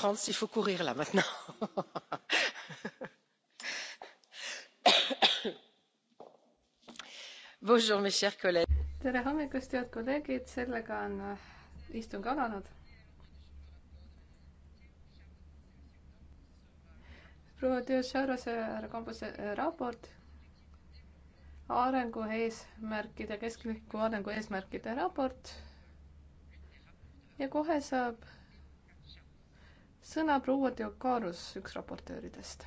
tere hommikust head kolleegid sellega on äh, istung alanud. proua Diosharose härra Kambuse äh, raport arengu eesmärkide, kestliku arengu eesmärkide raport. ja kohe saab sõna proua Teokarus, üks raportööridest.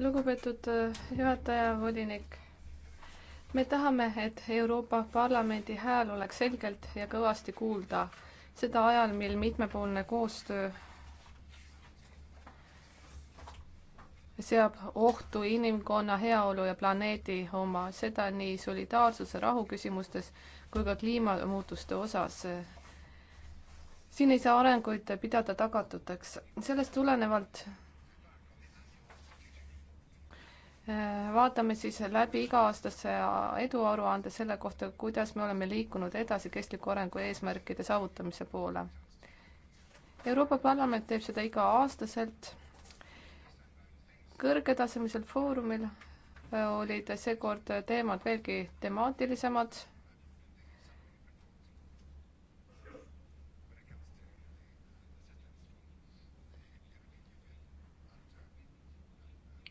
lugupeetud eh, juhataja, volinik me tahame, et Euroopa Parlamendi hääl oleks selgelt ja kõvasti kuulda seda ajal, mil mitmepoolne koostöö seab ohtu inimkonna heaolu ja planeedi oma, seda nii solidaarsuse, rahu küsimustes kui ka kliimamuutuste osas. siin ei saa arenguid pidada tagatuteks. sellest tulenevalt vaatame siis läbi iga-aastase eduaruande selle kohta, kuidas me oleme liikunud edasi kestliku arengu eesmärkide saavutamise poole. Euroopa Parlament teeb seda iga-aastaselt. kõrgetasemel foorumil äh, olid seekord teemad veelgi temaatilisemad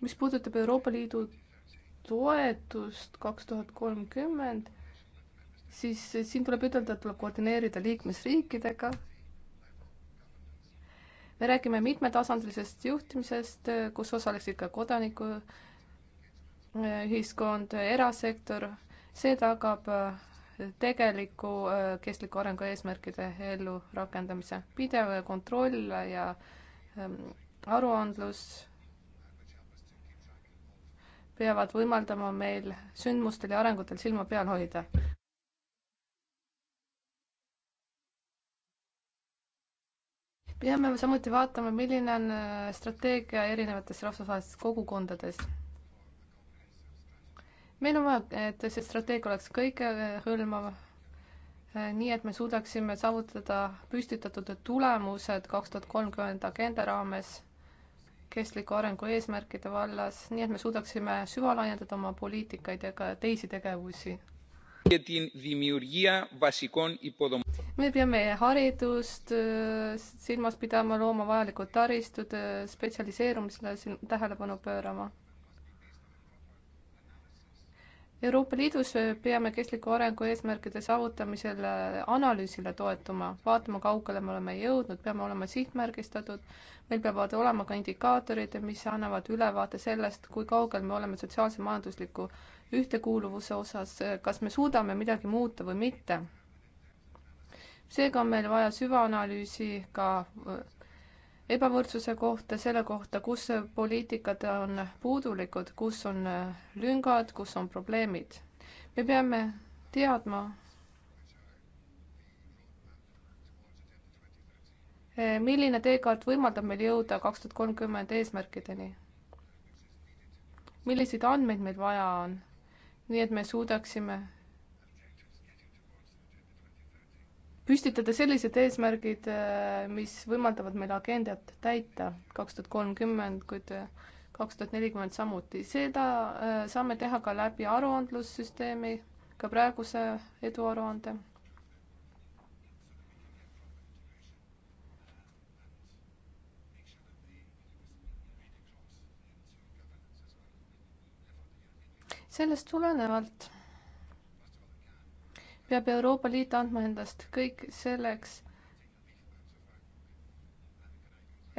mis puudutab Euroopa Liidu toetust kaks tuhat kolmkümmend, siis siin tuleb ütelda, et tuleb koordineerida liikmesriikidega. me räägime mitmetasandilisest juhtimisest, kus osaleksid ka kodanikuühiskond, eh, erasektor, see tagab eh, tegeliku eh, kestliku arengu eesmärkide ellurakendamise, pidev kontroll ja aruandlus peavad võimaldama meil sündmustel ja arengutel silma peal hoida. peame samuti vaatama, milline on äh, strateegia erinevates rahvusvahelistes kogukondades. meil on vaja, et see strateegia oleks kõigehõlmav, äh, äh, nii et me suudaksime saavutada püstitatud tulemused kaks tuhat kolmkümmend agenda raames kestliku arengu eesmärkide vallas, nii et me suudaksime süvalaiendada oma poliitikaid ja ka teisi tegevusi. me peame haridust äh, silmas pidama, looma vajalikud taristud, äh, spetsialiseerumisele tähelepanu pöörama Euroopa Liidus peame kestliku arengu eesmärkide saavutamisel analüüsile toetuma, vaatama, kaugele me oleme jõudnud, peame olema sihtmärgistatud, meil peavad olema ka indikaatorid, mis annavad ülevaate sellest, kui kaugel me oleme sotsiaalse-majandusliku ühtekuuluvuse osas, kas me suudame midagi muuta või mitte. seega on meil vaja süvaanalüüsi ka ebavõrdsuse kohta, selle kohta, kus poliitikad on puudulikud, kus on lüngad, kus on probleemid. me peame teadma, milline teekaart võimaldab meil jõuda kaks tuhat kolmkümmend eesmärkideni? milliseid andmeid meil vaja on, nii et me suudaksime püstitada sellised eesmärgid, äh, mis võimaldavad meil agendat täita kaks tuhat kolmkümmend, kuid äh, kaks tuhat nelikümmend samuti. seda äh, saame teha ka läbi aruandlussüsteemi, ka praeguse eduaruande. sellest tulenevalt peab Euroopa Liit andma endast kõik selleks,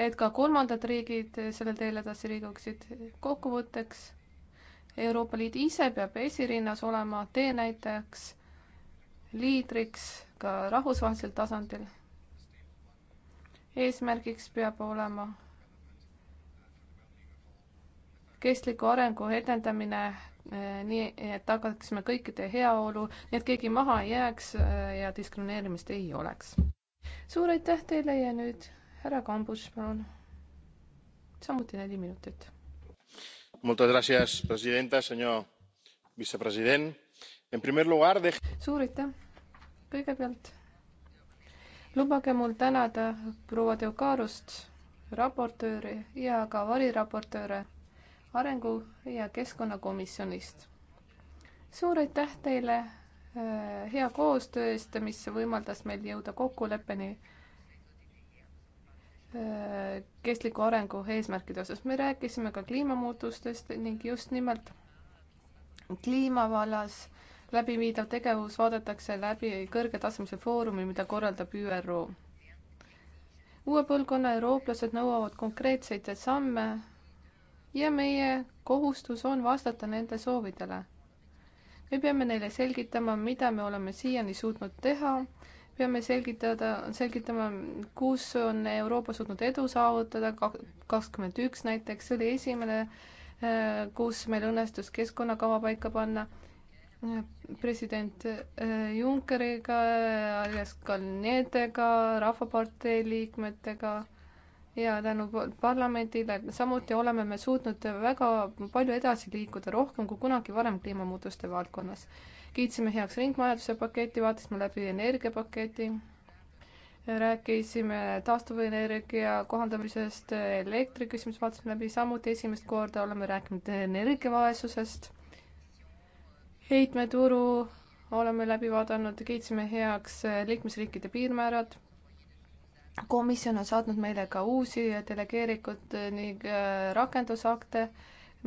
et ka kolmandad riigid sellel teel edasi liiguksid. kokkuvõtteks, Euroopa Liit ise peab esirinnas olema teenäitajaks, liidriks ka rahvusvahelisel tasandil. eesmärgiks peab olema kestliku arengu edendamine Äh, nii et tagaksime kõikide heaolu, nii et keegi maha ei jääks äh, ja diskrimineerimist ei oleks. suur aitäh teile ja nüüd härra Kambus, palun. samuti neli minutit. suur aitäh, kõigepealt lubage mul tänada proua Teokarust, raportööri ja ka variraportööre arengu- ja keskkonnakomisjonist. suur aitäh teile äh, hea koostöö eest, mis võimaldas meil jõuda kokkuleppeni äh, kestliku arengu eesmärkide osas. me rääkisime ka kliimamuutustest ning just nimelt kliima vallas läbiviidav tegevus vaadatakse läbi kõrgetasemelise foorumi, mida korraldab ÜRO. uue põlvkonna eurooplased nõuavad konkreetseid samme ja meie kohustus on vastata nende soovidele. me peame neile selgitama, mida me oleme siiani suutnud teha, peame selgitada, selgitama, kus on Euroopa suutnud edu saavutada, kakskümmend üks näiteks, see oli esimene, äh, kus meil õnnestus keskkonnakava paika panna president äh, Junckeriga, alias Kalnietega, Rahvapartei liikmetega ja tänu parlamendile samuti oleme me suutnud väga palju edasi liikuda, rohkem kui kunagi varem kliimamuutuste valdkonnas. kiitsime heaks ringmajanduse paketi, vaatasime läbi energiapaketi, rääkisime taastuvenergia kohandamisest, elektriküsimus vaatasime läbi, samuti esimest korda oleme rääkinud energiavaesusest, heitmeturu oleme läbi vaadanud, kiitsime heaks liikmesriikide piirmäärad komisjon on saatnud meile ka uusi delegeeritud ning äh, rakendusakte,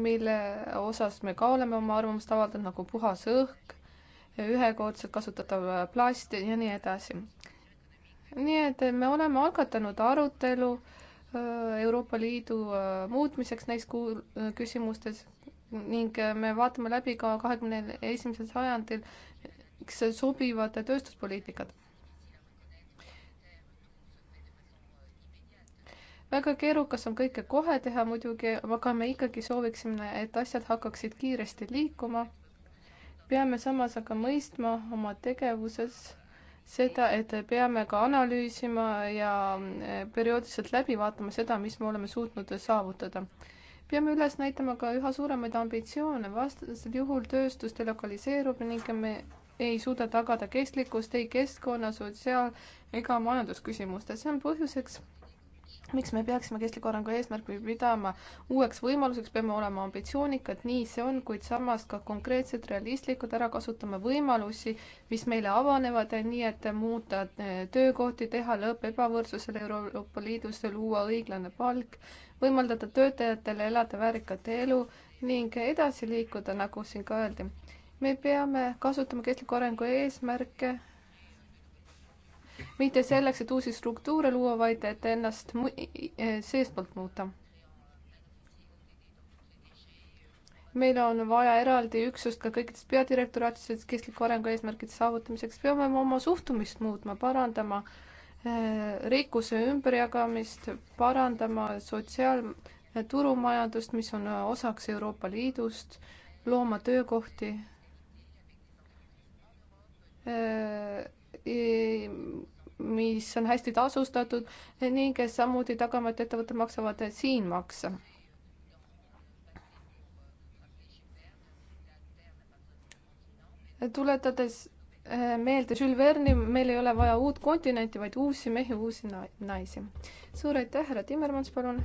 mille osas me ka oleme oma arvamust avaldanud, nagu puhas õhk, ühekordselt kasutatav äh, plast ja nii edasi. nii et me oleme algatanud arutelu äh, Euroopa Liidu muutmiseks neis kuu-, küsimustes ning me vaatame läbi ka kahekümne esimesel sajandil sobivad tööstuspoliitikad väga keerukas on kõike kohe teha muidugi, aga me ikkagi sooviksime, et asjad hakkaksid kiiresti liikuma. peame samas aga mõistma oma tegevuses seda, et peame ka analüüsima ja eh, perioodiliselt läbi vaatama seda, mis me oleme suutnud saavutada. peame üles näitama ka üha suuremaid ambitsioone, vastasel juhul tööstus delokaliseerub ning me ei suuda tagada kestlikkust ei keskkonna, sotsiaal- ega majandusküsimustes, see on põhjuseks miks me peaksime kestliku arengu eesmärki pidama uueks võimaluseks, peame olema ambitsioonikad, nii see on, kuid samas ka konkreetsed, realistlikud, ära kasutama võimalusi, mis meile avanevad, nii et muuta eh, töökohti, teha lõpp ebavõrdsusele Euroopa Liidus, luua õiglane palk, võimaldada töötajatele elada väärikat elu ning edasi liikuda, nagu siin ka öeldi. me peame kasutama kestliku arengu eesmärke mitte selleks, et uusi struktuure luua, vaid et ennast e, seestpoolt muuta. meil on vaja eraldi üksust ka kõikides peadirektoraatides kestliku arengu eesmärkide saavutamiseks, peame oma suhtumist muutma, parandama e, rikkuse ümberjagamist, parandama sotsiaalturumajandust, mis on osaks Euroopa Liidust, looma töökohti e, mis on hästi tasustatud ning samuti tagama, et ettevõtted maksavad siin makse. tuletades eh, meelde Jules Verne'i, meil ei ole vaja uut kontinenti, vaid uusi mehi, uusi naisi. suur aitäh, härra Timmermans, palun.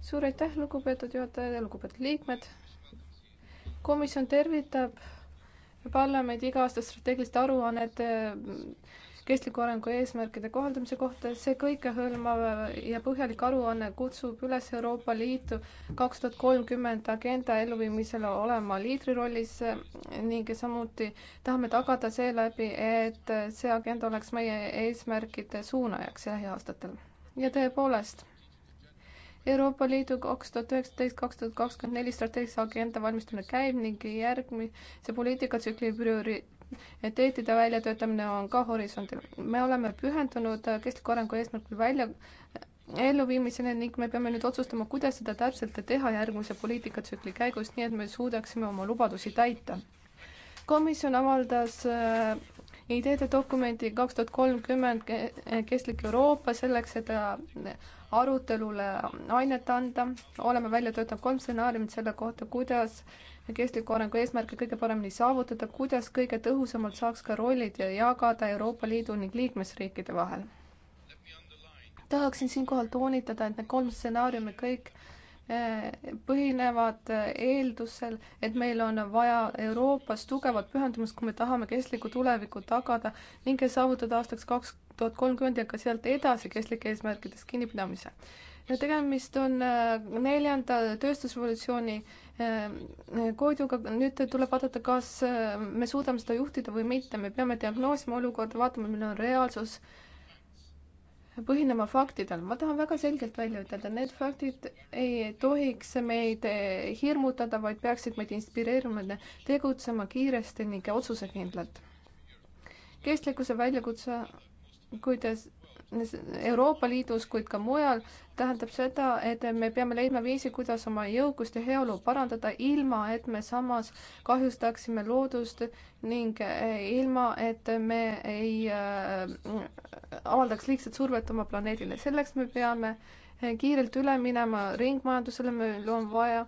suur aitäh, lugupeetud juhataja ja lugupeetud liikmed. komisjon tervitab parlamendi iga-aastast strateegilist aruannet eh, kestliku arengu eesmärkide kohaldamise kohta, see kõikehõlmav eh, ja põhjalik aruanne kutsub üles Euroopa Liitu kaks tuhat kolmkümmend agenda elluviimisel olema liidrirollis eh, ning samuti tahame tagada seeläbi, et see agenda oleks meie eesmärkide suunajaks lähiaastatel. ja tõepoolest, Euroopa Liidu kaks tuhat üheksateist, kaks tuhat kakskümmend neli strateegilise agenda valmistumine käib ning järgmise poliitikatsükli prioriteetide väljatöötamine on ka horisondil. me oleme pühendunud kestliku arengu eesmärkide välja elluviimisele ning me peame nüüd otsustama, kuidas seda täpselt teha järgmise poliitikatsükli käigus, nii et me suudaksime oma lubadusi täita. komisjon avaldas äh, ideede dokumendi kaks tuhat kolmkümmend kestlik Euroopa selleks, et äh, arutelule ainet anda. oleme välja töötanud kolm stsenaariumit selle kohta, kuidas kestliku arengu eesmärke kõige paremini saavutada, kuidas kõige tõhusamalt saaks ka rollid ja jagada Euroopa Liidu ning liikmesriikide vahel. tahaksin siinkohal toonitada, et need kolm stsenaariumi kõik põhinevad eeldusel, et meil on vaja Euroopas tugevat pühendumust, kui me tahame kestlikku tulevikku tagada ning saavutada aastaks kaks tuhat kolmkümmend ja ka sealt edasi kestlike eesmärkidest kinnipidamise. tegemist on äh, neljanda tööstusrevolutsiooni äh, koodjuga, nüüd tuleb vaadata, kas äh, me suudame seda juhtida või mitte, me peame diagnoosima olukorda, vaatama, milline on reaalsus põhinema faktidel. ma tahan väga selgelt välja ütelda, need faktid ei tohiks meid hirmutada, vaid peaksid meid inspireerima tegutsema kiiresti ning otsusekindlalt. kestlikkuse väljakutse, kuidas Euroopa Liidus, kuid ka mujal, tähendab seda, et me peame leidma viisi, kuidas oma jõukust ja heaolu parandada, ilma et me samas kahjustaksime loodust ning eh, ilma, et me ei eh, avaldaks liigset survet oma planeedile. selleks me peame eh, kiirelt üle minema ringmajandusele, meil on vaja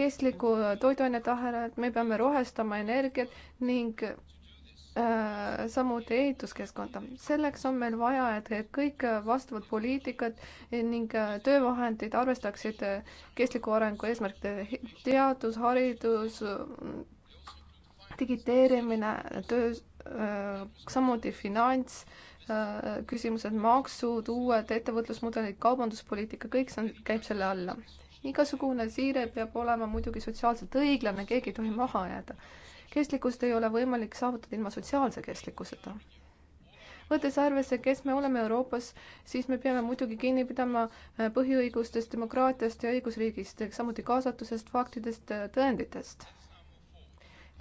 kestlikku toiduainete ahelat, me peame rohestama energiat ning Äh, samuti ehituskeskkonda. selleks on meil vaja, et kõik vastavad poliitikad ning äh, töövahendid arvestaksid äh, kestliku arengu eesmärkide teadus, haridus, digiteerimine, töö, samuti finants, küsimused, maksud, uued ettevõtlusmudelid, kaubanduspoliitika, kõik see on, käib selle alla. igasugune siire peab olema muidugi sotsiaalselt õiglane, keegi ei tohi maha jääda kestlikkust ei ole võimalik saavutada ilma sotsiaalse kestlikkuseta. võttes arvesse, kes me oleme Euroopas, siis me peame muidugi kinni pidama äh, põhiõigustest, demokraatiast ja õigusriigist, samuti kaasatusest, faktidest, äh, tõenditest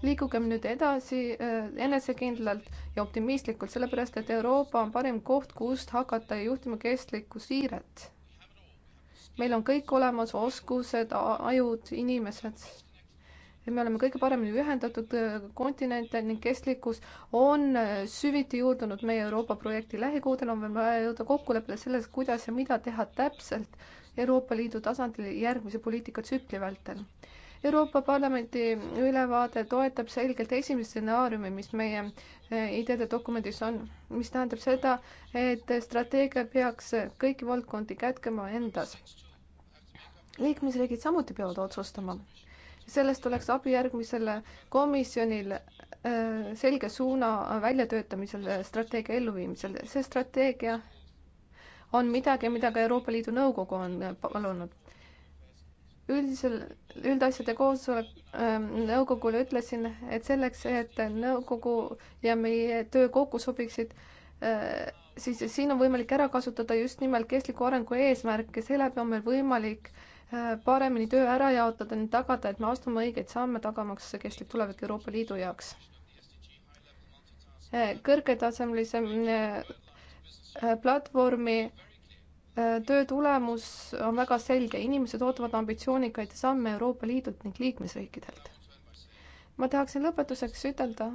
liigugem nüüd edasi äh, enesekindlalt ja optimistlikult, sellepärast et Euroopa on parim koht, kust hakata juhtima kestlikku siiret. meil on kõik olemas, oskused, ajud, inimesed me oleme kõige paremini ühendatud äh, kontinent ning kestlikkus on äh, süviti juurdunud meie Euroopa projekti. lähikuudel on meil vaja jõuda kokkuleppele selles, kuidas ja mida teha täpselt Euroopa Liidu tasandil järgmise poliitikatsükli vältel. Euroopa Parlamendi ülevaade toetab selgelt esimest stsenaariumi, mis meie äh, ideede dokumendis on, mis tähendab seda, et strateegia peaks kõiki valdkondi kätkema endas. liikmesriigid samuti peavad otsustama sellest oleks abi järgmisele komisjonile äh, selge suuna väljatöötamisel, strateegia elluviimisel. see strateegia on midagi, mida ka Euroopa Liidu Nõukogu on äh, palunud. üldisel, üldasjade koosolek, ähm, nõukogule ütlesin, et selleks, et nõukogu ja meie töö kokku sobiksid, äh, siis siin on võimalik ära kasutada just nimelt kestliku arengu eesmärke, seeläbi on meil võimalik äh, paremini töö ära jaotada ning tagada, et me astume õigeid samme, tagamaks kestlik tulevik Euroopa Liidu jaoks. Eh, kõrgetasemelise eh, platvormi eh, töö tulemus on väga selge, inimesed ootavad ambitsioonikaid samme Euroopa Liidult ning liikmesriikidelt. ma tahaksin lõpetuseks ütelda,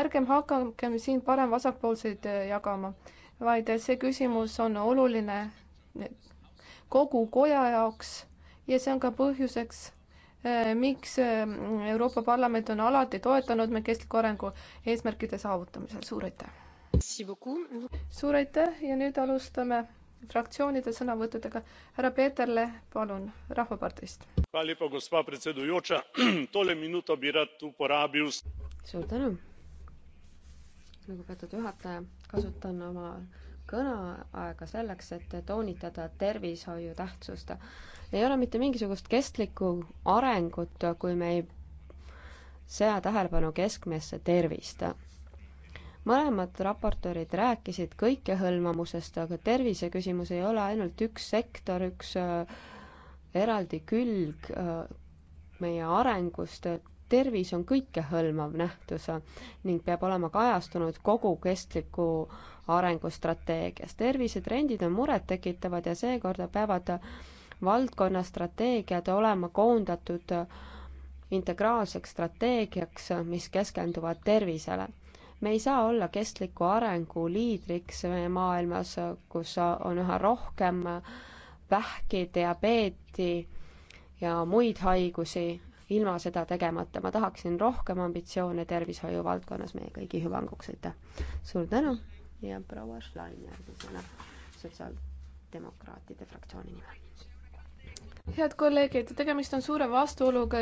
ärgem hakakem siin parem-vasakpoolseid jagama, vaid see küsimus on oluline kogu koja jaoks ja see on ka põhjuseks, eh, miks eh, Euroopa Parlament on alati toetanud me kestliku arengu eesmärkide saavutamisel, suur aitäh! suur aitäh ja nüüd alustame fraktsioonide sõnavõttudega. härra Peeterle, palun, Rahvaparteist. suur tänu, lugupeetud juhataja, kasutan oma kõneaega selleks, et toonitada tervishoiu tähtsust. ei ole mitte mingisugust kestlikku arengut, kui me ei sea tähelepanu keskmesse tervist mõlemad raportöörid rääkisid kõikehõlmamusest, aga terviseküsimus ei ole ainult üks sektor, üks äh, eraldi külg äh, meie arengust, tervis on kõikehõlmav nähtus ning peab olema kajastunud kogu kestliku arengustrateegias. tervisetrendid on murettekitavad ja seekorda peavad valdkonna strateegiad olema koondatud integraalseks strateegiaks, mis keskenduvad tervisele me ei saa olla kestliku arengu liidriks maailmas, kus on üha rohkem vähki, diabeeti ja muid haigusi ilma seda tegemata. ma tahaksin rohkem ambitsioone tervishoiu valdkonnas meie kõigi hüvanguks, aitäh. suur tänu ja proua Schlein järgmisena sotsiaaldemokraatide fraktsiooni nimel head kolleegid, tegemist on suure vastuoluga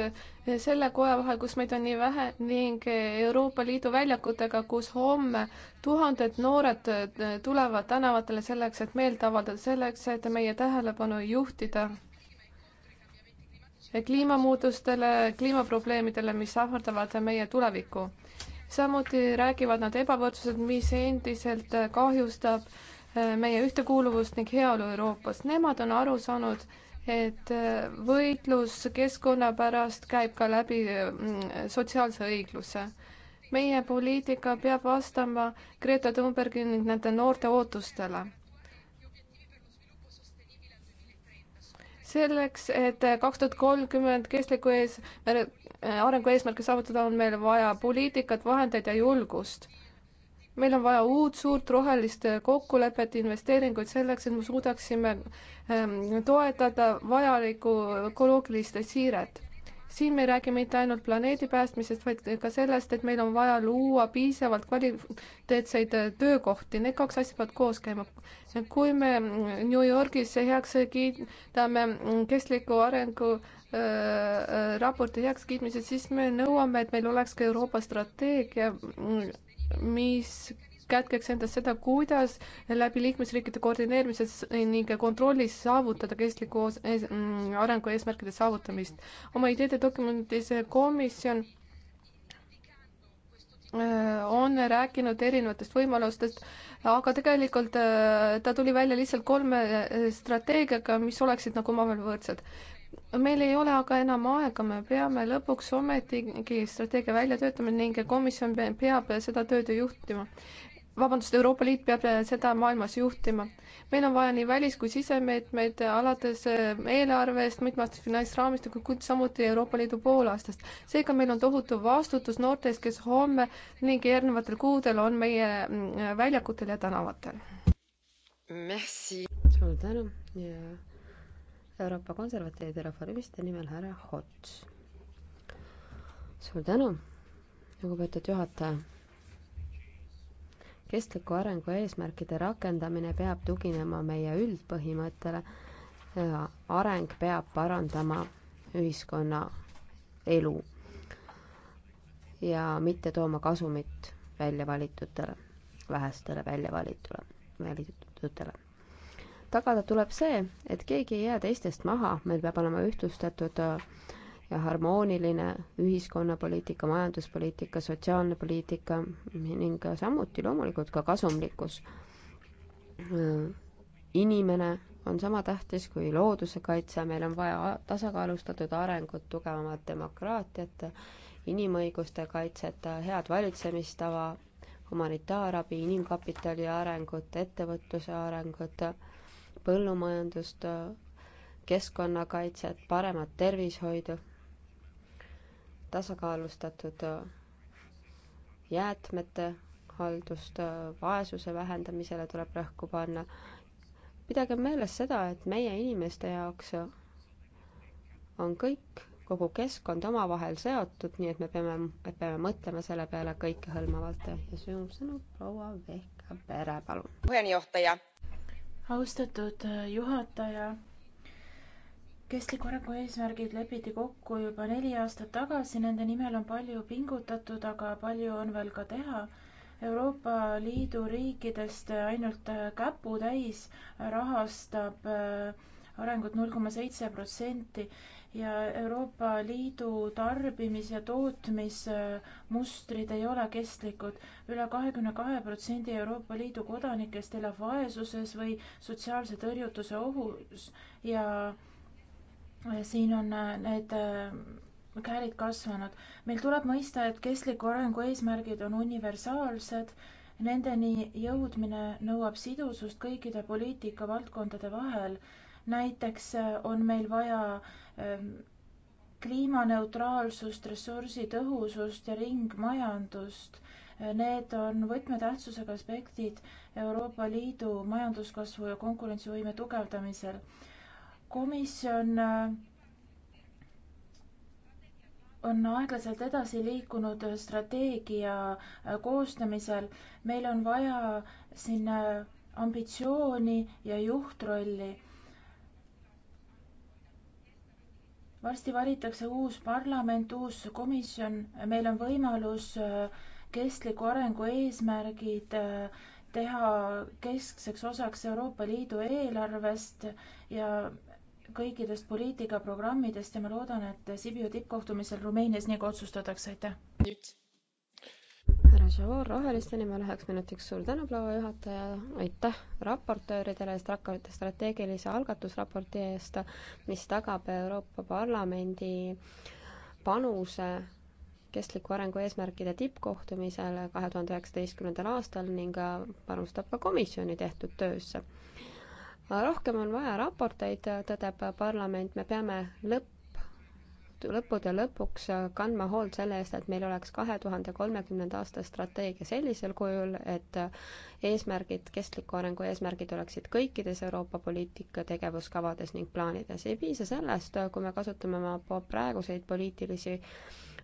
selle koja vahel, kus meid on nii vähe ning Euroopa Liidu väljakutega, kus homme tuhanded noored tulevad tänavatele selleks, et meelt avaldada, selleks, et meie tähelepanu juhtida kliimamuutustele, kliimaprobleemidele, mis ähvardavad meie tulevikku. samuti räägivad nad ebavõrdsused, mis endiselt kahjustab äh, meie ühtekuuluvust ning heaolu Euroopas. Nemad on aru saanud, et äh, võitlus keskkonna pärast käib ka läbi äh, sotsiaalse õigluse. meie poliitika peab vastama Greta Thunbergi ning nende noorte ootustele selleks, et kaks tuhat kolmkümmend kestliku ees, äh, arengu eesmärke saavutada, on meil vaja poliitikat, vahendeid ja julgust. meil on vaja uut suurt rohelist kokkulepet, investeeringuid selleks, et me suudaksime ähm, toetada vajalikku ökoloogilist siiret siin me ei räägi mitte ainult planeedi päästmisest, vaid ka sellest, et meil on vaja luua piisavalt kvaliteetseid äh, töökohti, need kaks asja peavad koos käima. kui me New Yorgis heaks kiidame kestliku arengu äh, äh raporti heakskiitmise, siis me nõuame, et meil oleks ka Euroopa strateegia, mis kätkeks endas seda, kuidas läbi liikmesriikide koordineerimises ning kontrollis saavutada kestliku mm, arengu eesmärkide saavutamist. oma ideede dokumendis komisjon äh, on rääkinud erinevatest võimalustest, aga tegelikult äh, ta tuli välja lihtsalt kolme äh, strateegiaga, mis oleksid nagu omavahel võrdsed. meil ei ole aga enam aega, me peame lõpuks ometigi strateegia välja töötama ning komisjon peab seda tööd ju juhtima vabandust, Euroopa Liit peab seda maailmas juhtima. meil on vaja nii välis- kui sisemeetmeid, alates eh, eelarvest, mitmeaastast finantsraamistikku, kuid samuti Euroopa Liidu poolaastast. seega meil on tohutu vastutus noorte ees, kes homme ning järgnevatel kuudel on meie mm, väljakutel ja tänavatel. suur tänu ja Euroopa Konservatiivide Reformiste nimel härra Hots. suur tänu, lugupeetud juhataja kestliku arengu eesmärkide rakendamine peab tuginema meie üldpõhimõttele ja äh, areng peab parandama ühiskonna elu ja mitte tooma kasumit välja valitutele, vähestele välja valitule, valitutele. tagada tuleb see, et keegi ei jää teistest maha, meil peab olema ühtlustatud äh, ja harmooniline ühiskonnapoliitika, majanduspoliitika, sotsiaalne poliitika ning samuti loomulikult ka kasumlikkus. inimene on sama tähtis kui looduse kaitse, meil on vaja tasakaalustatud arengut, tugevamat demokraatiat, inimõiguste kaitset, head valitsemistava, humanitaarabi, inimkapitali arengut, ettevõtluse arengut, põllumajandust, keskkonnakaitset, paremat tervishoidu tasakaalustatud äh, jäätmete haldust, äh, vaesuse vähendamisele tuleb rõhku panna. pidagem meeles seda, et meie inimeste jaoks äh, on kõik, kogu keskkond omavahel seotud, nii et me peame, me peame mõtlema selle peale kõikehõlmavalt ja suur sõnum proua Vehka Pere, palun. austatud juhataja kestliku arengu eesmärgid lepiti kokku juba neli aastat tagasi nende nimel on palju pingutatud aga palju on veel ka teha euroopa liidu riikidest ainult käputäis rahastab äh, arengut 0,7 protsenti ja euroopa liidu tarbimis ja tootmismustrid ei ole kestlikud üle 22 protsendi euroopa liidu kodanikest elab vaesuses või sotsiaalse tõrjutuse ohus ja siin on äh, need äh, käärid kasvanud. meil tuleb mõista, et kestliku arengu eesmärgid on universaalsed. Nendeni jõudmine nõuab sidusust kõikide poliitikavaldkondade vahel. näiteks äh, on meil vaja ähm, kliimaneutraalsust, ressursitõhusust ja ringmajandust. Need on võtmetähtsusega aspektid Euroopa Liidu majanduskasvu ja konkurentsivõime tugevdamisel komisjon äh, on aeglaselt edasi liikunud strateegia äh, koostamisel. meil on vaja siin äh, ambitsiooni ja juhtrolli. varsti valitakse uus parlament, uus komisjon, meil on võimalus kestliku arengu eesmärgid teha keskseks osaks Euroopa Liidu eelarvest ja kõikidest poliitikaprogrammidest ja ma loodan, et Sibiu tippkohtumisel Rumeenias nii ka otsustatakse, aitäh! härra Žavor Roheliste nimel üheks minutiks suur tänu, proua juhataja, aitäh raportööridele strateegilise, strateegilise algatusraporti eest, mis tagab Euroopa Parlamendi panuse kestliku arengu eesmärkide tippkohtumisel kahe tuhande üheksateistkümnendal aastal ning panustab ka komisjoni tehtud töösse rohkem on vaja raporteid, tõdeb parlament, me peame lõpp, lõppude lõpuks kandma hoolt selle eest, et meil oleks kahe tuhande kolmekümnenda aasta strateegia sellisel kujul, et eesmärgid, kestliku arengu eesmärgid oleksid kõikides Euroopa poliitika tegevuskavades ning plaanides. ei piisa sellest, kui me kasutame oma praeguseid poliitilisi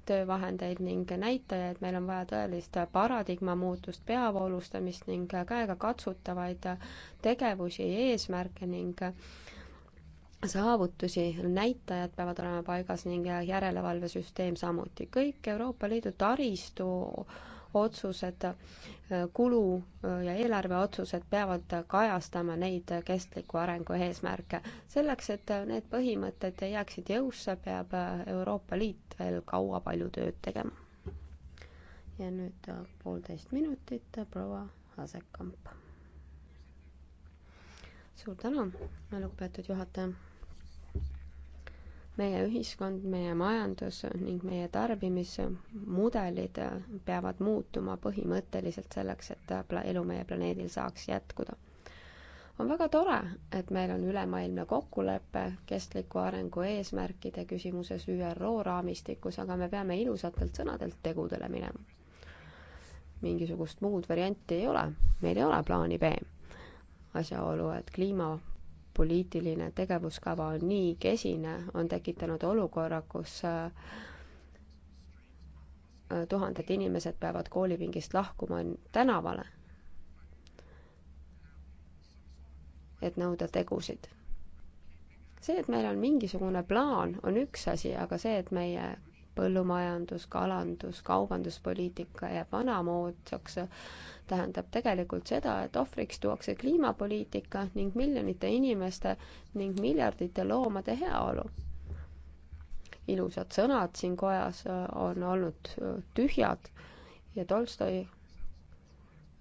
töövahendeid ning näitajaid, meil on vaja tõelist paradigma muutust, peavoolustamist ning käegakatsutavaid tegevusi, eesmärke ning saavutusi, näitajad peavad olema paigas ning järelevalvesüsteem samuti. kõik Euroopa Liidu taristu otsused, kulu- äh, ja eelarveotsused peavad kajastama neid kestliku arengu eesmärke. selleks, et need põhimõtted jääksid jõusse, peab äh, Euroopa Liit veel kaua palju tööd tegema. ja nüüd äh, poolteist minutit, proua Asekamp. suur tänu, lugupeetud juhataja meie ühiskond, meie majandus ning meie tarbimismudelid peavad muutuma põhimõtteliselt selleks, et elu meie planeedil saaks jätkuda. on väga tore, et meil on ülemaailmne kokkulepe kestliku arengu eesmärkide küsimuses ÜRO raamistikus, aga me peame ilusatelt sõnadelt tegudele minema. mingisugust muud varianti ei ole, meil ei ole plaani B asjaolu, et kliima poliitiline tegevuskava on nii kesine, on tekitanud olukorra, kus äh, tuhanded inimesed peavad koolipingist lahkuma tänavale, et nõuda tegusid see, et meil on mingisugune plaan, on üks asi, aga see, et meie põllumajandus, kalandus, kaubanduspoliitika jääb vanamoodsaks, tähendab tegelikult seda, et ohvriks tuuakse kliimapoliitika ning miljonite inimeste ning miljardite loomade heaolu. ilusad sõnad siin kojas äh, on olnud äh, tühjad ja Tolstoi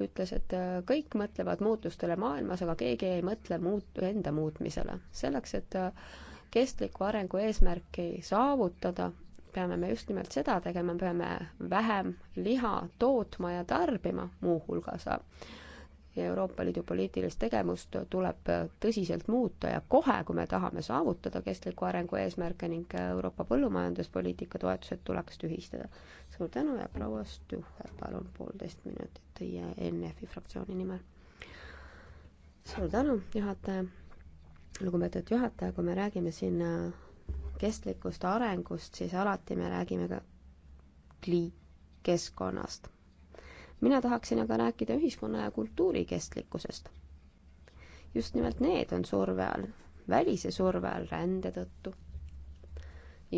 ütles, et äh, kõik mõtlevad muutustele maailmas, aga keegi ei mõtle muut-, enda muutmisele. selleks, et kestliku arengu eesmärki saavutada, peame me just nimelt seda tegema, peame vähem liha tootma ja tarbima muuhulgas. ja Euroopa Liidu poliitilist tegevust tuleb tõsiselt muuta ja kohe, kui me tahame saavutada kestliku arengu eesmärke ning Euroopa põllumajanduspoliitika toetused tuleks tühistada. suur tänu ja proua Stuhher, palun poolteist minutit teie NF-i fraktsiooni nimel. suur tänu, juhataja lugupeetud juhataja, kui me räägime siin kestlikust arengust, siis alati me räägime ka kli-, keskkonnast. mina tahaksin aga rääkida ühiskonna ja kultuuri kestlikkusest. just nimelt need on surve all, välise surve all rände tõttu,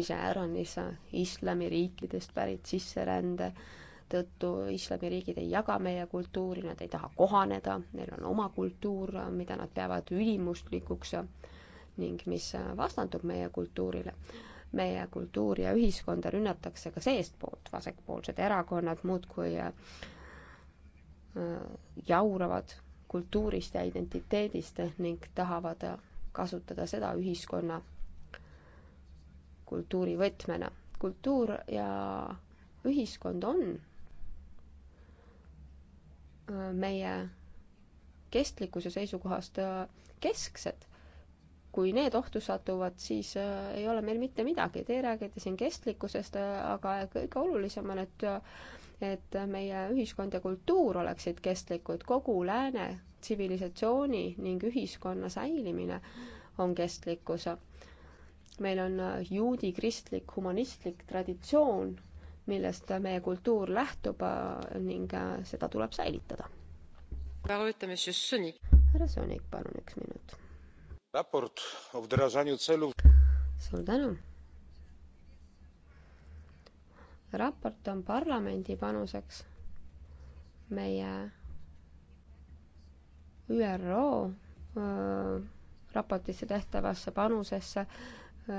iseäranis islamiriikidest pärit sisserände tõttu islamiriigid ei jaga meie kultuuri, nad ei taha kohaneda, neil on oma kultuur, mida nad peavad ülimuslikuks ning mis vastandub meie kultuurile. meie kultuuri ja ühiskonda rünnatakse ka seestpoolt, vasakpoolsed erakonnad muudkui äh, jauravad kultuurist ja identiteedist ning tahavad kasutada seda ühiskonna kultuuri võtmena. kultuur ja ühiskond on äh, meie kestlikkuse seisukohast äh, kesksed kui need ohtu satuvad, siis äh, ei ole meil mitte midagi. Teie räägite siin kestlikkusest, äh, aga kõige olulisem on, et et meie ühiskond ja kultuur oleksid kestlikud, kogu lääne tsivilisatsiooni ning ühiskonna säilimine on kestlikkus. meil on äh, juudikristlik humanistlik traditsioon, millest meie kultuur lähtub ning seda tuleb säilitada. härra Sõnik, palun üks minut raport o wdrażaniu celów. suur tänu. raport on parlamendi panuseks meie ÜRO raportisse tehtavasse panusesse,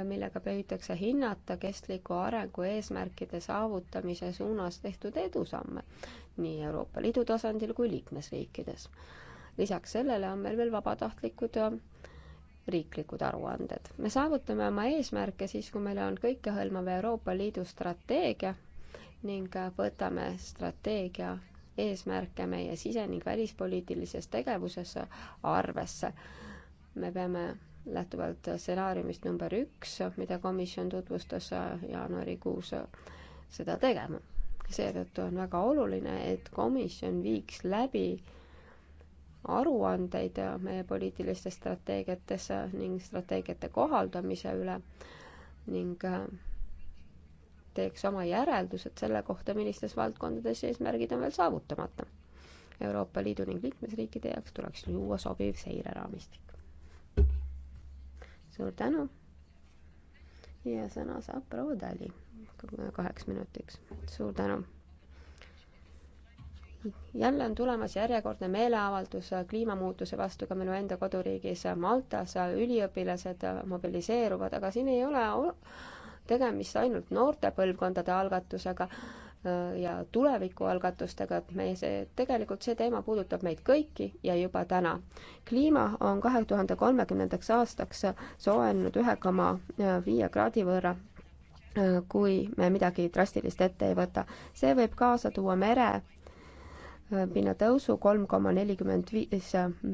millega püütakse hinnata kestliku arengu eesmärkide saavutamise suunas tehtud edusamme nii Euroopa Liidu tasandil kui liikmesriikides. lisaks sellele on meil veel vabatahtlikud riiklikud aruanded. me saavutame oma eesmärke siis, kui meil on kõikehõlmav Euroopa Liidu strateegia ning võtame strateegia eesmärke meie sise- ning välispoliitilises tegevuses arvesse. me peame lähtuvalt stsenaariumist number üks, mida komisjon tutvustas jaanuarikuus, seda tegema. seetõttu on väga oluline, et komisjon viiks läbi aruandeid meie poliitilistes strateegiates ning strateegiate kohaldamise üle ning äh, teeks oma järeldused selle kohta, millistes valdkondades eesmärgid on veel saavutamata. Euroopa Liidu ning liikmesriikide jaoks tuleks luua sobiv seireraamistik. suur tänu ja sõna saab proua Tali kaheks minutiks. suur tänu jälle on tulemas järjekordne meeleavaldus kliimamuutuse vastu ka minu enda koduriigis Maltas, üliõpilased mobiliseeruvad, aga siin ei ole tegemist ainult noorte põlvkondade algatusega äh, ja tulevikualgatustega, et meie see, tegelikult see teema puudutab meid kõiki ja juba täna. kliima on kahe tuhande kolmekümnendaks aastaks soojenenud ühe koma äh, viie kraadi võrra äh, kui me midagi drastilist ette ei võta. see võib kaasa tuua mere pinnatõusu kolm koma nelikümmend viis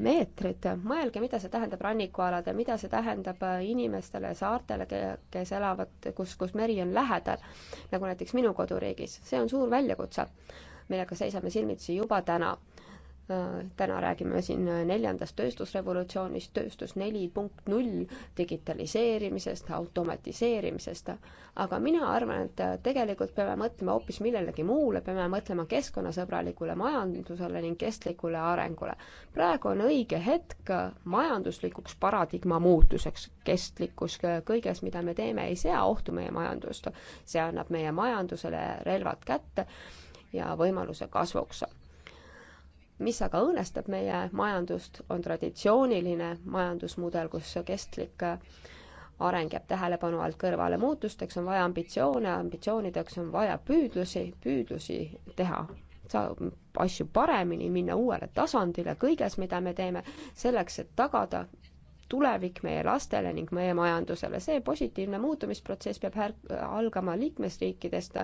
meetrit. mõelge, mida see tähendab rannikualadel, mida see tähendab inimestele saartele, kes elavad, kus, kus meri on lähedal, nagu näiteks minu koduriigis. see on suur väljakutse, millega seisame silmitsi juba täna täna räägime siin neljandast tööstusrevolutsioonist, tööstus neli punkt null, digitaliseerimisest, automatiseerimisest, aga mina arvan, et tegelikult peame mõtlema hoopis millelegi muule, peame mõtlema keskkonnasõbralikule majandusele ning kestlikule arengule. praegu on õige hetk majanduslikuks paradigma muutuseks, kestlikkus kõiges, mida me teeme, ei sea ohtu meie majandust, see annab meie majandusele relvad kätte ja võimaluse kasvuks mis aga õõnestab meie majandust, on traditsiooniline majandusmudel, kus kestlik äh, areng jääb tähelepanu alt kõrvale. muutusteks on vaja ambitsioone, ambitsioonideks on vaja püüdlusi, püüdlusi teha saab asju paremini, minna uuele tasandile kõiges, mida me teeme, selleks, et tagada tulevik meie lastele ning meie majandusele. see positiivne muutumisprotsess peab här-, algama liikmesriikidest,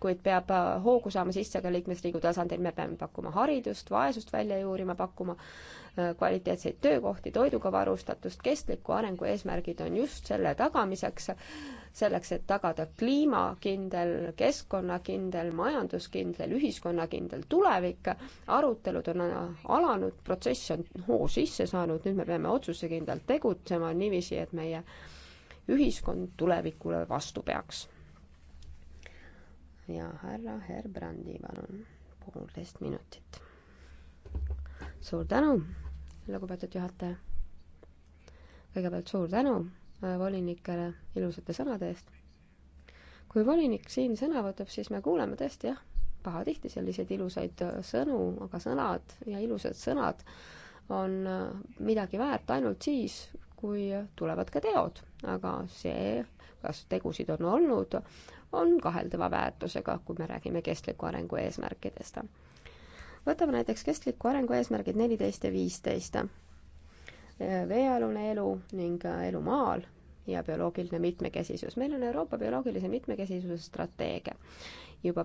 kuid peab äh, hoogu saama sisse ka liikmesriigi tasandil, me peame pakkuma haridust, vaesust välja juurima, pakkuma äh, kvaliteetseid töökohti, toiduga varustatust, kestliku arengu eesmärgid on just selle tagamiseks selleks, et tagada kliimakindel, keskkonnakindel, majanduskindel, ühiskonnakindel tulevik. arutelud on alanud, protsess on hoo sisse saanud, nüüd me peame otsusekindlalt tegutsema niiviisi, et meie ühiskond tulevikule vastu peaks. ja härra Herbrandi, palun, poolteist minutit. suur tänu, lugupeetud juhataja. kõigepealt suur tänu Äh, volinikele ilusate sõnade eest. kui volinik siin sõna võtab, siis me kuuleme tõesti jah, pahatihti selliseid ilusaid äh, sõnu, aga sõnad ja ilusad sõnad on äh, midagi väärt ainult siis, kui tulevad ka teod, aga see, kas tegusid on olnud, on kaheldava väärtusega, kui me räägime kestliku arengu eesmärkidest. võtame näiteks kestliku arengu eesmärgid neliteist ja viisteist veealune elu ning elu maal ja bioloogiline mitmekesisus. meil on Euroopa bioloogilise mitmekesisuse strateegia. juba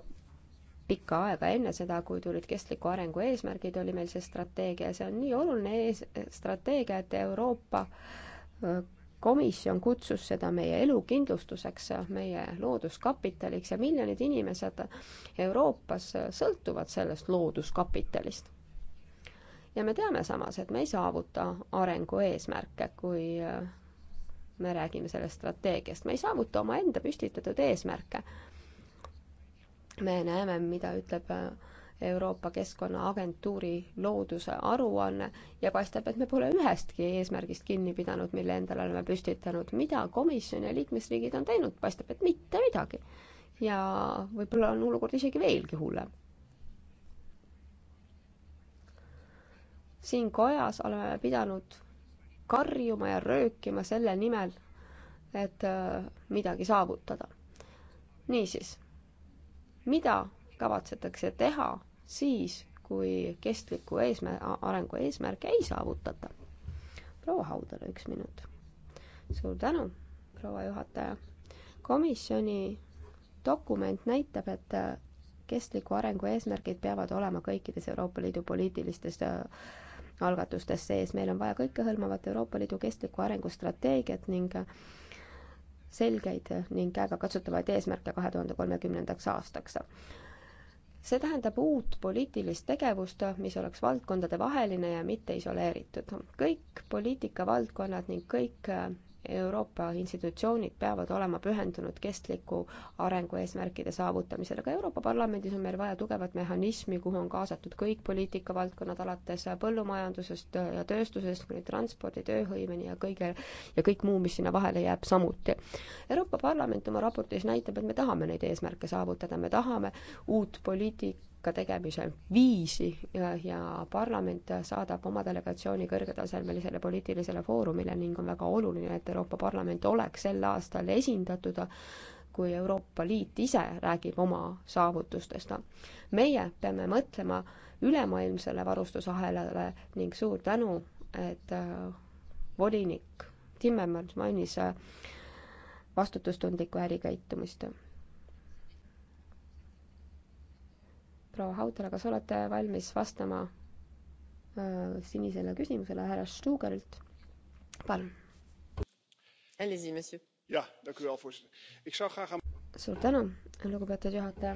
pikka aega enne seda, kui tulid kestliku arengu eesmärgid, oli meil see strateegia ja see on nii oluline ees-, strateegia, et Euroopa komisjon kutsus seda meie elukindlustuseks, meie looduskapitaliks ja miljonid inimesed Euroopas sõltuvad sellest looduskapitalist ja me teame samas, et me ei saavuta arengu eesmärke, kui äh, me räägime sellest strateegiast, me ei saavuta omaenda püstitatud eesmärke. me näeme, mida ütleb äh, Euroopa Keskkonnaagentuuri looduse aruanne ja paistab, et me pole ühestki eesmärgist kinni pidanud, mille endale oleme püstitanud. mida komisjon ja liikmesriigid on teinud, paistab, et mitte midagi. ja võib-olla on olukord isegi veelgi hullem siin kojas oleme pidanud karjuma ja röökima selle nimel, et äh, midagi saavutada. niisiis, mida kavatsetakse teha siis, kui kestliku eesmär-, arengu eesmärke ei saavutata? proua Haudale üks minut. suur tänu, proua juhataja. komisjoni dokument näitab, et äh, kestliku arengu eesmärgid peavad olema kõikides Euroopa Liidu poliitilistes äh, algatustes sees. meil on vaja kõikehõlmavat Euroopa Liidu kestliku arengu strateegiat ning selgeid ning käegakatsutavaid eesmärke kahe tuhande kolmekümnendaks aastaks. see tähendab uut poliitilist tegevust, mis oleks valdkondade vaheline ja mitte isoleeritud. kõik poliitikavaldkonnad ning kõik Euroopa institutsioonid peavad olema pühendunud kestliku arengu eesmärkide saavutamisele. ka Euroopa Parlamendis on meil vaja tugevat mehhanismi, kuhu on kaasatud kõik poliitikavaldkonnad, alates põllumajandusest ja tööstusest kuni transpordi, tööhõiveni ja kõige, ja kõik muu, mis sinna vahele jääb, samuti. Euroopa Parlament oma raportis näitab, et me tahame neid eesmärke saavutada, me tahame uut poliitik-, ka tegemise viisi ja, ja parlament saadab oma delegatsiooni kõrgetasemelisele poliitilisele foorumile ning on väga oluline, et Euroopa Parlament oleks sel aastal esindatud, kui Euroopa Liit ise räägib oma saavutustest. meie peame mõtlema ülemaailmsele varustusahelale ning suur tänu, et äh, volinik Timmermann mainis äh, vastutustundlikku ärikäitumist proua Hautala, kas olete valmis vastama äh, sinisele küsimusele härra Stugerilt? palun. suur tänu, lugupeetud juhataja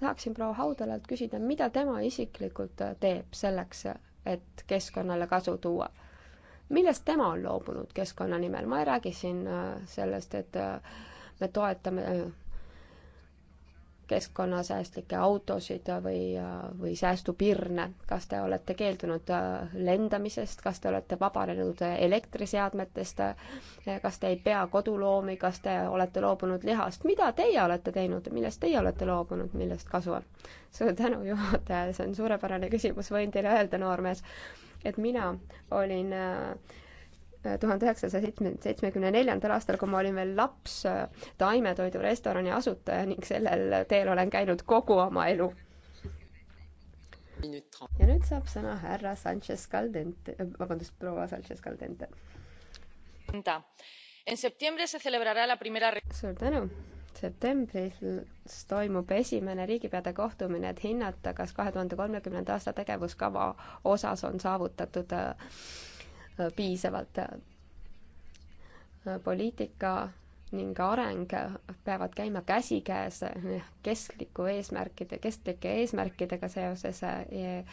tahaksin proua Haudalalt küsida, mida tema isiklikult äh, teeb selleks, et keskkonnale kasu tuua? millest tema on loobunud keskkonna nimel, ma ei räägi siin äh, sellest, et äh, me toetame keskkonnasäästlikke autosid või, või säästupirne, kas te olete keeldunud äh, lendamisest, kas te olete vabanenud elektriseadmetest, kas te ei pea koduloomi, kas te olete loobunud lihast, mida teie olete teinud, millest teie olete loobunud, millest kasu on? suur tänu, juhataja, see on suurepärane küsimus, võin teile öelda, noormees, et mina olin äh, tuhande üheksasaja seitsme, seitsmekümne neljandal aastal, kui ma olin veel laps, äh, taimetoidurestorani asutaja ning sellel teel olen käinud kogu oma elu. ja nüüd saab sõna härra Sanchez Caldente, äh, vabandust, proua Sanchez Caldente. suur tänu septembris toimub esimene riigipeade kohtumine, et hinnata, kas kahe tuhande kolmekümnenda aasta tegevuskava osas on saavutatud äh, piisavalt. poliitika ning areng peavad käima käsikäes kestliku eesmärkide, kestlike eesmärkidega seoses eh,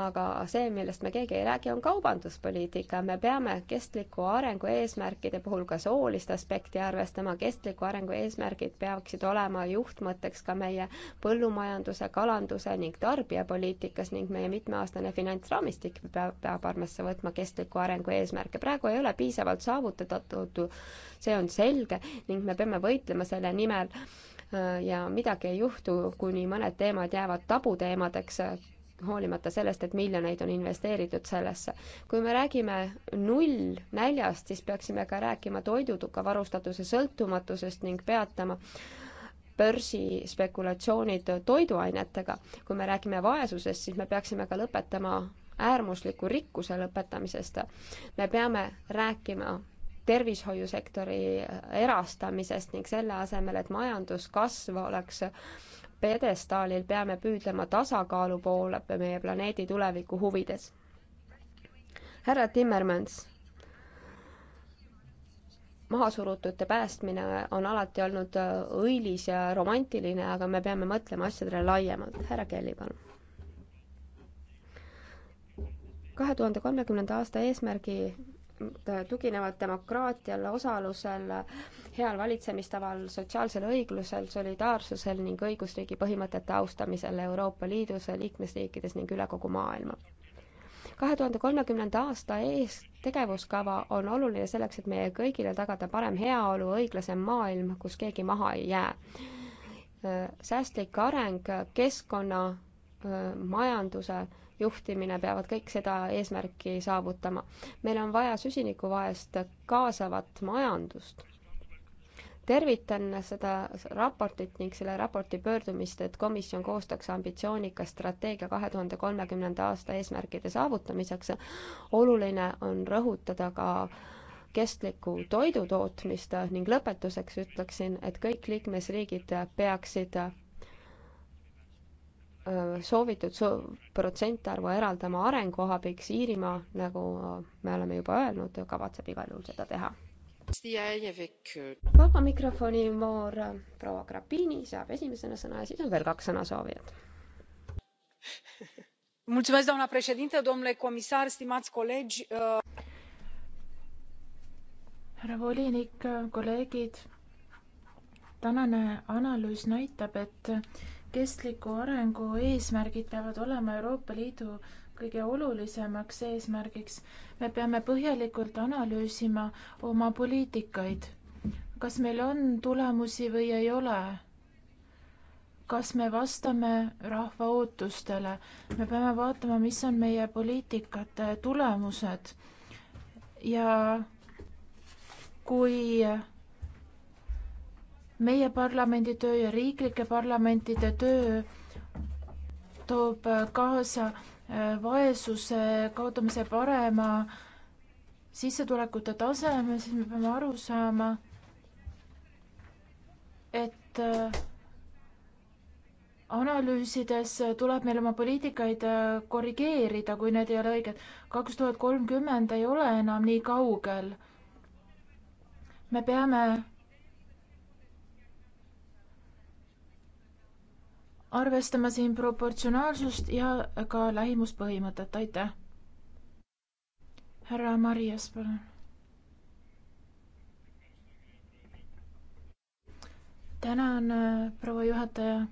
aga see, millest me keegi ei räägi, on kaubanduspoliitika. me peame kestliku arengu eesmärkide puhul ka soolist aspekti arvestama. kestliku arengu eesmärgid peaksid olema juhtmõtteks ka meie põllumajanduse, kalanduse ning tarbijapoliitikas ning meie mitmeaastane finantsraamistik peab, peab arvesse võtma kestliku arengu eesmärke. praegu ei ole piisavalt saavutatud, see on selge ning me peame võitlema selle nimel äh, ja midagi ei juhtu, kuni mõned teemad jäävad tabuteemadeks hoolimata sellest, et miljoneid on investeeritud sellesse. kui me räägime nullnäljast, siis peaksime ka rääkima toidutuka varustatuse sõltumatusest ning peatama börsispekulatsioonid toiduainetega. kui me räägime vaesusest, siis me peaksime ka lõpetama äärmusliku rikkuse lõpetamisest. me peame rääkima tervishoiusektori erastamisest ning selle asemel, et majanduskasv oleks pjedestaalil, peame püüdlema tasakaalu poole meie planeedi tuleviku huvides. härra Timmermans, mahasurutute päästmine on alati olnud äh, õilis ja romantiline, aga me peame mõtlema asjadele laiemalt. härra Kelly, palun. kahe tuhande kolmekümnenda aasta eesmärgi tuginevad demokraatiale, osalusele, heal valitsemistaval, sotsiaalsel õiglusel, solidaarsusel ning õigusriigi põhimõtete austamisel Euroopa Liidus, liikmesriikides ning üle kogu maailma kahe tuhande kolmekümnenda aasta ees tegevuskava on oluline selleks, et meie kõigile tagada parem heaolu, õiglasem maailm, kus keegi maha ei jää. säästlik areng, keskkonna, majanduse juhtimine peavad kõik seda eesmärki saavutama. meil on vaja süsinikuvaest kaasavat majandust. tervitan seda raportit ning selle raporti pöördumist, et komisjon koostaks ambitsioonika strateegia kahe tuhande kolmekümnenda aasta eesmärkide saavutamiseks. oluline on rõhutada ka kestlikku toidutootmist ning lõpetuseks ütleksin, et kõik liikmesriigid peaksid soovitud so-, protsentarvu eraldama arenguabiks, Iirimaa, nagu me oleme juba öelnud, kavatseb igal juhul seda teha. vaba mikrofoni voor, proua Grapini saab esimesena sõna ja siis on veel kaks sõnasoovijat. doamna președintă domnule comisar stimați colegi härra volinik kolleegid tänane analüüs näitab et kestliku arengu eesmärgid peavad olema Euroopa Liidu kõige olulisemaks eesmärgiks. me peame põhjalikult analüüsima oma poliitikaid. kas meil on tulemusi või ei ole? kas me vastame rahva ootustele? me peame vaatama, mis on meie poliitikate tulemused. ja kui meie parlamendi töö ja riiklike parlamentide töö toob kaasa äh, vaesuse kaotamise parema sissetulekute taseme, siis me peame aru saama, et äh, analüüsides tuleb meil oma poliitikaid äh, korrigeerida, kui need ei ole õiged. kaks tuhat kolmkümmend ei ole enam nii kaugel. me peame arvestama siin proportsionaalsust ja ka lähimuspõhimõtet, aitäh. härra Marias, palun. tänan, proua juhataja.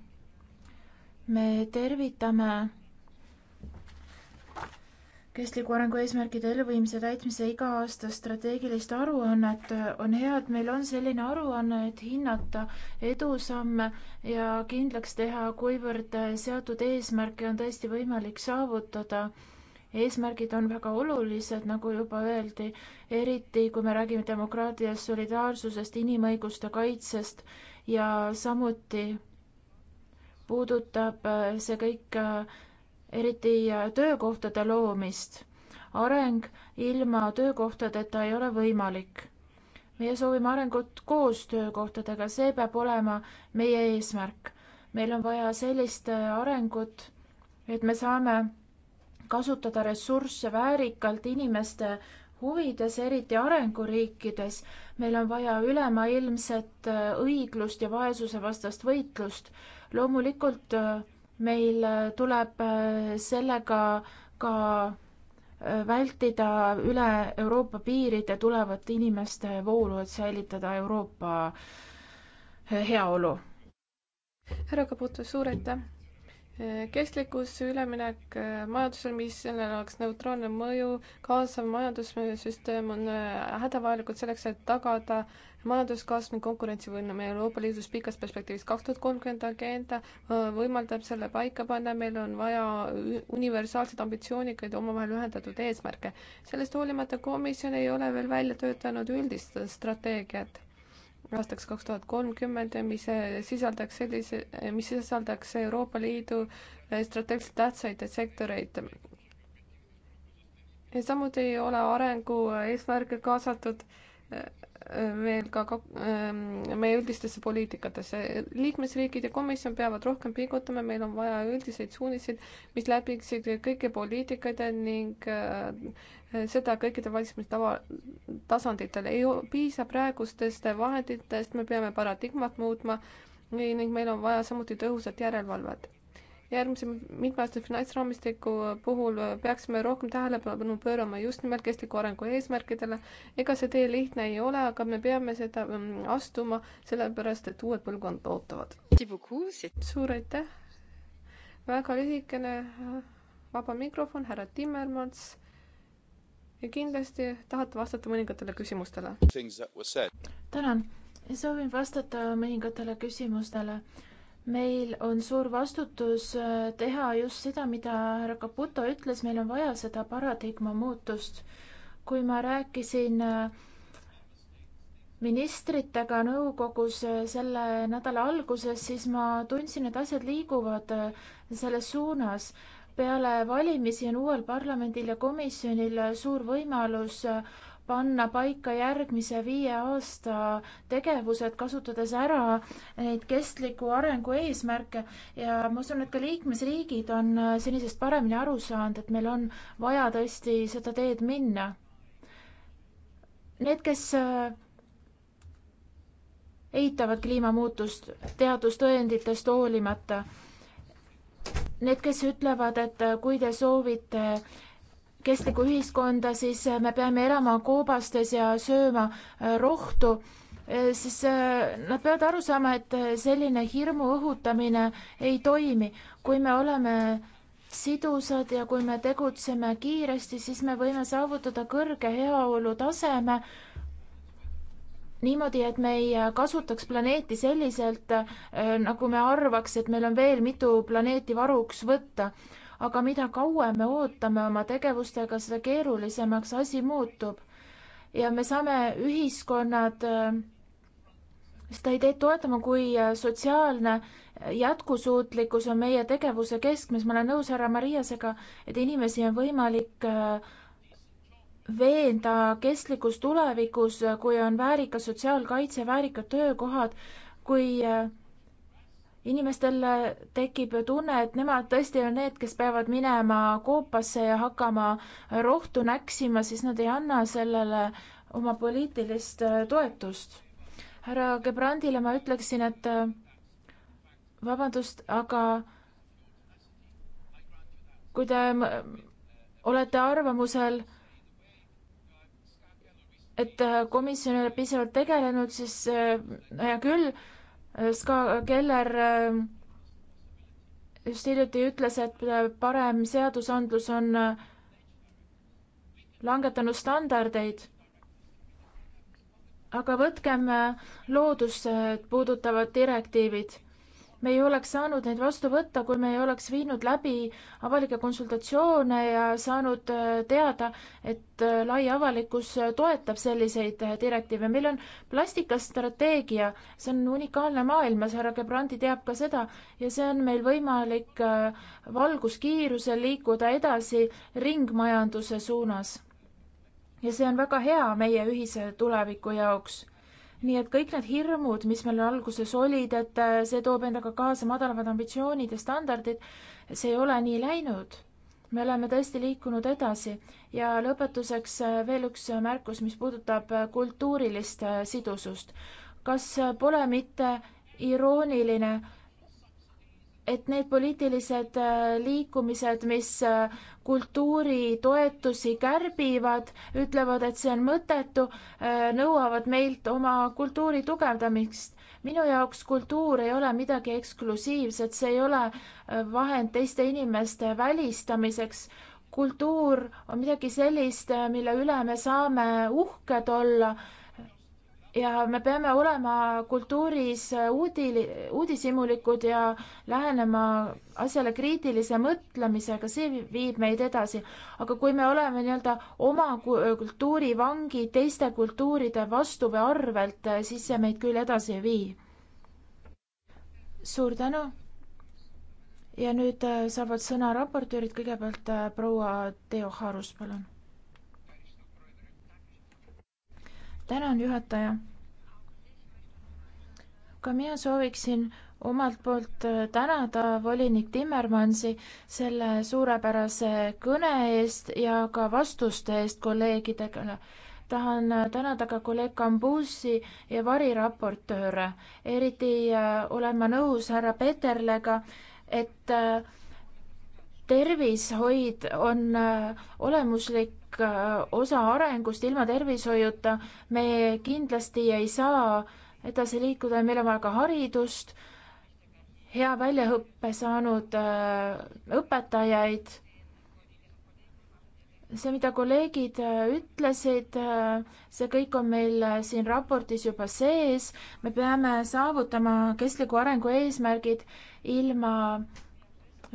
me tervitame kestliku arengu eesmärkide elluviimise täitmise iga-aastast strateegilist aruannet on hea, et meil on selline aruanne, et hinnata edusamme ja kindlaks teha, kuivõrd seatud eesmärke on tõesti võimalik saavutada. eesmärgid on väga olulised, nagu juba öeldi, eriti kui me räägime demokraatiast, solidaarsusest, inimõiguste kaitsest ja samuti puudutab see kõik eriti äh, töökohtade loomist. areng ilma töökohtadeta ei ole võimalik. meie soovime arengut koos töökohtadega, see peab olema meie eesmärk. meil on vaja sellist äh, arengut, et me saame kasutada ressursse väärikalt inimeste huvides, eriti arenguriikides. meil on vaja ülemaailmset äh, õiglust ja vaesusevastast võitlust. loomulikult äh, meil äh, tuleb äh, sellega ka äh, vältida üle Euroopa piiride tulevate inimeste voolu, et säilitada Euroopa heaolu. härra Kaputus, suur aitäh! kestlikkus, üleminek majandusele, mis sellel oleks neutraalne mõju, kaasav majandussüsteem on hädavajalikud selleks, et tagada äh, majanduskasv ning konkurentsivõime meil Euroopa Liidus pikas perspektiivis. kaks tuhat kolmkümmend agenda äh, võimaldab selle paika panna, meil on vaja universaalseid ambitsioonikaid omavahel ühendatud eesmärke. sellest hoolimata komisjon ei ole veel välja töötanud üldist strateegiat aastaks kaks tuhat kolmkümmend, mis äh, sisaldaks sellise, mis sisaldaks Euroopa Liidu äh, strateegiliselt tähtsaid sektoreid. samuti ei ole arengu eesmärke kaasatud veel ka ähm, meie üldistesse poliitikatesse. liikmesriigid ja komisjon peavad rohkem pingutama, meil on vaja üldiseid suuniseid, mis läbiksid kõiki poliitikaid ning äh, seda kõikidel valitsemistava tasanditel. ei piisa praegustest vahenditest, me peame paradigmat muutma ning meil on vaja samuti tõhusat järelevalvet järgmise mitmeaastase finantsraamistiku puhul peaksime rohkem tähelepanu pöörama just nimelt kestliku arengu eesmärkidele. ega see tee lihtne ei ole, aga me peame seda mm, astuma, sellepärast et uued põlvkond ootavad. suur aitäh. väga lühikene äh, vaba mikrofon, härra Timmermans. ja kindlasti tahate vastata mõningatele küsimustele. tänan, soovin vastata mõningatele küsimustele meil on suur vastutus äh, teha just seda, mida härra Caputo ütles, meil on vaja seda paradigma muutust. kui ma rääkisin äh, ministritega nõukogus äh, selle nädala alguses, siis ma tundsin, et asjad liiguvad selles suunas. peale valimisi on uuel parlamendil ja komisjonil suur võimalus panna paika järgmise viie aasta tegevused, kasutades ära neid kestliku arengu eesmärke ja ma usun, et ka liikmesriigid on senisest paremini aru saanud, et meil on vaja tõesti seda teed minna. Need, kes äh, eitavad kliimamuutust teadustõenditest hoolimata, need, kes ütlevad, et äh, kui te soovite kestlikku ühiskonda, siis äh, me peame elama koobastes ja sööma äh, rohtu, äh, siis nad peavad aru saama, et selline hirmu õhutamine ei toimi. kui me oleme sidusad ja kui me tegutseme kiiresti, siis me võime saavutada kõrge heaolu taseme niimoodi, et me ei kasutaks planeeti selliselt, nagu me arvaks, et meil on veel mitu planeeti varuks võtta aga mida kauem me ootame oma tegevustega, seda keerulisemaks asi muutub. ja me saame ühiskonnad äh, seda ideed toetama, kui äh, sotsiaalne äh, jätkusuutlikkus on meie tegevuse keskmes, ma olen nõus härra Mariasega, et inimesi on võimalik veenda kestlikus tulevikus, kui on väärikas sotsiaalkaitse, väärikad töökohad, kui äh, inimestel tekib tunne, et nemad tõesti on need, kes peavad minema koopasse ja hakkama rohtu näksima, siis nad ei anna sellele oma poliitilist toetust. härra Gebrandile ma ütleksin, et vabandust, aga kui te olete arvamusel, et komisjon ei ole piisavalt tegelenud, siis hea küll äh,, Ska Keller äh, just hiljuti ütles, et parem seadusandlus on äh, langetanud standardeid. aga võtkem äh, loodust puudutavad direktiivid me ei oleks saanud neid vastu võtta, kui me ei oleks viinud läbi avalikke konsultatsioone ja saanud äh, teada, et äh, lai avalikkus äh, toetab selliseid direktiive. meil on plastikastrateegia, see on unikaalne maailmas, härra Gebrandi teab ka seda ja see on meil võimalik valguskiirusel liikuda edasi ringmajanduse suunas. ja see on väga hea meie ühise tuleviku jaoks nii et kõik need hirmud, mis meil alguses olid, et äh, see toob endaga kaasa madalamad ambitsioonid ja standardid, see ei ole nii läinud. me oleme tõesti liikunud edasi ja lõpetuseks äh, veel üks märkus, mis puudutab äh, kultuurilist sidusust. kas pole mitte irooniline, et need poliitilised äh, liikumised, mis äh, kultuuri toetusi kärbivad, ütlevad, et see on mõttetu, äh, nõuavad meilt oma kultuuri tugevdamist. minu jaoks kultuur ei ole midagi eksklusiivset, see ei ole vahend teiste inimeste välistamiseks. kultuur on midagi sellist, mille üle me saame uhked olla ja me peame olema kultuuris uudi-, uudishimulikud ja lähenema asjale kriitilise mõtlemisega, see viib meid edasi. aga kui me oleme nii-öelda oma kultuuri vangi teiste kultuuride vastu või arvelt, siis see meid küll edasi ei vii. suur tänu. ja nüüd äh, saavad sõna raportöörid, kõigepealt äh, proua Teo Haarus, palun tänan, juhataja. ka mina sooviksin omalt poolt äh, tänada volinik Timmermansi selle suurepärase kõne eest ja ka vastuste eest kolleegidele. tahan äh, tänada ka kolleeg Kambussi ja variraportööre, eriti äh, olen ma nõus härra Peterlega, et tervishoid on olemuslik osa arengust, ilma tervishoiuta me kindlasti ei saa edasi liikuda ja meil on vaja ka haridust, hea väljaõppe saanud äh, õpetajaid. see, mida kolleegid äh, ütlesid, äh, see kõik on meil siin raportis juba sees, me peame saavutama kestliku arengu eesmärgid ilma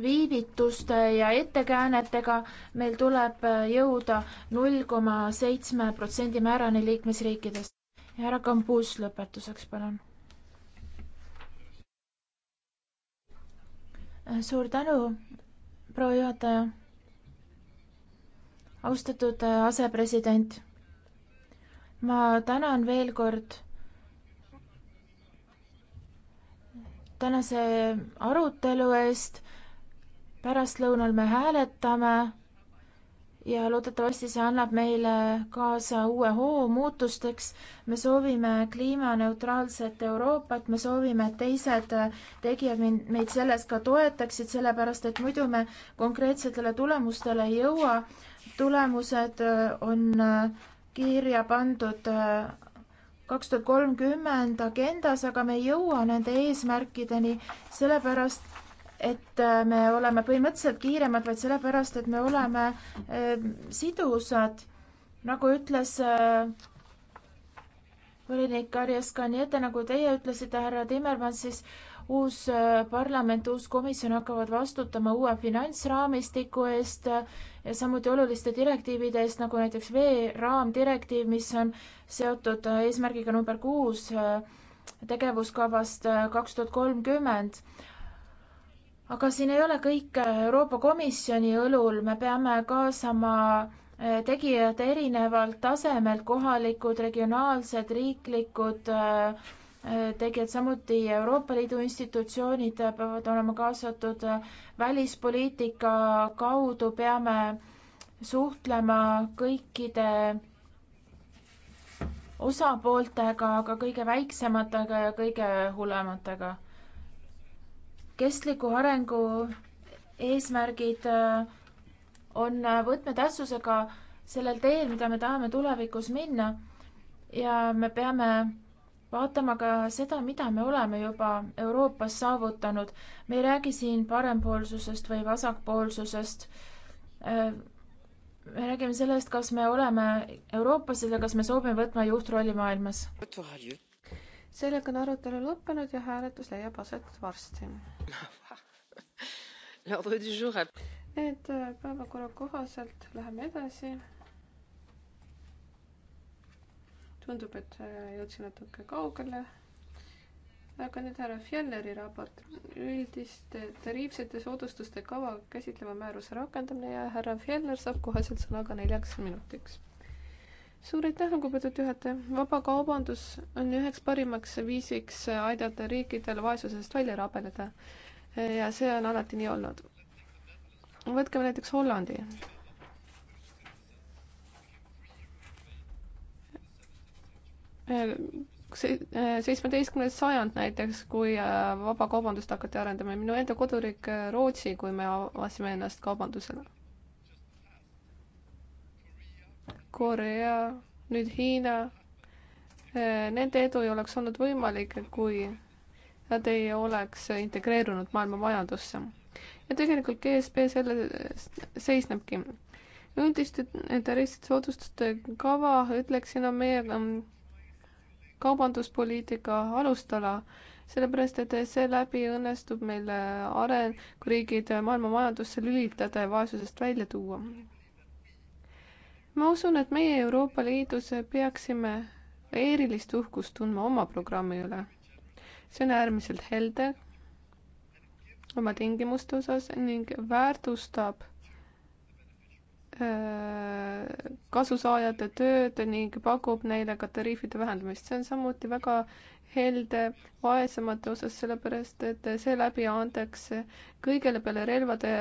viivituste ja ettekäänetega meil tuleb jõuda null koma seitsme protsendi määrani liikmesriikidest. ja härra Kambus lõpetuseks, palun. suur tänu, proua juhataja. austatud asepresident, ma tänan veel kord tänase arutelu eest pärastlõunal me hääletame ja loodetavasti see annab meile kaasa uue hoo muutusteks. me soovime kliimaneutraalset Euroopat, me soovime, et teised tegijad meid selles ka toetaksid, sellepärast et muidu me konkreetsetele tulemustele ei jõua. tulemused äh, on äh, kirja pandud äh, kaks tuhat kolmkümmend agendas, aga me ei jõua nende eesmärkideni, sellepärast et äh, me oleme põhimõtteliselt kiiremad, vaid sellepärast, et me oleme äh, sidusad. nagu ütles äh, volinik Arias ka nii ette, nagu teie ütlesite, härra Timmermans, siis uus parlament, uus komisjon hakkavad vastutama uue finantsraamistiku eest ja samuti oluliste direktiivide eest, nagu näiteks veeraamdirektiiv, mis on seotud eesmärgiga number kuus tegevuskavast kaks tuhat kolmkümmend aga siin ei ole kõik äh, Euroopa Komisjoni õlul, me peame kaasama äh, tegijad erinevalt tasemelt, kohalikud, regionaalsed, riiklikud äh, tegijad, samuti Euroopa Liidu institutsioonid peavad olema kaasatud välispoliitika kaudu, peame suhtlema kõikide osapooltega, aga kõige väiksematega ja kõige hullematega kestliku arengu eesmärgid äh, on äh, võtmetähtsusega sellel teel, mida me tahame tulevikus minna ja me peame vaatama ka seda, mida me oleme juba Euroopas saavutanud. me ei räägi siin parempoolsusest või vasakpoolsusest. Äh, me räägime sellest, kas me oleme Euroopas ja kas me soovime võtma juhtrolli maailmas sellega on arutelu lõppenud ja hääletus leiab aset varsti. Need äh, päevakorra kohaselt läheme edasi. tundub, et äh, jõudsin natuke kaugele. aga nüüd härra Fjelleri raport, üldiste tariifsete soodustuste kava käsitleva määruse rakendamine ja härra Fjeller saab koheselt sõna ka neljaks minutiks suur aitäh, lugupeetud juhataja. vabakaubandus on üheks parimaks viisiks aidata riikidel vaesusest välja rabeleda. ja see on alati nii olnud. võtkem näiteks Hollandi. seitsmeteistkümnes sajand näiteks, kui äh, vabakaubandust hakati arendama ja minu enda koduriik äh, Rootsi, kui me avasime ennast kaubandusele Korea, nüüd Hiina. Eh, nende edu ei oleks olnud võimalik, kui nad ei oleks integreerunud maailma majandusse. ja tegelikult GSP selles seisnebki. üldiste tariifsete soodustuste kava, ütleksin, on meie mm, kaubanduspoliitika alustala, sellepärast et seeläbi õnnestub meil eh, arenguriigid maailma majandusse lülitada ja vaesusest välja tuua ma usun, et meie Euroopa Liidus peaksime erilist uhkust tundma oma programmi üle. see on äärmiselt helde oma tingimuste osas ning väärtustab äh, kasusaajate tööd ning pakub neile ka tariifide vähendamist. see on samuti väga helde vaesemate osas, sellepärast et seeläbi antakse kõigele peale relvade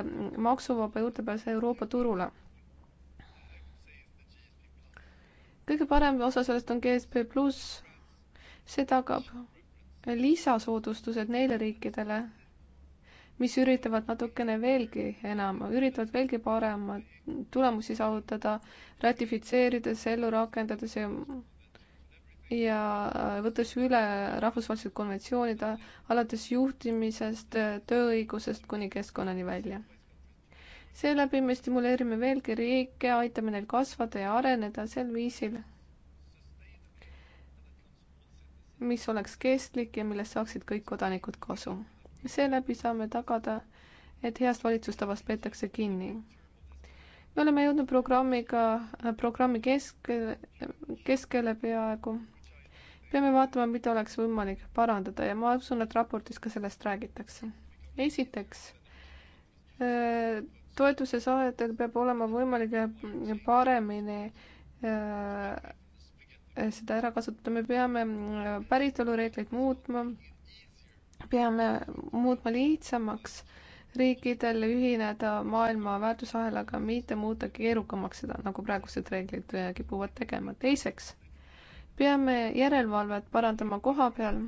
maksuvaba juurdepääs Euroopa turule kõige parem osa sellest on GSP pluss. see tagab lisasoodustused neile riikidele, mis üritavad natukene veelgi enam, üritavad veelgi paremat tulemusi saavutada, ratifitseerides, ellu rakendades ja ja võttes üle rahvusvahelised konventsioonid alates juhtimisest, tööõigusest kuni keskkonnani välja seeläbi me stimuleerime veelgi riike, aitame neil kasvada ja areneda sel viisil, mis oleks kestlik ja millest saaksid kõik kodanikud kasu. seeläbi saame tagada, et heast valitsustavast peetakse kinni. me oleme jõudnud programmiga, programmi kesk, keskele peaaegu. peame vaatama, mida oleks võimalik parandada ja ma usun, et raportis ka sellest räägitakse. esiteks toetuse saajatel peab olema võimalik paremini äh, seda ära kasutada, me peame äh, päritolureegleid muutma, peame muutma lihtsamaks riikidel ühineda maailma väärtusahelaga, mitte muuta keerukamaks seda, nagu praegused reeglid äh, kipuvad tegema. teiseks, peame järelevalvet parandama koha peal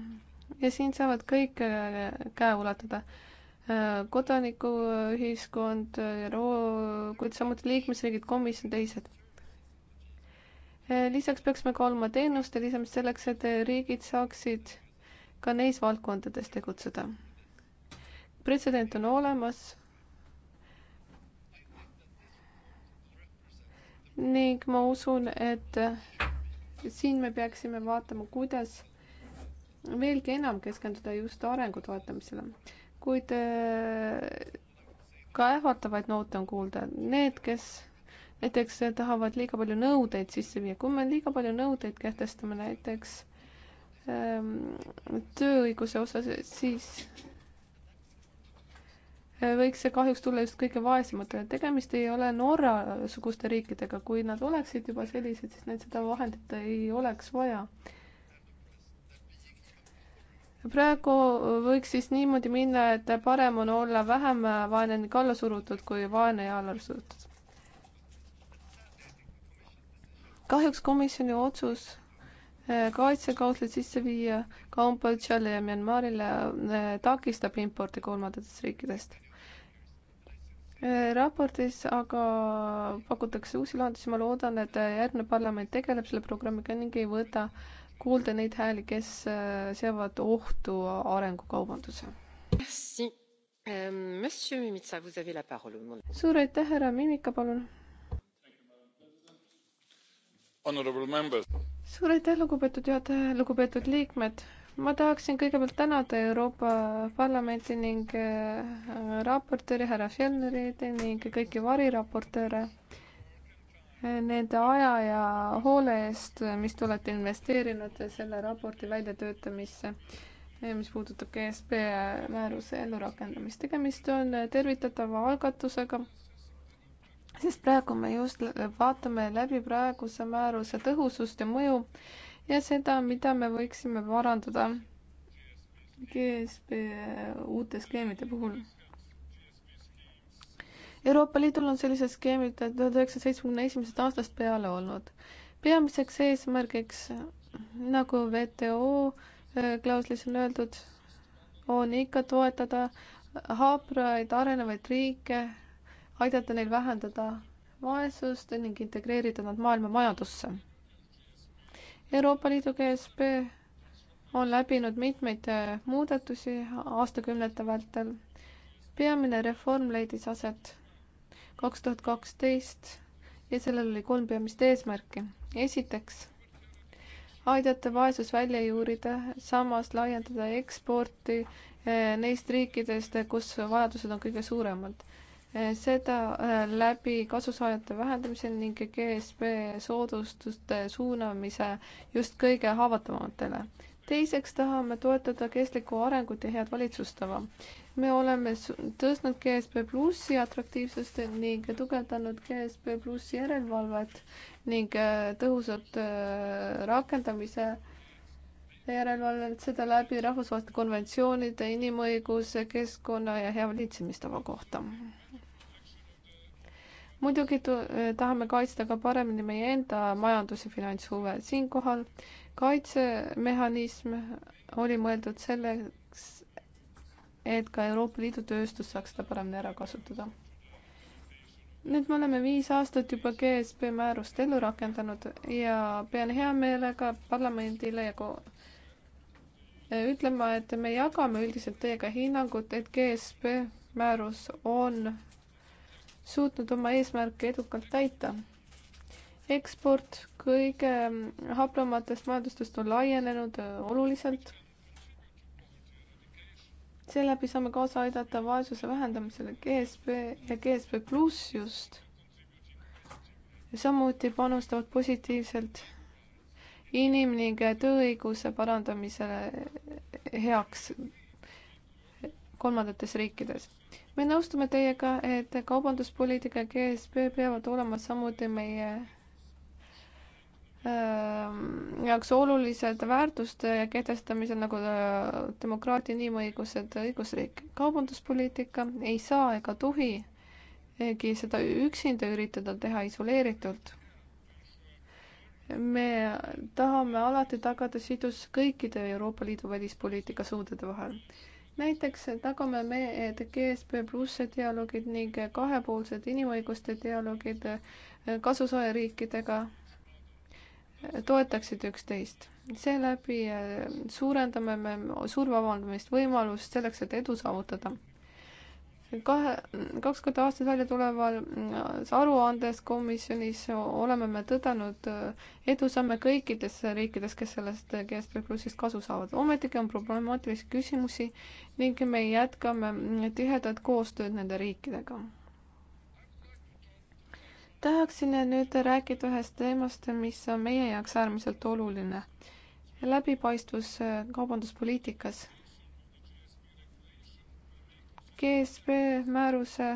ja siin saavad kõik käe ulatada kodanikuühiskond, ÜRO, kuid samuti liikmesriigid, komisjon, teised. lisaks peaks me kaaluma teenuste lisamist selleks, et riigid saaksid ka neis valdkondades tegutseda. pretsedent on olemas ning ma usun, et siin me peaksime vaatama, kuidas veelgi enam keskenduda just arengu toetamisele kuid äh, ka ähvardavaid noote on kuulda. Need, kes näiteks tahavad liiga palju nõudeid sisse viia, kui me liiga palju nõudeid kehtestame näiteks ähm, tööõiguse osas, siis äh, võiks see kahjuks tulla just kõige vaesematele. tegemist ei ole Norra-suguste riikidega, kui nad oleksid juba sellised, siis neil seda vahendit ei oleks vaja praegu võiks siis niimoodi minna, et parem on olla vähem vaene ning alla surutud kui vaene ja alla surutud. kahjuks komisjoni otsus eh, kaitsekaudselt sisse viia Kambodžale ja Myanmarile eh, takistab importi kolmandatest riikidest. Eh, raportis aga pakutakse uusi lahendusi, ma loodan, et järgmine parlament tegeleb selle programmiga ning ei võta äh, kuulda neid hääli, kes äh, seavad ohtu arengukaubanduse. Euh, suur aitäh, härra Mimika, palun. suur aitäh, lugupeetud juhataja, lugupeetud liikmed ma tahaksin kõigepealt tänada Euroopa Parlamenti ning äh, raportööri härra Fjellnerit ning kõiki variraportööre nende aja ja hoole eest, mis te olete investeerinud selle raporti väljatöötamisse, mis puudutab GSP määruse ellurakendamist. tegemist on tervitatava algatusega, sest praegu me just vaatame läbi praeguse määruse tõhusust ja mõju ja seda, mida me võiksime parandada GSP uute skeemide puhul Euroopa Liidul on sellised skeemid tuhande üheksasaja seitsmekümne esimesest aastast peale olnud. peamiseks eesmärgiks, nagu WTO äh, klauslis on öeldud, on ikka toetada haapraid arenevaid riike, aidata neil vähendada vaesust ning integreerida nad maailma majandusse. Euroopa Liidu GSP on läbinud mitmeid äh, muudatusi aastakümnete vältel. peamine reform leidis aset kaks tuhat kaksteist ja sellel oli kolm peamist eesmärki. esiteks, aidata vaesus välja juurida, samas laiendada eksporti eh, neist riikidest, eh, kus vajadused on kõige suuremad. Eh, seda läbi kasusaajate vähendamise ning GSP soodustuste suunamise just kõige haavatavamatele teiseks tahame toetada kestlikku arengut ja head valitsustava. me oleme tõstnud GSP Plussi atraktiivsust ning tugevdanud GSP Plussi järelevalvet ning äh, tõhusat äh, rakendamise järelevalvet, seda läbi rahvusvaheliste konventsioonide, inimõiguse, keskkonna ja hea valitsemistava kohta muidugi eh, tahame kaitsta ka paremini meie enda majandus- ja finantshuve. siinkohal kaitsemehhanism oli mõeldud selleks, et ka Euroopa Liidu tööstus saaks seda paremini ära kasutada. nüüd me oleme viis aastat juba GSP määrust ellu rakendanud ja pean hea meelega parlamendile ja eh, ütlema, et me jagame üldiselt teiega hinnangut, et GSP määrus on suutnud oma eesmärke edukalt täita. eksport kõige hapramatest majandustest on laienenud äh, oluliselt. seeläbi saame kaasa aidata vaesuse vähendamisele GSP ja GSP pluss just. samuti panustavad positiivselt inimlige tööõiguse parandamisele heaks kolmandates riikides me nõustume teiega, et kaubanduspoliitika ja GSP peavad olema samuti meie ähm, jaoks olulised väärtuste kehtestamisel nagu äh, demokraatia, inimõigused, õigusriik. kaubanduspoliitika ei saa ega tohigi seda üksinda üritada teha isoleeritult. me tahame alati tagada sidus kõikide Euroopa Liidu välispoliitika suundade vahel näiteks tagame me, et GSP pluss dialoogid ning kahepoolsed inimõiguste dialoogid eh, kasusaajariikidega toetaksid üksteist. seeläbi eh, suurendame me surve avaldamist võimalust selleks, et edu saavutada kahe, kaks korda aastas välja tuleval mm, aruandes komisjonis oleme me tõdenud äh, edusamme kõikides riikides, kes sellest GSP Plussist kasu saavad. ometigi on problemaatilisi küsimusi ning me jätkame mm, tihedat koostööd nende riikidega. tahaksin nüüd rääkida ühest teemast, mis on meie jaoks äärmiselt oluline. läbipaistvus äh, kaubanduspoliitikas GSP määruse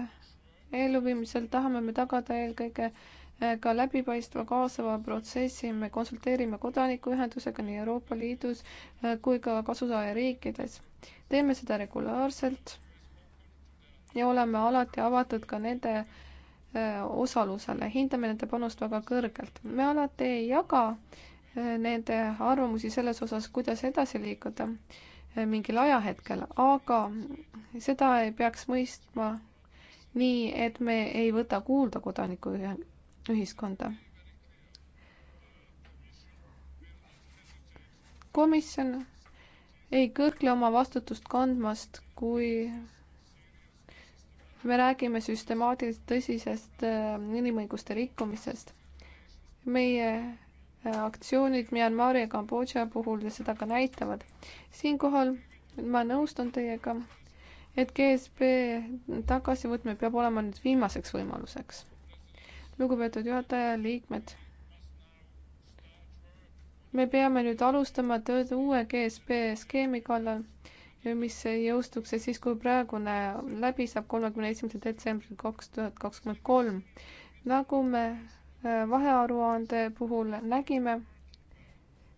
elluviimisel tahame me tagada eelkõige eh, ka läbipaistva kaasava protsessi, me konsulteerime kodanikuühendusega nii Euroopa Liidus eh, kui ka kasusaaja riikides. teeme seda regulaarselt ja oleme alati avatud ka nende eh, osalusele, hindame nende panust väga kõrgelt. me alati ei jaga nende arvamusi selles osas, kuidas edasi liikuda Eh, mingil ajahetkel, aga seda ei peaks mõistma nii, et me ei võta kuulda kodanikuühiskonda. komisjon ei kõhkle oma vastutust kandmast, kui me räägime süstemaatiliselt tõsisest eh, inimõiguste rikkumisest. meie Äh, aktsioonid Myanmari ja Kambodža puhul seda ka näitavad. siinkohal ma nõustun teiega, et GSP tagasivõtmine peab olema nüüd viimaseks võimaluseks. lugupeetud juhataja, liikmed. me peame nüüd alustama tööd uue GSP skeemi kallal, mis jõustuks siis, kui praegune läbi saab kolmekümne esimesel detsembril kaks tuhat kakskümmend kolm. nagu me Äh, vahearuande puhul nägime,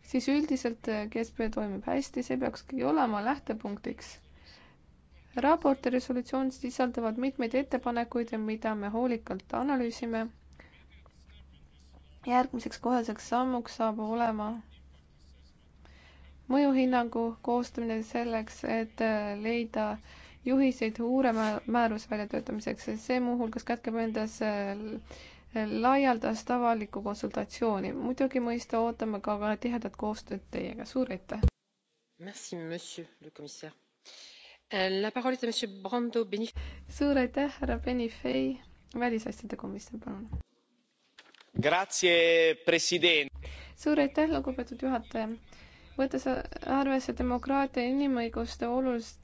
siis üldiselt äh, GSP toimib hästi, see peakski olema lähtepunktiks. raporti resolutsioon sisaldavad mitmeid ettepanekuid, mida me hoolikalt analüüsime. järgmiseks koheseks sammuks saab olema mõjuhinnangu koostamine selleks, et äh, leida juhiseid uure määruse väljatöötamiseks, see muuhulgas kätkeb endas laialdast avalikku konsultatsiooni. muidugi mõista ootame ka, ka tihedat koostööd teiega, suur aitäh! Euh, suur aitäh, härra Benifei, välisasjade komisjon, palun! suur aitäh, lugupeetud juhataja! võttes arvesse demokraatia ja inimõiguste olulis-,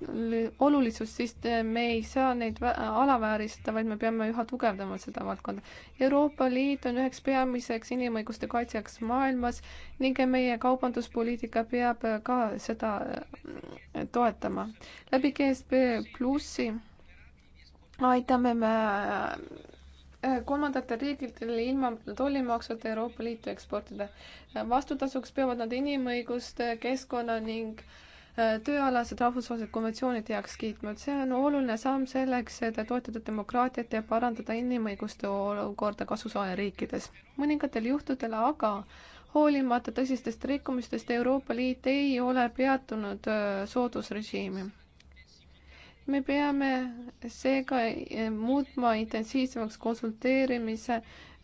olulisust, siis me ei saa neid alavääristada, vaid me peame üha tugevdama seda valdkonda. Euroopa Liit on üheks peamiseks inimõiguste kaitsjaks maailmas ning meie kaubanduspoliitika peab ka seda äh, toetama. läbi GSP Plussi aitame me Äh, kolmandatel riikidel ilma tollimaksuta Euroopa Liitu eksportida. Äh, vastutasuks peavad nad inimõiguste, keskkonna ning äh, tööalased rahvusvahelised konventsioonid heaks kiitma, et see on oluline samm selleks, et toetada demokraatiat ja parandada inimõiguste olukorda kasusaaja riikides. mõningatel juhtudel aga hoolimata tõsistest rikkumistest Euroopa Liit ei ole peatunud soodusrežiimi me peame seega eh, muutma intensiivsemaks konsulteerimise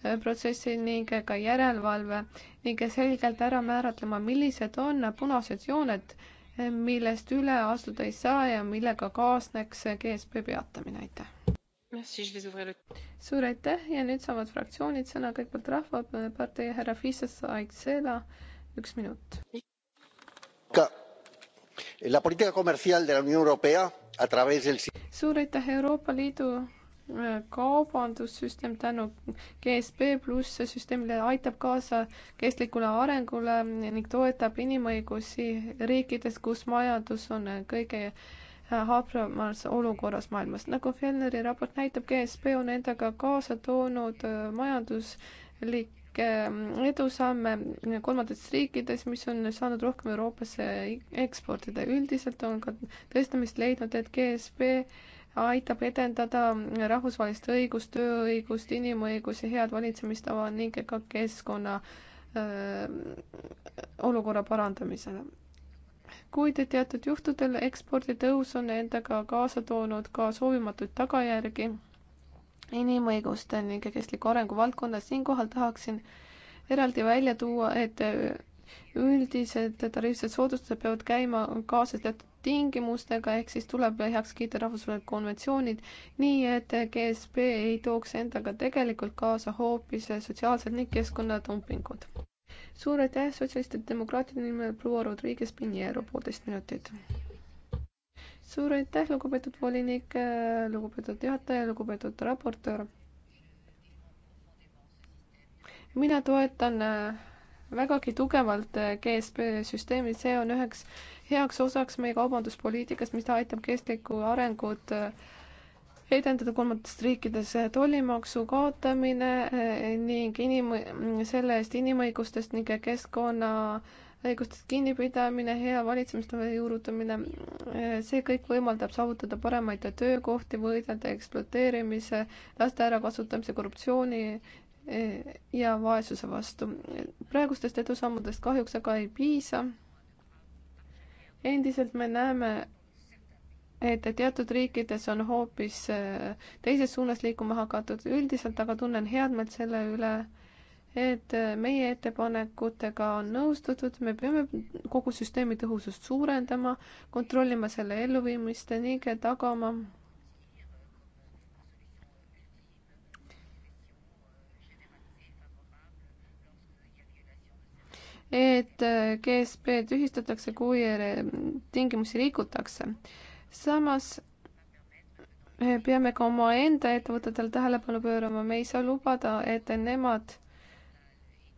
eh, protsessi ning ka järelevalve ning selgelt ära määratlema, millised on punased jooned, eh, millest üle astuda ei saa ja millega kaasneks GSP peatamine, aitäh. suur aitäh ja nüüd saavad fraktsioonid sõna, kõigepealt Rahvapartei härra Fissas Aiksela, üks minut. La política comercial de la Unión Europea suur aitäh, Euroopa Liidu äh, kaubandussüsteem tänu GSP pluss süsteemile aitab kaasa kestlikule arengule ning toetab inimõigusi riikides, kus majandus on äh, kõige haapramas äh, olukorras maailmas. nagu Fjellneri raport näitab, GSP on endaga kaasa toonud majanduslik kõike ehm, edusamme kolmandates riikides, mis on saanud rohkem Euroopasse eksportida. üldiselt on ka tõestamist leidnud, et GSP aitab edendada rahvusvahelist õigust, tööõigust, inimõigusi, head valitsemistava ning ka keskkonna öö, olukorra parandamisele. kuid teatud juhtudel ekspordi tõus on endaga kaasa toonud ka soovimatuid tagajärgi inimõiguste ning kestliku arengu valdkonnas. siinkohal tahaksin eraldi välja tuua, et üldised tariifsed soodustused peavad käima kaasas teatud tingimustega, ehk siis tuleb heaks kiita rahvusvahelised konventsioonid, nii et GSP ei tooks endaga tegelikult kaasa hoopis sotsiaalsed ning keskkonnadumpingud. suur aitäh sotsialistide demokraatide nimel proua Rodriguez Pinheiro, poolteist minutit suur aitäh, lugupeetud volinik, lugupeetud juhataja, lugupeetud raportöör. mina toetan äh, vägagi tugevalt äh, GSP süsteemi, see on üheks heaks osaks meie kaubanduspoliitikast, mis aitab kestlikku arengut äh, edendada kolmandates riikides tollimaksu kaotamine ning inim-, selle eest inimõigustest ning keskkonna äh, õigustest kinnipidamine, hea valitsemistava juurutamine, see kõik võimaldab saavutada paremaid töökohti, võidelda ekspluateerimise, laste ärakasutamise, korruptsiooni e, ja vaesuse vastu. praegustest edusammudest kahjuks aga ei piisa. endiselt me näeme, et teatud riikides on hoopis e, teises suunas liikuma hakatud, üldiselt aga tunnen head meelt selle üle, et äh, meie ettepanekutega on nõustutud, me peame kogu süsteemi tõhusust suurendama, kontrollima selle elluviimist ning tagama et äh, GSP tühistatakse, kui äh, tingimusi rikutakse. samas peame ka omaenda ettevõtetel tähelepanu pöörama, me ei saa lubada, et nemad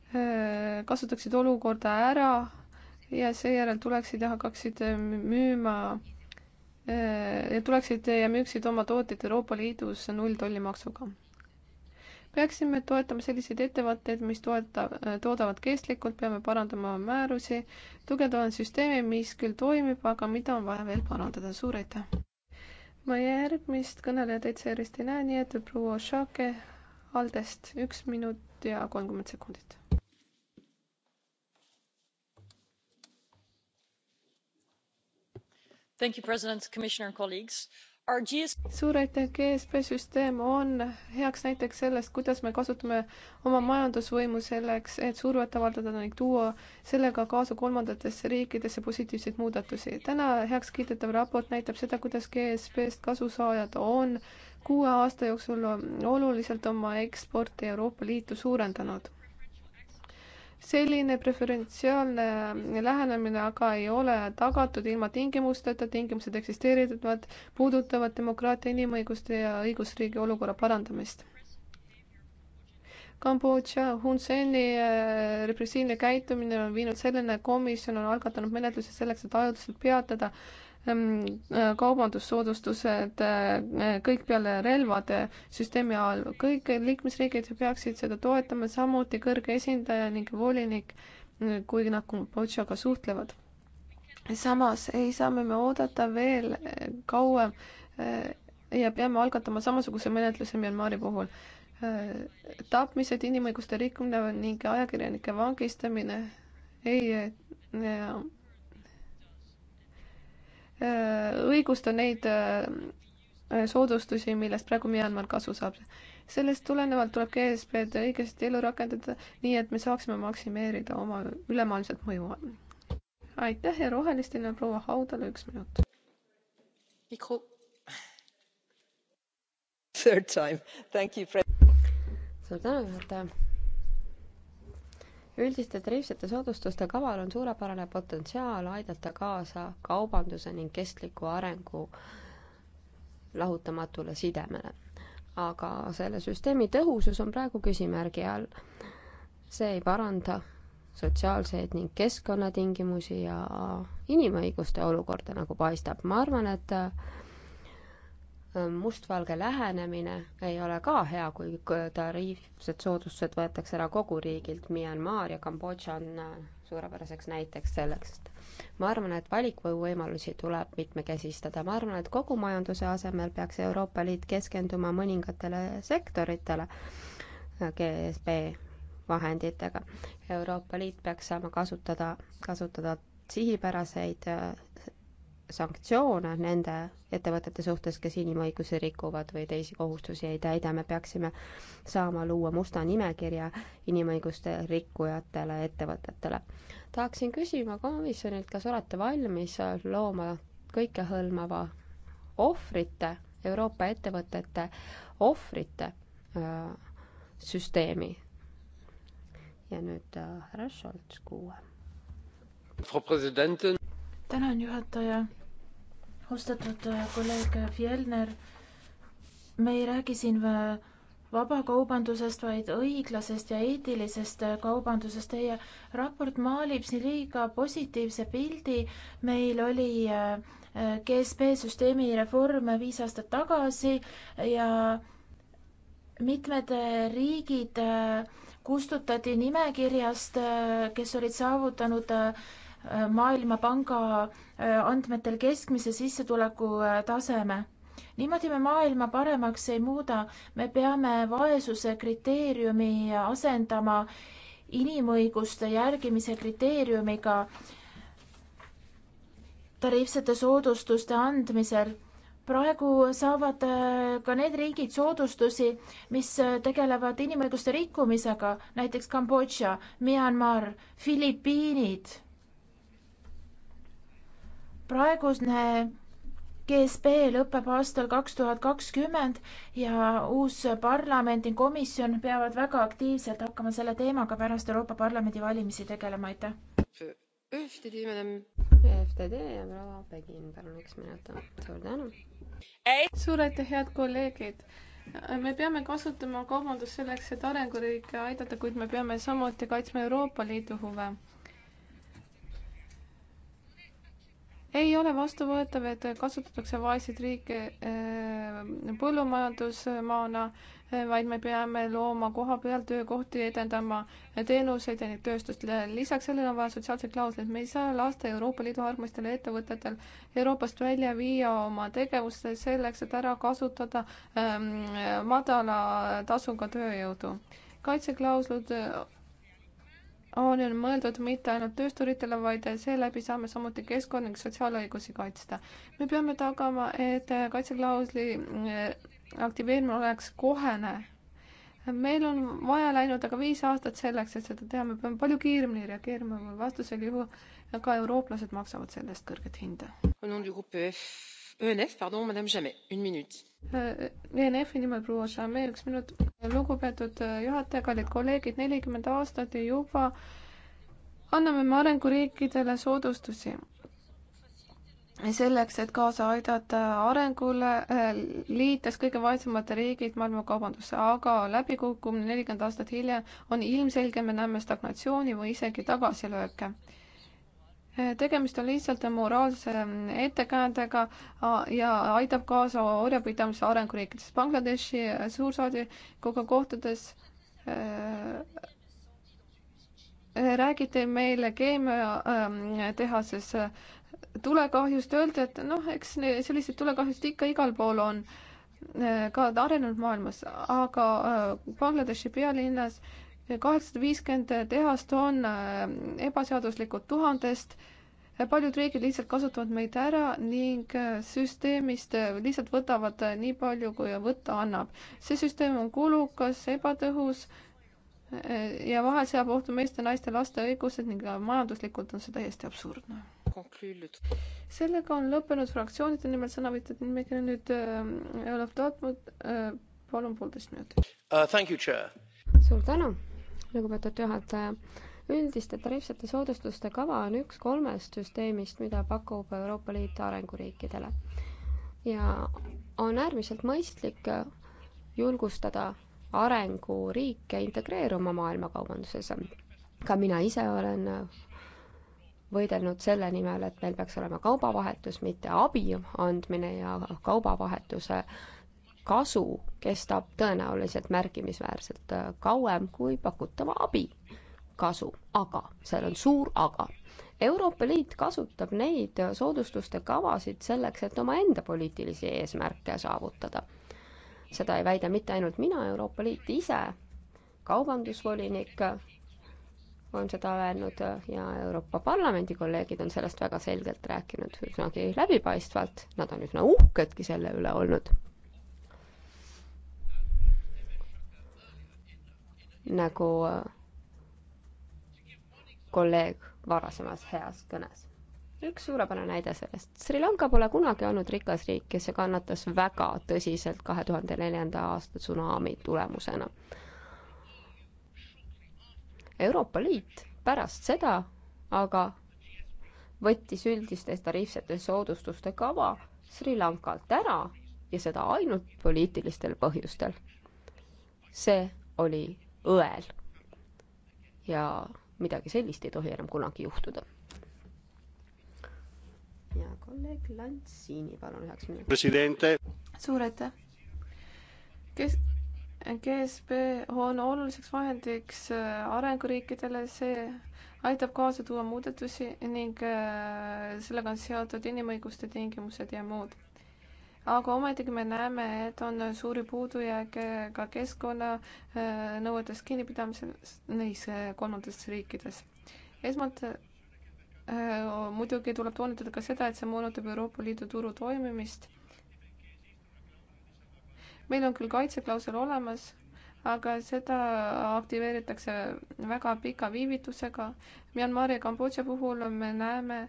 Äh, kasutaksid olukorda ära ja seejärel tuleksid ja hakkaksid äh, müüma äh, ja tuleksid ja müüksid oma tooteid Euroopa Liidus nulltollimaksuga. peaksime toetama selliseid ettevõtteid, mis toeta-, toodavad kestlikult, peame parandama määrusi, tugevdama süsteemi, mis küll toimib, aga mida on vaja veel parandada, suur aitäh! ma järgmist kõnelejat ETSR-ist ei näe, nii et proua Šake Aldest üks minut ja kolmkümmend sekundit. suur aitäh, GSP süsteem on heaks näiteks sellest, kuidas me kasutame oma majandusvõimu selleks, et survet avaldada ning tuua sellega kaasa kolmandatesse riikidesse positiivseid muudatusi. täna heaks kiidetav raport näitab seda, kuidas GSP-st kasusaajad on äh, kuue aasta jooksul oluliselt oma eksporti Euroopa Liitu suurendanud. selline preferentsiaalne lähenemine aga ei ole tagatud ilma tingimusteta, tingimused eksisteerivad, puudutavad demokraatia, inimõiguste ja õigusriigi olukorra parandamist. Kambodža Hun Seni äh, repressiivne käitumine on viinud selleni, et komisjon on algatanud menetluse selleks, et ajutiselt peatada äh, Ehm, äh, kaubandussoodustused, äh, äh, kõik peale relvade süsteemi all, kõik liikmesriigid peaksid seda toetama, samuti kõrge esindaja ning volinik, kui nad Kambodžaga suhtlevad. samas ei saa me oodata veel kauem ja peame algatama samasuguse menetluse Myanmari puhul tapmised, inimõiguste rikkumine ning ajakirjanike vangistamine ei Äh, õigusta neid äh, soodustusi, millest praegu Myanmar kasu saab. sellest tulenevalt tuleb GSP-d õigesti ellu rakendada, nii et me saaksime maksimeerida oma ülemaailmset mõju. aitäh ja rohelistele proua Haudale üks minut. Mikro. Third time, thank you. suur tänu, juhataja üldiste tariifsete soodustuste kaval on suurepärane potentsiaal aidata kaasa kaubanduse ning kestliku arengu lahutamatule sidemele. aga selle süsteemi tõhusus on praegu küsimärgi all. see ei paranda sotsiaalseid ning keskkonnatingimusi ja inimõiguste olukorda, nagu paistab. ma arvan, et mustvalge lähenemine ei ole ka hea, kui tariifsed soodustused võetakse ära kogu riigilt. Myanmar ja Kambodža on äh, suurepäraseks näiteks sellest. ma arvan, et valikvõimalusi tuleb mitmekesistada. ma arvan, et kogu majanduse asemel peaks Euroopa Liit keskenduma mõningatele sektoritele äh, GSB vahenditega. Euroopa Liit peaks saama kasutada, kasutada sihipäraseid äh, sanktsioone nende ettevõtete suhtes, kes inimõigusi rikuvad või teisi kohustusi ei täida, me peaksime saama luua musta nimekirja inimõiguste rikkujatele ettevõtetele. tahaksin küsima komisjonilt, kas olete valmis looma kõikehõlmava ohvrite, Euroopa ettevõtete ohvrite öö, äh, süsteemi. ja nüüd äh, härra Scholz, kuue. Frau Präsidentin! tänan, juhataja. austatud äh, kolleeg Fjellner, me ei räägi siin äh, vabakaubandusest, vaid õiglasest ja eetilisest äh, kaubandusest. Teie raport maalib siin liiga positiivse pildi. meil oli GSP süsteemi reform viis aastat tagasi ja mitmed riigid kustutati nimekirjast, kes olid saavutanud Maailmapanga äh, andmetel keskmise sissetuleku äh, taseme. niimoodi me maailma paremaks ei muuda, me peame vaesuse kriteeriumi asendama inimõiguste järgimise kriteeriumiga tariifsete soodustuste andmisel praegu saavad äh, ka need riigid soodustusi, mis tegelevad inimõiguste rikkumisega, näiteks Kambodža, Myanmar, Filipiinid praegune GSP lõpeb aastal kaks tuhat kakskümmend ja uus parlament ning komisjon peavad väga aktiivselt hakkama selle teemaga pärast Euroopa Parlamendi valimisi tegelema, aitäh. FTD, madam. FTD ja proua Begin, palun üks minut, suur tänu. suur aitäh, head kolleegid me peame kasutama kaubandust selleks, et arenguriike aidata, kuid me peame samuti kaitsma Euroopa Liidu huve ei ole vastuvõetav, et kasutatakse vaeseid riike äh, põllumajandusmaana, äh, vaid me peame looma koha peal töökohti, edendama teenuseid ja neid tööstust. lisaks sellele on vaja sotsiaalseid klausleid. me ei saa lasta Euroopa Liidu armastel ettevõtetel Euroopast välja viia oma tegevust selleks, et ära kasutada ähm, madala tasuga tööjõudu. kaitseklauslud on ju mõeldud mitte ainult töösturitele, vaid seeläbi saame samuti keskkonna ning sotsiaalõigusi kaitsta. me peame tagama, et kaitseklausli eh, aktiveerimine oleks kohene. meil on vaja läinud aga viis aastat selleks, et seda teha, me peame palju kiiremini reageerima, vastasel juhul ka eurooplased maksavad selle eest kõrget hinda. ENF, pardon, madame Jamais, üks minut. Äh, ENF-i nimel proua Jamais, üks minut. lugupeetud äh, juhataja, kallid kolleegid, nelikümmend aastat ja juba anname me arenguriikidele soodustusi selleks, et kaasa aidata arengule, äh, liites kõige vaesemad riigid maailma kaubandusse, aga läbikukkumine nelikümmend aastat hiljem on ilmselge, me näeme stagnatsiooni või isegi tagasilööke tegemist on lihtsalt moraalse mm, ettekäändega ja aitab kaasa orjapidamise arenguriikides. Bangladeshi äh, suursaadikuga kohtudes äh, äh, räägiti meile keemiatehases tulekahjust, öeldi, et noh, eks selliseid tulekahjusid ikka igal pool on, ka arenenud maailmas, aga Bangladeshi pealinnas kaheksasada viiskümmend tehast on äh, ebaseaduslikud tuhandest, paljud riigid lihtsalt kasutavad meid ära ning äh, süsteemist äh, lihtsalt võtavad nii palju, kui võtta annab. see süsteem on kulukas, ebatõhus ja vahel seab ohtu meeste, naiste, laste õigused ning majanduslikult on see täiesti absurdne. sellega on lõppenud fraktsioonide nimel sõnavõtjad nimekiri nüüd Olav Tootmut, palun poolteist minutit uh,. suur tänu lugupeetud juhataja. üldiste tariifsete soodustuste kava on üks kolmest süsteemist, mida pakub Euroopa Liit arenguriikidele. ja on äärmiselt mõistlik julgustada arenguriike integreeruma maailmakaubanduses. ka mina ise olen võidelnud selle nimel, et meil peaks olema kaubavahetus, mitte abi andmine ja kaubavahetuse äh, kasu kestab tõenäoliselt märkimisväärselt äh, kauem kui pakutava abi kasu, aga, seal on suur aga. Euroopa Liit kasutab neid äh, soodustuste kavasid selleks, et omaenda poliitilisi eesmärke saavutada. seda ei väida mitte ainult mina, Euroopa Liit ise, kaubandusvolinik äh, on seda öelnud ja Euroopa Parlamendi kolleegid on sellest väga selgelt rääkinud, üsnagi läbipaistvalt, nad on üsna uhkedki selle üle olnud nagu äh, kolleeg varasemas heas kõnes. üks suurepärane näide sellest. Sri Lanka pole kunagi olnud rikas riik ja see kannatas väga tõsiselt kahe tuhande neljanda aasta tsunami tulemusena. Euroopa Liit pärast seda aga võttis üldiste tariifsete soodustuste kava Sri Lankalt ära ja seda ainult poliitilistel põhjustel. see oli õel. ja midagi sellist ei tohi enam kunagi juhtuda. ja kolleeg Lantsini, palun üheks minutiks. suur aitäh. kes, GSP on oluliseks vahendiks äh, arenguriikidele, see aitab kaasa tuua muudatusi ning äh, sellega on seotud inimõiguste tingimused ja muud aga ometigi me näeme, et on suuri puudujääke ka keskkonnanõuetest kinnipidamises kolmandates riikides. esmalt äh, muidugi tuleb toonitada ka seda, et see moonutab Euroopa Liidu turu toimimist. meil on küll kaitseklausel olemas, aga seda aktiveeritakse väga pika viivitusega. Myanmari ja Kambodža puhul me näeme,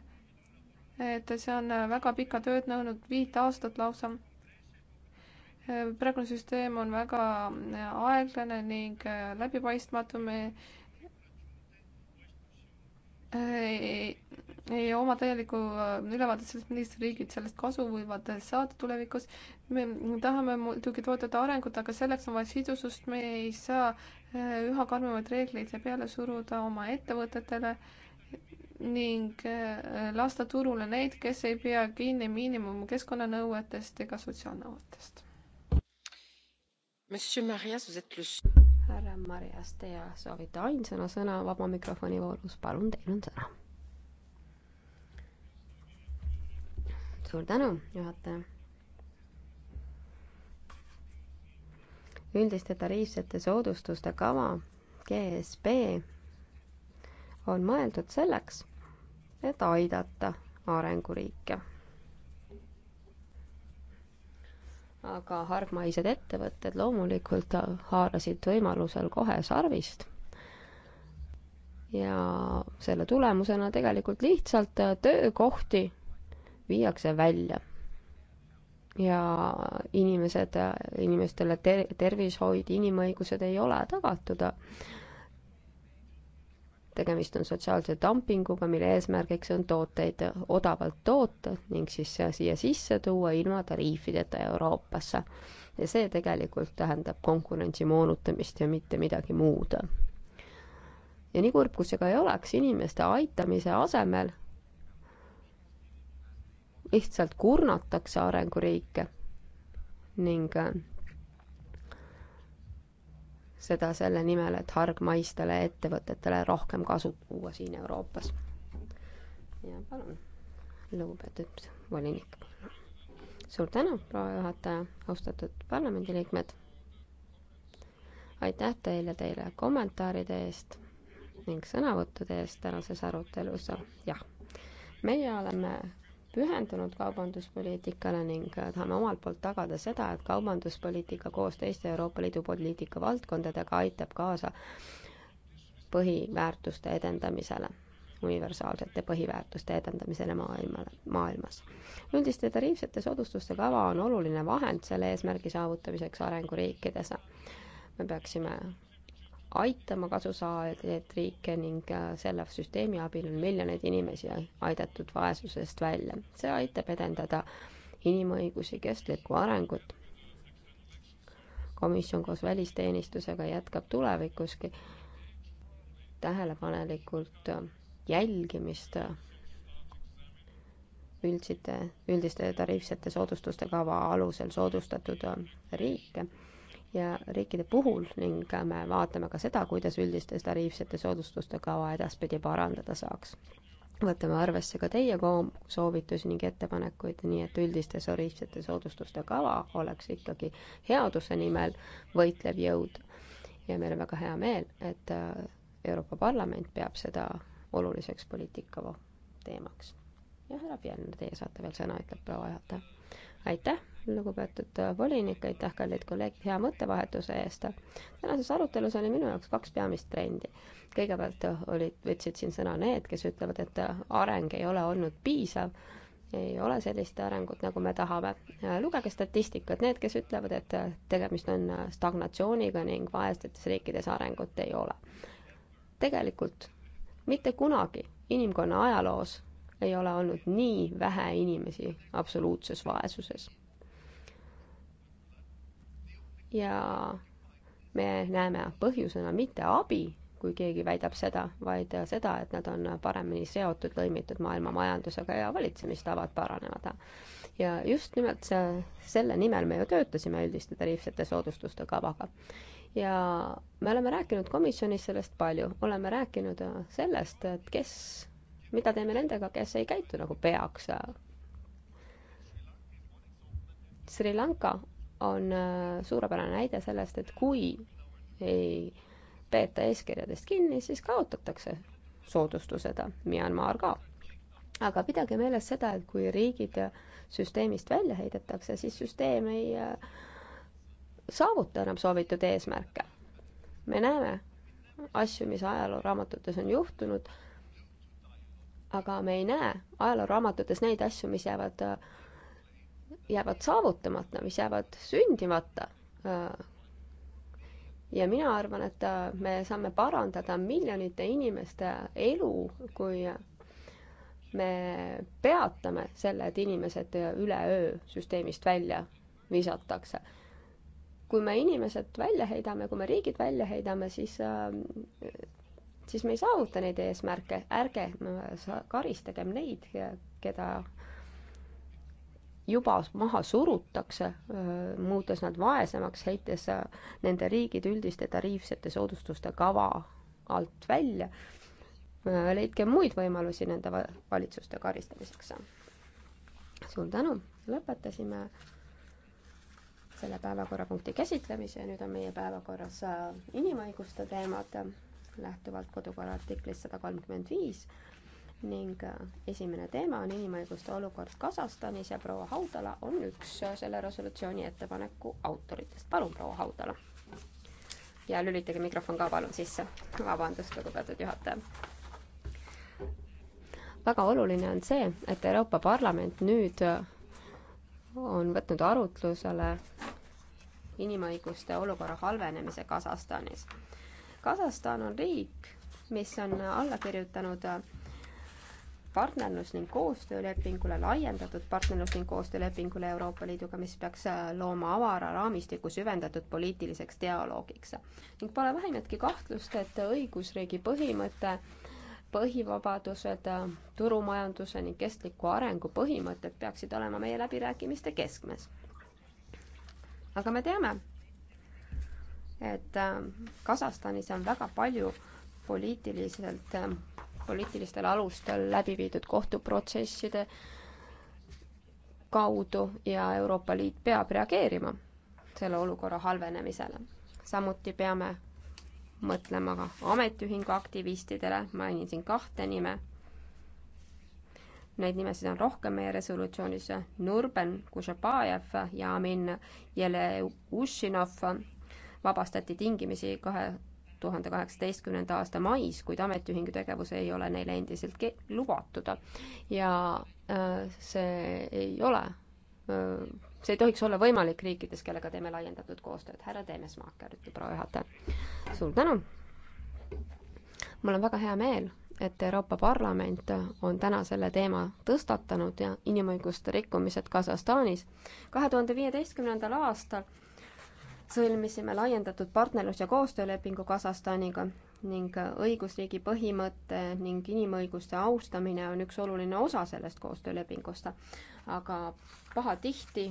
et see on väga pika tööd nõudnud, viit aastat lausa. praegune süsteem on väga aeglane ning läbipaistmatu, me ei, ei oma täielikku ülevaadet sellest, millised riigid sellest kasu võivad saada tulevikus. me tahame muidugi toetada arengut, aga selleks on vaja sidusust, me ei saa üha karmimaid reegleid peale suruda oma ettevõtetele ning äh, lasta turule neid, kes ei pea kinni miinimumkeskkonnanõuetest ega sotsiaalnõuetest. härra Marias, teie soovite ainsana sõna vaba mikrofoni voorus, palun, teil on sõna. suur tänu, juhataja. üldiste tariifsete soodustuste kava, GSB on mõeldud selleks, et aidata arenguriike. aga hargmaised ettevõtted loomulikult haarasid võimalusel kohe sarvist ja selle tulemusena tegelikult lihtsalt töökohti viiakse välja ja inimesed, inimestele ter-, tervishoid, inimõigused ei ole tagatud tegemist on sotsiaalse dumpinguga, mille eesmärgiks on tooteid odavalt toota ning siis siia sisse tuua ilma tariifideta Euroopasse. ja see tegelikult tähendab konkurentsi moonutamist ja mitte midagi muud. ja nii kurb, kui see ka ei oleks, inimeste aitamise asemel lihtsalt kurnatakse arenguriike ning seda selle nimel, et hargmaistele ettevõtetele rohkem kasu tuua siin Euroopas. ja palun, lugupeetud volinik. suur tänu, proua juhataja, austatud parlamendiliikmed. aitäh teile, teile kommentaaride eest ning sõnavõttude eest tänases arutelus. jah, meie oleme pühendunud kaubanduspoliitikale ning tahame omalt poolt tagada seda, et kaubanduspoliitika koos teiste Euroopa Liidu poliitika valdkondadega aitab kaasa põhiväärtuste edendamisele, universaalsete põhiväärtuste edendamisele maailmale, maailmas. üldiste tariifsete soodustuste kava on oluline vahend selle eesmärgi saavutamiseks arenguriikides. me peaksime aitama kasusaajaid riike ning äh, selle süsteemi abil on miljoneid inimesi aidatud vaesusest välja. see aitab edendada inimõigusi, kestlikku arengut. komisjon koos välisteenistusega jätkab tulevikuski tähelepanelikult jälgimist üldsite, üldiste tariifsete soodustuste kava alusel soodustatud riike ja riikide puhul ning me vaatame ka seda, kuidas üldiste tariifsete soodustuste kava edaspidi parandada saaks. võtame arvesse ka teie soovitusi ning ettepanekuid, nii et üldiste tariifsete soodustuste kava oleks ikkagi headuse nimel võitlev jõud. ja meil on väga hea meel, et äh, Euroopa Parlament peab seda oluliseks poliitika teemaks. ja härra Fjellner, teie saate veel sõna, ütleb proua juhataja aitäh, lugupeetud äh, volinik, aitäh, kallid kolleegid, hea mõttevahetuse eest. tänases arutelus oli minu jaoks kaks peamist trendi. kõigepealt äh, olid, võtsid siin sõna need, kes ütlevad, et äh, areng ei ole olnud piisav, ei ole sellist arengut, nagu me tahame. lugege statistikat, need, kes ütlevad, et tegemist on stagnatsiooniga ning vaestes riikides arengut ei ole. tegelikult mitte kunagi inimkonna ajaloos ei ole olnud nii vähe inimesi absoluutses vaesuses. ja me näeme põhjusena mitte abi, kui keegi väidab seda, vaid seda, et nad on paremini seotud, lõimitud maailma majandusega ja valitsemistavad paranevad. ja just nimelt see, selle nimel me ju töötasime üldiste tariifsete soodustuste kavaga. ja me oleme rääkinud komisjonis sellest palju, oleme rääkinud sellest, et kes mida teeme nendega, kes ei käitu nagu peaks? Sri Lanka on äh, suurepärane näide sellest, et kui ei peeta eeskirjadest kinni, siis kaotatakse soodustused, Myanmar ka. aga pidage meeles seda, et kui riigid süsteemist välja heidetakse, siis süsteem ei äh, saavuta enam soovitud eesmärke. me näeme asju, mis ajalooraamatutes on juhtunud aga me ei näe ajalooraamatutes neid asju, mis jäävad, äh, jäävad saavutamata, mis jäävad sündimata. Äh. ja mina arvan, et äh, me saame parandada miljonite inimeste elu, kui me peatame selle, et inimesed üleöö süsteemist välja visatakse. kui me inimesed välja heidame, kui me riigid välja heidame, siis siis me ei saavuta neid eesmärke, ärge karistagem neid, keda juba maha surutakse, muutes nad vaesemaks, heites nende riigid üldiste tariifsete soodustuste kava alt välja. leidke muid võimalusi nende valitsuste karistamiseks. suur tänu, lõpetasime selle päevakorrapunkti käsitlemise, nüüd on meie päevakorras inimõiguste teemad lähtuvalt kodukorra artiklist sada kolmkümmend viis ning äh, esimene teema on inimõiguste olukord Kasahstanis ja proua Haudala on üks äh, selle resolutsiooni ettepaneku autoritest. palun, proua Haudala. ja lülitage mikrofon ka palun sisse. vabandust, lugupeetud juhataja. väga oluline on see, et Euroopa Parlament nüüd äh, on võtnud arutlusele inimõiguste olukorra halvenemise Kasahstanis Kasahstan on riik, mis on alla kirjutanud äh, partnerlus- ning koostöölepingule, laiendatud partnerlus- ning koostöölepingule Euroopa Liiduga, mis peaks äh, looma avara raamistiku süvendatud poliitiliseks dialoogiks. ning pole vähimatki kahtlust, et õigusriigi põhimõte, põhivabadused, äh, turumajanduse ning kestliku arengu põhimõtted peaksid olema meie läbirääkimiste keskmes. aga me teame, et ähm, Kasahstanis on väga palju poliitiliselt, ähm, poliitilistel alustel läbi viidud kohtuprotsesside kaudu ja Euroopa Liit peab reageerima selle olukorra halvenemisele. samuti peame mõtlema ka ametiühingu aktivistidele, mainin siin kahte nime. Neid nimesid on rohkem meie resolutsioonis, Nurben Kušebajev ja Amin Jeleušinov vabastati tingimisi kahe tuhande kaheksateistkümnenda aasta mais, kuid ametiühingu tegevus ei ole neile endiselt lubatud. ja äh, see ei ole, äh, see ei tohiks olla võimalik riikides, kellega teeme laiendatud koostööd. härra Teemesmaaker, ütleb proua juhataja. suur tänu! mul on väga hea meel, et Euroopa Parlament on täna selle teema tõstatanud ja inimõiguste rikkumised Kasahstanis kahe tuhande viieteistkümnendal aastal sõlmisime laiendatud partnerlus- ja koostöölepingu Kasahstaniga ning õigusriigi põhimõte ning inimõiguste austamine on üks oluline osa sellest koostöölepingust. aga pahatihti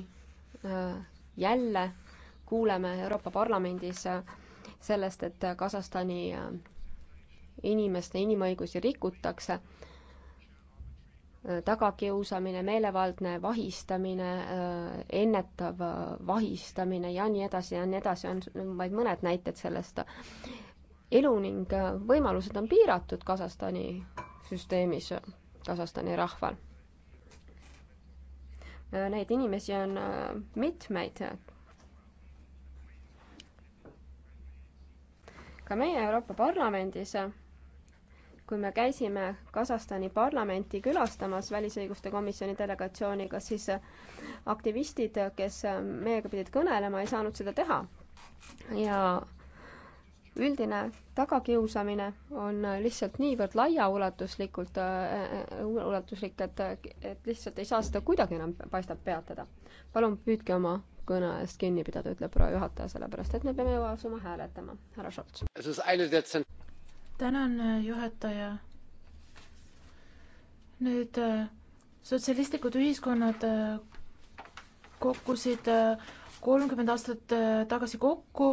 äh, jälle kuuleme Euroopa Parlamendis äh, sellest, et Kasahstani äh, inimeste inimõigusi rikutakse Äh, tagakiusamine, meelevaldne vahistamine, äh, ennetav äh, vahistamine ja nii edasi ja nii edasi, on vaid mõned näited sellest. elu ning võimalused on piiratud Kasahstani süsteemis, Kasahstani rahval. Neid inimesi on mitmeid. ka meie Euroopa Parlamendis kui me käisime Kasahstani parlamenti külastamas välisõiguste komisjoni delegatsiooniga, siis aktivistid, kes meiega pidid kõnelema, ei saanud seda teha. ja üldine tagakiusamine on lihtsalt niivõrd laiaulatuslikult äh,, äh ulatuslik, et, et lihtsalt ei saa seda kuidagi enam paistab peatada. palun püüdke oma kõne eest kinni pidada, ütleb proua juhataja, sellepärast et me peame juba asuma hääletama. härra Šolts tänan, äh, juhataja. nüüd äh, sotsialistlikud ühiskonnad äh, kukkusid kolmkümmend aastat tagasi kokku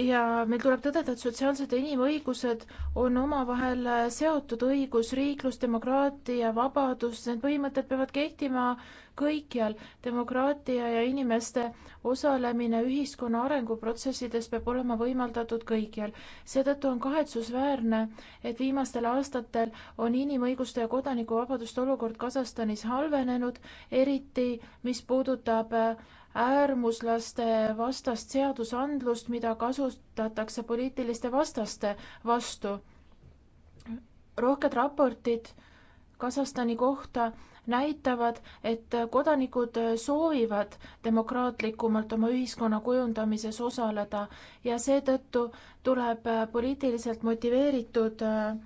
ja meil tuleb tõdeda, et sotsiaalsed ja inimõigused on omavahel seotud õigus, riiklus, demokraatia, vabadus, need põhimõtted peavad kehtima kõikjal. demokraatia ja inimeste osalemine ühiskonna arenguprotsessides peab olema võimaldatud kõikjal. seetõttu on kahetsusväärne, et viimastel aastatel on inimõiguste ja kodanikuvabaduste olukord Kasahstanis halvenenud, eriti mis puudutab äh, äärmuslaste vastast seadusandlust, mida kasutatakse poliitiliste vastaste vastu. rohked raportid Kasahstani kohta näitavad, et kodanikud soovivad demokraatlikumalt oma ühiskonna kujundamises osaleda ja seetõttu tuleb poliitiliselt motiveeritud äh,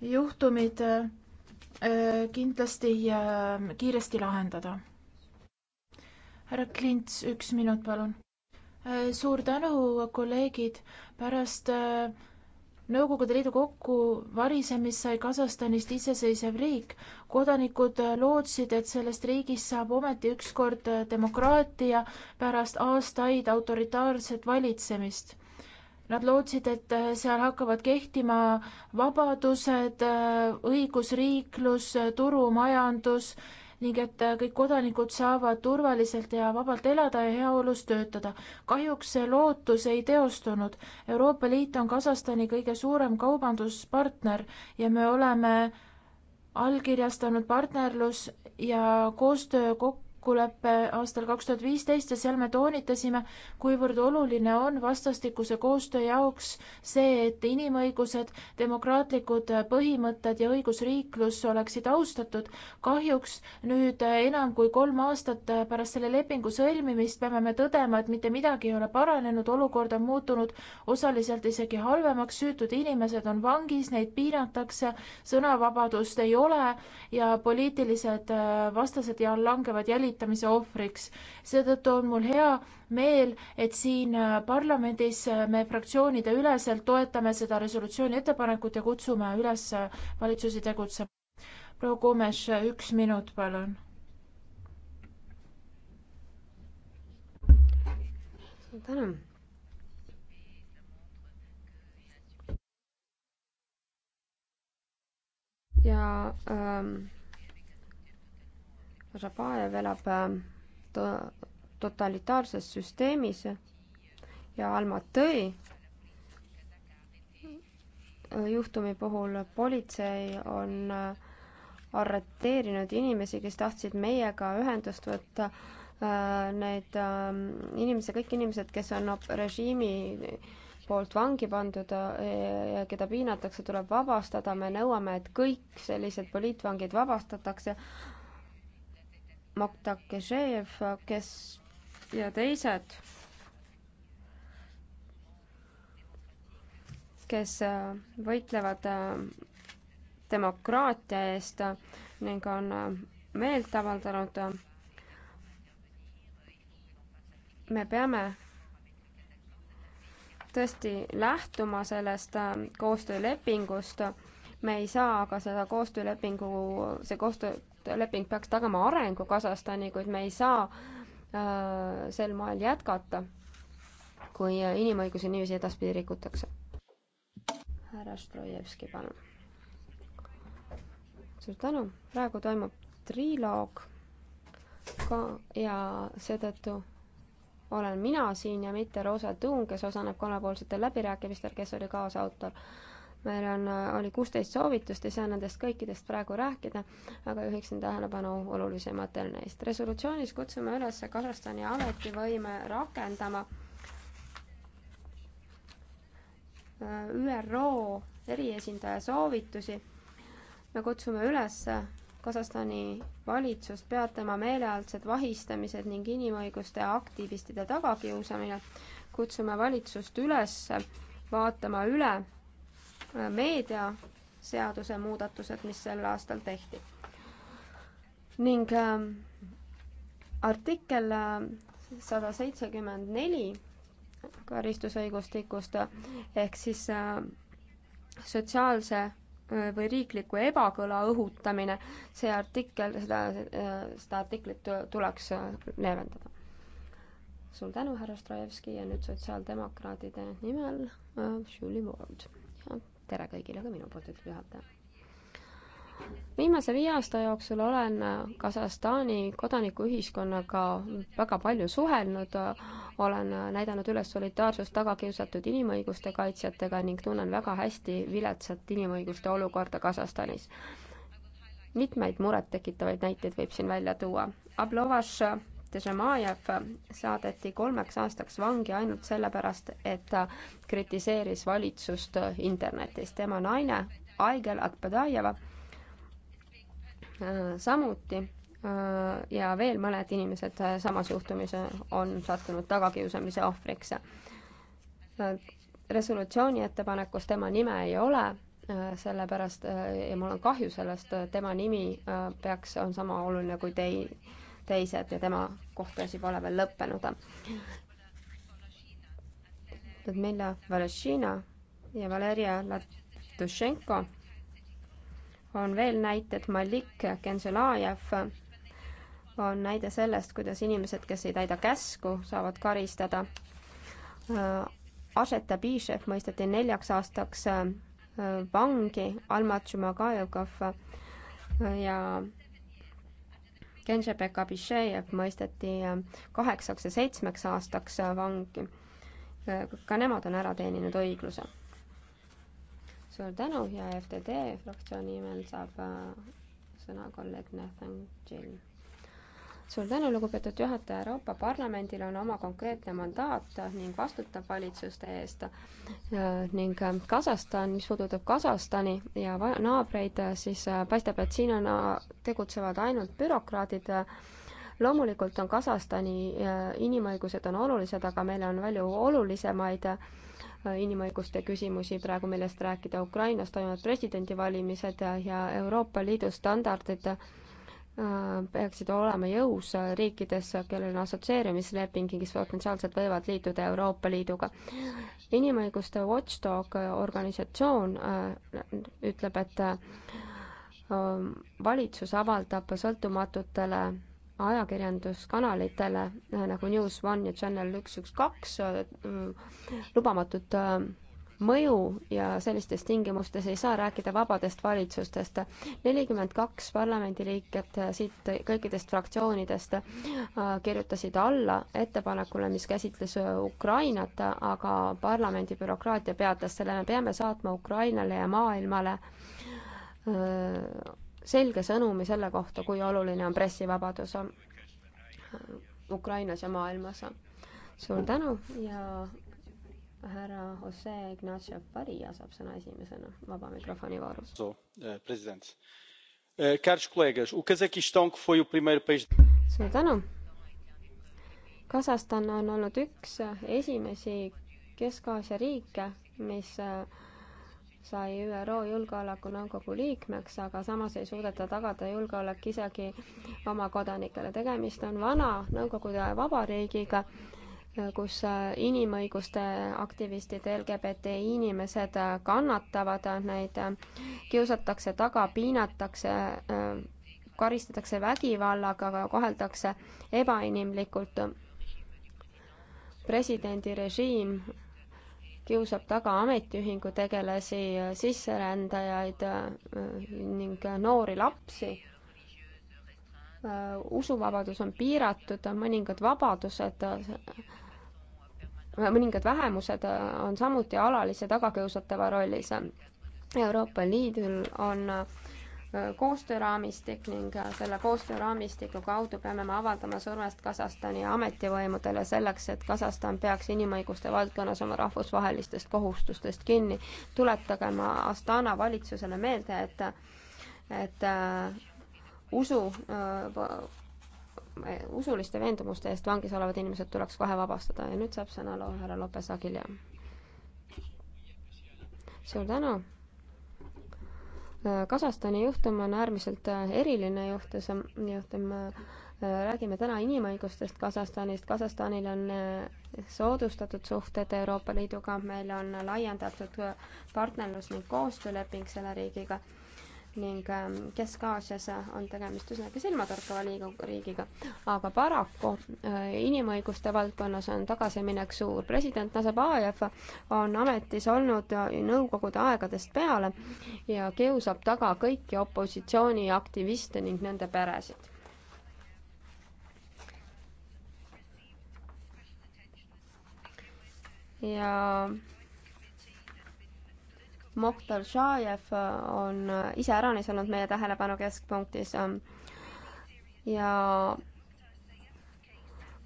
juhtumid äh, kindlasti äh, kiiresti lahendada härra Klints, üks minut, palun. Äh, suur tänu, kolleegid. pärast äh, Nõukogude Liidu kokku varisemist sai Kasahstanist iseseisev riik. kodanikud äh, lootsid, et sellest riigist saab ometi ükskord demokraatia pärast aastaid autoritaarset valitsemist. Nad lootsid, et seal hakkavad kehtima vabadused, õigusriiklus, turumajandus ning et äh, kõik kodanikud saavad turvaliselt ja vabalt elada ja heaolus töötada. kahjuks see lootus ei teostunud. Euroopa Liit on Kasahstani kõige suurem kaubanduspartner ja me oleme allkirjastanud partnerlus ja koostöö kokku kokkulepe aastal kaks tuhat viisteist ja seal me toonitasime, kuivõrd oluline on vastastikuse koostöö jaoks see, et inimõigused, demokraatlikud põhimõtted ja õigusriiklus oleksid austatud. kahjuks nüüd enam kui kolm aastat pärast selle lepingu sõlmimist peame me tõdema, et mitte midagi ei ole paranenud, olukord on muutunud osaliselt isegi halvemaks, süütud inimesed on vangis, neid piinatakse, sõnavabadust ei ole ja poliitilised vastased ja langevad jälile hävitamise ohvriks. seetõttu on mul hea meel, et siin äh, parlamendis äh, me fraktsioonide üleselt toetame seda resolutsiooni ettepanekut ja kutsume üles äh, valitsusi tegutsema. proua Komes, üks minut, palun. suur tänu ja ähm, Rabajev elab äh, to totalitaarses süsteemis ja Almatõi äh, juhtumi puhul politsei on äh, arreteerinud inimesi, kes tahtsid meiega ühendust võtta, need ähm, inimesed, kõik inimesed, kes on režiimi poolt vangi pandud ja keda piinatakse, tuleb vabastada, me nõuame, et kõik sellised poliitvangid vabastatakse, Maktakežeev, kes ja teised, kes äh, võitlevad äh, demokraatia eest äh, ning on meelt avaldanud. me peame tõesti lähtuma sellest koostöölepingust. me ei saa aga seda koostöölepingu, see koostöö, leping peaks tagama arengu Kasahstani, kuid me ei saa äh, sel moel jätkata, kui inimõigusi niiviisi edaspidi rikutakse. härra Strojevski, palun. suur tänu, praegu toimub triloog ka ja seetõttu olen mina siin ja mitte Rosa Thun, kes osaleb kolmepoolsetel läbirääkimistel, kes oli kaasautor meil on, äh, oli kuusteist soovitust, ei saa nendest kõikidest praegu rääkida, aga juhiksin tähelepanu olulisematel neist. resolutsioonis kutsume üles Kasahstani ametivõime rakendama äh, ÜRO eriesindaja soovitusi. me kutsume üles Kasahstani valitsust peatama meelealdsed vahistamised ning inimõiguste aktivistide tagakiusamine. kutsume valitsust üles vaatama üle meediaseaduse muudatused, mis sel aastal tehti. ning ähm, artikkel äh, sada seitsekümmend neli karistusõigustikust ehk siis äh, sotsiaalse äh, või riikliku ebakõla õhutamine, see artikkel, seda, seda artiklit tuleks leevendada. suur tänu, härra Strojevski ja nüüd sotsiaaldemokraadide nimel Julie Ward tere kõigile ka minu poolt, ütleb juhataja viimase viie aasta jooksul olen Kasahstani kodanikuühiskonnaga väga palju suhelnud, olen näidanud üles solidaarsust tagakiusatud inimõiguste kaitsjatega ning tunnen väga hästi viletsat inimõiguste olukorda Kasahstanis. mitmeid murettekitavaid näiteid võib siin välja tuua. Ablovaš Džemajev saadeti kolmeks aastaks vangi ainult sellepärast, et ta kritiseeris valitsust internetis. tema naine Aigel Atbadajeva samuti ja veel mõned inimesed samas juhtumis on sattunud tagakiusamise ohvriks. resolutsiooni ettepanekus tema nime ei ole sellepärast ja mul on kahju sellest, tema nimi peaks, on sama oluline kui tei-, teised ja tema kohtuasi pole veel lõppenud. Ludmilla Voloshina ja Valeria Latušenko on veel näited, Malik Genželajev on näide sellest, kuidas inimesed, kes ei täida käsku, saavad karistada. Aseta Bišev mõisteti neljaks aastaks vangi, Almat Šumagajevkov ja Genšebek Abishejev mõisteti äh, kaheksaks ja seitsmeks aastaks äh, vangi. Äh, ka nemad on ära teeninud õigluse. suur tänu ja FTD fraktsiooni nimel saab sõna kolleeg Nathan Jill suur tänu, lugupeetud juhataja, Euroopa Parlamendil on oma konkreetne mandaat ning vastutab valitsuste eest ning ähm, Kasahstan, mis puudutab Kasahstani ja naabreid, äh, siis äh, paistab, et siin on, äh, tegutsevad ainult bürokraadid loomulikult on Kasahstani inimõigused on olulised, aga meil on palju olulisemaid inimõiguste küsimusi praegu, millest rääkida. Ukrainas toimuvad presidendivalimised ja, ja Euroopa Liidu standardid peaksid olema jõus riikides, kellel on assotsieerimisleping ja kes potentsiaalselt võivad liituda Euroopa Liiduga. inimõiguste watchdog organisatsioon äh, ütleb, et ähm, valitsus avaldab sõltumatutele ajakirjanduskanalitele äh, nagu News One ja Channel üks, üks, kaks äh, lubamatut mõju ja sellistes tingimustes ei saa rääkida vabadest valitsustest. nelikümmend kaks parlamendiliiget siit kõikidest fraktsioonidest äh, kirjutasid alla ettepanekule, mis käsitles äh, Ukrainat, aga parlamendi bürokraatia peatas selle, me peame saatma Ukrainale ja maailmale äh, selge sõnumi selle kohta, kui oluline on pressivabadus Ukrainas ja maailmas. suur tänu ja härra Jose Ignacio Faria saab sõna esimesena vaba mikrofoni voorus. Eh, eh, suur tänu. Kasahstan on olnud üks esimesi Kesk-Aasia riike, mis eh, sai ÜRO Julgeolekunõukogu liikmeks, aga samas ei suudeta tagada julgeolek isegi oma kodanikele. tegemist on vana Nõukogude vabariigiga kus äh, inimõiguste aktivistid, LGBTI inimesed äh, kannatavad, neid äh, kiusatakse taga, piinatakse, karistatakse vägivallaga, koheldakse ebainimlikult. presidendi režiim kiusab taga ametiühingu tegelasi, sisserändajaid ning noori lapsi usuvabadus on piiratud, mõningad vabadused mõningad vähemused äh, on samuti alalise tagakiusatava rollis. Euroopa Liidul on äh, koostööraamistik ning äh, selle koostööraamistiku kaudu peame me avaldama survest Kasahstani ametivõimudele selleks, et Kasahstan peaks inimõiguste valdkonnas oma rahvusvahelistest kohustustest kinni. tuletagem Astana valitsusele meelde, et, et äh, usu äh, usuliste veendumuste eest vangis olevad inimesed tuleks kohe vabastada ja nüüd saab sõna härra Lopes Agilja. suur tänu. Äh, Kasahstani juhtum on äärmiselt äh, eriline juhtus, äh, juhtum räägime täna inimõigustest Kasahstanist. Kasahstanil on soodustatud suhted Euroopa Liiduga, meil on laiendatud partnerlus ning koostööleping selle riigiga ning ähm, Kesk-Aasias äh, on tegemist üsnagi silmatorkava riigiga. aga paraku äh, inimõiguste valdkonnas on tagasiminek suur. president Nazarbajev on ametis olnud nõukogude aegadest peale ja kiusab taga kõiki opositsiooniaktiviste ning nende peresid. ja Mohtar Šajev äh, on äh, iseäranis olnud meie tähelepanu keskpunktis ähm, ja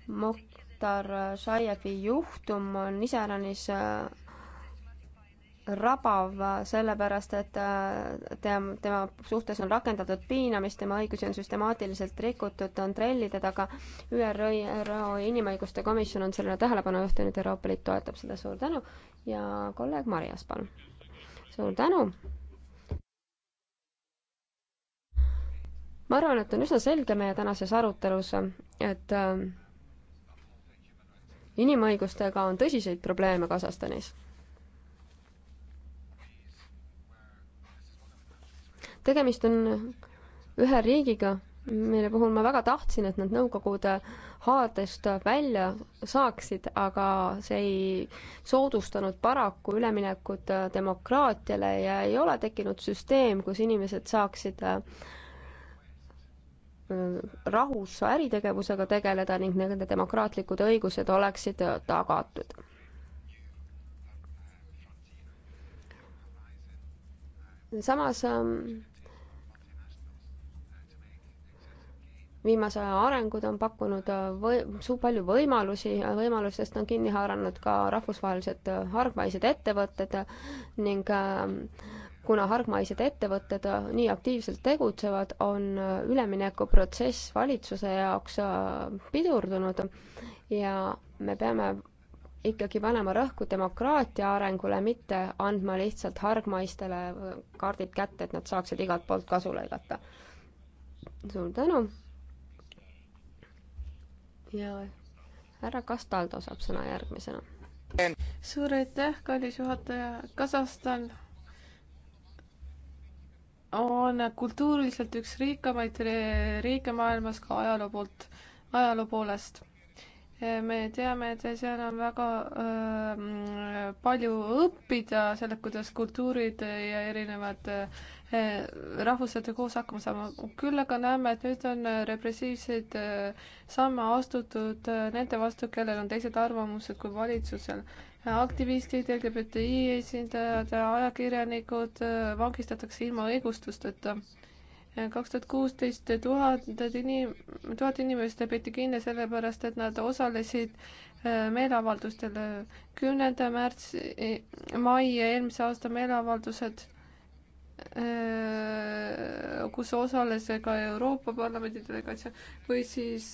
Mohtar Šajevi juhtum on iseäranis äh, rabav, sellepärast et tema, tema suhtes on rakendatud piinamist, tema õigusi on süstemaatiliselt rikutud, ta on trellide taga. ÜRO, ÜRO Inimõiguste Komisjon on sellele tähelepanu juhtinud, Euroopa Liit toetab seda, suur tänu. ja kolleeg Marias, palun suur tänu. ma arvan, et on üsna selge meie tänases arutelus, et äh, inimõigustega on tõsiseid probleeme Kasahstanis. tegemist on ühe riigiga, mille puhul ma väga tahtsin, et nad Nõukogude haadest välja saaksid, aga see ei soodustanud paraku üleminekut äh, demokraatiale ja ei ole tekkinud süsteem, kus inimesed saaksid äh, rahus äritegevusega tegeleda ning nende demokraatlikud õigused oleksid äh, tagatud samas ähm, viimase aja arengud on pakkunud äh, või-, palju võimalusi, äh, võimalustest on kinni haaranud ka rahvusvahelised äh, hargmaised ettevõtted ning ähm, kuna hargmaised ettevõtted nii aktiivselt tegutsevad, on üleminekuprotsess valitsuse jaoks pidurdunud ja me peame ikkagi panema rõhku demokraatia arengule, mitte andma lihtsalt hargmaistele kaardid kätte, et nad saaksid igalt poolt kasu lõigata. suur tänu! ja härra Kastaldo saab sõna järgmisena. suur aitäh, kallis juhataja, Kasahstan on kultuuriliselt üks rikkamaid riike maailmas ka ajaloo poolt, ajaloo poolest. me teame, et seal on väga öö, ähm, palju õppida selle, kuidas kultuurid ja erinevad öö, Eh, rahvused koos hakkama saama. küll aga näeme, et nüüd on eh, repressiivseid eh, samme astutud nende vastu, kellel on teised arvamused kui valitsusel. aktivistid, LGBTI esindajad, ajakirjanikud vangistatakse ilma õigustusteta kaks tuhat kuusteist tuhanded inim-, tuhat inimest peeti kinni sellepärast, et nad osalesid meeleavaldustel. kümnenda märtsi, mai eelmise aasta meeleavaldused kus osales ka Euroopa Parlamendi delegatsioon või siis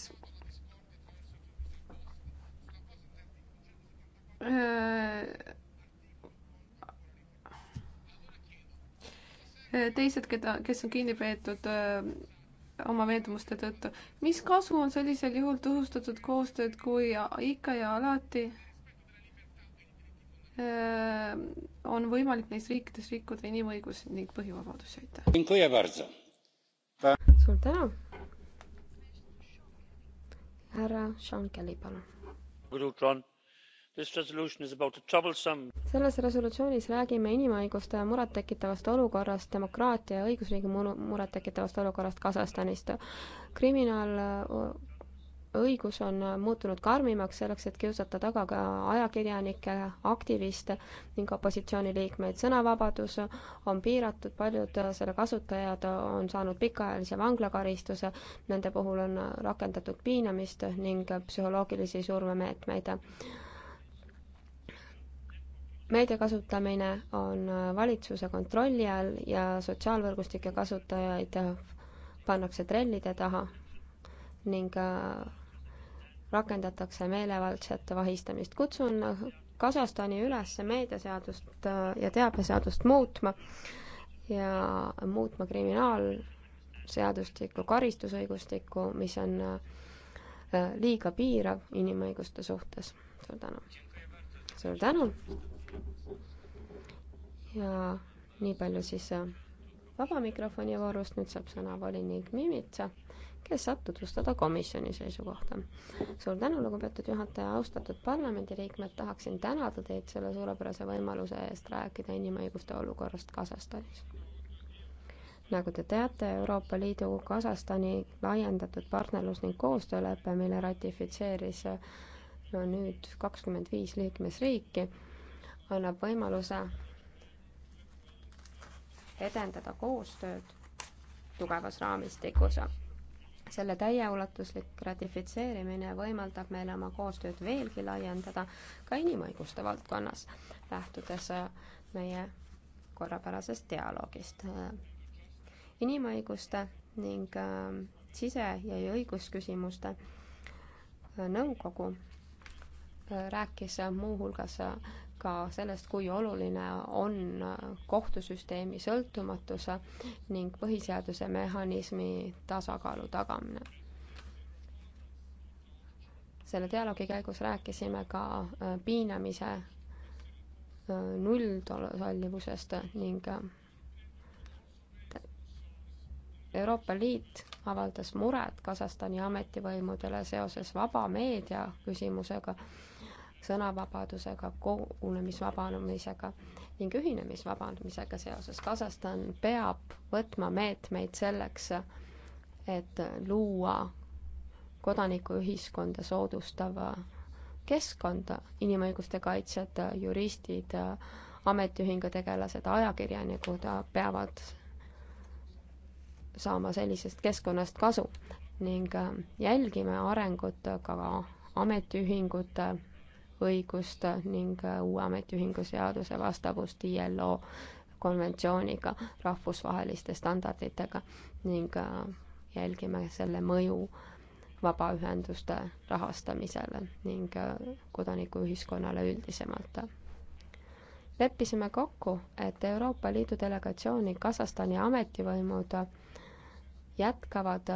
teised, keda, kes on kinni peetud oma veendumuste tõttu. mis kasu on sellisel juhul tõhustatud koostööd, kui ikka ja alati äh, on võimalik neis riikides rikkuda inimõigusi ning põhivabadusi, aitäh. suur tänu. härra Sean Kelly, palun selles resolutsioonis räägime inimõiguste murettekitavast olukorrast demokraatia ja õigusriigi murettekitavast olukorrast kasahstanis kriminaal õigus on muutunud karmimaks selleks, et kiusata taga ka ajakirjanikke, aktiviste ning opositsiooniliikmeid. sõnavabadus on piiratud, paljud selle kasutajad on saanud pikaajalise vanglakaristuse, nende puhul on rakendatud piinamist ning psühholoogilisi surmameetmeid. meedia kasutamine on valitsuse kontrolli all ja sotsiaalvõrgustike kasutajaid pannakse trellide taha ning äh, rakendatakse meelevaldset vahistamist. kutsun Kasahstani üles meediaseadust äh, ja teabeseadust muutma ja muutma kriminaalseadustikku, karistusõigustikku, mis on äh, liiga piirav inimõiguste suhtes. suur tänu. suur tänu. ja nii palju siis äh, vaba mikrofoni voorust, nüüd saab sõna volinik Mimitsa kes saab tutvustada komisjoni seisukohta. suur tänu, lugupeetud juhataja, austatud parlamendiliikmed, tahaksin tänada teid selle suurepärase võimaluse eest rääkida inimõiguste olukorrast Kasahstanis. nagu te teate, Euroopa Liidu Kasahstani laiendatud partnerlus ning koostöölepe, mille ratifitseeris no nüüd kakskümmend viis liikmesriiki, annab võimaluse edendada koostööd tugevas raamistikus selle täieulatuslik ratifitseerimine võimaldab meil oma koostööd veelgi laiendada ka inimõiguste valdkonnas, lähtudes äh, meie korrapärasest dialoogist. inimõiguste ning äh, sise- ja õigusküsimuste äh, nõukogu rääkis muuhulgas ka sellest, kui oluline on kohtusüsteemi sõltumatuse ning põhiseaduse mehhanismi tasakaalu tagamine. selle dialoogi käigus rääkisime ka äh, piinamise äh, nulltollivusest ning äh, Euroopa Liit avaldas muret Kasahstani ametivõimudele seoses vaba meedia küsimusega sõnavabadusega, kogunemisvabanemisega ning ühinemisvabanemisega seoses. Kasahstan peab võtma meetmeid selleks, et luua kodanikuühiskonda soodustav keskkond, inimõiguste kaitsjad, juristid, ametiühingu tegelased, ajakirjanikud peavad saama sellisest keskkonnast kasu ning jälgime arengut ka ametiühingute õigust ning äh, uue ametiühingu seaduse vastavust ILO konventsiooniga, rahvusvaheliste standarditega ning äh, jälgime selle mõju vabaühenduste rahastamisele ning äh, kodanikuühiskonnale üldisemalt. leppisime kokku, et Euroopa Liidu delegatsiooni Kasahstani ametivõimud jätkavad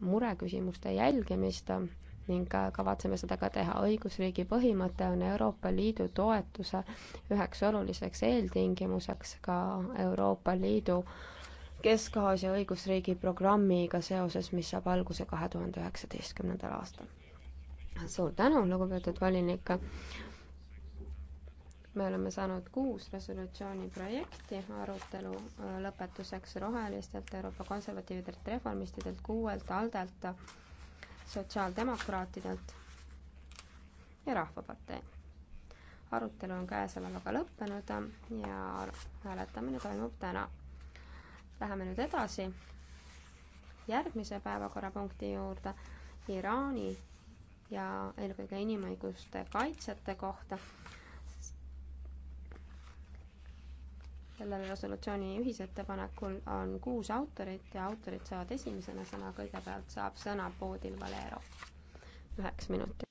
mureküsimuste jälgimist ning kavatseme seda ka teha. õigusriigi põhimõte on Euroopa Liidu toetuse üheks oluliseks eeltingimuseks ka Euroopa Liidu Kesk-Aasia õigusriigi programmiga seoses, mis saab alguse kahe tuhande üheksateistkümnendal aastal. suur tänu, lugupeetud volinik! me oleme saanud kuus resolutsiooni projekti arutelu äh, lõpetuseks rohelistelt, Euroopa konservatiividelt, reformistidelt, kuuelt, ALDE-lt sotsiaaldemokraatidelt ja Rahvapartei. arutelu on käesolevaga lõppenud ja hääletamine toimub täna. Läheme nüüd edasi järgmise päevakorrapunkti juurde, Iraani ja eelkõige inimõiguste kaitsjate kohta sellele resolutsiooni ühisettepanekul on kuus autorit ja autorid saavad esimesena sõna, kõigepealt saab sõna Bodil Valero üheks minutiks.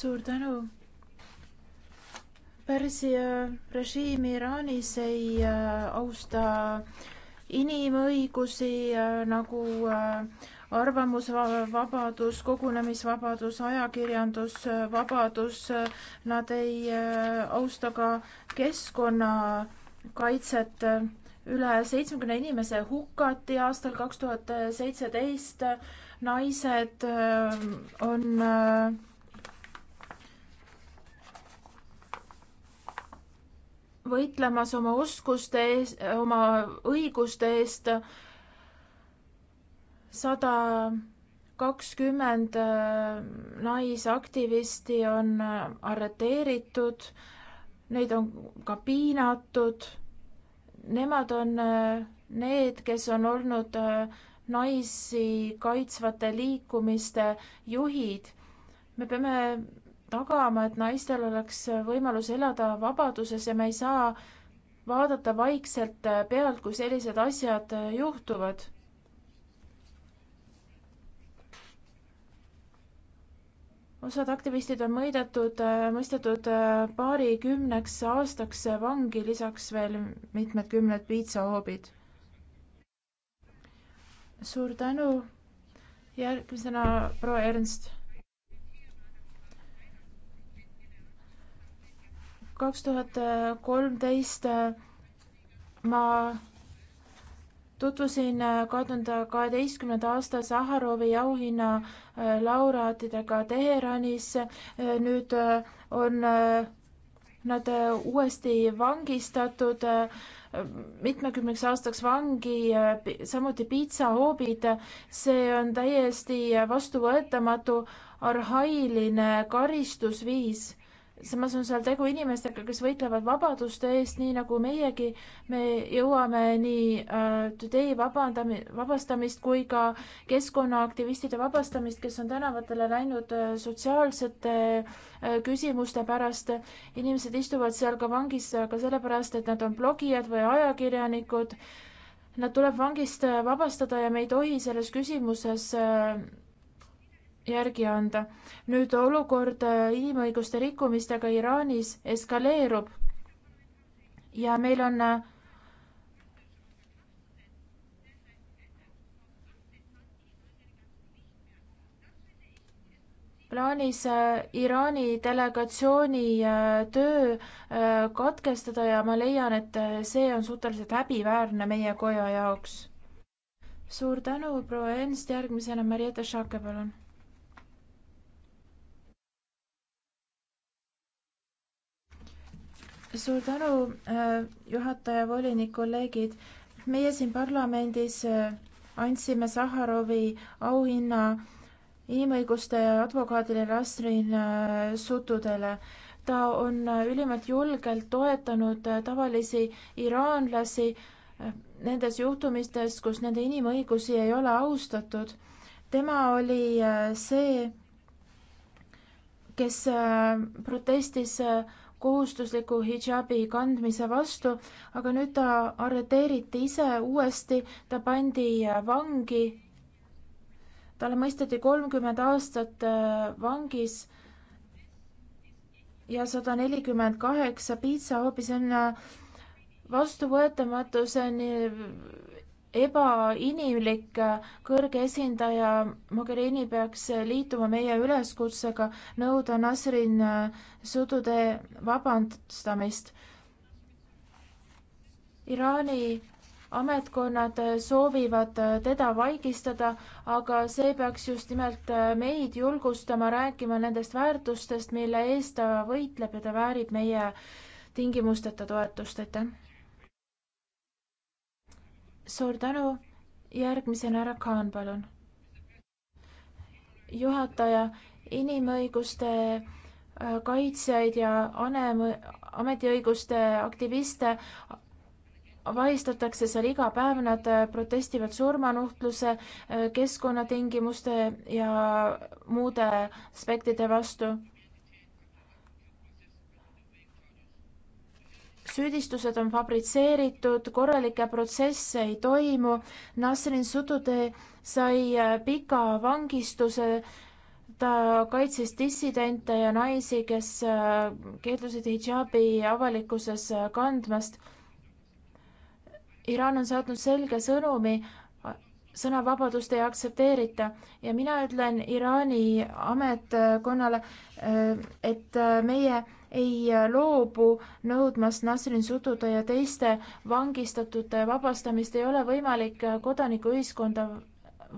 suur tänu. Pärsia režiim Iraanis ei äh, austa inimõigusi äh, nagu äh, arvamusvabadus, kogunemisvabadus, ajakirjandusvabadus, nad ei äh, austa ka keskkonnakaitset. üle seitsmekümne inimese hukati aastal kaks tuhat seitseteist, naised äh, on äh, võitlemas oma oskuste eest, oma õiguste eest sada kakskümmend äh, naisaktivisti on äh, arreteeritud, neid on ka piinatud. Nemad on äh, need, kes on olnud naisi kaitsvate liikumiste juhid. me peame tagama, et naistel oleks võimalus elada vabaduses ja me ei saa vaadata vaikselt pealt, kui sellised asjad juhtuvad osad aktivistid on mõidetud, mõistetud äh, paarikümneks aastaks vangi, lisaks veel mitmed kümned piitsahoobid. suur tänu. järgmisena proua Ernst. kaks tuhat kolmteist äh, ma tutvusin äh, kahe tuhande kaheteistkümnenda aasta Saharovi auhinna äh, laureaatidega Teheranis. Äh, nüüd on nad uuesti vangistatud mitmekümneks aastaks vangi, samuti piitsahoobid. see on täiesti vastuvõetamatu arhailine karistusviis samas on seal tegu inimestega, kes võitlevad vabaduste eest, nii nagu meiegi. me jõuame nii äh, Today vabandami-, vabastamist kui ka keskkonnaaktivistide vabastamist, kes on tänavatele läinud äh, sotsiaalsete äh, küsimuste pärast. inimesed istuvad seal ka vangis, aga sellepärast, et nad on blogijad või ajakirjanikud. Nad tuleb vangist äh, vabastada ja me ei tohi selles küsimuses äh, järgi anda. nüüd olukord äh, inimõiguste rikkumistega Iraanis eskaleerub ja meil on äh, plaanis äh, Iraani delegatsiooni töö katkestada ja ma leian, et see on suhteliselt häbiväärne meie koja jaoks. suur tänu, proua Ernst, järgmisena Marietta Šake, palun suur tänu, äh, juhataja, volinik, kolleegid. meie siin parlamendis äh, andsime Saharovi auhinna inimõiguste advokaadile Nasrin äh, Sutudele. ta on ülimalt julgelt toetanud tavalisi iraanlasi nendes juhtumistes, kus nende inimõigusi ei ole austatud. tema oli see, kes protestis kohustusliku hidžaabi kandmise vastu, aga nüüd ta arreteeriti ise uuesti, ta pandi vangi. talle mõisteti kolmkümmend aastat äh, vangis ja sada nelikümmend kaheksa piitsahoopis on vastuvõetamatu, see on ebainimlik. kõrge esindaja Mogherini peaks liituma meie üleskutsega nõuda Nasrin Sudude vabandamist. Iraani ametkonnad soovivad teda vaigistada, aga see peaks just nimelt meid julgustama rääkima nendest väärtustest, mille eest ta võitleb ja ta väärib meie tingimusteta toetust, aitäh! suur tänu, järgmisena härra Kaan, palun. juhataja, inimõiguste äh, kaitsjaid ja anem-, ametiõiguste aktiviste vahistatakse seal iga päev, nad äh, protestivad surmanuhtluse, äh, keskkonnatingimuste ja muude aspektide vastu. süüdistused on fabritseeritud, korralikke protsesse ei toimu. Nasrin Sututee sai äh, pika vangistuse. ta kaitses dissidente ja naisi, kes äh, keeldusid hidžaabi avalikkuses äh, kandmast. Iraan on saatnud selge sõnumi, sõnavabadust ei aktsepteerita ja mina ütlen Iraani ametkonnale, et meie ei loobu nõudmast Nasrin Sutute ja teiste vangistatute vabastamist, ei ole võimalik kodanikuühiskonda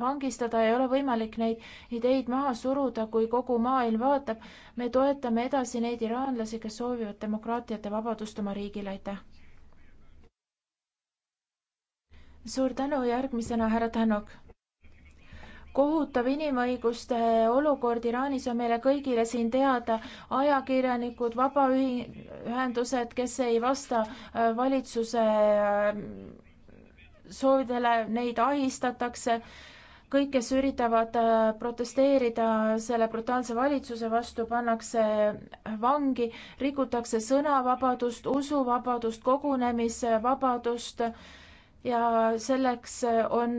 vangistada, ei ole võimalik neid ideid maha suruda, kui kogu maailm vaatab. me toetame edasi neid iraanlasi, kes soovivad demokraatiat ja vabadust oma riigile, aitäh. suur tänu, järgmisena härra Tänok kohutav inimõiguste olukord Iraanis on meile kõigile siin teada. ajakirjanikud, vabaühendused, kes ei vasta äh, valitsuse äh, soovidele, neid ahistatakse. kõik, kes üritavad äh, protesteerida selle brutaalse valitsuse vastu, pannakse vangi, rikutakse sõnavabadust, usuvabadust, kogunemisvabadust ja selleks on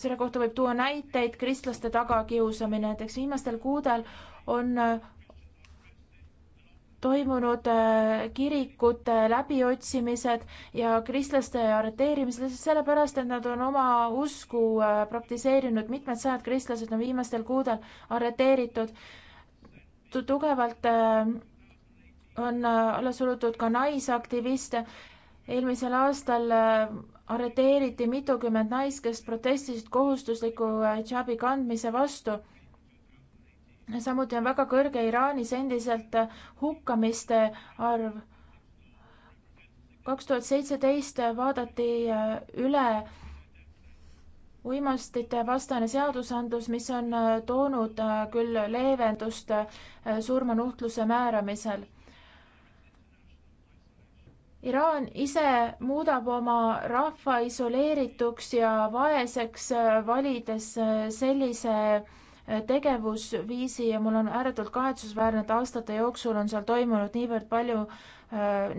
selle kohta võib tuua näiteid, kristlaste tagakiusamine, näiteks viimastel kuudel on äh, toimunud äh, kirikute läbiotsimised ja kristlaste arreteerimised lihtsalt sellepärast, et nad on oma usku äh, praktiseerinud, mitmed sajad kristlased on viimastel kuudel arreteeritud. tugevalt on alla surutud ka naisaktiviste. eelmisel aastal arreteeriti mitukümmend naist, kes protestisid kohustusliku hidžaabi äh, kandmise vastu. samuti on väga kõrge Iraanis endiselt äh, hukkamiste arv. kaks tuhat seitseteist vaadati äh, üle uimastite vastane seadusandlus, mis on toonud küll leevendust surmanuhtluse määramisel Iraan ise muudab oma rahva isoleerituks ja vaeseks, äh, valides äh, sellise äh, tegevusviisi ja mul on ääretult kahetsusväärne, et aastate jooksul on seal toimunud niivõrd palju,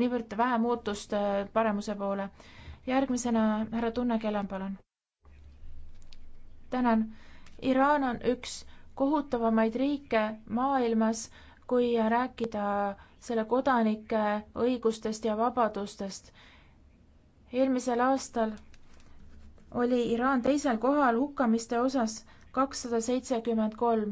niivõrd vähe muutust paremuse poole. järgmisena härra Tunne Kelan, palun. tänan. Iraan on üks kohutavamaid riike maailmas, kui rääkida selle kodanike õigustest ja vabadustest. eelmisel aastal oli Iraan teisel kohal hukkamiste osas kakssada seitsekümmend kolm.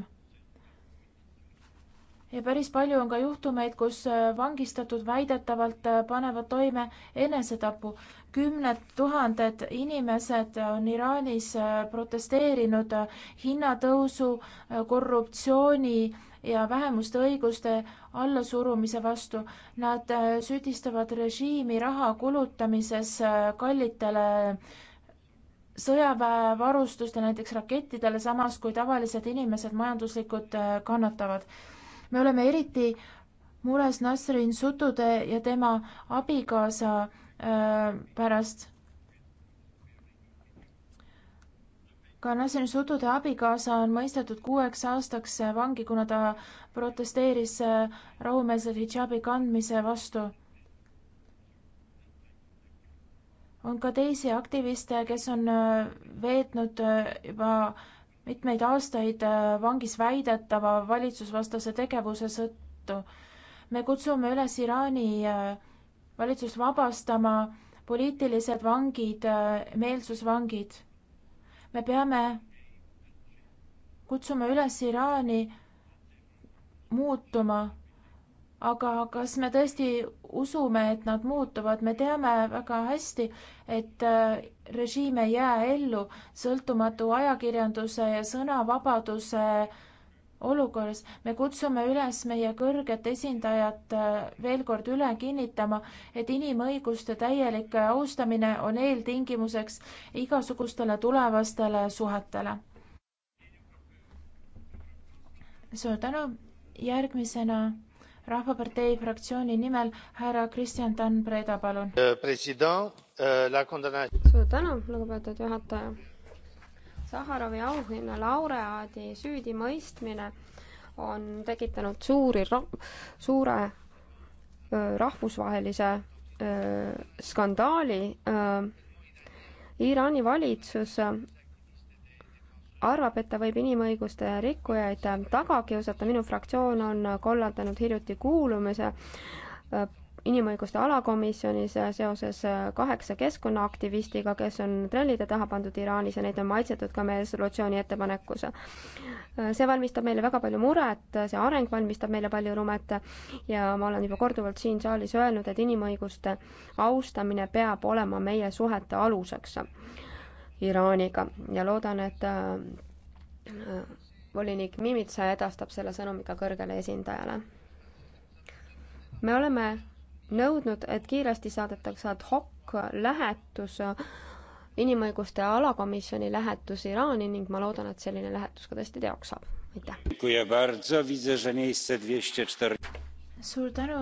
ja päris palju on ka juhtumeid, kus äh, vangistatud väidetavalt äh, panevad toime enesetapu. kümned tuhanded inimesed on Iraanis äh, protesteerinud hinnatõusu, korruptsiooni ja vähemuste õiguste allasurumise vastu. Nad äh, süüdistavad režiimi raha kulutamises äh, kallitele sõjaväevarustust ja näiteks rakettidele, samas kui tavalised inimesed majanduslikult äh, kannatavad. me oleme eriti mures Nasrin Sutude ja tema abikaasa äh, pärast ka Nasen Sutude abikaasa on mõistetud kuueks aastaks vangi, kuna ta protesteeris äh, rahumeelselt hidžaabi kandmise vastu. on ka teisi aktiviste, kes on äh, veetnud äh, juba mitmeid aastaid vangis väidetava valitsusvastase tegevuse sõttu. me kutsume üles Iraani valitsust vabastama poliitilised vangid, meelsusvangid me peame kutsuma üles Iraani muutuma, aga kas me tõesti usume, et nad muutuvad, me teame väga hästi, et äh, režiim ei jää ellu, sõltumatu ajakirjanduse ja sõnavabaduse olukorras. me kutsume üles meie kõrget esindajat äh, veel kord üle kinnitama, et inimõiguste täielik äh, austamine on eeltingimuseks igasugustele tulevastele suhetele. suur tänu, järgmisena Rahvapartei fraktsiooni nimel härra Kristjan Tann Preda, palun. Äh, suur tänu, lugupeetud juhataja Saharovi auhinna laureaadi süüdimõistmine on tekitanud suuri, suure rahvusvahelise skandaali. Iraani valitsus arvab, et ta võib inimõiguste rikkujaid taga kiusata, minu fraktsioon on kollandanud hiljuti kuulumise inimõiguste alakomisjonis seoses kaheksa keskkonnaaktivistiga, kes on trellide taha pandud Iraanis ja neid on maitsetud ka meie resolutsiooni ettepanekus. see valmistab meile väga palju muret, see areng valmistab meile palju muret ja ma olen juba korduvalt siin saalis öelnud, et inimõiguste austamine peab olema meie suhete aluseks Iraaniga ja loodan, et äh, volinik Mimitsa edastab selle sõnumi ka kõrgele esindajale. me oleme nõudnud, et kiiresti saadetakse ad hoc lähetus, inimõiguste alakomisjoni lähetus Iraani ning ma loodan, et selline lähetus ka tõesti teoks saab. aitäh! suur tänu!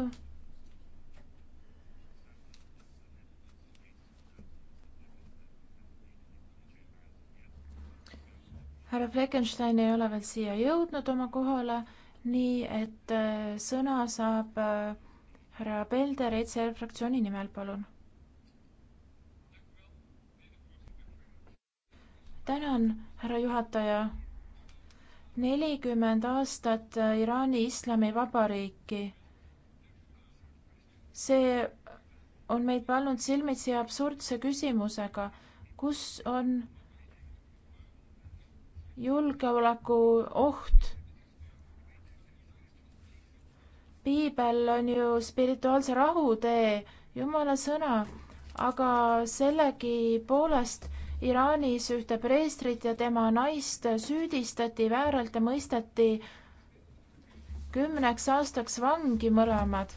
härra Fleckenstein ei ole veel siia jõudnud oma kohale, nii et äh, sõna saab äh, härra Pelder, ECR fraktsiooni nimel, palun. tänan, härra juhataja. nelikümmend aastat Iraani Islamivabariiki. see on meid pannud silmitsi absurdse küsimusega, kus on julgeolekuoht piibel on ju spirituaalse rahu tee, jumala sõna, aga sellegipoolest Iraanis ühte preestrit ja tema naist süüdistati vääralt ja mõisteti kümneks aastaks vangi mõlemad.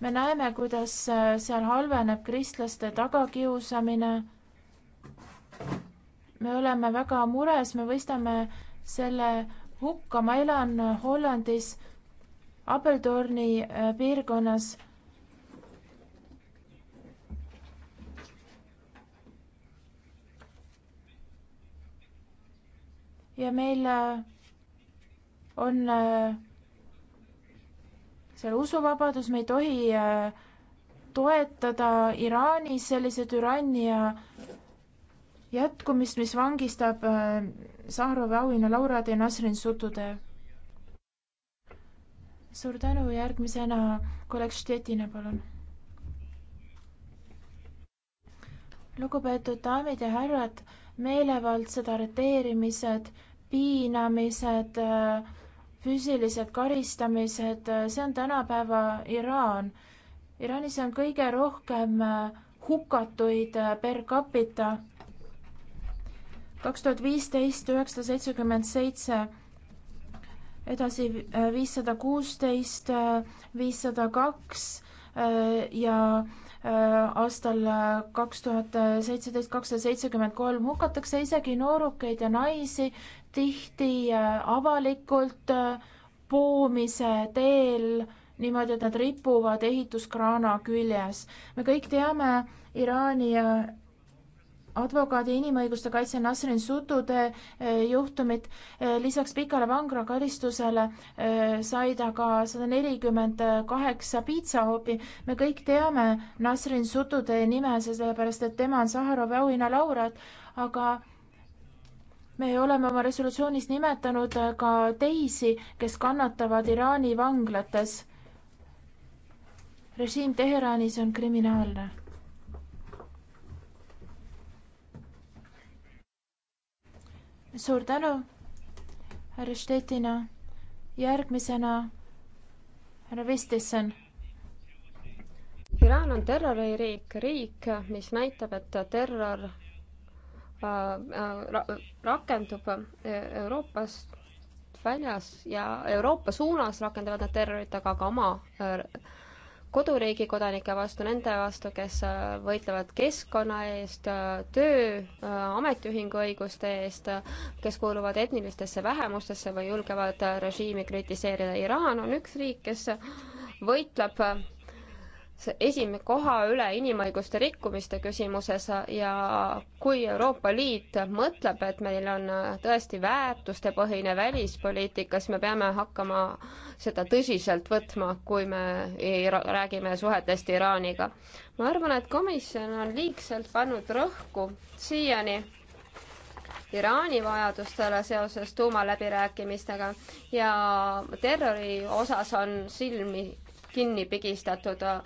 me näeme, kuidas äh, seal halveneb kristlaste tagakiusamine. me oleme väga mures, me mõistame selle hukka, ma elan Hollandis Apeltorni äh, piirkonnas ja meil äh, on äh, seal usuvabadus, me ei tohi toetada Iraanis sellise türannia jätkumist, mis vangistab Sahhrovi auhinna laureaadi Nasrin Sotudeh suur tänu, järgmisena kolleeg Štetina, palun. lugupeetud daamid ja härrad, meelevaldsed arreteerimised, piinamised, füüsilised karistamised, see on tänapäeva Iraan. Iraanis on kõige rohkem hukatuid per capita. kaks tuhat viisteist, üheksasada seitsekümmend seitse edasi äh, viissada kuusteist, äh, viissada kaks äh, ja aastal kaks tuhat seitseteist, kakssada seitsekümmend kolm hukatakse isegi noorukeid ja naisi tihti avalikult poomise teel niimoodi, et nad ripuvad ehituskraana küljes. me kõik teame Iraani ja advokaadi inimõiguste kaitse Nasrin Sutude eh, juhtumit. Eh, lisaks pikale vanglakaristusele eh, sai ta ka sada nelikümmend kaheksa piitsahoopi. me kõik teame Nasrin Sutude nime, sellepärast et tema on Saharovi auhinna laureaat, aga me oleme oma resolutsioonis nimetanud ka teisi, kes kannatavad Iraani vanglates. režiim Teheranis on kriminaalne suur tänu, härra Stettina. järgmisena härra Vistisen. Iraan on terroririik, riik, mis näitab, et terror äh, äh, ra rakendub äh, Euroopast väljas ja Euroopa suunas rakendavad nad terrorit, aga ka oma koduriigi kodanike vastu, nende vastu, kes äh, võitlevad keskkonna eest, äh, töö, äh, ametiühingu õiguste eest, kes kuuluvad etnilistesse vähemustesse või julgevad režiimi kritiseerida. Iraan on üks riik, kes võitleb esimene koha üle inimõiguste rikkumiste küsimuses ja kui Euroopa Liit mõtleb, et meil on tõesti väärtustepõhine välispoliitika, siis me peame hakkama seda tõsiselt võtma, kui me räägime suhetest Iraaniga. ma arvan, et komisjon on liigselt pannud rõhku siiani Iraani vajadustele seoses tuumaläbirääkimistega ja terrori osas on silmi kinni pigistatud äh,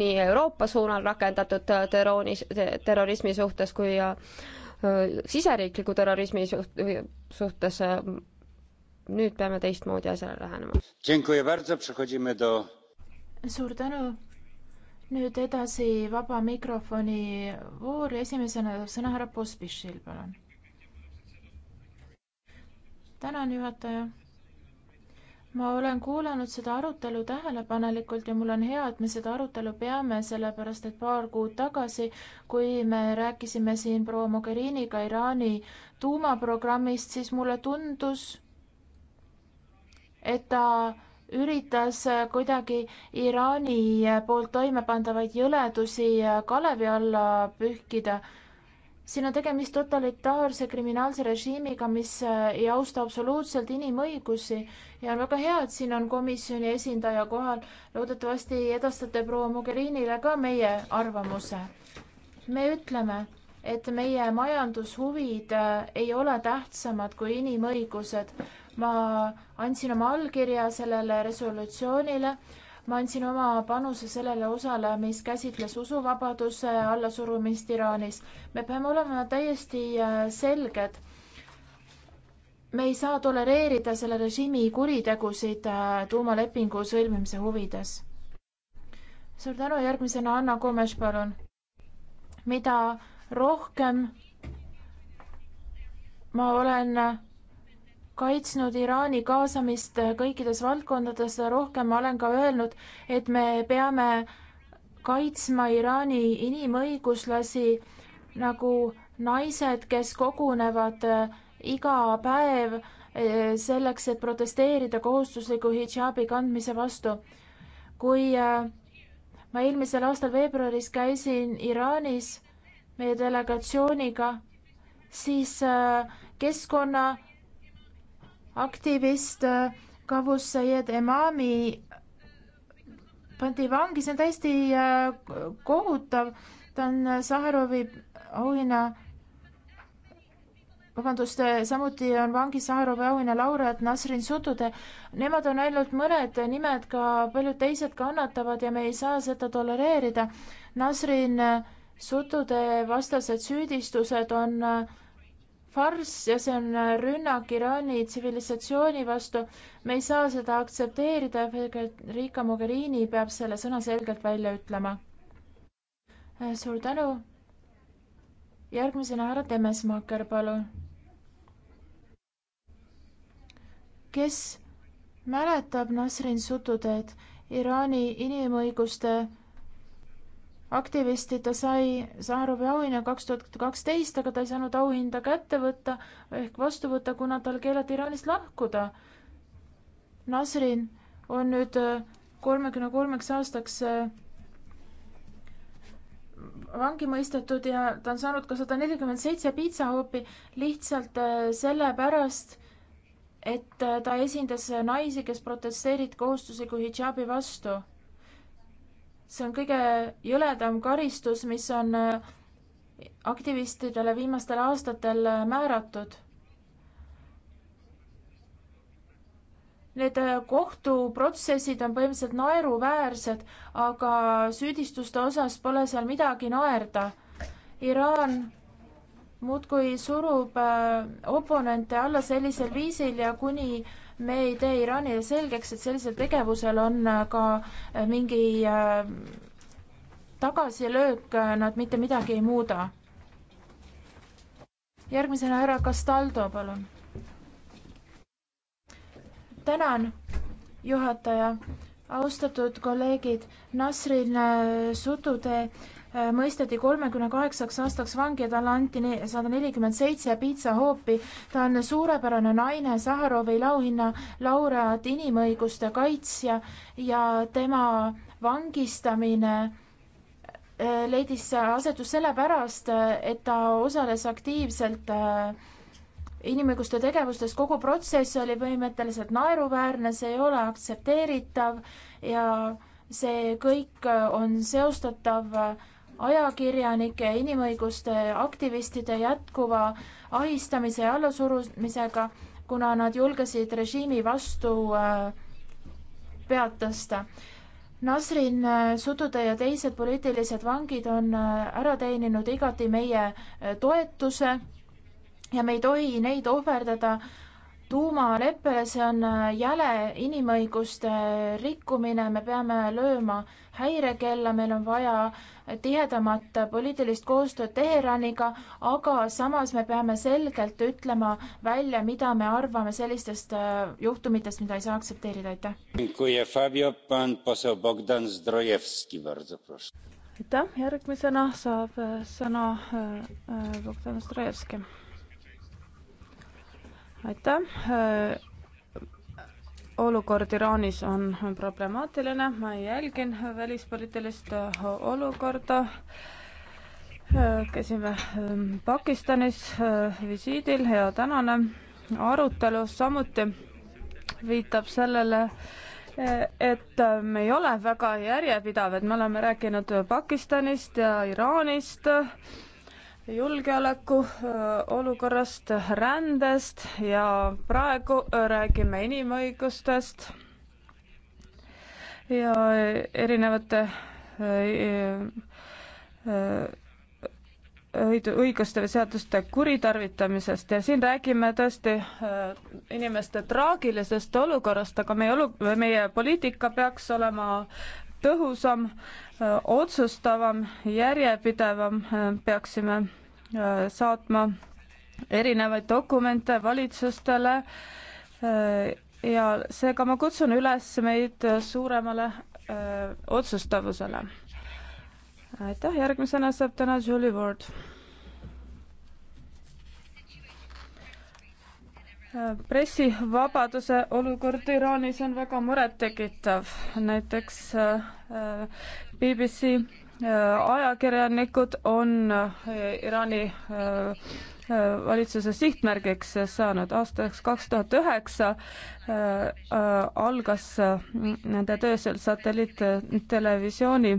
nii Euroopa suunal rakendatud äh, terroonis, terrorismi suhtes kui äh, siseriikliku terrorismi suht-, suhtes. nüüd peame teistmoodi asjale lähenema. suur tänu. nüüd edasi vaba mikrofoni voor, esimesena sõna härra Pospišil, palun. tänan, juhataja ma olen kuulanud seda arutelu tähelepanelikult ja mul on hea, et me seda arutelu peame, sellepärast et paar kuud tagasi, kui me rääkisime siin proua Mogheriniga Iraani tuumaprogrammist, siis mulle tundus, et ta üritas kuidagi Iraani poolt toime pandavaid jõledusi kalevi alla pühkida siin on tegemist totalitaarse kriminaalse režiimiga, mis äh, ei austa absoluutselt inimõigusi ja on väga hea, et siin on komisjoni esindaja kohal. loodetavasti edastate proua Mogherinile ka meie arvamuse. me ütleme, et meie majandushuvid äh, ei ole tähtsamad kui inimõigused. ma andsin oma allkirja sellele resolutsioonile ma andsin oma panuse sellele osale, mis käsitles usuvabaduse allasurumist Iraanis. me peame olema täiesti äh, selged. me ei saa tolereerida selle režiimi kuritegusid äh, tuumalepingu sõlmimise huvides. suur tänu, järgmisena Anna Komes, palun. mida rohkem ma olen kaitsnud Iraani kaasamist kõikides valdkondades, seda rohkem ma olen ka öelnud, et me peame kaitsma Iraani inimõiguslasi nagu naised, kes kogunevad eh, iga päev eh, selleks, et protesteerida kohustusliku hidžaabi kandmise vastu. kui eh, ma eelmisel aastal veebruaris käisin Iraanis meie delegatsiooniga, siis keskkonna aktivist äh, Kavus Sayed Emami pandi vangi, see on täiesti äh, kohutav. ta on äh, Saharovi auhinna, vabandust, samuti on vangi Saharovi auhinna laureaat Nasrin Sutude. Nemad on ainult mõned nimed, ka paljud teised kannatavad ja me ei saa seda tolereerida. Nasrin Sutude vastased süüdistused on äh, farss ja see on äh, rünnak Iraani tsivilisatsiooni vastu. me ei saa seda aktsepteerida, Federica Mogherini peab selle sõna selgelt välja ütlema. Äh, suur tänu. järgmisena härra Temesmaaker, palun. kes mäletab Nasrin Sututeed, Iraani inimõiguste aktivisti, ta sai Saharovi auhinna kaks tuhat kaksteist, aga ta ei saanud auhinda kätte võtta ehk vastu võtta, kuna tal keelati Iraanist lahkuda. Nasrin on nüüd äh, kolmekümne kolmeks aastaks äh, vangi mõistetud ja ta on saanud ka sada nelikümmend seitse piitsahoopi lihtsalt äh, sellepärast, et ta esindas naisi, kes protesteerid kohustusliku hidžaabi vastu see on kõige jõledam karistus, mis on äh, aktivistidele viimastel aastatel äh, määratud. Need äh, kohtuprotsessid on põhimõtteliselt naeruväärsed, aga süüdistuste osas pole seal midagi naerda. Iraan muudkui surub oponente alla sellisel viisil ja kuni äh, me ei tee Iraanile selgeks, et sellisel tegevusel on äh, ka äh, mingi äh, tagasilöök, nad mitte midagi ei muuda. järgmisena härra Castaldo, palun. tänan, juhataja. austatud kolleegid, Nasrin Sututee Äh, mõisteti kolmekümne kaheksaks aastaks vangi ja talle anti sada nelikümmend seitse piitsahoopi. ta on suurepärane naine, Saharovi lauhinna laureaat, inimõiguste kaitsja ja tema vangistamine äh, leidis asetus sellepärast, et ta osales aktiivselt äh, inimõiguste tegevustes, kogu protsess oli põhimõtteliselt naeruväärne, see ei ole aktsepteeritav ja see kõik on seostatav ajakirjanike, inimõiguste aktivistide jätkuva ahistamise ja allasurumisega, kuna nad julgesid režiimi vastu äh, pead tõsta. Nasrin äh, Sutude ja teised poliitilised vangid on äh, ära teeninud igati meie toetuse ja me ei tohi neid ohverdada tuumaleppele, see on äh, jäle inimõiguste rikkumine, me peame lööma häirekella, meil on vaja tihedamat poliitilist koostööd Teheraniga, aga samas me peame selgelt ütlema välja, mida me arvame sellistest äh, juhtumitest, mida ei saa aktsepteerida, aitäh. aitäh, järgmisena saab äh, sõna Bogdan Zdrojevski aitäh äh, olukord Iraanis on problemaatiline, ma jälgin välispoliitilist olukorda. Äh, käisime ähm, Pakistanis äh, visiidil ja tänane arutelu samuti viitab sellele, et me ei ole väga järjepidevad, me oleme rääkinud Pakistanist ja Iraanist julgeoleku olukorrast, rändest ja praegu räägime inimõigustest ja erinevate õiguste või seaduste kuritarvitamisest ja siin räägime tõesti inimeste traagilisest olukorrast, aga meie olu, meie poliitika peaks olema tõhusam Äh, otsustavam, järjepidevam äh, peaksime äh, saatma erinevaid dokumente valitsustele ja seega ma kutsun üles meid suuremale öö, otsustavusele. aitäh, järgmisena saab täna Julie Ward. pressivabaduse olukord Iraanis on väga murettekitav. näiteks äh, BBC äh, ajakirjanikud on äh, Iraani valitsuse sihtmärgiks saanud. aastaks kaks tuhat üheksa algas nende töö seal satelliittelevisiooni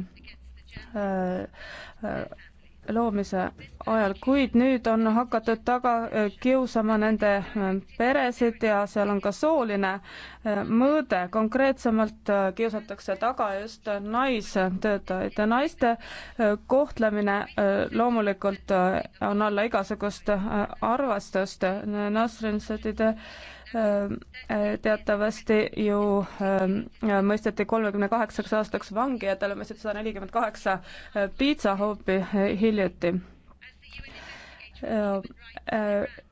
loomise ajal, kuid nüüd on hakatud taga äh, kiusama nende äh, peresid ja seal on ka sooline äh, mõõde, konkreetsemalt kiusatakse taga just naistöötajaid ja naiste kohtlemine loomulikult on alla igasugust arvestust. Nasrin Sõdide Äh, äh, teatavasti ju äh, mõisteti kolmekümne kaheksaks aastaks vangi ja talle mõisteti sada nelikümmend kaheksa piitsahoopi hiljuti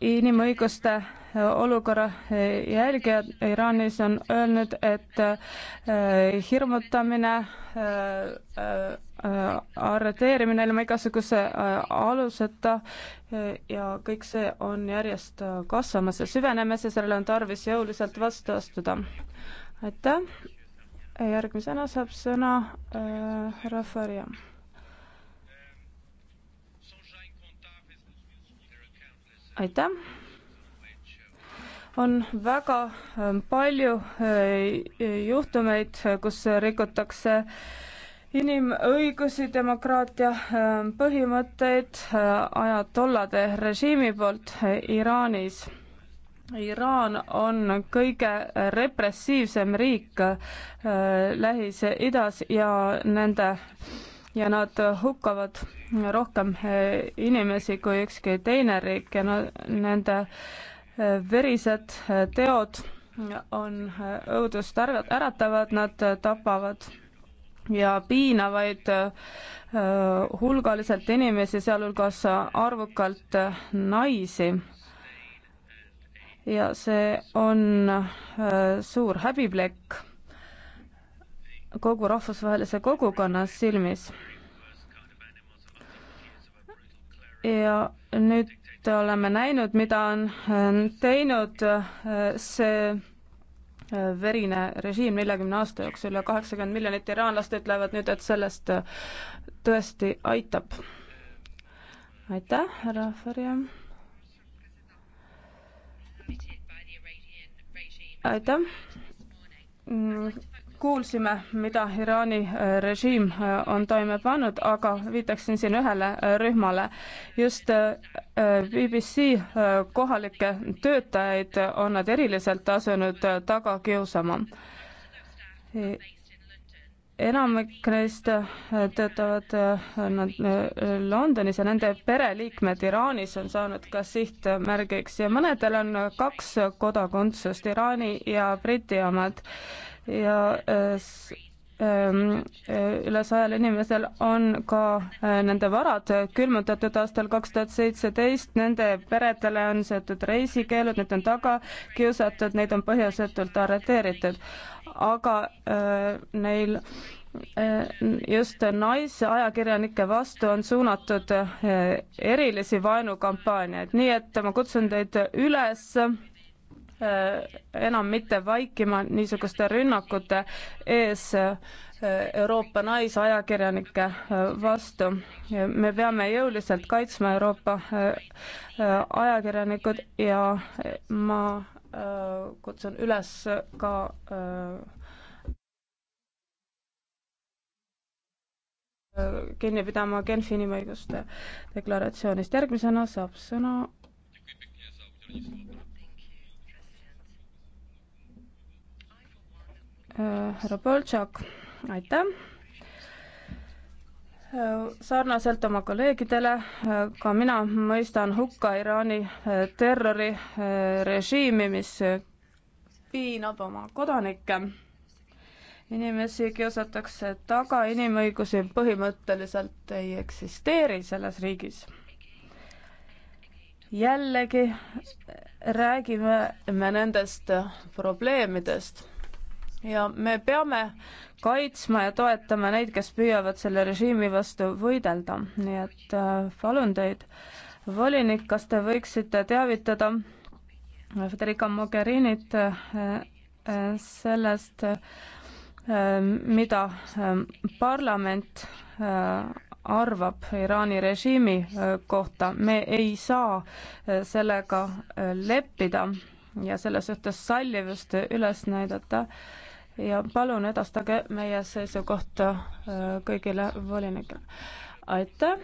inimõiguste olukorra jälgijad Iraanis on öelnud, et hirmutamine Äh, arreteerimine ilma igasuguse äh, aluseta äh, ja kõik see on järjest kasvamas ja süvenemas ja sellele on tarvis jõuliselt vastu astuda. aitäh. järgmisena saab sõna härra äh, Farja. aitäh on väga palju juhtumeid, kus rikutakse äh, inimõigusi, demokraatia äh, põhimõtteid äh, ajatollade režiimi poolt äh, Iraanis. Iraan on kõige repressiivsem riik Lähis-Idas ja nende ja nad hukkavad rohkem inimesi kui ükski teine riik ja no, nende verised teod on õudust äratavad, nad tapavad ja piinavaid äh, hulgaliselt inimesi, sealhulgas arvukalt naisi. ja see on äh, suur häbiplekk kogu rahvusvahelise kogukonna silmis. ja nüüd oleme näinud, mida on äh, teinud see verine režiim neljakümne aasta jooksul ja kaheksakümmend miljonit iraanlast ütlevad nüüd, et sellest tõesti aitab. aitäh, härra Farja. aitäh mm, kuulsime, mida Iraani äh, režiim äh, on toime pannud, aga viitaksin siin ühele äh, rühmale. just BBC kohalikke töötajaid on nad eriliselt asunud taga kiusama. E, enamik neist töötavad nad Londonis ja nende pereliikmed Iraanis on saanud ka sihtmärgiks ja mõnedel on kaks kodakondsust, Iraani ja Briti omad ja äh, ähm, äh, üle sajal inimesel on ka äh, nende varad külmutatud aastal kaks tuhat seitseteist, nende peredele on seatud reisikeelud, need on taga kiusatud, neid on põhjusetult arreteeritud. aga äh, neil äh, just naisajakirjanike vastu on suunatud äh, erilisi vaenukampaaniaid, nii et ma kutsun teid üles äh, Äh, enam mitte vaikima niisuguste rünnakute ees äh, Euroopa naisajakirjanike äh, vastu. me peame jõuliselt kaitsma Euroopa ajakirjanikud ja ma kutsun üles ka kinni pidama Genfi inimõiguste deklaratsioonist. järgmisena saab sõna härra Boltšak, aitäh! sarnaselt oma kolleegidele ka mina mõistan hukka Iraani äh, terrorirežiimi, äh, mis piinab oma kodanikke. inimesi kiusatakse taga, inimõigusi põhimõtteliselt ei eksisteeri selles riigis jällegi räägime me nendest probleemidest ja me peame kaitsma ja toetama neid, kes püüavad selle režiimi vastu võidelda, nii et äh, palun teid, volinik, kas te võiksite teavitada Federica Mogherinit äh, äh, sellest, äh, mida ähm, parlament äh, arvab Iraani režiimi äh, kohta, me ei saa sellega leppida ja selles suhtes sallivust üles näidata äh, ja palun edastage meie seisukoht äh, kõigile volinikele. aitäh,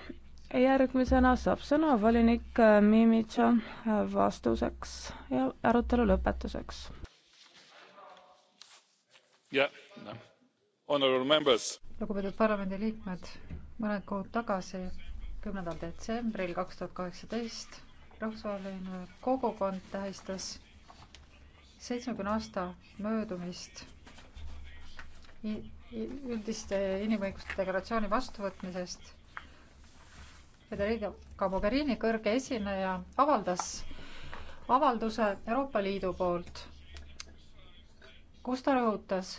järgmisena saab sõna volinik äh, Mimitša äh, vastuseks ja arutelu lõpetuseks. lugupeetud parlamendiliikmed, mõned kuud tagasi, kümnendal detsembril kaks tuhat kaheksateist rahvusvaheline kogukond tähistas seitsmekümne aasta möödumist üldiste inimõiguste deklaratsiooni vastuvõtmisest. Federica Mogherini kõrge esineja avaldas avalduse Euroopa Liidu poolt, kus ta rõhutas,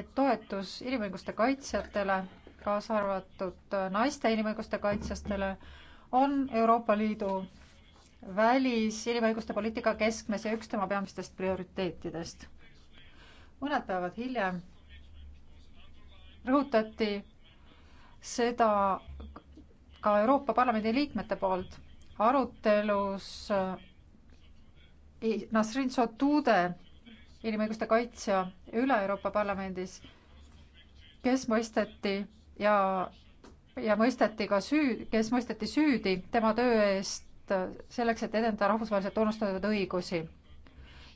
et toetus inimõiguste kaitsjatele, kaasa arvatud naiste inimõiguste kaitsjatele, on Euroopa Liidu välis inimõiguste poliitika keskmes ja üks tema peamistest prioriteetidest. mõned päevad hiljem rõhutati seda ka Euroopa Parlamendi liikmete poolt arutelus eh, Nasrin Sotude, inimõiguste kaitsja üle Euroopa Parlamendis, kes mõisteti ja, ja mõisteti ka süü, kes mõisteti süüdi tema töö eest eh, selleks, et edendada rahvusvaheliselt tunnustatud õigusi.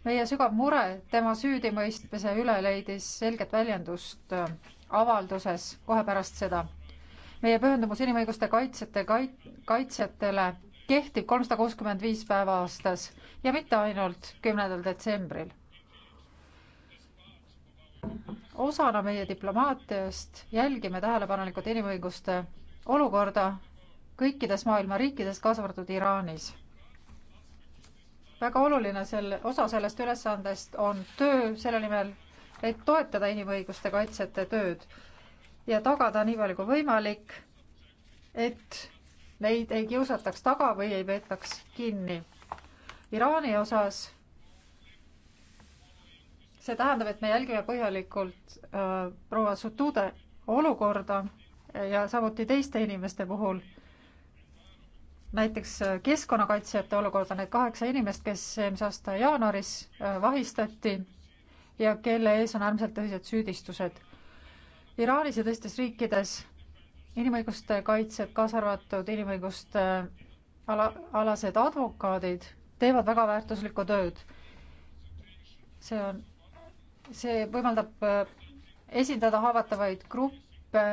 meie sügav mure tema süüdimõistmise üle leidis selget väljendust eh, avalduses kohe pärast seda. meie pühendumus inimõiguste kaitsjate kait-, kaitsjatele kehtib kolmsada kuuskümmend viis päeva aastas ja mitte ainult kümnendal detsembril. osana meie diplomaatiast jälgime tähelepanelikult inimõiguste olukorda kõikides maailma riikides, kaasa arvatud Iraanis. väga oluline selle, osa sellest ülesandest on töö selle nimel, et toetada inimõiguste kaitsjate tööd ja tagada nii palju kui võimalik, et neid ei kiusataks taga või ei peetaks kinni. Iraani osas see tähendab, et me jälgime põhjalikult äh, proua Sutude olukorda ja samuti teiste inimeste puhul, näiteks äh, keskkonnakaitsjate olukorda, need kaheksa inimest, kes eelmise aasta jaanuaris äh, vahistati ja kelle ees on äärmiselt tõsised süüdistused. Iraanis ja teistes riikides inimõiguste kaitsjad, kaasa arvatud inimõiguste ala, alased advokaadid, teevad väga väärtuslikku tööd. see on, see võimaldab äh, esindada haavatavaid gruppe,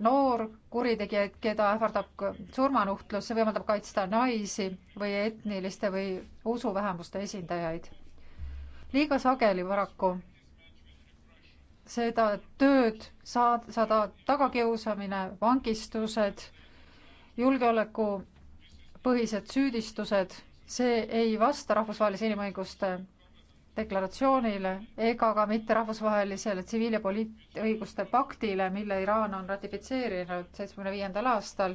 noorkuritegijaid, keda ähvardab surmanuhtlus, see võimaldab kaitsta naisi või etniliste või usuvähemuste esindajaid liiga sageli paraku seda tööd saad, saada tagakiusamine, vangistused, julgeolekupõhised süüdistused, see ei vasta rahvusvahelise inimõiguste deklaratsioonile ega ka mitte rahvusvahelisele tsiviil- ja poliitõiguste paktile, mille Iraan on ratifitseerinud seitsmekümne viiendal aastal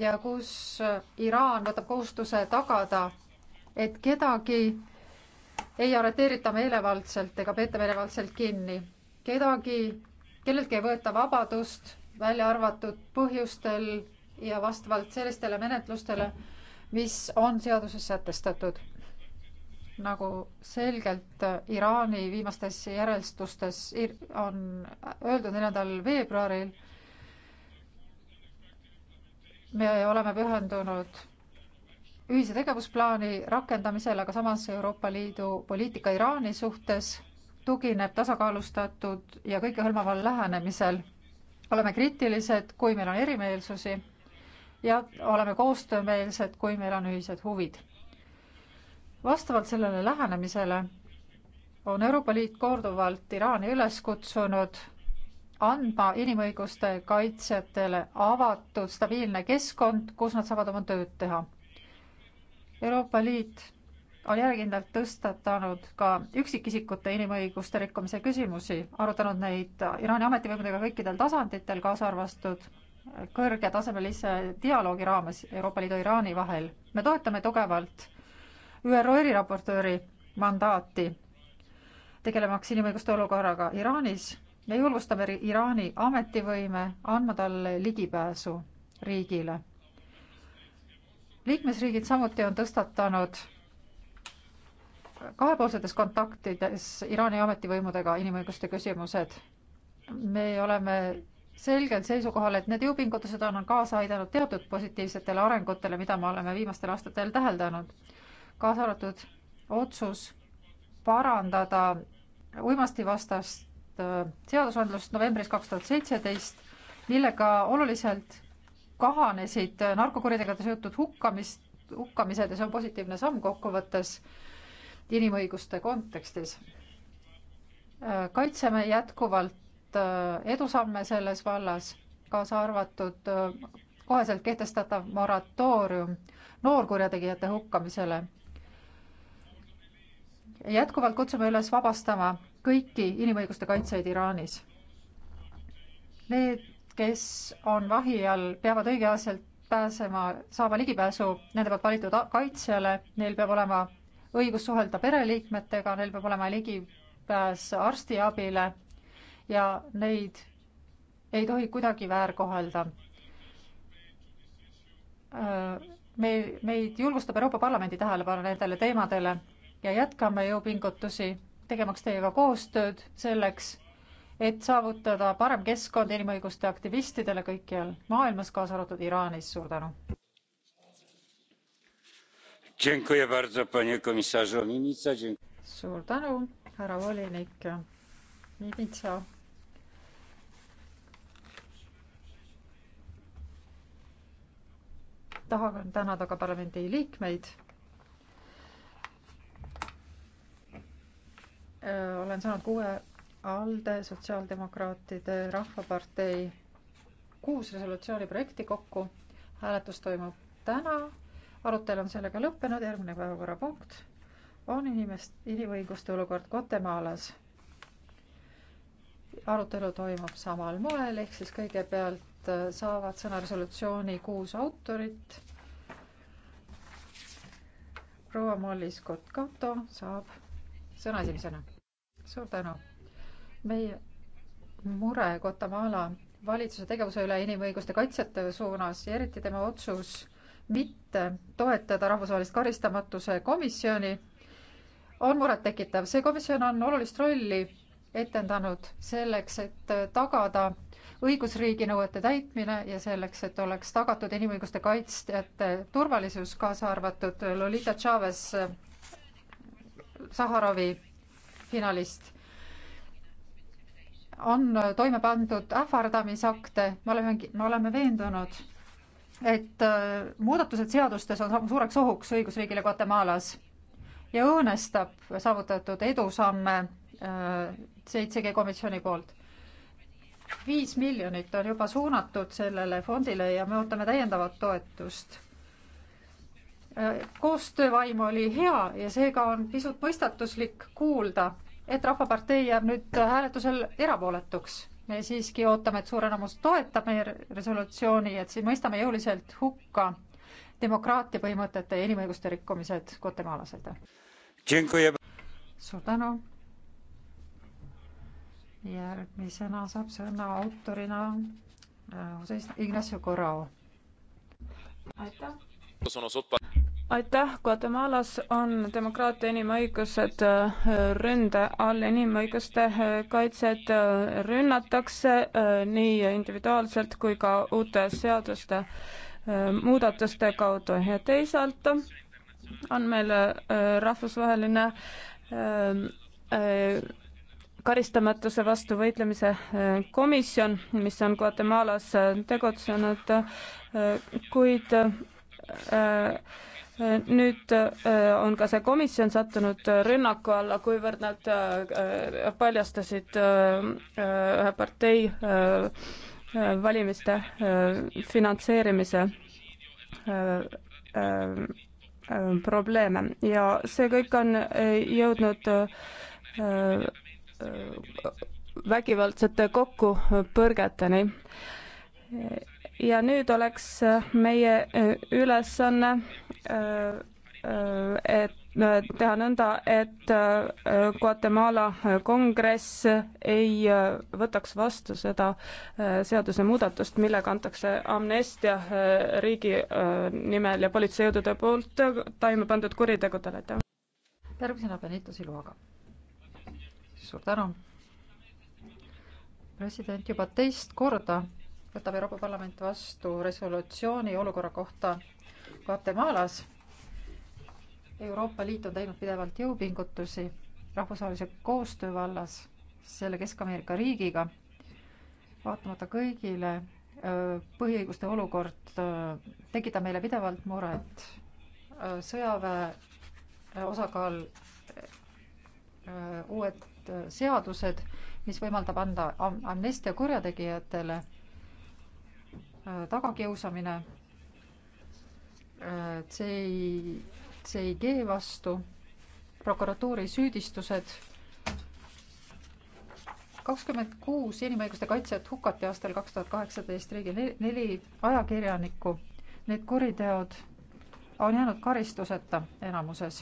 ja kus Iraan võtab kohustuse tagada, et kedagi ei arreteerita meelevaldselt ega peeta meelevaldselt kinni. kedagi, kelleltki ei võeta vabadust, välja arvatud põhjustel ja vastavalt sellistele menetlustele, mis on seaduses sätestatud. nagu selgelt Iraani viimastes järeldustes on öeldud neljandal veebruaril, me oleme pühendunud ühise tegevusplaani rakendamisel, aga samas Euroopa Liidu poliitika Iraani suhtes tugineb tasakaalustatud ja kõikehõlmaval lähenemisel. oleme kriitilised, kui meil on erimeelsusi ja oleme koostöömeelsed, kui meil on ühised huvid. vastavalt sellele lähenemisele on Euroopa Liit korduvalt Iraani üles kutsunud andma inimõiguste kaitsjatele avatud stabiilne keskkond, kus nad saavad oma tööd teha. Euroopa Liit on järjekindlalt tõstatanud ka üksikisikute inimõiguste rikkumise küsimusi, arutanud neid Iraani ametivõimudega kõikidel tasanditel, kaasa arvatud kõrgetasemelise dialoogi raames Euroopa Liidu ja Iraani vahel. me toetame tugevalt ÜRO eriraportööri mandaati tegelemaks inimõiguste olukorraga Iraanis ja julgustame Iraani ametivõime andma talle ligipääsu riigile liikmesriigid samuti on tõstatanud kahepoolsetes kontaktides Iraani ametivõimudega inimõiguste küsimused. me oleme selgel seisukohal, et need jõupingutused on kaasa aidanud teatud positiivsetele arengutele, mida me oleme viimastel aastatel täheldanud, kaasa arvatud otsus parandada uimastivastast äh, seadusandlust novembris kaks tuhat seitseteist, millega oluliselt kahanesid narkokuritegudega seotud hukkamist, hukkamised ja see on positiivne samm kokkuvõttes inimõiguste kontekstis. kaitseme jätkuvalt äh, edusamme selles vallas, kaasa arvatud äh, koheselt kehtestatav moratoorium noorkurjategijate hukkamisele. jätkuvalt kutsume üles vabastama kõiki inimõiguste kaitsjaid Iraanis. Need kes on vahi all, peavad õigeaegselt pääsema, saama ligipääsu nende poolt valitud kaitsjale, neil peab olema õigus suhelda pereliikmetega, neil peab olema ligipääs arstiabile ja neid ei tohi kuidagi väärkohelda. Äh, me, meid julgustab Euroopa Parlamendi tähelepanu nendele teemadele ja jätkame jõupingutusi, tegemaks teiega koostööd selleks, et saavutada parem keskkond inimõiguste aktivistidele kõikjal maailmas, kaasa arvatud Iraanis. suur tänu. suur tänu, härra volinik Mimitsa. tahan tänada ka parlamendi liikmeid olen saanud kuue ALDE, Sotsiaaldemokraatide, Rahvapartei kuus resolutsiooni projekti kokku. hääletus toimub täna. arutelu on sellega lõppenud, järgmine päevakorrapunkt on inimest, inimõiguste olukord Guatemalas. arutelu toimub samal moel, ehk siis kõigepealt äh, saavad sõna resolutsiooni kuus autorit. proua Mollis Kotkato saab sõna esimesena. suur tänu meie mure Guatemala valitsuse tegevuse üle inimõiguste kaitsjate suunas ja eriti tema otsus mitte toetada rahvusvahelist karistamatuse komisjoni on murettekitav. see komisjon on olulist rolli etendanud selleks, et tagada õigusriigi nõuete täitmine ja selleks, et oleks tagatud inimõiguste kaitsjate turvalisus, kaasa arvatud Lolita Chavez, Saharovi finalist on toime pandud ähvardamisakte, me oleme, me oleme veendunud, et äh, muudatused seadustes on suureks ohuks õigusriigile Guatemalas ja õõnestab saavutatud edusamme äh, seitsegi komisjoni poolt. viis miljonit on juba suunatud sellele fondile ja me ootame täiendavat toetust. Äh, koostöövaim oli hea ja seega on pisut mõistatuslik kuulda, et Rahvapartei jääb nüüd hääletusel erapooletuks. me siiski ootame, et suur enamus toetab meie resolutsiooni, et siin mõistame jõuliselt hukka demokraatia põhimõtete ja inimõiguste rikkumised Guatemalas, aitäh! suur tänu! järgmisena saab sõna autorina äh, Jose Ignacio Corrao. aitäh! aitäh, Guatemalas on demokraatia inimõigused äh, ründe all, inimõiguste äh, kaitset äh, rünnatakse nii individuaalselt kui ka uute seaduste muudatuste kaudu ja teisalt on meil rahvusvaheline karistamatuse vastu võitlemise komisjon, mis on Guatemalas tegutsenud, kuid nüüd äh, on ka see komisjon sattunud äh, rünnaku alla, kuivõrd nad äh, paljastasid ühe partei valimiste finantseerimise probleeme ja see kõik on jõudnud vägivaldsete kokkupõrgeteni ja nüüd oleks meie ülesanne Äh, äh, et äh, teha nõnda, et Guatemala kongress ei võtaks vastu seda seadusemuudatust, millega antakse amnestia riigi nimel ja politseijõudude poolt taime pandud kuritegudele, aitäh. järgmisena Benito Siluaga. suur tänu. president juba teist korda võtab Euroopa Parlament vastu resolutsiooni olukorra kohta Guatemalas. Euroopa Liit on teinud pidevalt jõupingutusi rahvusvahelise koostöö vallas selle Kesk-Ameerika riigiga. vaatamata kõigile, põhiõiguste olukord tekitab meile pidevalt muret. sõjaväe osakaal, uued seadused, mis võimaldab anda amnestia kurjategijatele, tagakiusamine CI, CIG vastu, prokuratuuri süüdistused. kakskümmend kuus inimõiguste kaitsjat hukati aastal kaks tuhat kaheksateist riigi neli ajakirjanikku. Need kuriteod on jäänud karistuseta enamuses.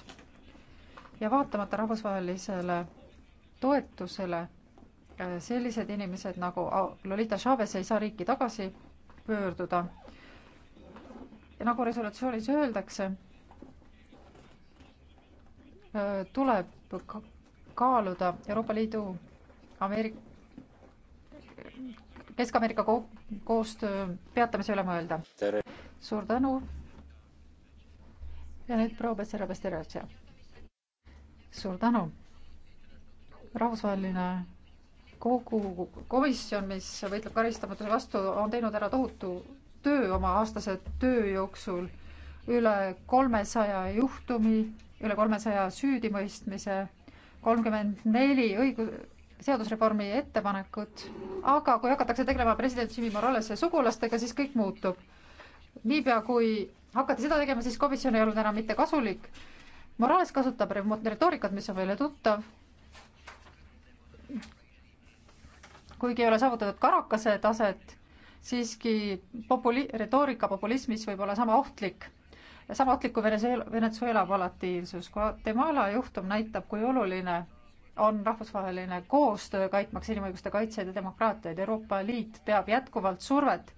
ja vaatamata rahvusvahelisele toetusele äh, sellised inimesed nagu Lolita Chavez ei saa riiki tagasi pöörduda ja nagu resolutsioonis öeldakse, äh, tuleb kaaluda Euroopa Liidu Ameerik-, Kesk-Ameerika ko-, koostöö peatamise üle mõelda. suur tänu. ja nüüd proua Bessera Besteratša. suur tänu. rahvusvaheline kogu komisjon, mis võitleb karistamatuse vastu, on teinud ära tohutu töö oma aastase töö jooksul üle kolmesaja juhtumi, üle kolmesaja süüdimõistmise, kolmkümmend neli õigus, seadusreformi ettepanekut, aga kui hakatakse tegelema president Jimmy Moralese sugulastega, siis kõik muutub. niipea, kui hakati seda tegema, siis komisjon ei olnud enam mitte kasulik. Morales kasutab retoorikat, mis on meile tuttav. kuigi ei ole saavutatud Karakase taset siiski populi-, retoorika populismis võib olla sama ohtlik ja sama ohtlik kui Venezuela, Venezuela volatiilsus. Guatemala juhtum näitab, kui oluline on rahvusvaheline koostöö, kaitmaks inimõiguste kaitseid ja demokraatiaid. Euroopa Liit peab jätkuvalt survet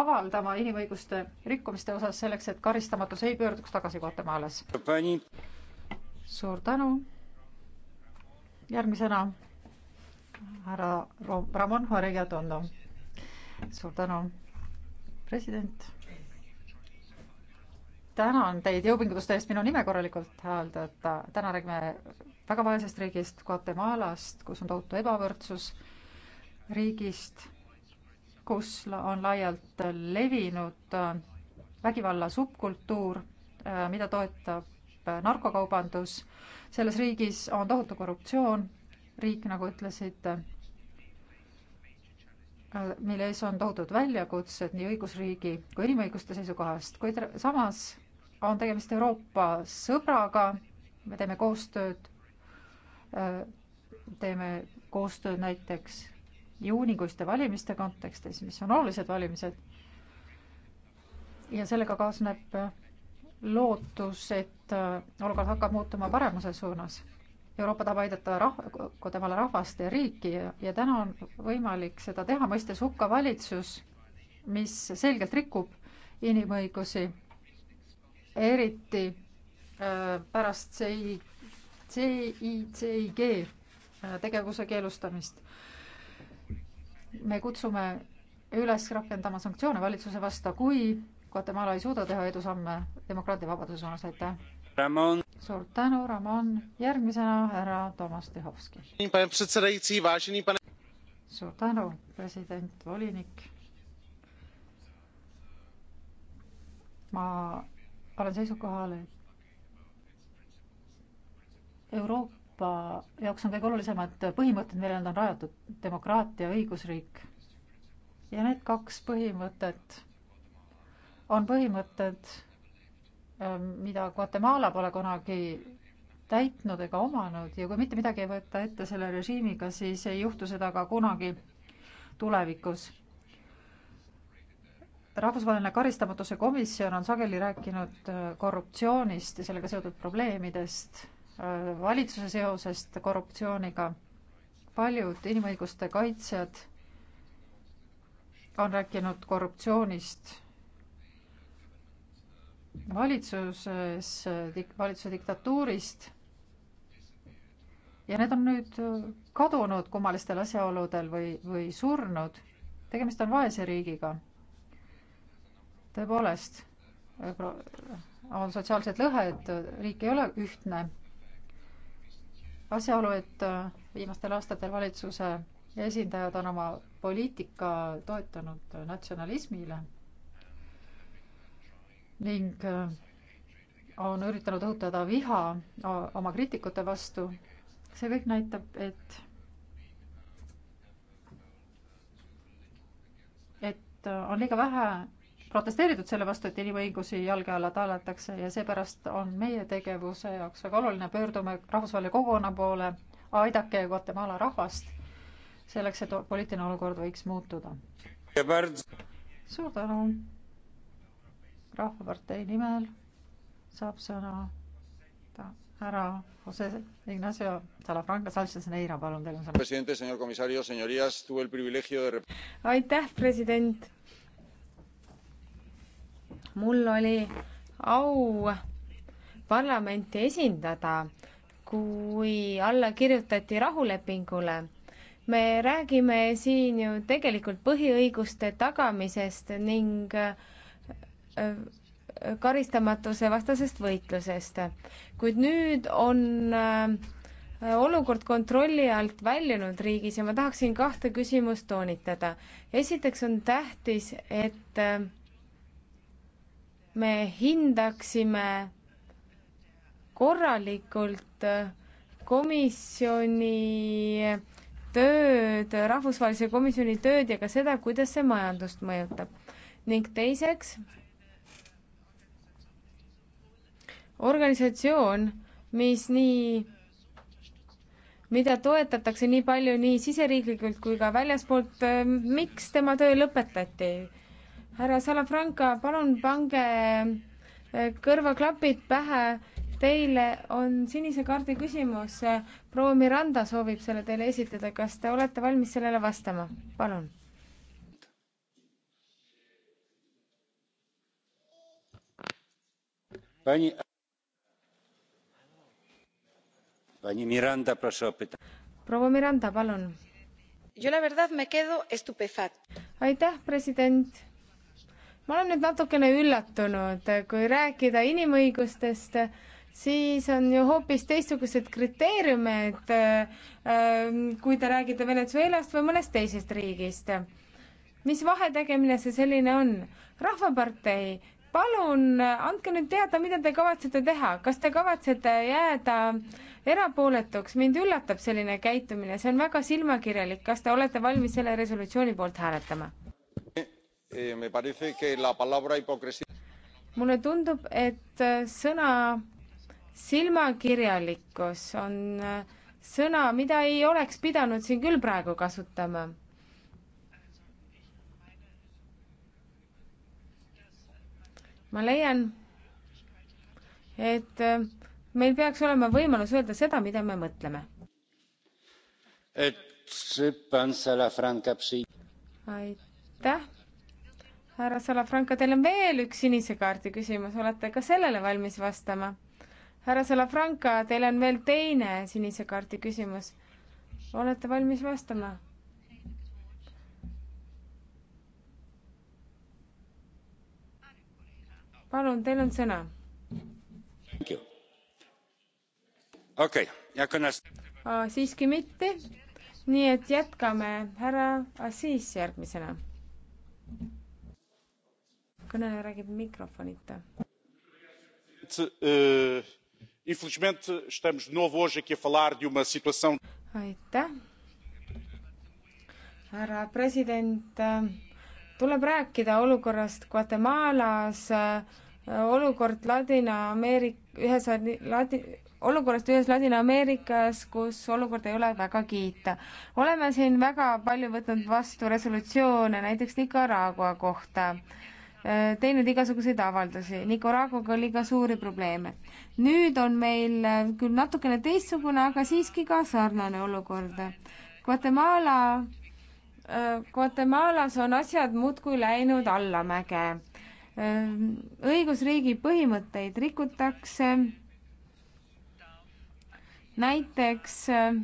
avaldama inimõiguste rikkumiste osas selleks, et karistamatus ei pöörduks tagasi Guatemalas. suur tänu. järgmisena härra Ramon Jorge Atondo suur tänu, president. tänan teid jõupingutuste eest minu nime korralikult hääldada. täna räägime väga vaesest riigist, Guatemalast, kus on tohutu ebavõrdsus, riigist, kus on laialt levinud äh, vägivalla subkultuur, äh, mida toetab äh, narkokaubandus. selles riigis on tohutu korruptsioon, riik, nagu ütlesite Äh, mille ees on tohutud väljakutsed nii õigusriigi kui inimõiguste seisukohast, kuid samas on tegemist Euroopa sõbraga, me teeme koostööd, äh, teeme koostööd näiteks juunikuiste valimiste kontekstis, mis on olulised valimised. ja sellega kaasneb lootus, et äh, olukord hakkab muutuma paremuse suunas Euroopa tahab aidata rah-, Kodamaale rahvast ja riiki ja, ja täna on võimalik seda teha, mõistes hukka valitsus, mis selgelt rikub inimõigusi, eriti äh, pärast CI, CICIG äh, tegevuse keelustamist. me kutsume üles rakendama sanktsioone valitsuse vastu, kui Guatemala ei suuda teha edusamme demokraatia vabaduse suunas, aitäh. Ramon suur tänu, Ramon. järgmisena härra Toomas Tehovski. suur tänu, president, volinik. ma olen seisukohal, et Euroopa jaoks on kõige olulisemad põhimõtted, millele nad on rajatud demokraatia, õigusriik. ja need kaks põhimõtet on põhimõtted Ähm, mida Guatemala pole kunagi täitnud ega omanud ja kui mitte midagi ei võeta ette selle režiimiga, siis ei juhtu seda ka kunagi tulevikus. rahvusvaheline karistamatuse komisjon on sageli rääkinud äh, korruptsioonist ja sellega seotud probleemidest, äh, valitsuse seosest korruptsiooniga. paljud inimõiguste kaitsjad on rääkinud korruptsioonist valitsuses, valitsuse diktatuurist. ja need on nüüd äh, kadunud kummalistel asjaoludel või, või surnud. tegemist on vaese riigiga. tõepoolest äh, on sotsiaalsed lõhed, äh, riik ei ole ühtne. asjaolu, et viimastel aastatel valitsuse esindajad on oma poliitika toetanud natsionalismile ning äh, on üritanud õhutada viha oma kriitikute vastu. see kõik näitab, et et äh, on liiga vähe protesteeritud selle vastu, et inimõigusi jalge alla tallatakse ja seepärast on meie tegevuse jaoks väga oluline, pöördume rahvusvahelise kogukonna poole, aidake Guatemala rahvast selleks, et poliitiline olukord võiks muutuda. suur tänu. Rahvapartei nimel saab sõna ta härra José Ignacio Salafranca Sánchez Neira, palun, teil on sõna. aitäh, president. mul oli au parlamenti esindada, kui alla kirjutati rahulepingule. me räägime siin ju tegelikult põhiõiguste tagamisest ning äh, karistamatuse vastasest võitlusest. kuid nüüd on äh, olukord kontrolli alt väljunud riigis ja ma tahaksin kahte küsimust toonitada. esiteks on tähtis, et äh, me hindaksime korralikult äh, komisjoni tööd, rahvusvahelise komisjoni tööd ja ka seda, kuidas see majandust mõjutab. ning teiseks organisatsioon, mis nii, mida toetatakse nii palju nii siseriiklikult kui ka väljaspoolt, äh, miks tema töö lõpetati? härra Salafranca, palun pange äh, kõrvaklapid pähe, teile on sinise kaardi küsimus. proua Miranda soovib selle teile esitada, kas te olete valmis sellele vastama? palun pani proua Miranda, palun. aitäh, president. ma olen nüüd natukene üllatunud, kui rääkida inimõigustest, siis on ju hoopis teistsugused kriteeriumid, ähm, kui te räägite Venezuelast või mõnest teisest riigist. mis vahetegemine see selline on? rahvapartei palun andke nüüd teada, mida te kavatsete teha, kas te kavatsete jääda erapooletuks, mind üllatab selline käitumine, see on väga silmakirjalik, kas te olete valmis selle resolutsiooni poolt hääletama? mulle tundub, et sõna silmakirjalikkus on sõna, mida ei oleks pidanud siin küll praegu kasutama ma leian, et äh, meil peaks olema võimalus öelda seda, mida me mõtleme. aitäh, härra Salafranca, teil on veel üks sinise kaardi küsimus, olete ka sellele valmis vastama? härra Salafranca, teil on veel teine sinise kaardi küsimus, olete valmis vastama? palun, teil on sõna. okei, jätkame. Ah, siiski mitte, nii et jätkame härra Assis järgmisena. kõneleja räägib mikrofonita. Eh, infelizmente, estamos de novo hoje aqui a falar de uma situação. Aitäh härra president, eh, tuleb rääkida olukorrast Guatemalas äh, olukord Ladina-Ameerik-, ühes Ladi-, olukorrast ühes Ladina-Ameerikas, kus olukord ei ole väga kiita. oleme siin väga palju võtnud vastu resolutsioone näiteks Nicaragua kohta, e, teinud igasuguseid avaldusi, Nicaraguaga oli ka suuri probleeme. nüüd on meil e, küll natukene teistsugune, aga siiski ka sarnane olukord. Guatemala e, Guatemalas on asjad muudkui läinud allamäge õigusriigi põhimõtteid rikutakse. näiteks äh,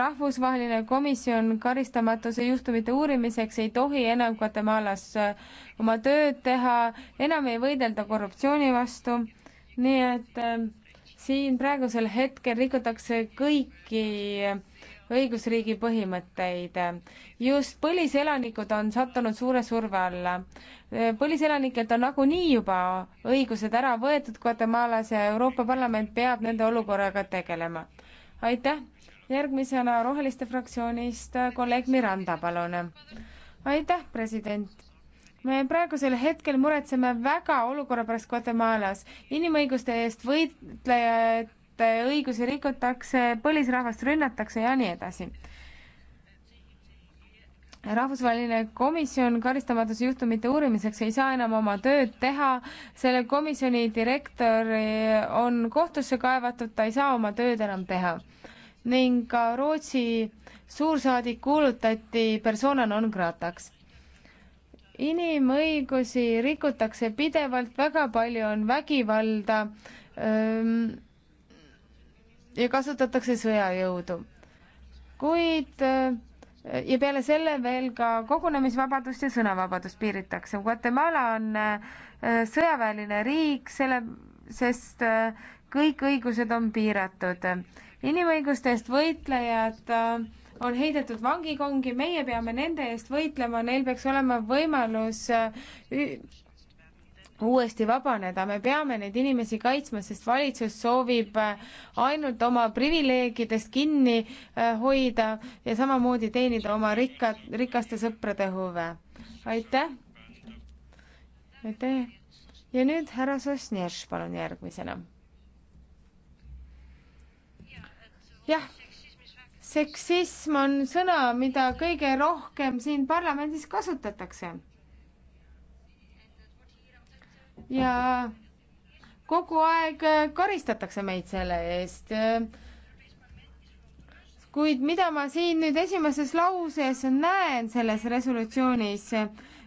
rahvusvaheline komisjon karistamatuse juhtumite uurimiseks ei tohi enam Guatemalas äh, oma tööd teha, enam ei võidelda korruptsiooni vastu. nii et äh, siin praegusel hetkel rikutakse kõiki õigusriigi põhimõtteid. just põliselanikud on sattunud suure surve alla. põliselanikelt on nagunii juba õigused ära võetud Guatemalas ja Euroopa Parlament peab nende olukorraga tegelema. aitäh, järgmisena Roheliste fraktsioonist kolleeg Miranda, palun. aitäh, president me praegusel hetkel muretseme väga olukorra pärast Guatemalas. inimõiguste eest võitlejad inimeste äh, õigusi rikutakse, põlisrahvast rünnatakse ja nii edasi. rahvusvaheline komisjon karistamatuse juhtumite uurimiseks ei saa enam oma tööd teha, selle komisjoni direktor äh, on kohtusse kaevatud, ta ei saa oma tööd enam teha. ning ka Rootsi suursaadik kuulutati persona non grataks inimõigusi rikutakse pidevalt, väga palju on vägivalda ähm, ja kasutatakse sõjajõudu. kuid äh, ja peale selle veel ka kogunemisvabadust ja sõnavabadust piiritakse. Guatemala on äh, sõjaväeline riik, selle, sest äh, kõik õigused on piiratud. inimõiguste eest võitlejad on heidetud vangikongi, meie peame nende eest võitlema, neil peaks olema võimalus uuesti vabaneda, me peame neid inimesi kaitsma, sest valitsus soovib äh, ainult oma privileegidest kinni äh, hoida ja samamoodi teenida oma rikka, rikaste sõprade huve. aitäh! aitäh! ja nüüd härra Sosnjev, palun järgmisena. jah, seksism on sõna, mida kõige rohkem siin parlamendis kasutatakse ja kogu aeg äh, karistatakse meid selle eest. kuid mida ma siin nüüd esimeses lauses näen selles resolutsioonis,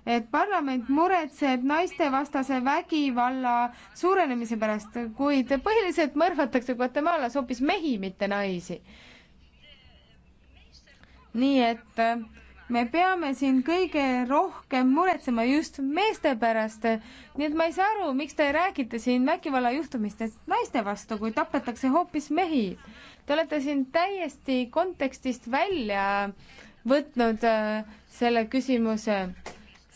et parlament muretseb naistevastase vägivalla suurenemise pärast, kuid põhiliselt mõrvatakse Guatemalas hoopis mehi, mitte naisi. nii et äh, me peame siin kõige rohkem muretsema just meeste pärast. nii et ma ei saa aru, miks te räägite siin vägivallajuhtumistest naiste vastu, kui tapetakse hoopis mehi. Te olete siin täiesti kontekstist välja võtnud äh, selle küsimuse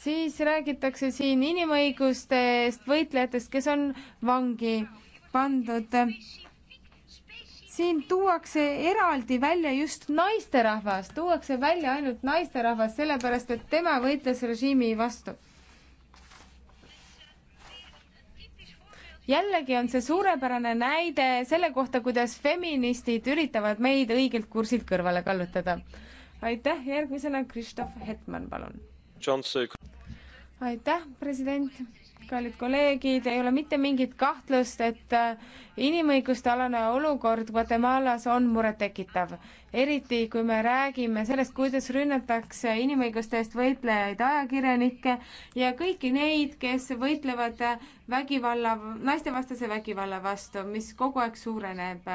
siis räägitakse siin inimõiguste eest võitlejatest, kes on vangi pandud siin tuuakse eraldi välja just naisterahvas, tuuakse välja ainult naisterahvas, sellepärast et tema võitles režiimi vastu. jällegi on see suurepärane näide selle kohta, kuidas feministid üritavad meid õigelt kursilt kõrvale kallutada. aitäh, järgmisena Kristof Hetman, palun. aitäh, president kallid kolleegid, ei ole mitte mingit kahtlust, et äh, inimõiguste alane olukord Guatemalas on murettekitav. eriti kui me räägime sellest, kuidas rünnatakse inimõiguste eest võitlejaid, ajakirjanikke ja kõiki neid, kes võitlevad äh, vägivalla, naistevastase vägivalla vastu, mis kogu aeg suureneb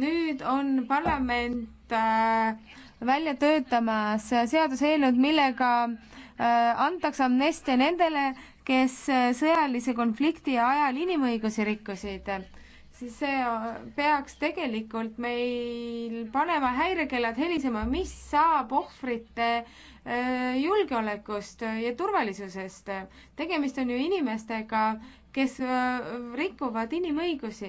nüüd on parlament äh, välja töötamas seaduseelnõud, millega Äh, antaks amnestia nendele, kes äh, sõjalise konflikti ajal inimõigusi rikkusid, siis see äh, peaks tegelikult meil panema häirekellad helisema, mis saab ohvrite julgeolekust ja turvalisusest. tegemist on ju inimestega, kes rikuvad inimõigusi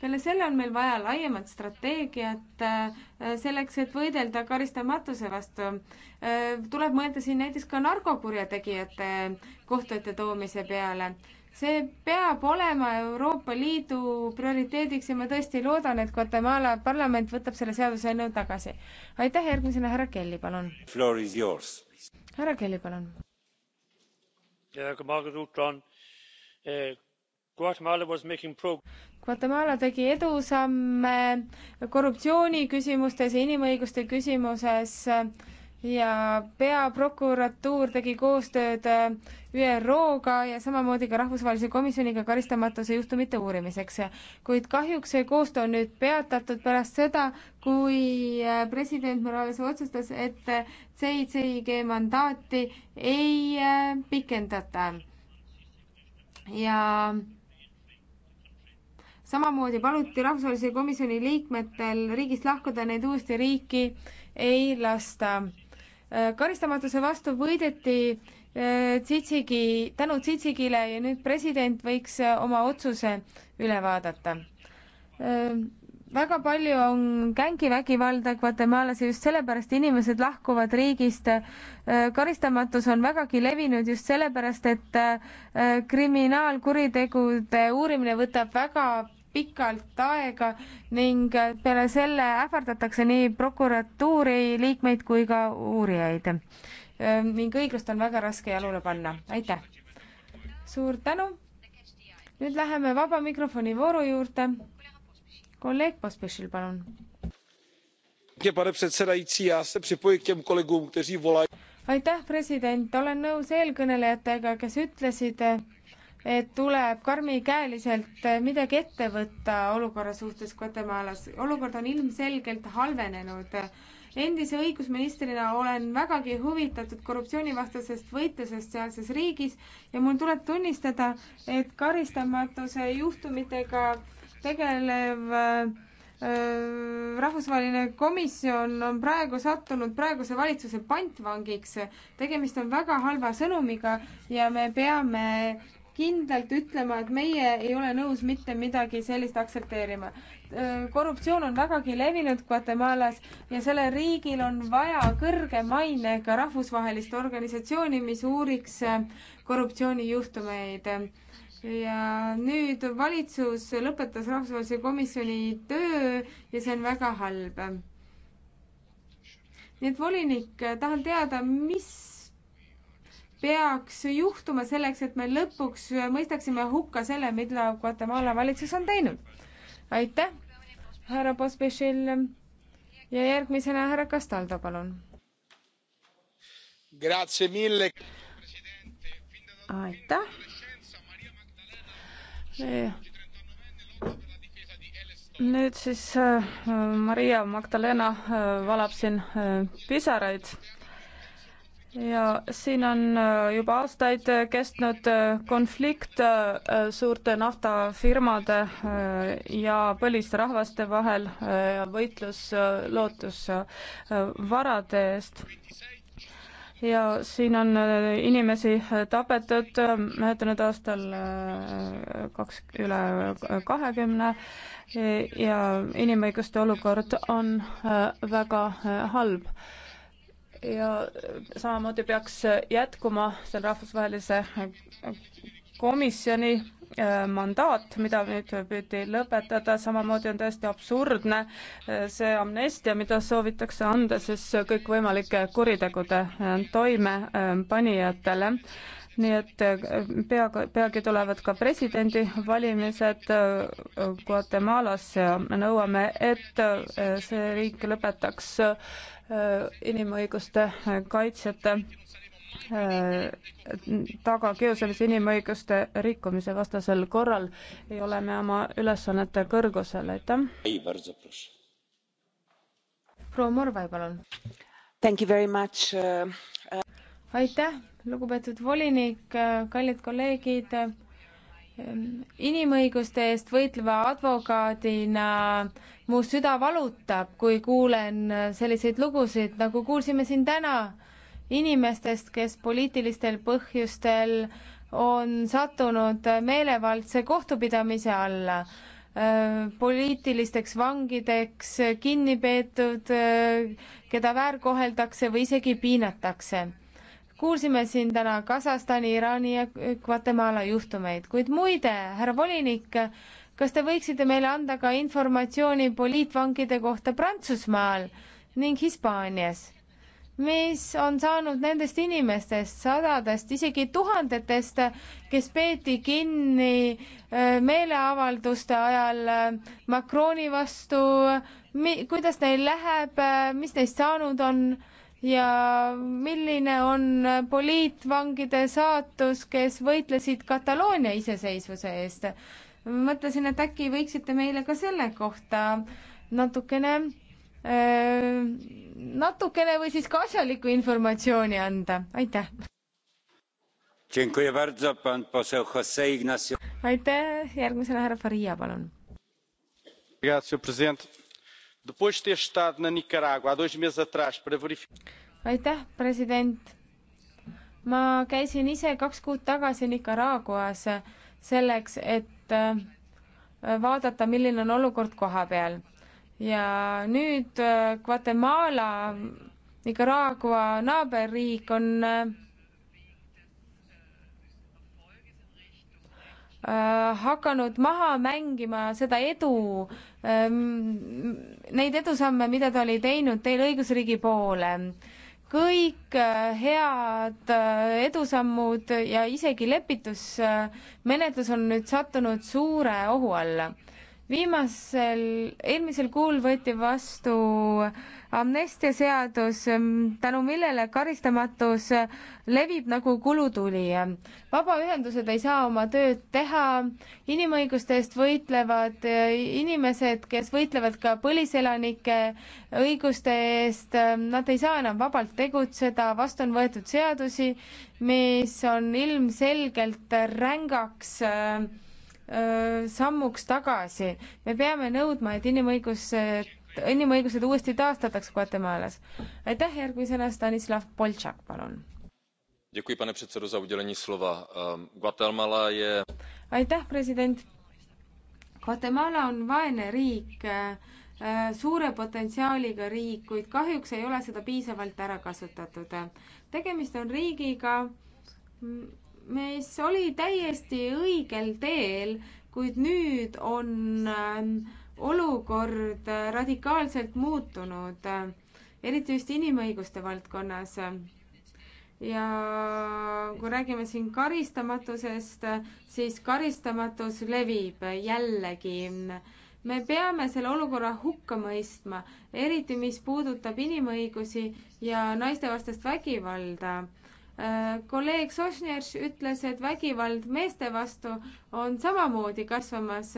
peale selle on meil vaja laiemat strateegiat äh, selleks, et võidelda karistamatuse vastu. Äh, tuleb mõelda siin näiteks ka narkokurjategijate kohtu ette toomise peale see peab olema Euroopa Liidu prioriteediks ja ma tõesti loodan, et Guatemala parlament võtab selle seaduseelnõu tagasi. aitäh, järgmisena härra Kelly, palun. härra Kelly, palun. Guatemala tegi edusamme korruptsiooniküsimustes ja inimõiguste küsimuses ja peaprokuratuur tegi koostööd ÜRO-ga ja samamoodi ka Rahvusvahelise Komisjoniga karistamatuse juhtumite uurimiseks. kuid kahjuks see koostöö on nüüd peatatud pärast seda, kui president Morales otsustas, et CICIG mandaati ei pikendata. ja samamoodi paluti rahvusvahelise komisjoni liikmetel riigist lahkuda, neid uuesti riiki ei lasta. Äh, karistamatuse vastu võideti äh, Tsitsigi, tänu Tsitsigile ja nüüd president võiks äh, oma otsuse üle vaadata. väga palju on gängivägivalda Guatemalas ja just sellepärast inimesed lahkuvad riigist. karistamatus on vägagi levinud just sellepärast, et kriminaalkuritegude uurimine võtab väga pikalt aega ning peale selle ähvardatakse nii prokuratuuri liikmeid kui ka uurijaid. Ehm, ning õiglust on väga raske jalule panna. aitäh! suur tänu! nüüd läheme vaba mikrofoni vooru juurde. kolleeg Pospešil, palun! pane předsedající já se připojuji k těm kolegům kteří volají. aitäh president olen nõus eelkõnelejatega kes ütlesid et tuleb karmikäeliselt eh, midagi ette võtta olukorra suhtes Guatemalas. olukord on ilmselgelt halvenenud. endise õigusministrina olen vägagi huvitatud korruptsioonivastasest võitlusest sealses riigis ja mul tuleb tunnistada, et karistamatuse juhtumitega tegelev eh, rahvusvaheline komisjon on praegu sattunud praeguse valitsuse pantvangiks. tegemist on väga halva sõnumiga ja me peame kindlalt ütlema, et meie ei ole nõus mitte midagi sellist aktsepteerima. Äh, korruptsioon on vägagi levinud Guatemalas ja sellel riigil on vaja kõrge mainega rahvusvahelist organisatsiooni, mis uuriks äh, korruptsioonijuhtumeid ja nüüd valitsus lõpetas rahvusvahelise komisjoni töö ja see on väga halb. nii et volinik, tahan teada, mis peaks juhtuma selleks, et me lõpuks mõistaksime hukka selle, mida Guatemala valitsus on teinud. aitäh, härra Pospešil ja järgmisena härra Castaldo, palun. aitäh nüüd siis äh, Maria Magdalena äh, valab siin äh, pisaraid ja siin on äh, juba aastaid äh, kestnud äh, konflikt suurte naftafirmade ja põliste rahvaste vahel ja võitlus lootusvarade eest. ja siin on inimesi tapetud möödunud aastal kaks, üle kahekümne ja inimõiguste olukord on väga halb ja samamoodi peaks jätkuma seal rahvusvahelise komisjoni äh, mandaat, mida nüüd püüdi lõpetada, samamoodi on täiesti absurdne äh, see amnestia, mida soovitakse anda siis kõikvõimalike kuritegude äh, toimepanijatele nii et pea, peagi tulevad ka presidendivalimised Guatemalas ja me nõuame, et see riik lõpetaks inimõiguste kaitsjate äh, taga kiusamise inimõiguste rikkumise vastasel korral ei ole me oma ülesannete kõrgusel, aitäh. proua Morvai, palun. Äh, äh. aitäh, lugupeetud volinik, kallid kolleegid Ehm, inimõiguste eest võitleva advokaadina mu süda valutab, kui kuulen äh, selliseid lugusid, nagu kuulsime siin täna inimestest, kes poliitilistel põhjustel on sattunud meelevaldse kohtupidamise alla, äh, poliitilisteks vangideks kinni peetud, äh, keda väärkoheldakse või isegi piinatakse kuulsime siin täna Kasahstani, Iraani ja Guatemala juhtumeid, kuid muide, härra volinik, kas te võiksite meile anda ka informatsiooni poliitvangide kohta Prantsusmaal ning Hispaanias? mis on saanud nendest inimestest, sadadest, isegi tuhandetest, kes peeti kinni äh, meeleavalduste ajal äh, Macroni vastu, mi-, kuidas neil läheb, äh, mis neist saanud on ja milline on poliitvangide saatus, kes võitlesid Kataloonia iseseisvuse eest. mõtlesin, et äkki võiksite meile ka selle kohta natukene, äh, natukene või siis ka asjalikku informatsiooni anda, aitäh. aitäh, järgmisena härra Faria, palun aitäh, president. ma käisin ise kaks kuud tagasi Nicaraguas selleks, et äh, vaadata, milline on olukord kohapeal ja nüüd äh, Guatemala, Nicaragua naaberriik on äh, Äh, hakanud maha mängima seda edu, ähm, neid edusamme, mida ta oli teinud teil õigusriigi poole. kõik äh, head äh, edusammud ja isegi lepitusmenetlus on nüüd sattunud suure ohu alla. viimasel, eelmisel kuul võeti vastu äh, amnestiaseadus, ähm, tänu millele karistamatus äh, levib nagu kulutuli. vabaühendused ei saa oma tööd teha, inimõiguste eest võitlevad äh, inimesed, kes võitlevad ka põliselanike õiguste eest, äh, nad ei saa enam vabalt tegutseda, vastu on võetud seadusi, mis on ilmselgelt rängaks sammuks tagasi. me peame nõudma, et inimõigused inimõigused uuesti taastataks Guatemalas. aitäh, järgmisena Stanislav Boltšak, palun. Ehm, je... aitäh, president. Guatemala on vaene riik eh, suure potentsiaaliga riik, kuid kahjuks ei ole seda piisavalt ära kasutatud. tegemist on riigiga, mis oli täiesti õigel teel, kuid nüüd on äh, olukord radikaalselt muutunud, eriti just inimõiguste valdkonnas. ja kui räägime siin karistamatusest, siis karistamatus levib jällegi me peame selle olukorra hukka mõistma, eriti mis puudutab inimõigusi ja naistevastast vägivalda. kolleeg Sošnjev ütles, et vägivald meeste vastu on samamoodi kasvamas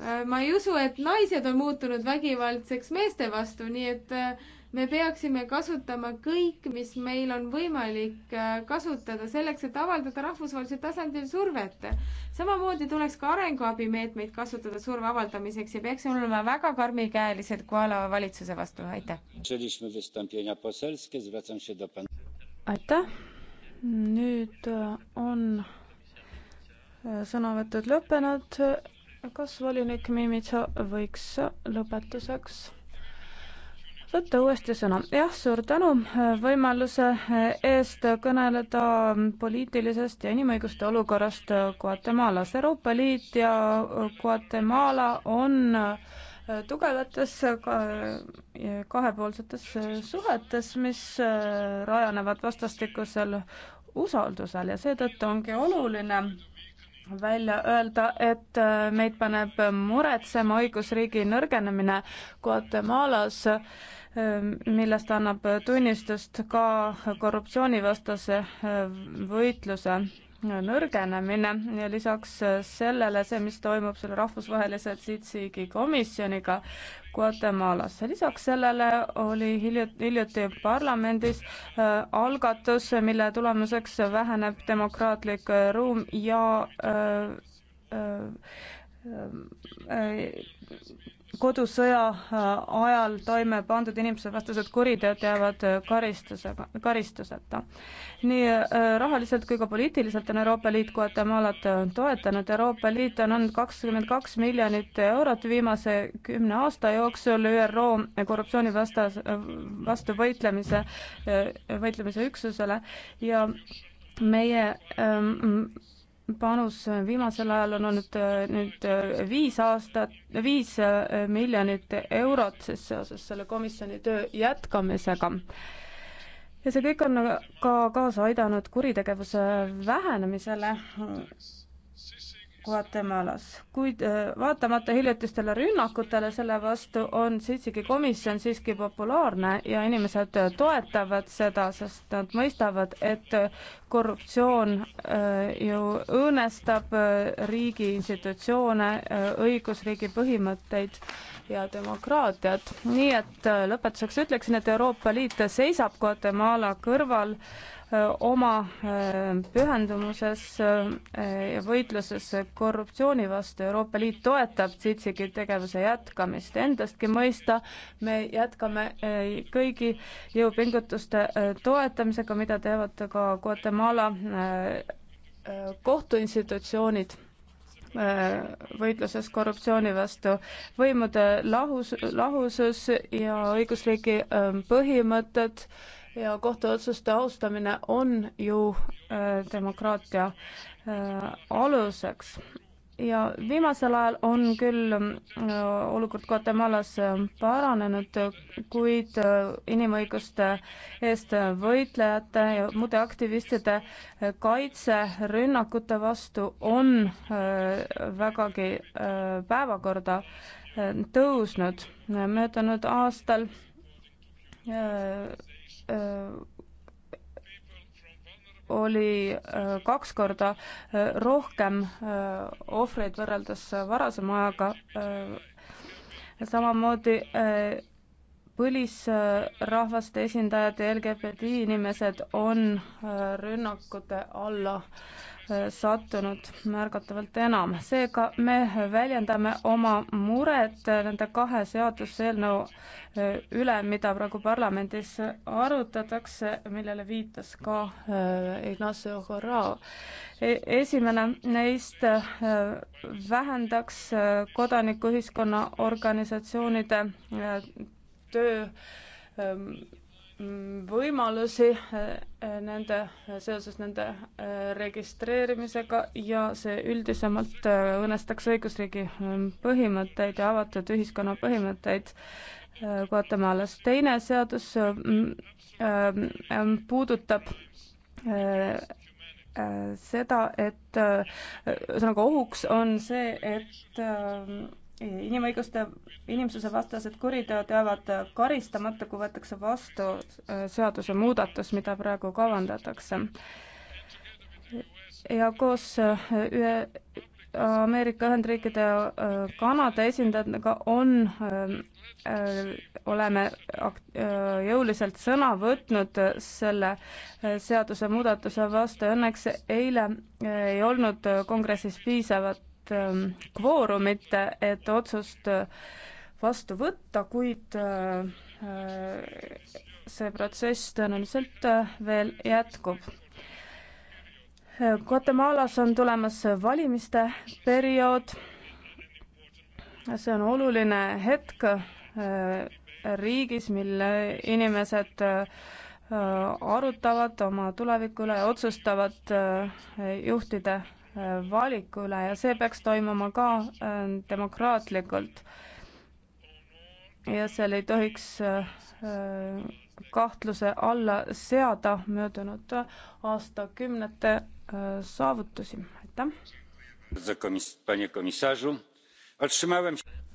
Äh, ma ei usu, et naised on muutunud vägivaldseks meeste vastu, nii et äh, me peaksime kasutama kõik, mis meil on võimalik äh, kasutada selleks, et avaldada rahvusvahelisel tasandil survet. samamoodi tuleks ka arenguabimeetmeid kasutada surve avaldamiseks ja peaksime olema väga karmikäelised Koala valitsuse vastu, aitäh. aitäh, nüüd on sõnavõtud lõppenud kas volinik Mimitsa võiks lõpetuseks võtta uuesti sõna? jah, suur tänu võimaluse eest kõneleda poliitilisest ja inimõiguste olukorrast Guatemalas. Euroopa Liit ja Guatemala on tugevates kahepoolsetes suhetes, mis rajanevad vastastikusel usaldusel ja seetõttu ongi oluline välja öelda, et äh, meid paneb muretsema õigusriigi nõrgenemine Guatemalas, äh, millest annab tunnistust ka korruptsioonivastase äh, võitluse nõrgenemine ja lisaks sellele see, mis toimub selle rahvusvahelise Tzitziki komisjoniga Guatemalas. lisaks sellele oli hiljuti, hiljuti parlamendis äh, algatus, mille tulemuseks väheneb demokraatlik äh, ruum ja äh, äh, äh, kodusõja äh, ajal toime pandud inimsusevastased kuriteod jäävad äh, karistusega, karistuseta. nii äh, rahaliselt kui ka poliitiliselt on Euroopa Liit Guatemalat toetanud, Euroopa Liit on andnud kakskümmend kaks miljonit eurot viimase kümne aasta jooksul ÜRO korruptsioonivastas, vastu võitlemise, võitlemise üksusele ja meie ähm, panus viimasel ajal on olnud äh, nüüd äh, viis aastat, viis äh, miljonit eurot siis seoses selle komisjoni töö jätkamisega. ja see kõik on ka kaasa aidanud kuritegevuse vähenemisele Guatemalas, kuid äh, vaatamata hiljutistele rünnakutele selle vastu on Sitsigi komisjon siiski populaarne ja inimesed toetavad seda, sest nad mõistavad, et korruptsioon äh, ju õõnestab äh, riigi institutsioone, õigusriigi põhimõtteid ja demokraatiat. nii et lõpetuseks ütleksin, et Euroopa Liit seisab Guatemala kõrval äh, oma pühendumuses e, ja võitluses korruptsiooni vastu. Euroopa Liit toetab Tsitsiki tegevuse jätkamist. Endastki mõista me jätkame e, kõigi jõupingutuste e, toetamisega, mida teevad ka Guatemala kohtuinstitutsioonid võitluses korruptsiooni vastu. võimude lahus, lahusus ja õigusriigi põhimõtted äh, ja kohtuotsuste austamine on ju äh, demokraatia äh, aluseks. ja viimasel ajal on küll äh, olukord Guatemalas paranenud, kuid inimõiguste eest võitlejate ja muude aktivistide kaitse rünnakute vastu on vägagi päevakorda tõusnud. möödunud aastal Äh, oli äh, kaks korda äh, rohkem ohvreid võrreldes varasema ajaga. samamoodi põlisrahvaste esindajad ja LGBT inimesed on rünnakute alla sattunud märgatavalt enam. seega me väljendame oma muret nende kahe seaduseelnõu e, üle, mida praegu parlamendis arutatakse, millele viitas ka e, Ignacio Corrao. E, esimene neist vähendaks kodanikuühiskonna organisatsioonide töö võimalusi eh, nende, seoses nende eh, registreerimisega ja see üldisemalt eh, õõnestaks õigusriigi mm, põhimõtteid ja avatud ühiskonna põhimõtteid Guatemalas. teine seadus mm, mm, puudutab seda, et ühesõnaga ohuks on see, et inimõiguste, inimsusevastased kuriteod jäävad karistamata, kui võetakse vastu äh, seadusemuudatus, mida praegu kavandatakse. ja koos äh, ühe Ameerika Ühendriikide äh, Kanada esindajatega on, ähm, oleme jõuliselt sõna võtnud selle seadusemuudatuse vastu. Õnneks eile ei olnud kongressis piisavat Ähm, kvoorumit, et otsust äh, vastu võtta, kuid äh, äh, see protsess tõenäoliselt veel jätkub. Guatemalas on tulemas valimiste periood. see on oluline hetk riigis, mille inimesed arutavad oma tuleviku üle, otsustavad juhtide valikule ja see peaks toimuma ka äh, demokraatlikult. ja seal ei tohiks äh, kahtluse alla seada möödunud aastakümnete äh, saavutusi, aitäh.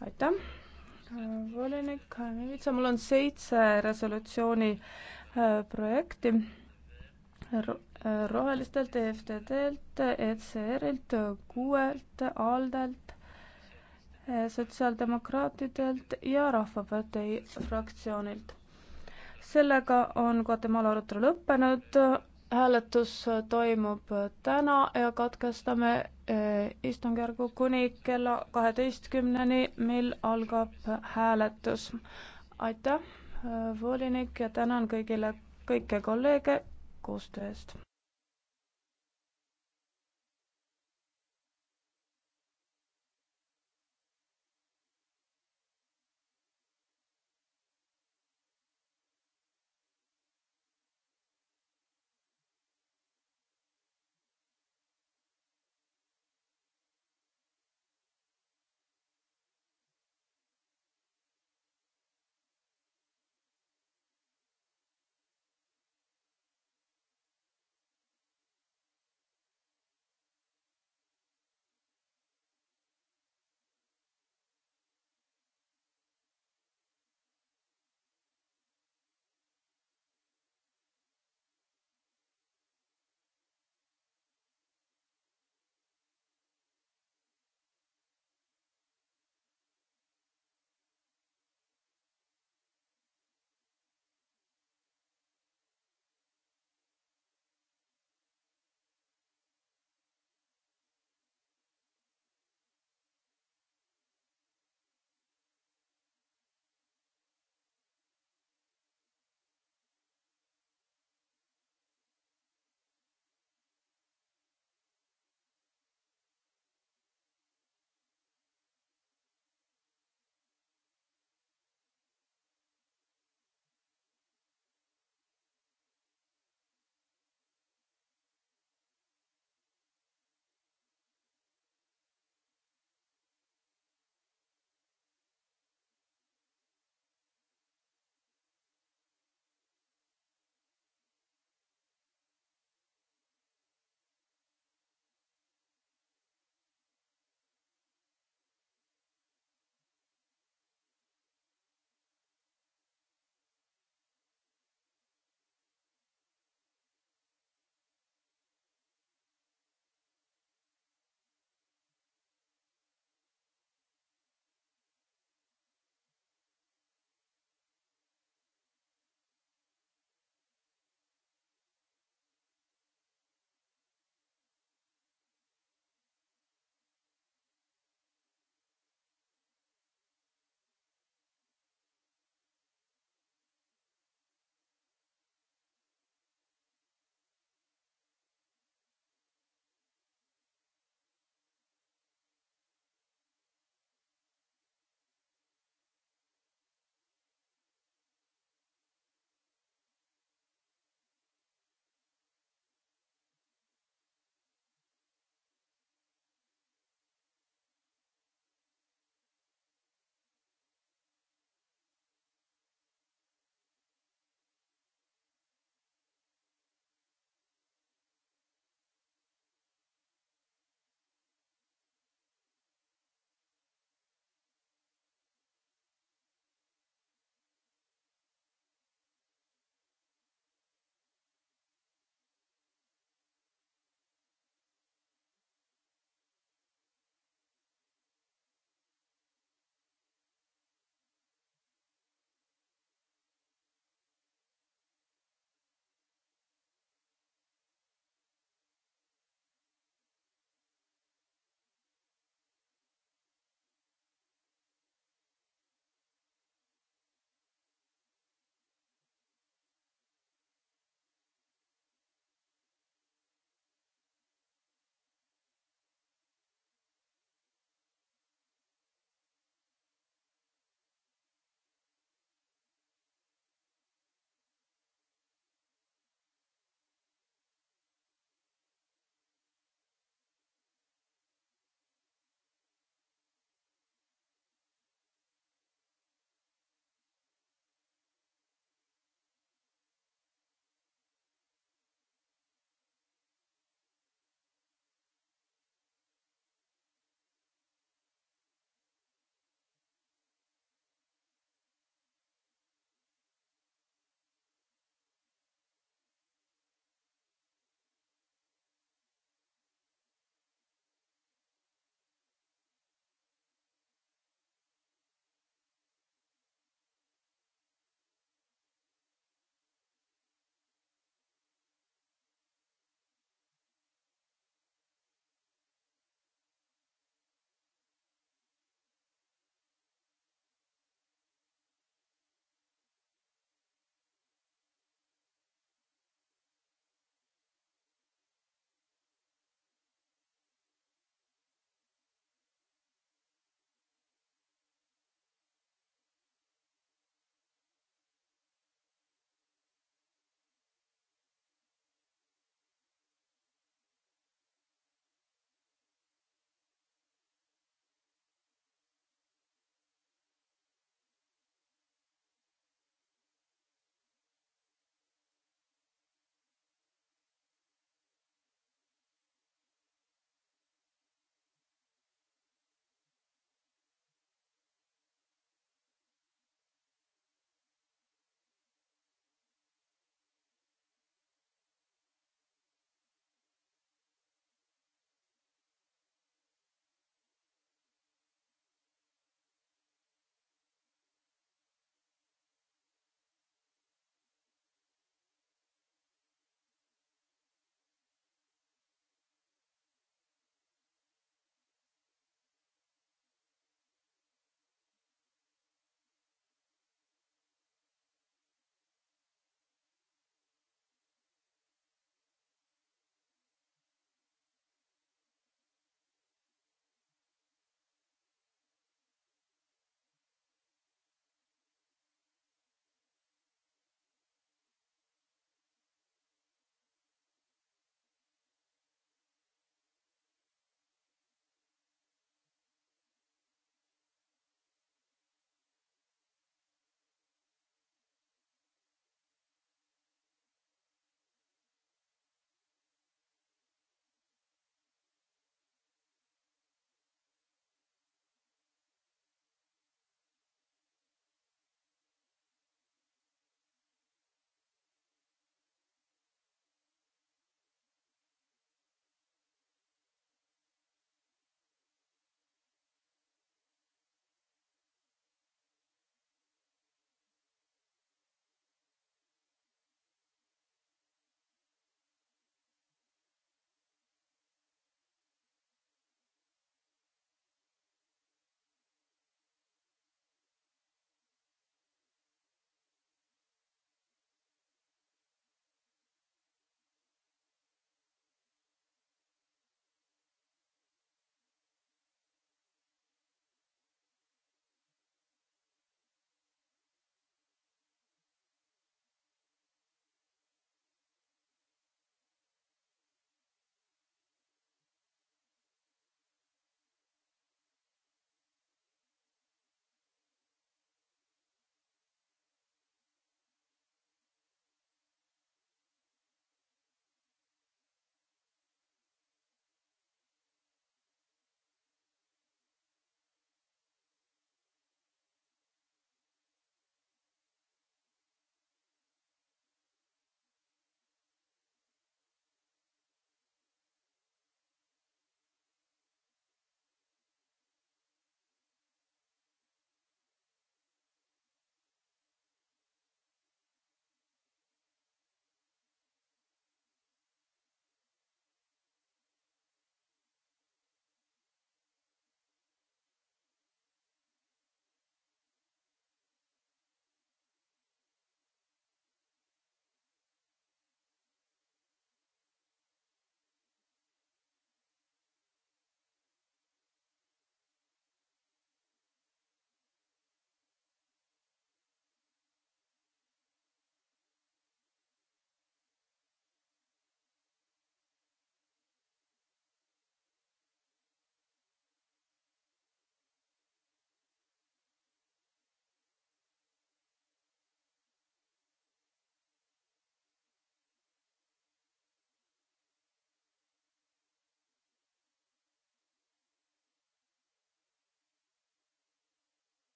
aitäh, volinik Mivitsa, mul on seitse resolutsiooni projekti Äh, rohelistelt, EFTD-lt, ECR-ilt, kuuelt, ALDE-lt, äh, sotsiaaldemokraatidelt ja Rahvapartei fraktsioonilt. sellega on Guatemala arutelu lõppenud, hääletus toimub täna ja katkestame äh, istungjärgu kuni kella kaheteistkümneni, mil algab hääletus. aitäh, volinik, ja tänan kõigile, kõiki kolleege koostöö eest!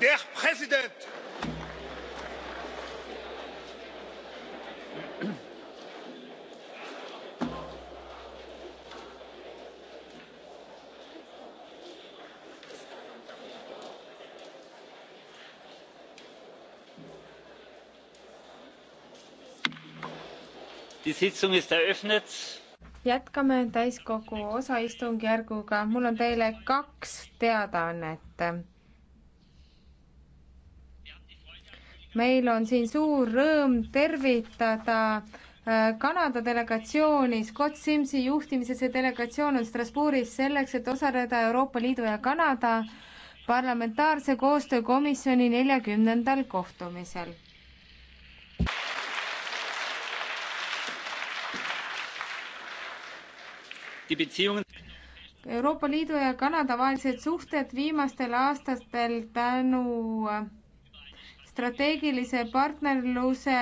der präsident! jätkame täiskogu osaistungjärguga mul on teile kaks teadaannet. meil on siin suur rõõm tervitada äh, Kanada delegatsiooni, Scott Simsi juhtimises see delegatsioon on Strasbourgis selleks, et osaleda Euroopa Liidu ja Kanada parlamentaarse koostöökomisjoni neljakümnendal kohtumisel Euroopa Liidu ja Kanada vahelised suhted viimastel aastatel tänu strateegilise partnerluse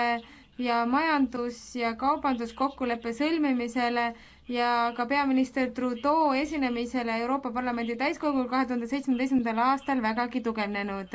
ja majandus- ja kaubanduskokkuleppe sõlmimisele ja ka peaminister Trudeau esinemisele Euroopa Parlamendi täiskogul kahe tuhande seitsmeteistkümnendal aastal vägagi tugevnenud.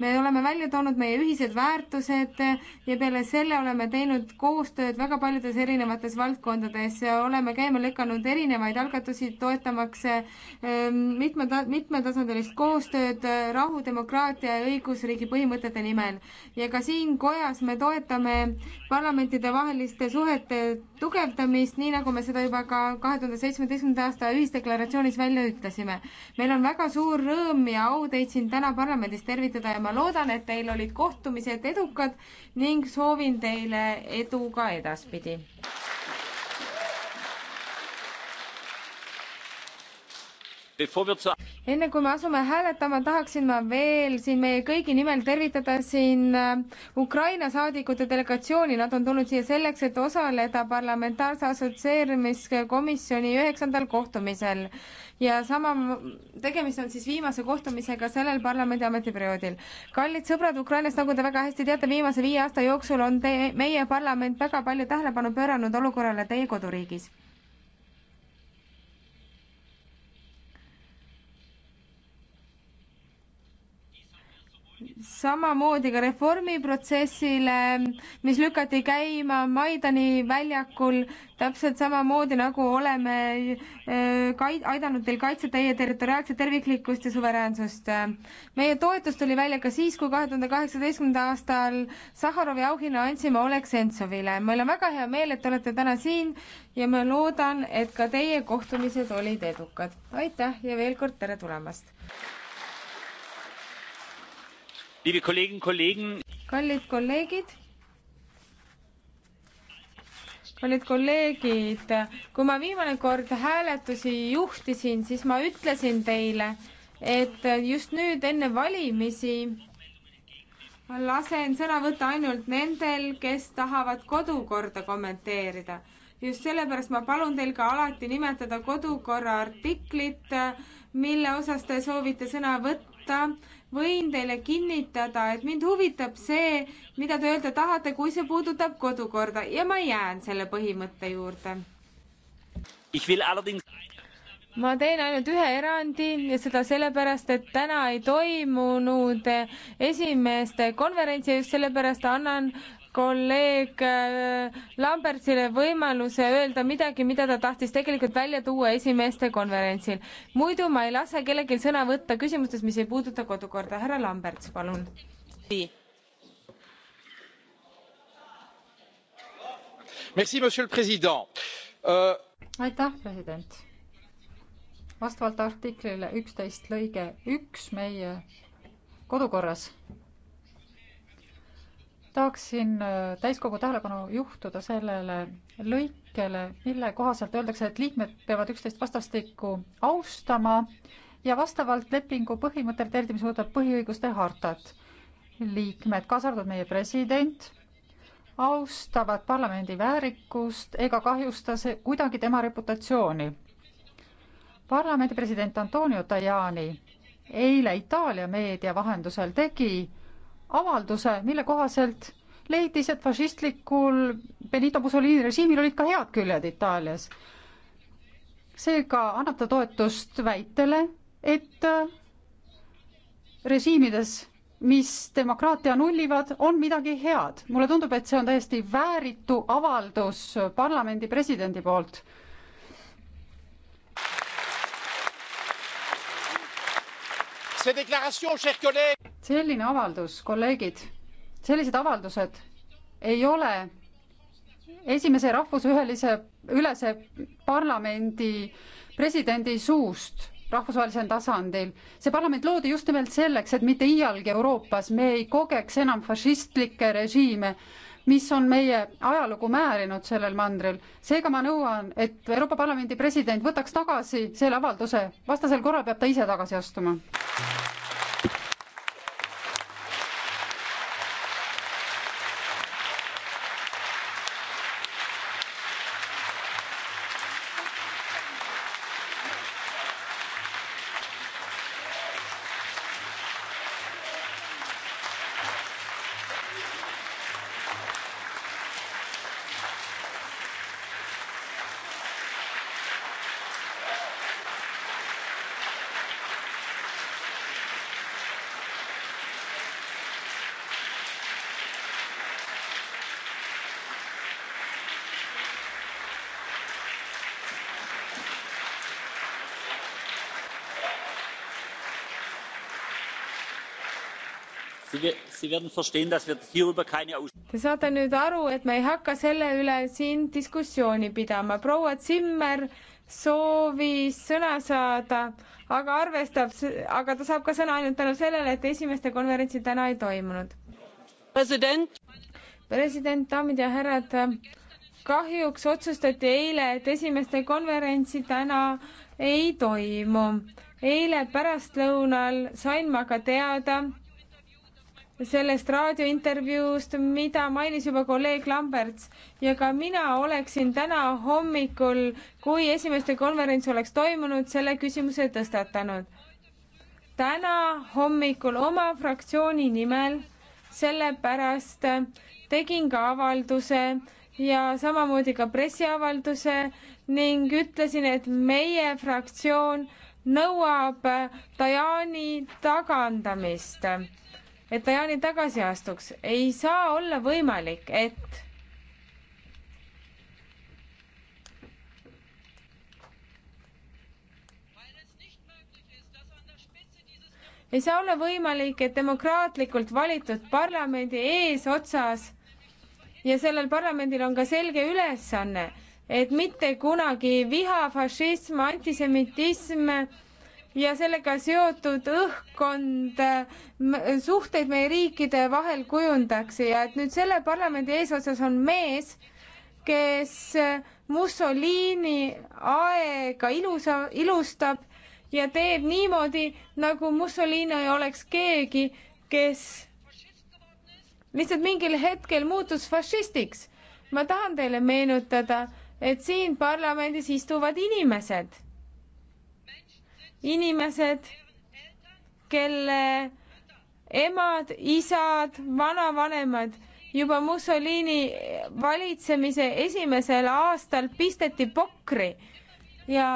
me oleme välja toonud meie ühised väärtused ja peale selle oleme teinud koostööd väga paljudes erinevates valdkondades, oleme käima lükanud erinevaid algatusi, toetamaks ehm, mitme, mitmetasandilist koostööd rahu, demokraatia ja õigusriigi põhimõtete nimel. ja ka siin kojas me toetame parlamentidevaheliste suhete tugevdamist, nii nagu me seda juba juba ka kahe tuhande seitsmeteistkümnenda aasta ühisdeklaratsioonis välja ütlesime. meil on väga suur rõõm ja au teid siin täna parlamendis tervitada ja ma loodan, et teil olid kohtumised edukad ning soovin teile edu ka edaspidi. enne kui me asume hääletama, tahaksin ma veel siin meie kõigi nimel tervitada siin äh, Ukraina saadikute delegatsiooni, nad on tulnud siia selleks, et osaleda parlamentaarse assotsieerimiskomisjoni üheksandal kohtumisel ja sama, tegemist on siis viimase kohtumisega sellel parlamendi ametiperioodil. kallid sõbrad Ukrainast, nagu te väga hästi teate, viimase viie aasta jooksul on te, meie parlament väga palju tähelepanu pööranud olukorrale teie koduriigis samamoodi ka reformiprotsessile, mis lükati käima Maidani väljakul, täpselt samamoodi nagu oleme äh, kait-, aidanud teil kaitsta teie territoriaalset terviklikkust ja suveräänsust. meie toetus tuli välja ka siis, kui kahe tuhande kaheksateistkümnenda aastal Sahharovi auhinna andsime Oleg Sentsovile. meil on väga hea meel, et te olete täna siin ja ma loodan, et ka teie kohtumised olid edukad. aitäh ja veel kord tere tulemast! kallid kolleegid, kallid kolleegid, kui ma viimane kord hääletusi juhtisin, siis ma ütlesin teile, et just nüüd enne valimisi ma lasen sõna võtta ainult nendel, kes tahavad kodukorda kommenteerida. just sellepärast ma palun teil ka alati nimetada kodukorra artiklit, mille osas te soovite sõna võtta võin teile kinnitada, et mind huvitab see, mida te öelda tahate, kui see puudutab kodukorda ja ma jään selle põhimõtte juurde. ma teen ainult ühe erandi ja seda sellepärast, et täna ei toimunud esimeeste konverentsi ja just sellepärast annan kolleeg äh, Lambertsile võimaluse öelda midagi, mida ta tahtis tegelikult välja tuua esimeeste konverentsil. muidu ma ei lase kellelgi sõna võtta küsimustes, mis ei puuduta kodukorda. härra Lamberts, palun. Euh, aitäh, president. vastavalt artiklile üksteist lõige üks meie kodukorras tahaksin äh, täiskogu tähelepanu juhtuda sellele lõikele, mille kohaselt öeldakse, et liikmed peavad üksteist vastastikku austama ja vastavalt lepingu põhimõttele, eriti mis puudutab põhiõiguste hartat. liikmed, kaasa arvatud meie president, austavad parlamendi väärikust ega kahjusta see kuidagi tema reputatsiooni. parlamendi president Antonio Tajani eile Itaalia meedia vahendusel tegi avalduse, mille kohaselt leidis, et fašistlikul Benito Mussolini režiimil olid ka head küljed Itaalias. seega annab ta toetust väitele, et režiimides, mis demokraatia nullivad, on midagi head. mulle tundub, et see on täiesti vääritu avaldus parlamendi presidendi poolt selline avaldus, kolleegid, sellised avaldused ei ole esimese rahvusühelise, ülese parlamendi presidendi suust rahvusvahelisel tasandil. see parlament loodi just nimelt selleks, et mitte iialgi Euroopas me ei kogeks enam fašistlikke režiime mis on meie ajalugu määrinud sellel mandril. seega ma nõuan, et Euroopa Parlamendi president võtaks tagasi selle avalduse, vastasel korral peab ta ise tagasi astuma. Te saate nüüd aru, et me ei hakka selle üle siin diskussiooni pidama. proua Zimmer soovis sõna saada, aga arvestab, aga ta saab ka sõna ainult tänu sellele, et esimeste konverentsi täna ei toimunud. president. president, daamid ja härrad kahjuks otsustati eile, et esimeste konverentsi täna ei toimu. eile pärastlõunal sain ma ka teada, sellest raadiointervjuust, mida mainis juba kolleeg Lamberts ja ka mina oleksin täna hommikul, kui esimeste konverents oleks toimunud, selle küsimuse tõstatanud. täna hommikul oma fraktsiooni nimel, sellepärast tegin ka avalduse ja samamoodi ka pressiavalduse ning ütlesin, et meie fraktsioon nõuab Dajani tagandamist et Tajani tagasi astuks. ei saa olla võimalik, et ei saa olla võimalik, et demokraatlikult valitud parlamendi eesotsas ja sellel parlamendil on ka selge ülesanne, et mitte kunagi viha, fašism, antisemitism ja sellega seotud õhkkond suhteid meie riikide vahel kujundaks ja et nüüd selle parlamendi eesotsas on mees, kes Mussolini aega ilusa, ilustab ja teeb niimoodi, nagu Mussolini oleks keegi, kes lihtsalt mingil hetkel muutus fašistiks. ma tahan teile meenutada, et siin parlamendis istuvad inimesed inimesed, kelle emad, isad, vanavanemad juba Mussolini valitsemise esimesel aastal pisteti pokri ja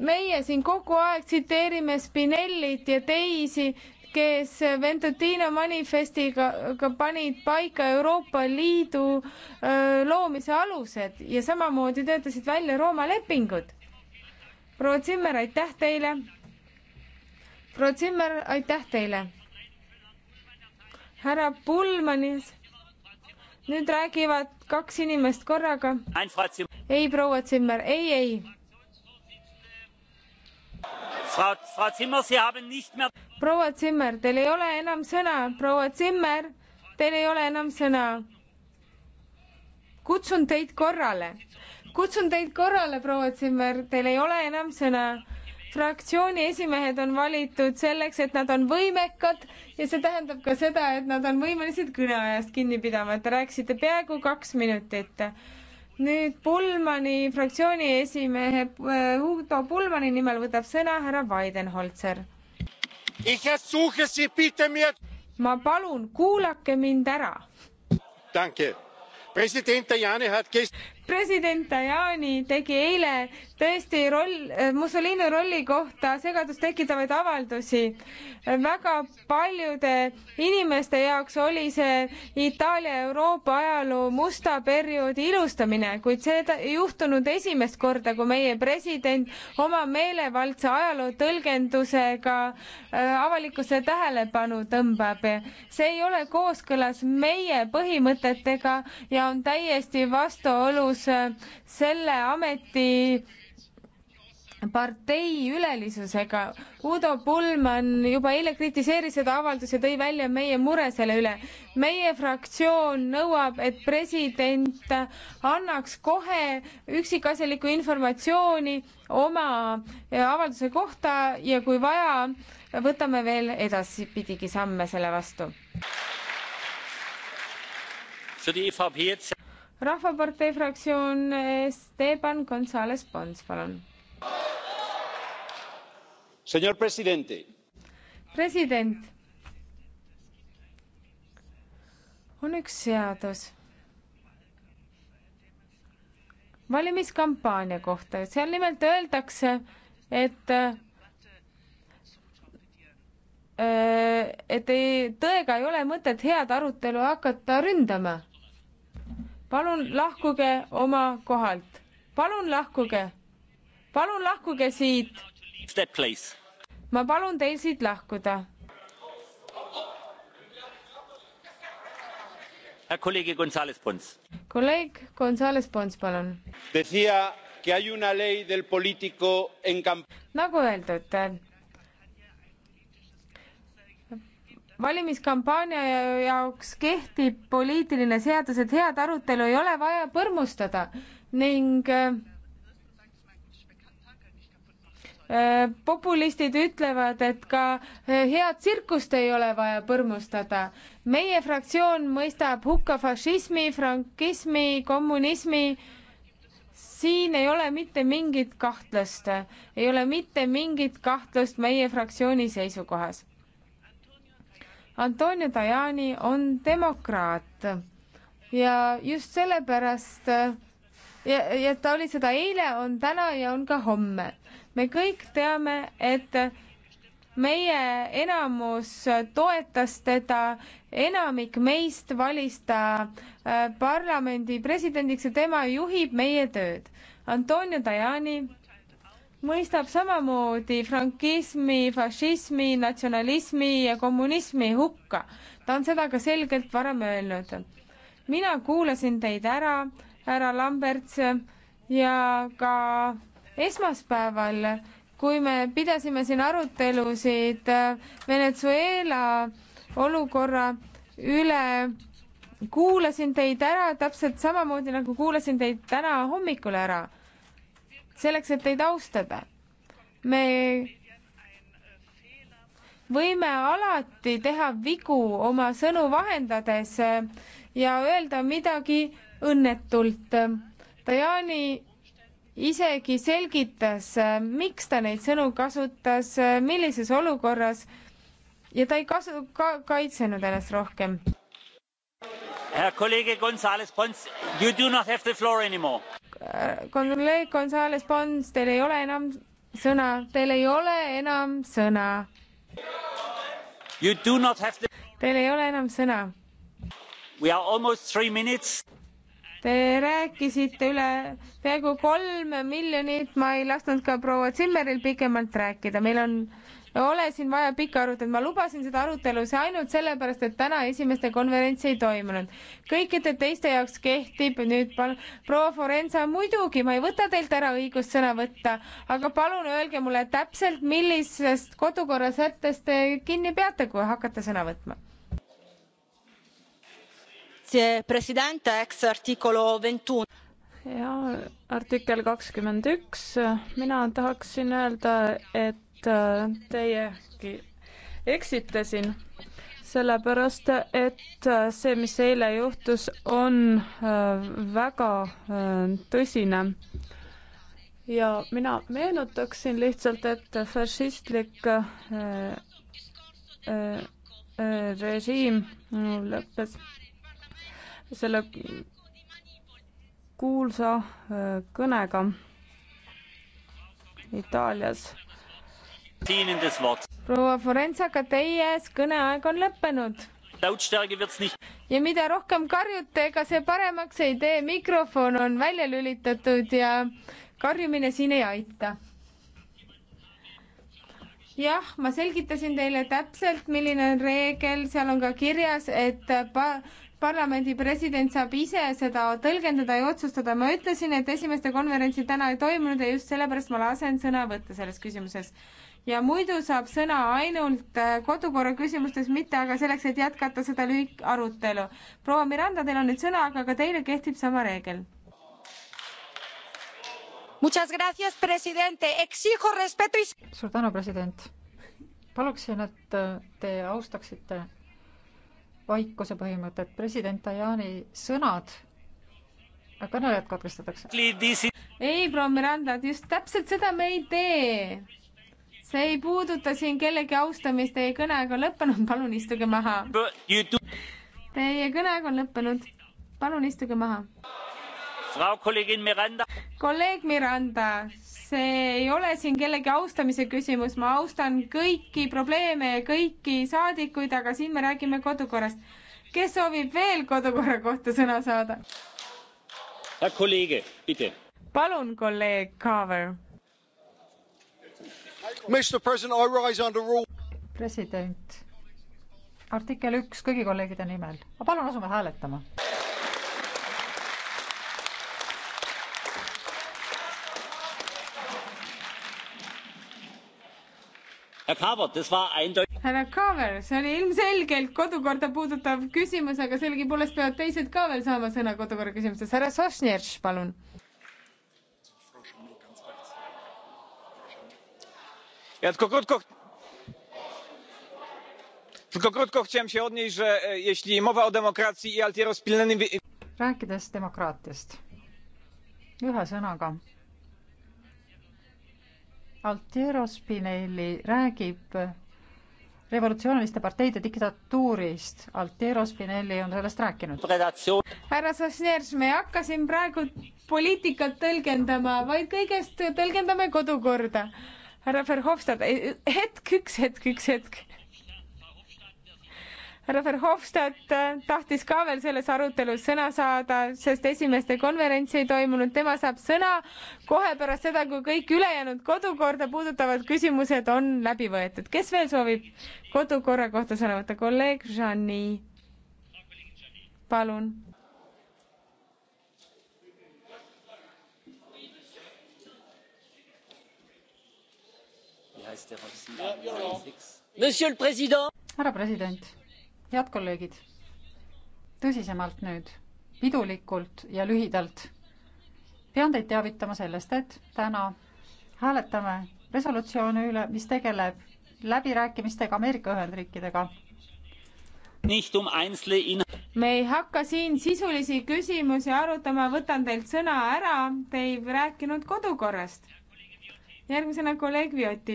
meie siin kogu aeg tsiteerime Spinellit ja teisi, kes Ventotino manifestiga ka panid paika Euroopa Liidu öö, loomise alused ja samamoodi töötasid välja Rooma lepingud proua Zimmer, aitäh teile. proua Zimmer, aitäh teile. härra Pullmanis, nüüd räägivad kaks inimest korraga. ei, proua Zimmer, ei, ei. proua Zimmer, teil ei ole enam sõna, proua Zimmer, teil ei ole enam sõna. kutsun teid korrale kutsun teid korrale, proua Zimmer, teil ei ole enam sõna. fraktsiooni esimehed on valitud selleks, et nad on võimekad ja see tähendab ka seda, et nad on võimelised kõneajast kinni pidama, et te rääkisite peaaegu kaks minutit nüüd Pulmani fraktsiooni esimehe Uudo äh, Pulmani nimel võtab sõna härra Weidenholzer. ma palun, kuulake mind ära. president Tajani president Tajani tegi eile tõesti roll, eh, Mussolini rolli kohta segadust tekitavaid avaldusi. väga paljude inimeste jaoks oli see Itaalia Euroopa ajaloo musta perioodi ilustamine, kuid see ei juhtunud esimest korda, kui meie president oma meelevaldse ajaloo tõlgendusega eh, avalikkuse tähelepanu tõmbab. see ei ole kooskõlas meie põhimõtetega ja on täiesti vastuolus küsimus selle ameti partei ülelisusega. Udo Pullmann juba eile kritiseeris seda avaldust ja tõi välja meie mure selle üle. meie fraktsioon nõuab, et president annaks kohe üksikasjalikku informatsiooni oma avalduse kohta ja kui vaja, võtame veel edaspidigi samme selle vastu rahvapartei fraktsioon Esteban González Pons, palun. president. on üks seadus valimiskampaania kohta, seal nimelt öeldakse, et äh, et ei, tõega ei ole mõtet head arutelu hakata ründama palun lahkuge oma kohalt, palun lahkuge, palun lahkuge siit. ma palun teil siit lahkuda. kolleeg González Pons, palun. nagu öeldud valimiskampaania jaoks kehtib poliitiline seadus, et head arutelu ei ole vaja põrmustada ning äh, äh, populistid ütlevad, et ka äh, head tsirkust ei ole vaja põrmustada. meie fraktsioon mõistab hukka fašismi, frankismi, kommunismi. siin ei ole mitte mingit kahtlust, ei ole mitte mingit kahtlust meie fraktsiooni seisukohas. Antonio Tajani on demokraat ja just sellepärast ja, ja ta oli seda eile, on täna ja on ka homme. me kõik teame, et meie enamus toetas teda, enamik meist valis ta äh, parlamendi presidendiks ja tema juhib meie tööd. Antonio Tajani mõistab samamoodi frankismi, fašismi, natsionalismi ja kommunismi hukka. ta on seda ka selgelt varem öelnud. mina kuulasin teid ära, härra Lamberts, ja ka esmaspäeval, kui me pidasime siin arutelusid Venezuela olukorra üle, kuulasin teid ära täpselt samamoodi, nagu kuulasin teid täna hommikul ära selleks, et teid austada. me võime alati teha vigu oma sõnu vahendades äh, ja öelda midagi õnnetult. Dajani isegi selgitas, äh, miks ta neid sõnu kasutas, äh, millises olukorras ja ta ei kasu- ka,, kaitsenud ennast rohkem kolleeg Gonzales Pons, you do not have the floor anymore. kolleeg Gonzales Pons, teil ei ole enam sõna, teil ei ole enam sõna. You do not have the. Teil ei ole enam sõna. We are almost three minutes. Te rääkisite üle peaaegu kolm miljonit, ma ei lasknud ka proua Zimmeril pikemalt rääkida, meil on ole siin vaja pikka arutelu, ma lubasin seda arutelu, see ainult sellepärast, et täna esimeste konverentsi ei toimunud. kõikide teiste jaoks kehtib nüüd pal-, proua Forenza, muidugi ma ei võta teilt ära õigust sõna võtta, aga palun öelge mulle täpselt, millisest kodukorrasättest te kinni peate, kui hakkate sõna võtma grazie presidente ex articolo 21 ja artikkel kakskümmend üks mina tahaksin öelda et Äh, teiegi eksite siin, sellepärast et äh, see, mis eile juhtus, on äh, väga tõsine. ja mina meenutaksin lihtsalt, et fašistlik režiim lõppes selle kuulsa kõnega Itaalias proua Forentsaka, teie kõneaeg on lõppenud ja mida rohkem karjute, ega see paremaks ei tee, mikrofon on välja lülitatud ja karjumine siin ei aita. jah, ma selgitasin teile täpselt, milline on reegel, seal on ka kirjas, et pa-, parlamendi president saab ise seda tõlgendada ja otsustada. ma ütlesin, et esimeste konverentsi täna ei toimunud ja just sellepärast ma lasen sõna võtta selles küsimuses ja muidu saab sõna ainult äh, kodukorra küsimustes, mitte aga selleks, et jätkata seda lühiarutelu. proua Miranda, teil on nüüd sõna, aga ka teile kehtib sama reegel. suur tänu, president. paluksin, et äh, te austaksite vaikuse põhimõtet. president Tajani sõnad äh, kõnelejad katkestatakse. ei, proua Miranda, just täpselt seda me ei tee see ei puuduta siin kellegi austamist, teie kõneaeg on lõppenud, palun istuge maha. Teie kõneaeg on lõppenud, palun istuge maha. kolleeg Miranda, see ei ole siin kellegi austamise küsimus, ma austan kõiki probleeme ja kõiki saadikuid, aga siin me räägime kodukorrast. kes soovib veel kodukorra kohta sõna saada? palun, kolleeg Kaaver president, artikkel üks kõigi kolleegide nimel, ma palun asume hääletama. härra Kaaver, see oli ilmselgelt kodukorda puudutav küsimus, aga sellegipoolest peavad teised ka veel saama sõna kodukorra küsimustes. härra Sosnjerš, palun ja tylko krótko chciałem się odnieść że e, jeśli mowa o demokracji i altiero spinelli rääkides demokraatiast ühe sõnaga Altiero Spinelli räägib revolutsiooniliste parteide diktatuurist. Altiero Spinelli on sellest rääkinud. härra Sosners, me ei hakka siin praegu poliitikat tõlgendama, vaid kõigest tõlgendame kodukorda härra Verhofstadt, hetk, üks hetk, üks hetk. härra Verhofstadt äh, tahtis ka veel selles arutelus sõna saada, sest esimeste konverentsi ei toimunud, tema saab sõna kohe pärast seda, kui kõik ülejäänud kodukorda puudutavad küsimused on läbi võetud. kes veel soovib kodukorra kohta sõna võtta? kolleeg Žani, palun härra president, head kolleegid, tõsisemalt nüüd, pidulikult ja lühidalt pean teid teavitama sellest, et täna hääletame resolutsiooni üle, mis tegeleb läbirääkimistega Ameerika Ühendriikidega. Um me ei hakka siin sisulisi küsimusi arutama, võtan teilt sõna ära, te ei rääkinud kodukorrast järgmisena kolleeg Vioti.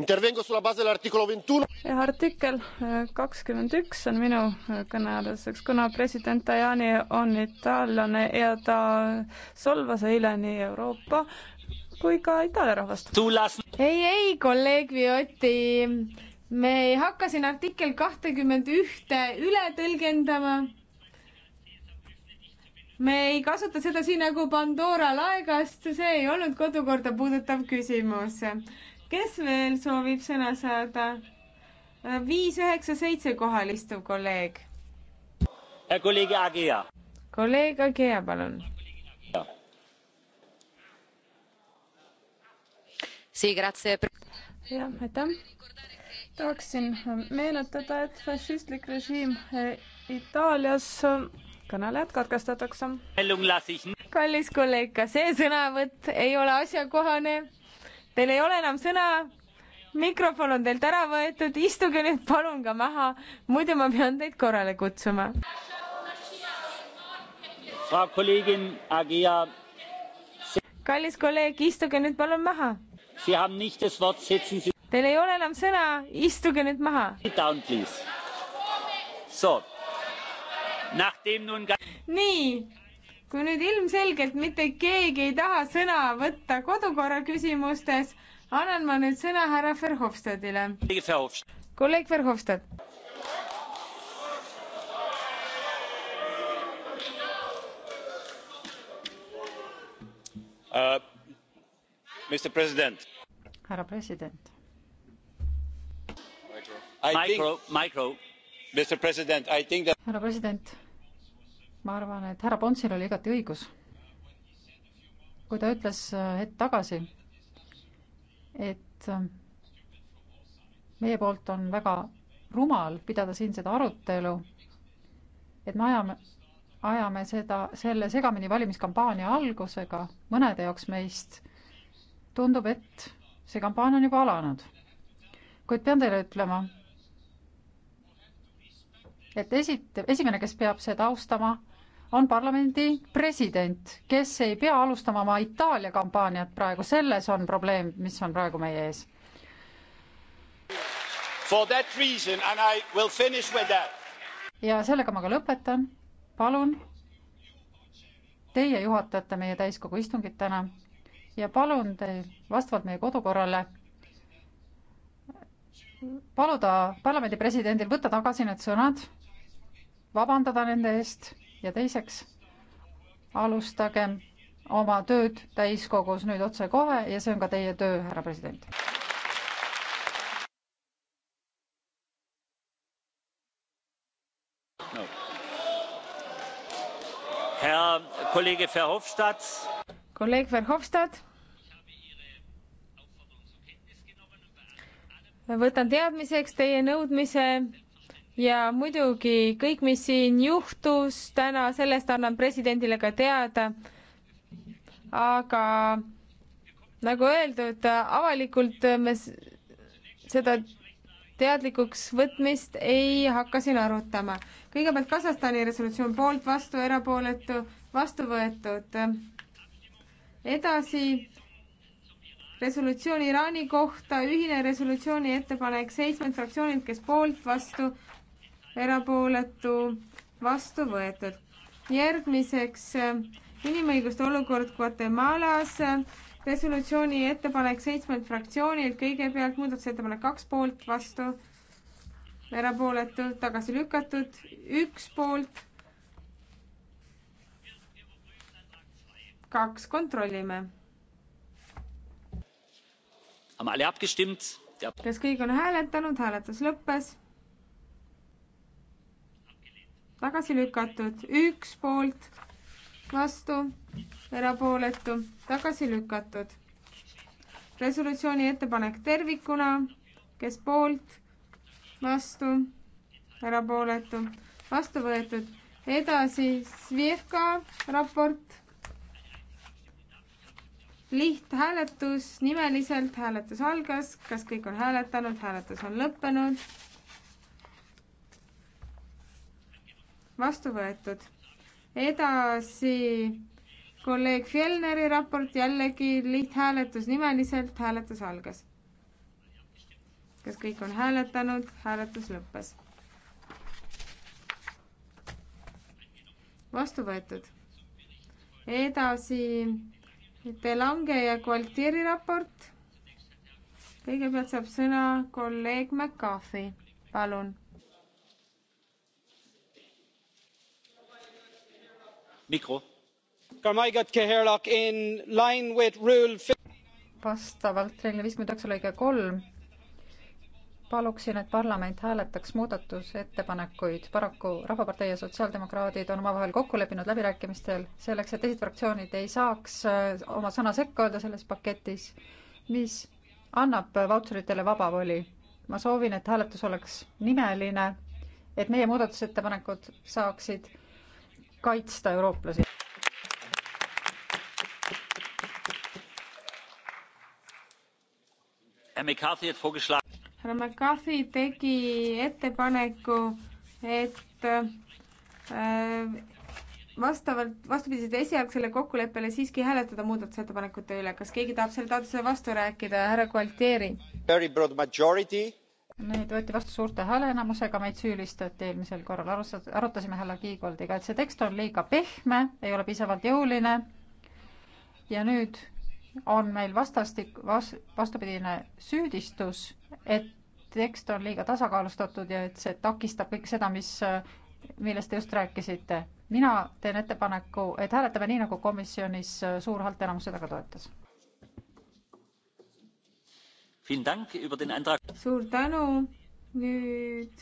Intervengo sulla base dell'articolo 21. artikkel eh, kakskümmend üks on minu eh, kõnealuseks, kuna president Tajani on itaallane ja ta solvas eile nii Euroopa kui ka Itaalia rahvast. ei, ei, kolleeg Vioti, me ei hakka siin artikkel kahtekümmend ühte üle tõlgendama me ei kasuta seda siin nagu Pandora laegast, see ei olnud kodukorda puudutav küsimus. kes veel soovib sõna saada? viis üheksa seitse kohal istuv kolleeg. kolleeg Agea. kolleeg Agea, palun. jah, aitäh tahaksin meenutada, et fašistlik režiim eh, Itaalias kõnelejad katkestatakse. kallis kolleeg, ka see sõnavõtt ei ole asjakohane. Teil ei ole enam sõna. mikrofon on teilt ära võetud, istuge nüüd palun ka maha, muidu ma pean teid korrale kutsuma. kallis kolleeg, istuge nüüd palun maha. Teil ei ole enam sõna, istuge nüüd maha. Sit down please. So nii, kui nüüd ilmselgelt mitte keegi ei taha sõna võtta kodukorra küsimustes, annan ma nüüd sõna härra Verhofstadile. kolleeg Verhofstad. härra uh, president. härra president that ma arvan, et härra Ponsil oli igati õigus, kui ta ütles äh, hetk tagasi, et äh, meie poolt on väga rumal pidada siin seda arutelu, et me ajame, ajame seda, selle segamini valimiskampaania algusega, mõnede jaoks meist tundub, et see kampaania on juba alanud. kuid pean teile ütlema, et esi-, esimene, kes peab seda austama, on parlamendi president, kes ei pea alustama oma Itaalia kampaaniat praegu, selles on probleem, mis on praegu meie ees. ja sellega ma ka lõpetan, palun, teie juhatate meie täiskogu istungit täna ja palun teil vastavalt meie kodukorrale paluda parlamendi presidendil võtta tagasi need sõnad, vabandada nende eest ja teiseks alustagem oma tööd täiskogus nüüd otsekohe ja see on ka teie töö, härra president. kolleeg Verhofstadt. kolleeg Verhofstadt. võtan teadmiseks teie nõudmise ja muidugi kõik, mis siin juhtus täna, sellest annan presidendile ka teada. aga nagu öeldud, avalikult me seda teadlikuks võtmist ei hakka siin arutama. kõigepealt Kasahstani resolutsioon poolt, vastu, erapooletu, vastu võetud. edasi resolutsioon Iraani kohta, ühine resolutsiooni ettepanek seitsmelt fraktsioonilt, kes poolt, vastu, erapooletu, vastu võetud. järgmiseks inimõiguste olukord Guatemalas, resolutsiooni ettepanek seitsmelt fraktsioonilt, kõigepealt muudatusettepanek kaks poolt, vastu, erapooletu, tagasi lükatud, üks poolt, kaks, kontrollime. kas kõik on hääletanud, hääletus lõppes tagasi lükatud, üks poolt, vastu, erapooletu, tagasi lükatud. resolutsiooni ettepanek tervikuna, kes poolt, vastu, erapooletu, vastu võetud. edasi Svjevka raport. lihthääletus, nimeliselt hääletus algas, kas kõik on hääletanud, hääletus on lõppenud vastu võetud. edasi kolleeg Fjellneri raport, jällegi lihthääletus nimeliselt, hääletus algas. kas kõik on hääletanud, hääletus lõppes. vastu võetud. edasi De Lange ja Gualtieri raport. kõigepealt saab sõna kolleeg McCarthy, palun vastavalt reeglile viiskümmend üheksa lõige kolm paluksin et parlament hääletaks muudatusettepanekuid paraku rahvapartei ja sotsiaaldemokraadid on omavahel kokku leppinud läbirääkimistel selleks et teised fraktsioonid ei saaks äh, oma sõna sekka öelda selles paketis mis annab vautšeritele vaba voli ma soovin et hääletus oleks nimeline et meie muudatusettepanekud saaksid kaitsta eurooplasi. härra McCarthy tegi ettepaneku, et äh, vastavalt, vastupidiselt esialgsele kokkuleppele siiski hääletada muudatusettepanekute üle. kas keegi tahab selle taotluse vastu rääkida? härra Gualtieri. Very broad majority Neid võeti vastu suurte hääleenamusega, meid süüdistati eelmisel korral, arutasime härra Kiigoldiga, et see tekst on liiga pehme, ei ole piisavalt jõuline. ja nüüd on meil vastastik, vas-, vastupidine süüdistus, et tekst on liiga tasakaalustatud ja et see takistab kõik seda, mis, millest te just rääkisite. mina teen ettepaneku, et hääletame nii, nagu komisjonis suur häälteenamus seda ka toetas suur tänu, nüüd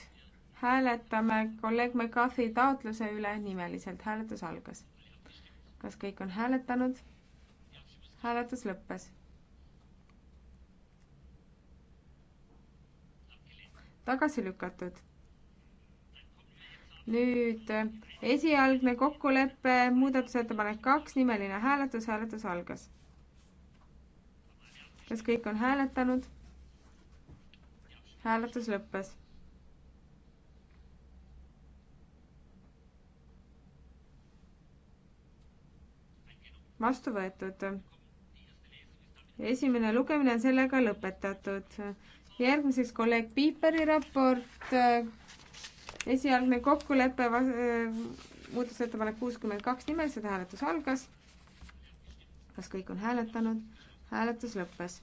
hääletame kolleeg McCarthy taotluse üle nimeliselt, hääletus algas. kas kõik on hääletanud? hääletus lõppes tagasi lükatud. nüüd esialgne kokkulepe, muudatusettepanek kaks, nimeline hääletus, hääletus algas kas kõik on hääletanud? hääletus lõppes. vastu võetud. esimene lugemine on sellega lõpetatud. järgmiseks kolleeg Piiperi raport, esialgne kokkulepe, äh, muudatusettepanek kuuskümmend kaks, nimeliselt hääletus algas. kas kõik on hääletanud? hääletus lõppes.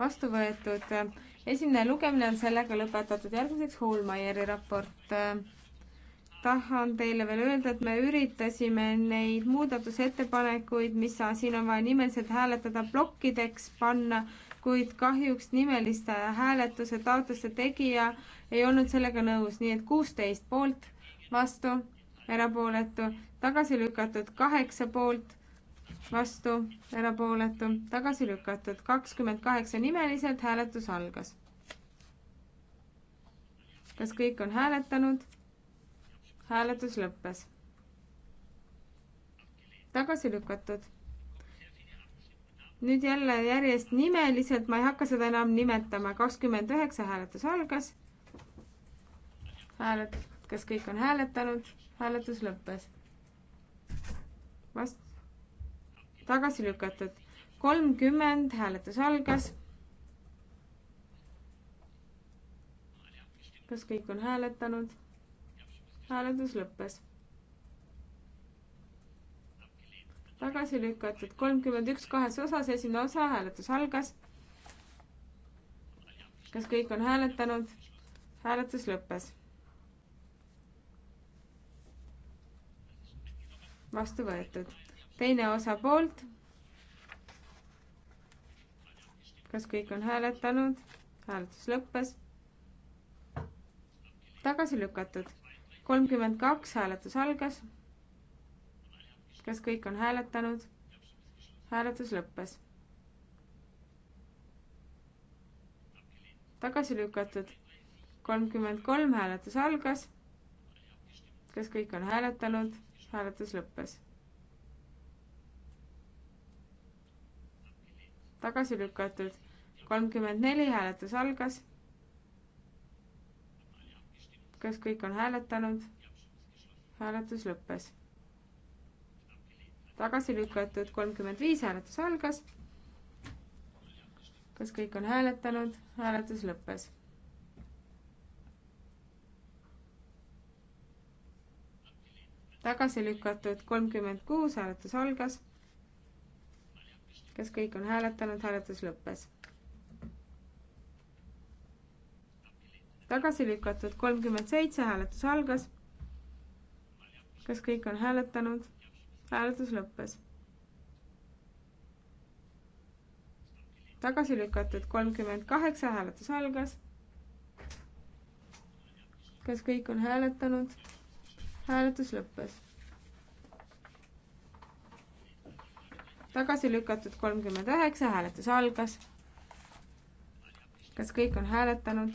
vastu võetud. esimene lugemine on sellega lõpetatud. järgmiseks Hoolmeieri raport tahan teile veel öelda, et me üritasime neid muudatusettepanekuid, mis siin on vaja nimeliselt hääletada, plokkideks panna, kuid kahjuks nimeliste hääletuse taotluste tegija ei olnud sellega nõus, nii et kuusteist poolt, vastu, erapooletu, tagasi lükatud kaheksa poolt, vastu, erapooletu, tagasi lükatud, kakskümmend kaheksa nimeliselt hääletus algas. kas kõik on hääletanud? hääletus lõppes. tagasi lükatud. nüüd jälle järjest nimeliselt, ma ei hakka seda enam nimetama, kakskümmend üheksa hääletus algas. hääled, kas kõik on hääletanud? hääletus lõppes. vast-, tagasi lükatud. kolmkümmend, hääletus algas. kas kõik on hääletanud? hääletus lõppes. tagasi lükatud kolmkümmend üks kahes osas, esimene osa, hääletus algas. kas kõik on hääletanud? hääletus lõppes. vastu võetud teine osa poolt. kas kõik on hääletanud? hääletus lõppes. tagasi lükatud. kolmkümmend kaks hääletus algas. kas kõik on hääletanud? hääletus lõppes. tagasi lükatud. kolmkümmend kolm hääletus algas. kas kõik on hääletanud? hääletus lõppes tagasi lükatud. kolmkümmend neli hääletus algas. kas kõik on hääletanud? hääletus lõppes. tagasi lükatud kolmkümmend viis hääletus algas. kas kõik on hääletanud? hääletus lõppes. tagasi lükatud kolmkümmend kuus hääletus algas kas kõik on hääletanud, hääletus lõppes. tagasi lükatud kolmkümmend seitse, hääletus algas. kas kõik on hääletanud, hääletus lõppes. tagasi lükatud kolmkümmend kaheksa, hääletus algas. kas kõik on hääletanud, hääletus lõppes tagasi lükatud kolmkümmend üheksa, hääletus algas. kas kõik on hääletanud?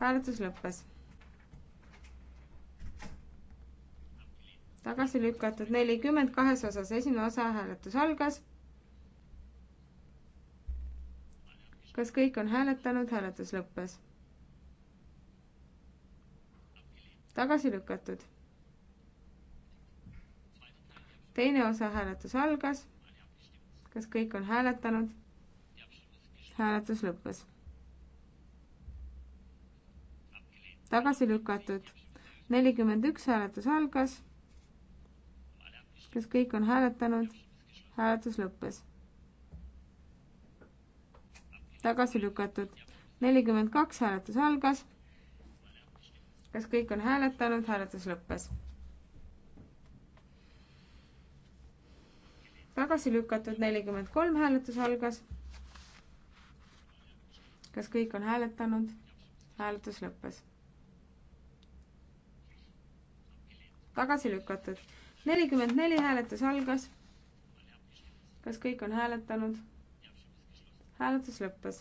hääletus lõppes. tagasi lükatud nelikümmend kahes osas, esimene osa hääletus algas. kas kõik on hääletanud, hääletus lõppes. tagasi lükatud. teine osa hääletus algas kas kõik on hääletanud? hääletus lõppes. tagasi lükatud. nelikümmend üks hääletus algas. kas kõik on hääletanud? hääletus lõppes. tagasi lükatud. nelikümmend kaks hääletus algas. kas kõik on hääletanud? hääletus lõppes tagasi lükatud, nelikümmend kolm hääletus algas. kas kõik on hääletanud? hääletus lõppes. tagasi lükatud, nelikümmend neli hääletus algas. kas kõik on hääletanud? hääletus lõppes.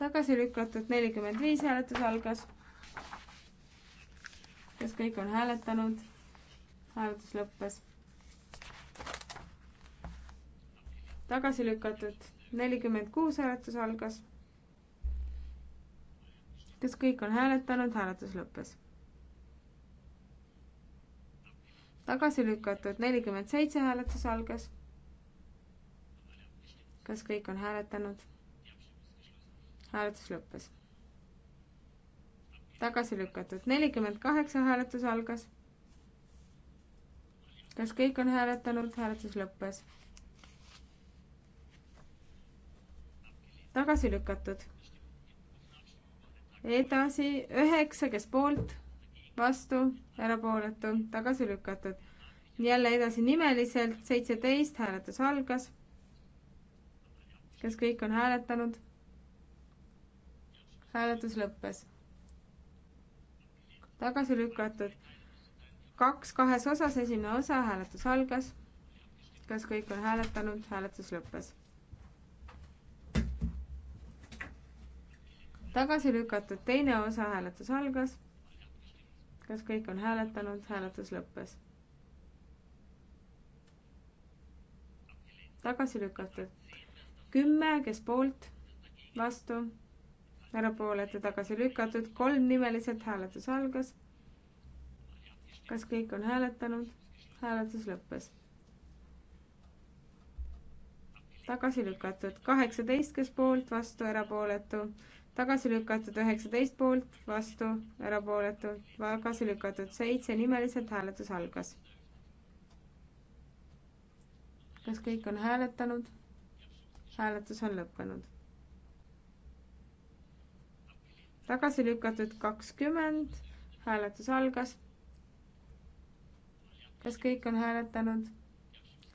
tagasi lükatud, nelikümmend viis hääletus algas. kas kõik on hääletanud? hääletus lõppes tagasi lükatud, nelikümmend kuus hääletus algas. kas kõik on hääletanud, hääletus lõppes. tagasi lükatud, nelikümmend seitse hääletus algas. kas kõik on hääletanud? hääletus lõppes. tagasi lükatud, nelikümmend kaheksa hääletus algas. kas kõik on hääletanud, hääletus lõppes tagasi lükatud. edasi üheksa, kes poolt, vastu, erapooletu, tagasi lükatud. jälle edasi nimeliselt, seitseteist, hääletus algas. kas kõik on hääletanud? hääletus lõppes. tagasi lükatud. kaks kahes osas, esimene osa, hääletus algas. kas kõik on hääletanud? hääletus lõppes tagasi lükatud, teine osa hääletus algas. kas kõik on hääletanud, hääletus lõppes. tagasi lükatud, kümme, kes poolt, vastu, erapooletu tagasi lükatud, kolm nimeliselt hääletus algas. kas kõik on hääletanud, hääletus lõppes tagasi lükatud, kaheksateistkümnes poolt, vastu erapooletu, tagasi lükatud üheksateist poolt, vastu, erapooletu, tagasi lükatud seitse, nimeliselt hääletus algas. kas kõik on hääletanud? hääletus on lõppenud. tagasi lükatud kakskümmend, hääletus algas. kas kõik on hääletanud?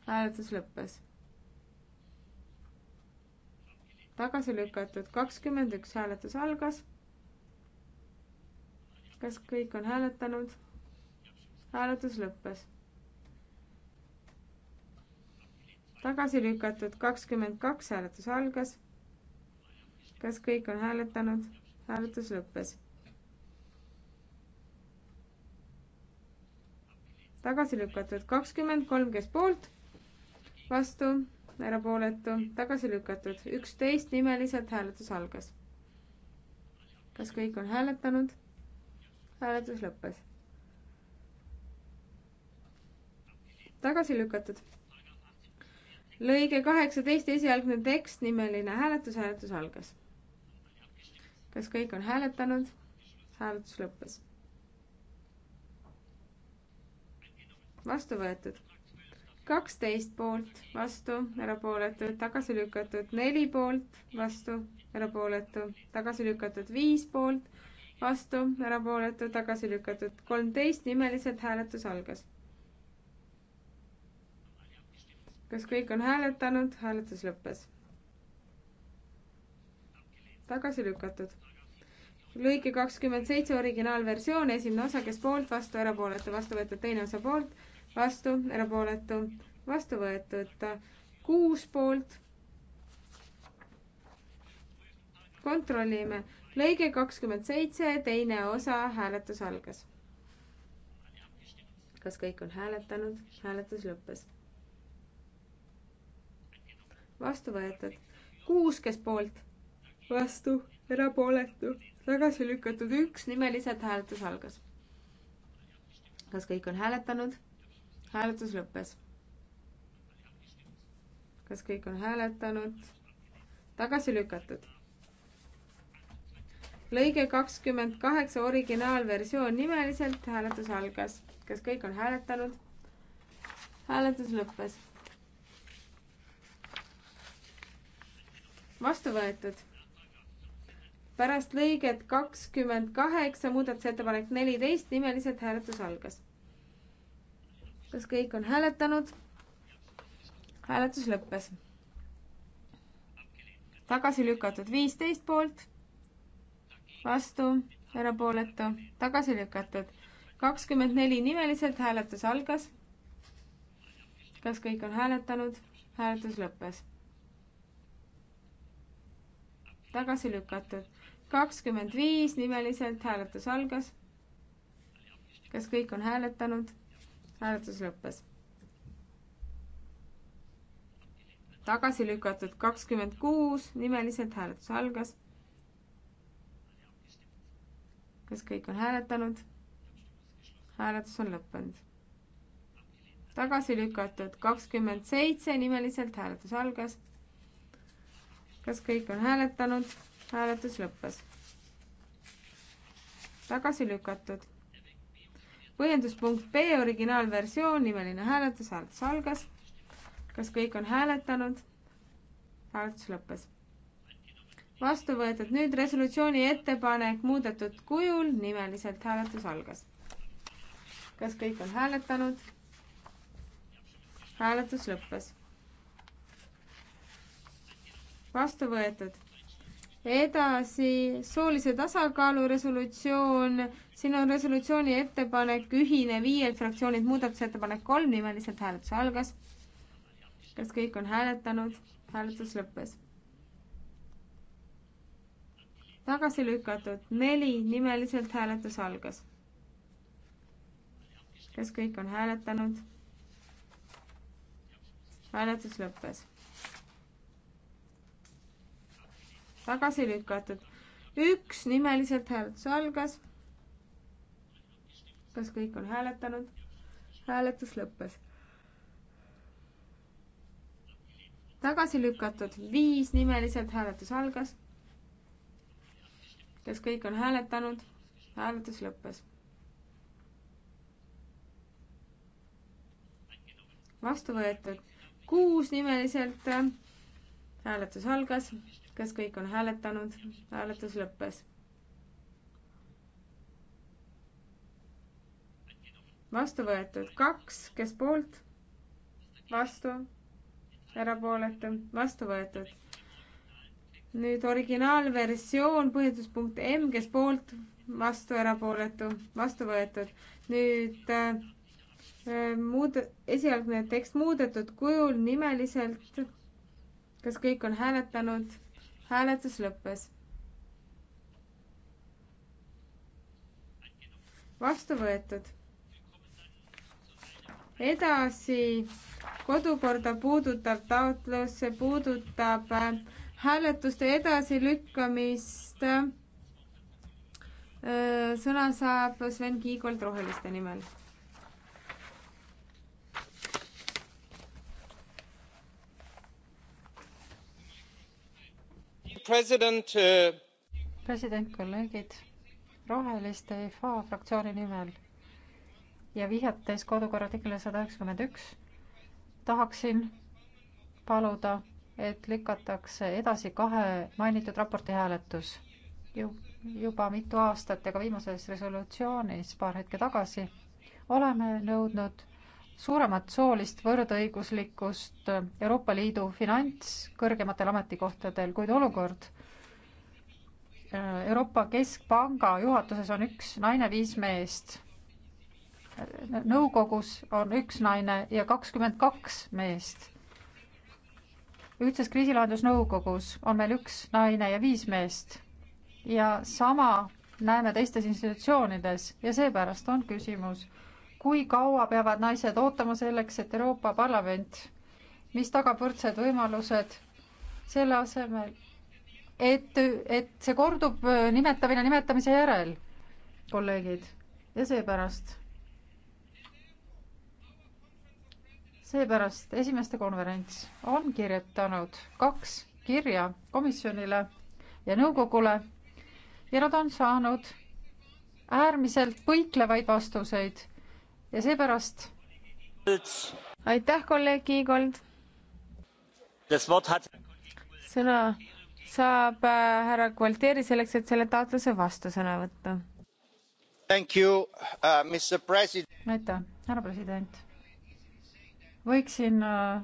hääletus lõppes tagasi lükatud, kakskümmend üks hääletus algas. kas kõik on hääletanud? hääletus lõppes. tagasi lükatud, kakskümmend kaks hääletus algas. kas kõik on hääletanud? hääletus lõppes. tagasi lükatud, kakskümmend kolm, kes poolt, vastu erapooletu, tagasi lükatud, üksteist nimeliselt hääletus algas. kas kõik on hääletanud? hääletus lõppes. tagasi lükatud. lõige kaheksateist, esialgne tekst, nimeline hääletus, hääletus algas. kas kõik on hääletanud? hääletus lõppes. vastu võetud kaksteist poolt, vastu, erapooletud, tagasi lükatud, neli poolt, vastu, erapooletu, tagasi lükatud, viis poolt, vastu, erapooletu, tagasi lükatud, kolmteist nimeliselt hääletus algas. kas kõik on hääletanud, hääletus lõppes. tagasi lükatud lõike kakskümmend seitse originaalversioon, esimene osa, kes poolt, vastu, erapooletu, vastu võetud, teine osa poolt vastu, erapooletu, vastu võetud. kuus poolt. kontrollime. lõige kakskümmend seitse, teine osa, hääletus algas. kas kõik on hääletanud? hääletus lõppes. vastu võetud. kuus, kes poolt? vastu, erapooletu, tagasi lükatud üks, nimeliselt hääletus algas. kas kõik on hääletanud? hääletus lõppes. kas kõik on hääletanud? tagasi lükatud. lõige kakskümmend kaheksa originaalversioon nimeliselt hääletus algas. kas kõik on hääletanud? hääletus lõppes. vastu võetud pärast lõiget kakskümmend kaheksa muudatusettepanek neliteist nimeliselt hääletus algas kas kõik on hääletanud? hääletus lõppes. tagasi lükatud viisteist poolt, vastu, erapooletu, tagasi lükatud. kakskümmend neli nimeliselt hääletus algas. kas kõik on hääletanud? hääletus lõppes. tagasi lükatud. kakskümmend viis nimeliselt hääletus algas. kas kõik on hääletanud? hääletus lõppes. tagasi lükatud kakskümmend kuus, nimeliselt hääletus algas. kas kõik on hääletanud? hääletus on lõppenud. tagasi lükatud kakskümmend seitse, nimeliselt hääletus algas. kas kõik on hääletanud? hääletus lõppes. tagasi lükatud põhjenduspunkt B originaalversioon, nimeline hääletus, hääletus algas. kas kõik on hääletanud? hääletus lõppes. vastu võetud, nüüd resolutsiooni ettepanek muudetud kujul, nimeliselt hääletus algas. kas kõik on hääletanud? hääletus lõppes. vastu võetud edasi soolise tasakaalu resolutsioon siin on resolutsiooni ettepanek, ühine viielt fraktsioonilt muudatusettepanek kolm, nimeliselt hääletus algas. kas kõik on hääletanud? hääletus lõppes. tagasi lükatud neli, nimeliselt hääletus algas. kas kõik on hääletanud? hääletus lõppes. tagasi lükatud üks, nimeliselt hääletus algas kas kõik on hääletanud? hääletus lõppes. tagasi lükatud viis nimeliselt hääletus algas. kas kõik on hääletanud? hääletus lõppes. vastu võetud kuus nimeliselt hääletus algas. kas kõik on hääletanud? hääletus lõppes vastu võetud kaks, kes poolt, vastu, erapooletu, vastu võetud. nüüd originaalversioon, põhjenduspunkt M, kes poolt, vastu, erapooletu, vastu võetud. nüüd äh, äh muud, esialgne tekst muudetud kujul nimeliselt. kas kõik on hääletanud? hääletus lõppes. vastu võetud edasi, kodukorda puudutav taotlus, see puudutab äh, hääletuste edasilükkamist. Äh, sõna saab Sven Kiigold Roheliste nimel president äh, kolleegid roheliste fa fraktsiooni nimel ja vihjates kodukorra artiklile sada üheksakümmend üks, tahaksin paluda, et lükatakse edasi kahe mainitud raporti hääletus Ju, juba mitu aastat ja ka viimases resolutsioonis paar hetke tagasi oleme nõudnud suuremat soolist võrdõiguslikkust Euroopa Liidu finants kõrgematel ametikohtadel, kuid olukord äh, Euroopa Keskpanga juhatuses on üks naine viis meest nõukogus on üks naine ja kakskümmend kaks meest. ühtses kriisilahendusnõukogus on meil üks naine ja viis meest ja sama näeme teistes institutsioonides ja seepärast on küsimus, kui kaua peavad naised ootama selleks, et Euroopa Parlament, mis tagab võrdsed võimalused, selle asemel, et, et see kordub nimetamine nimetamise järel, kolleegid, ja seepärast seepärast esimeste konverents on kirjutanud kaks kirja komisjonile ja nõukogule ja nad on saanud äärmiselt põiklevaid vastuseid ja seepärast aitäh, kolleeg Kiigold. sõna saab äh, härra Gualtieri selleks, et selle taotluse vastusõna võtta. Äh, aitäh, härra president võiksin äh,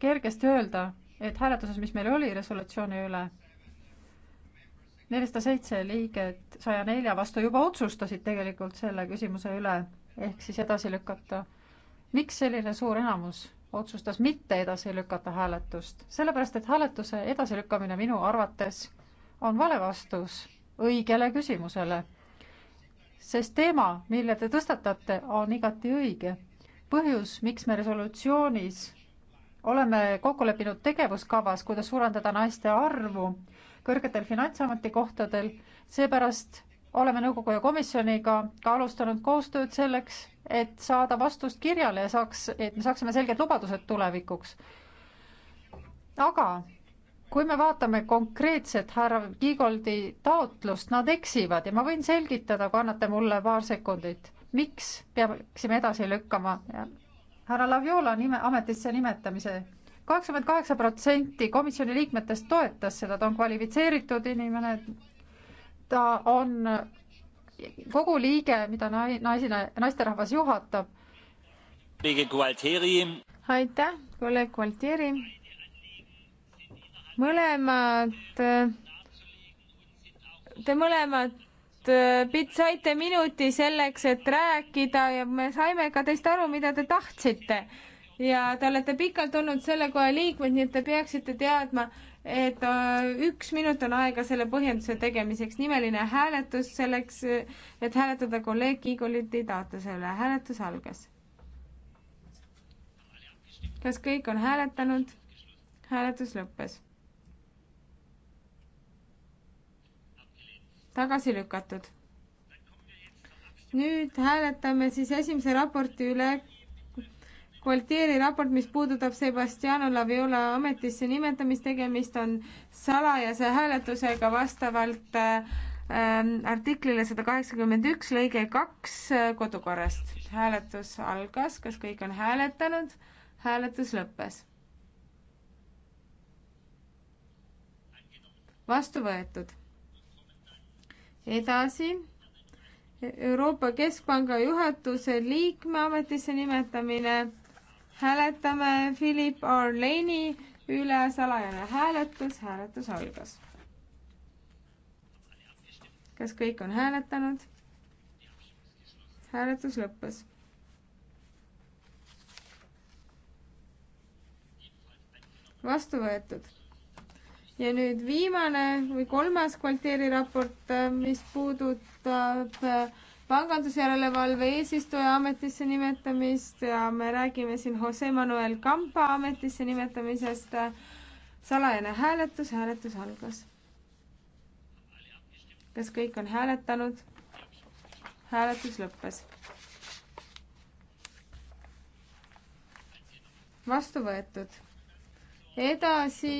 kergesti öelda, et hääletuses, mis meil oli resolutsiooni üle, nelisada seitse liiget saja nelja vastu juba otsustasid tegelikult selle küsimuse üle, ehk siis edasi lükata. miks selline suur enamus otsustas mitte edasi lükata hääletust? sellepärast, et hääletuse edasilükkamine minu arvates on vale vastus õigele küsimusele. sest teema, mille te tõstatate, on igati õige põhjus, miks me resolutsioonis oleme kokku leppinud tegevuskavas, kuidas suurendada naiste arvu kõrgetel finantsametikohtadel, seepärast oleme nõukogu ja komisjoniga ka alustanud koostööd selleks, et saada vastust kirjale ja saaks, et me saaksime selged lubadused tulevikuks. aga kui me vaatame konkreetset härra Kiigoldi taotlust, nad eksivad ja ma võin selgitada, kui annate mulle paar sekundit miks peaksime edasi lükkama härra Laviola nime, ametisse nimetamise? kaheksakümmend kaheksa protsenti komisjoni liikmetest toetas seda, ta on kvalifitseeritud inimene, ta on kogu liige, mida nai-, naisina, naisterahvas juhatab. aitäh, kolleeg Gualtieri. mõlemad, te mõlemad Äh, saite minuti selleks, et rääkida ja me saime ka teist aru, mida te tahtsite. ja te olete pikalt olnud selle koja liikmed, nii et te peaksite teadma, et äh, üks minut on aega selle põhjenduse tegemiseks, nimeline hääletus selleks, äh, et hääletada kolleeg Igoliti taotluse üle. hääletus algas. kas kõik on hääletanud? hääletus lõppes tagasi lükatud. nüüd hääletame siis esimese raporti üle. Gualtieri raport, mis puudutab Sebastiano Laviola ametisse nimetamist, tegemist on salajase hääletusega vastavalt äh, artiklile sada kaheksakümmend üks lõige kaks kodukorrast. hääletus algas, kas kõik on hääletanud? hääletus lõppes. vastu võetud edasi, Euroopa Keskpanga juhatuse liikme ametisse nimetamine. hääletame Philip R. Lane'i üle, salajane hääletus, hääletus algas. kas kõik on hääletanud? hääletus lõppes. vastu võetud ja nüüd viimane või kolmas kvarteeri raport, äh, mis puudutab äh, pangandusjärelevalve eesistuja ametisse nimetamist ja me räägime siin Jose Manuel Campa ametisse nimetamisest. Äh, salajane hääletus, hääletus algas. kas kõik on hääletanud? hääletus lõppes. vastu võetud. edasi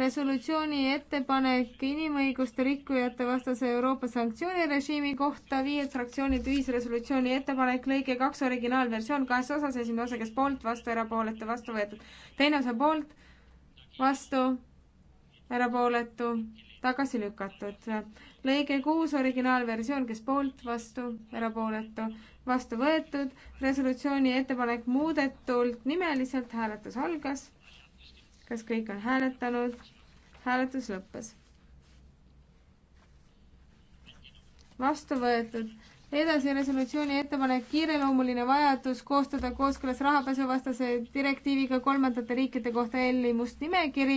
resolutsiooni ettepanek inimõiguste rikkujate vastase Euroopa sanktsioonirežiimi kohta, viied fraktsioonid ühisresolutsiooni ettepanek, lõige kaks originaalversioon kahes osas, esimene osa, kes poolt, vastu, erapooletu, vastu võetud. teine osa poolt, vastu, erapooletu, tagasi lükatud. lõige kuus originaalversioon, kes poolt, vastu, erapooletu, vastu võetud. resolutsiooni ettepanek muudetult nimeliselt, hääletus algas kas kõik on hääletanud? hääletus lõppes. vastu võetud edasi resolutsiooni ettepanek kiireloomuline vajadus koostada kooskõlas rahapesuvastase direktiiviga kolmandate riikide kohta eelnimust nimekiri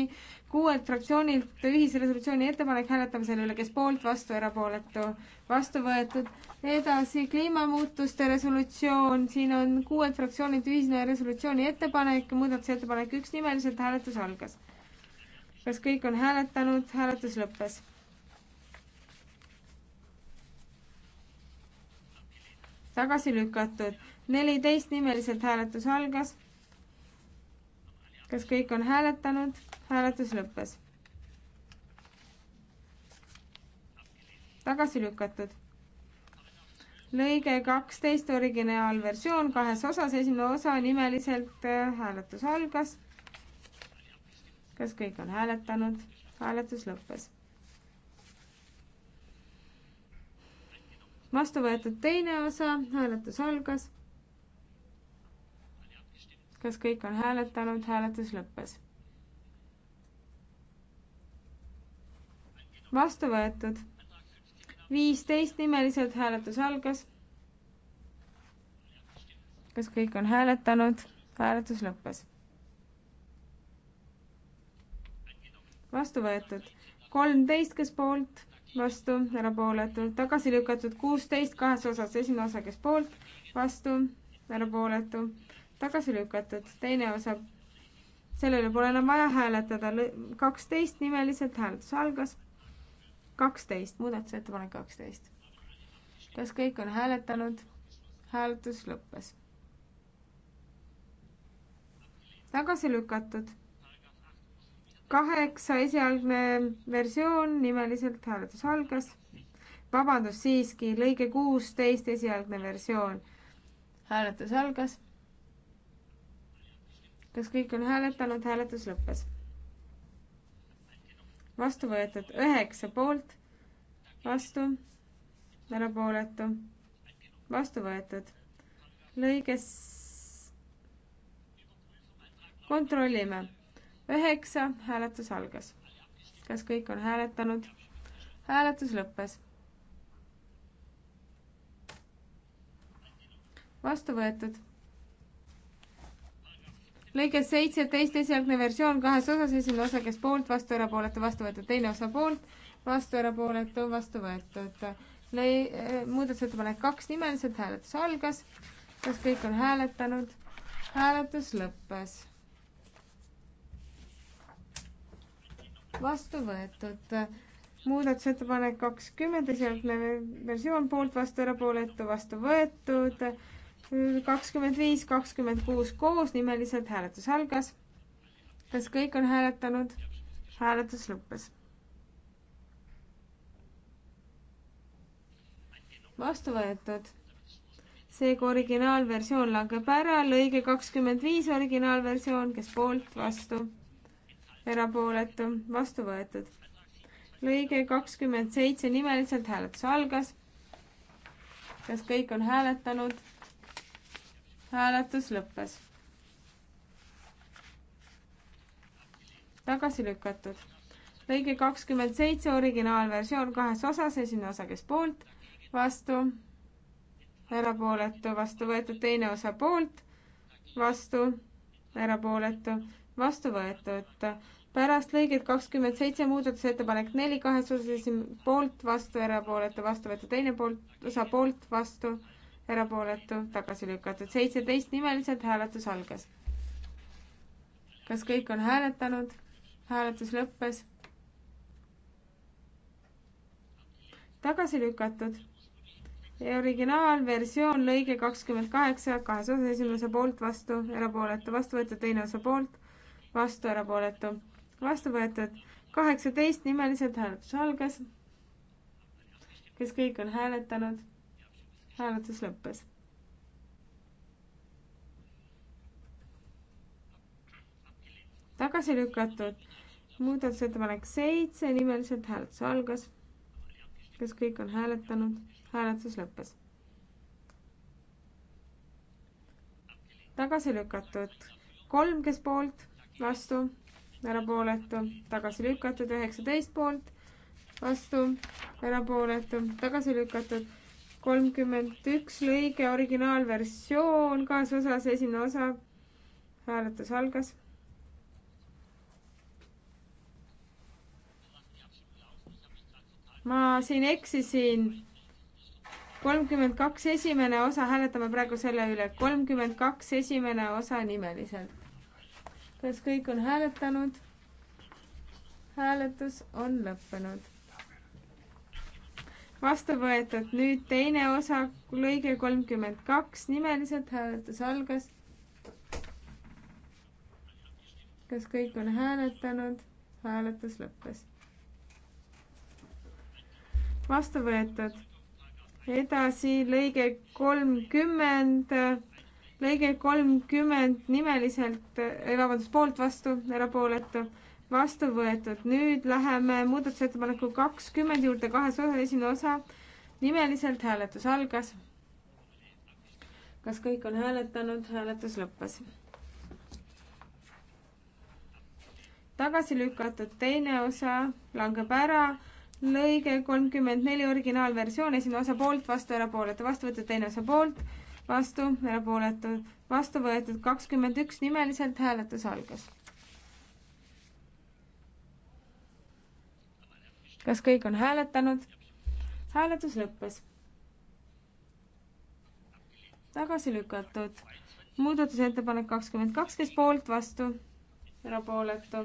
kuuelt fraktsioonilt ühisresolutsiooni ettepanek hääletame selle üle, kes poolt, vastu, erapooletu, vastu võetud. edasi kliimamuutuste resolutsioon, siin on kuuelt fraktsioonilt ühisne resolutsiooni ettepanek, muudatusettepanek üks nimeliselt, hääletus algas. kas kõik on hääletanud, hääletus lõppes tagasi lükatud. neliteist nimeliselt hääletus algas. kas kõik on hääletanud? hääletus lõppes. tagasi lükatud. lõige kaksteist originaalversioon kahes osas, esimene osa nimeliselt äh, hääletus algas. kas kõik on hääletanud? hääletus lõppes vastu võetud teine osa, hääletus algas. kas kõik on hääletanud, hääletus lõppes. vastu võetud viisteist nimeliselt hääletus algas. kas kõik on hääletanud? hääletus lõppes. vastu võetud kolmteist, kes poolt, vastu, erapooletult tagasi lükatud, kuusteist kahes osas, esimene osa, kes poolt, vastu, erapooletu, tagasi lükatud, teine osa, sellele pole enam vaja hääletada, kaksteist nimeliselt hääletus algas, kaksteist, muudatusettepanek kaksteist. kas kõik on hääletanud? hääletus lõppes. tagasi lükatud kaheksa esialgne versioon, nimeliselt hääletus algas. vabandust, siiski lõige kuusteist esialgne versioon. hääletus algas. kas kõik on hääletanud, hääletus lõppes. vastu võetud üheksa poolt, vastu, erapooletu, vastu võetud. lõiges kontrollime üheksa, hääletus algas. kas kõik on hääletanud? hääletus lõppes. vastu võetud. lõige seitseteist, esialgne versioon kahes osas, esimene osa, kes poolt, vastu, erapooletu, vastu võetud, teine osa poolt, vastu, erapooletu, vastu võetud. Lõi-, eh, muudatusettepanek kaks nimeliselt, hääletus algas. kas kõik on hääletanud? hääletus lõppes vastu võetud. muudatusettepanek kakskümmend, esialgne versioon poolt vastu, erapooletu vastu võetud. kakskümmend viis, kakskümmend kuus koos, nimeliselt hääletus algas. kas kõik on hääletanud? hääletus lõppes. vastu võetud seega originaalversioon langeb ära, lõige kakskümmend viis originaalversioon, kes poolt, vastu, erapooletu, vastu võetud. lõige kakskümmend seitse, nimeliselt hääletus algas. kas kõik on hääletanud? hääletus lõppes. tagasi lükatud. lõige kakskümmend seitse, originaalversioon kahes osas, esimene osa, kes poolt, vastu, erapooletu, vastu võetud, teine osa poolt, vastu, erapooletu, vastu võetud. pärast lõiget kakskümmend seitse muudatusettepanek neli kahes osas esimene poolt, vastu, erapooletu, vastu võetud, teine poolt, osa poolt, vastu, erapooletu, tagasi lükatud. seitseteist nimeliselt hääletus algas. kas kõik on hääletanud? hääletus lõppes. tagasi lükatud ja originaalversioon lõige kakskümmend kaheksa, kahes osas, esimese poolt vastu, erapooletu vastu võetud, teine osa poolt, vastu, erapooletu, vastu võetud. kaheksateist nimeliselt hääletus algas. kas kõik on hääletanud? hääletus lõppes. tagasi lükatud muudatusettepanek seitse, nimeliselt hääletus algas. kas kõik on hääletanud? hääletus lõppes. tagasi lükatud kolm, kes poolt vastu, erapooletu, tagasi lükatud, üheksateist poolt, vastu, erapooletu, tagasi lükatud, kolmkümmend üks lõige, originaalversioon kaasosas, esimene osa, hääletus algas. ma siin eksisin kolmkümmend kaks esimene osa, hääletame praegu selle üle, kolmkümmend kaks esimene osa nimeliselt kas kõik on hääletanud? hääletus on lõppenud. vastu võetud, nüüd teine osa, lõige kolmkümmend kaks, nimeliselt hääletus algas. kas kõik on hääletanud? hääletus lõppes. vastu võetud. edasi lõige kolmkümmend lõige kolmkümmend nimeliselt, eh, vabandust, poolt vastu, erapooletu, vastu võetud. nüüd läheme muudatusettepaneku kakskümmend juurde kahes osas, esimene osa nimeliselt hääletus algas. kas kõik on hääletanud, hääletus lõppes. tagasi lükatud teine osa langeb ära lõige kolmkümmend neli originaalversioon, esimene osa poolt, vastu, erapooletu, vastu võetud, teine osa poolt vastu, erapooletud, vastu võetud kakskümmend üks, nimeliselt hääletus algas. kas kõik on hääletanud? hääletus lõppes. tagasi lükatud. muudatusettepanek kakskümmend kaks, kes poolt, vastu, erapooletu,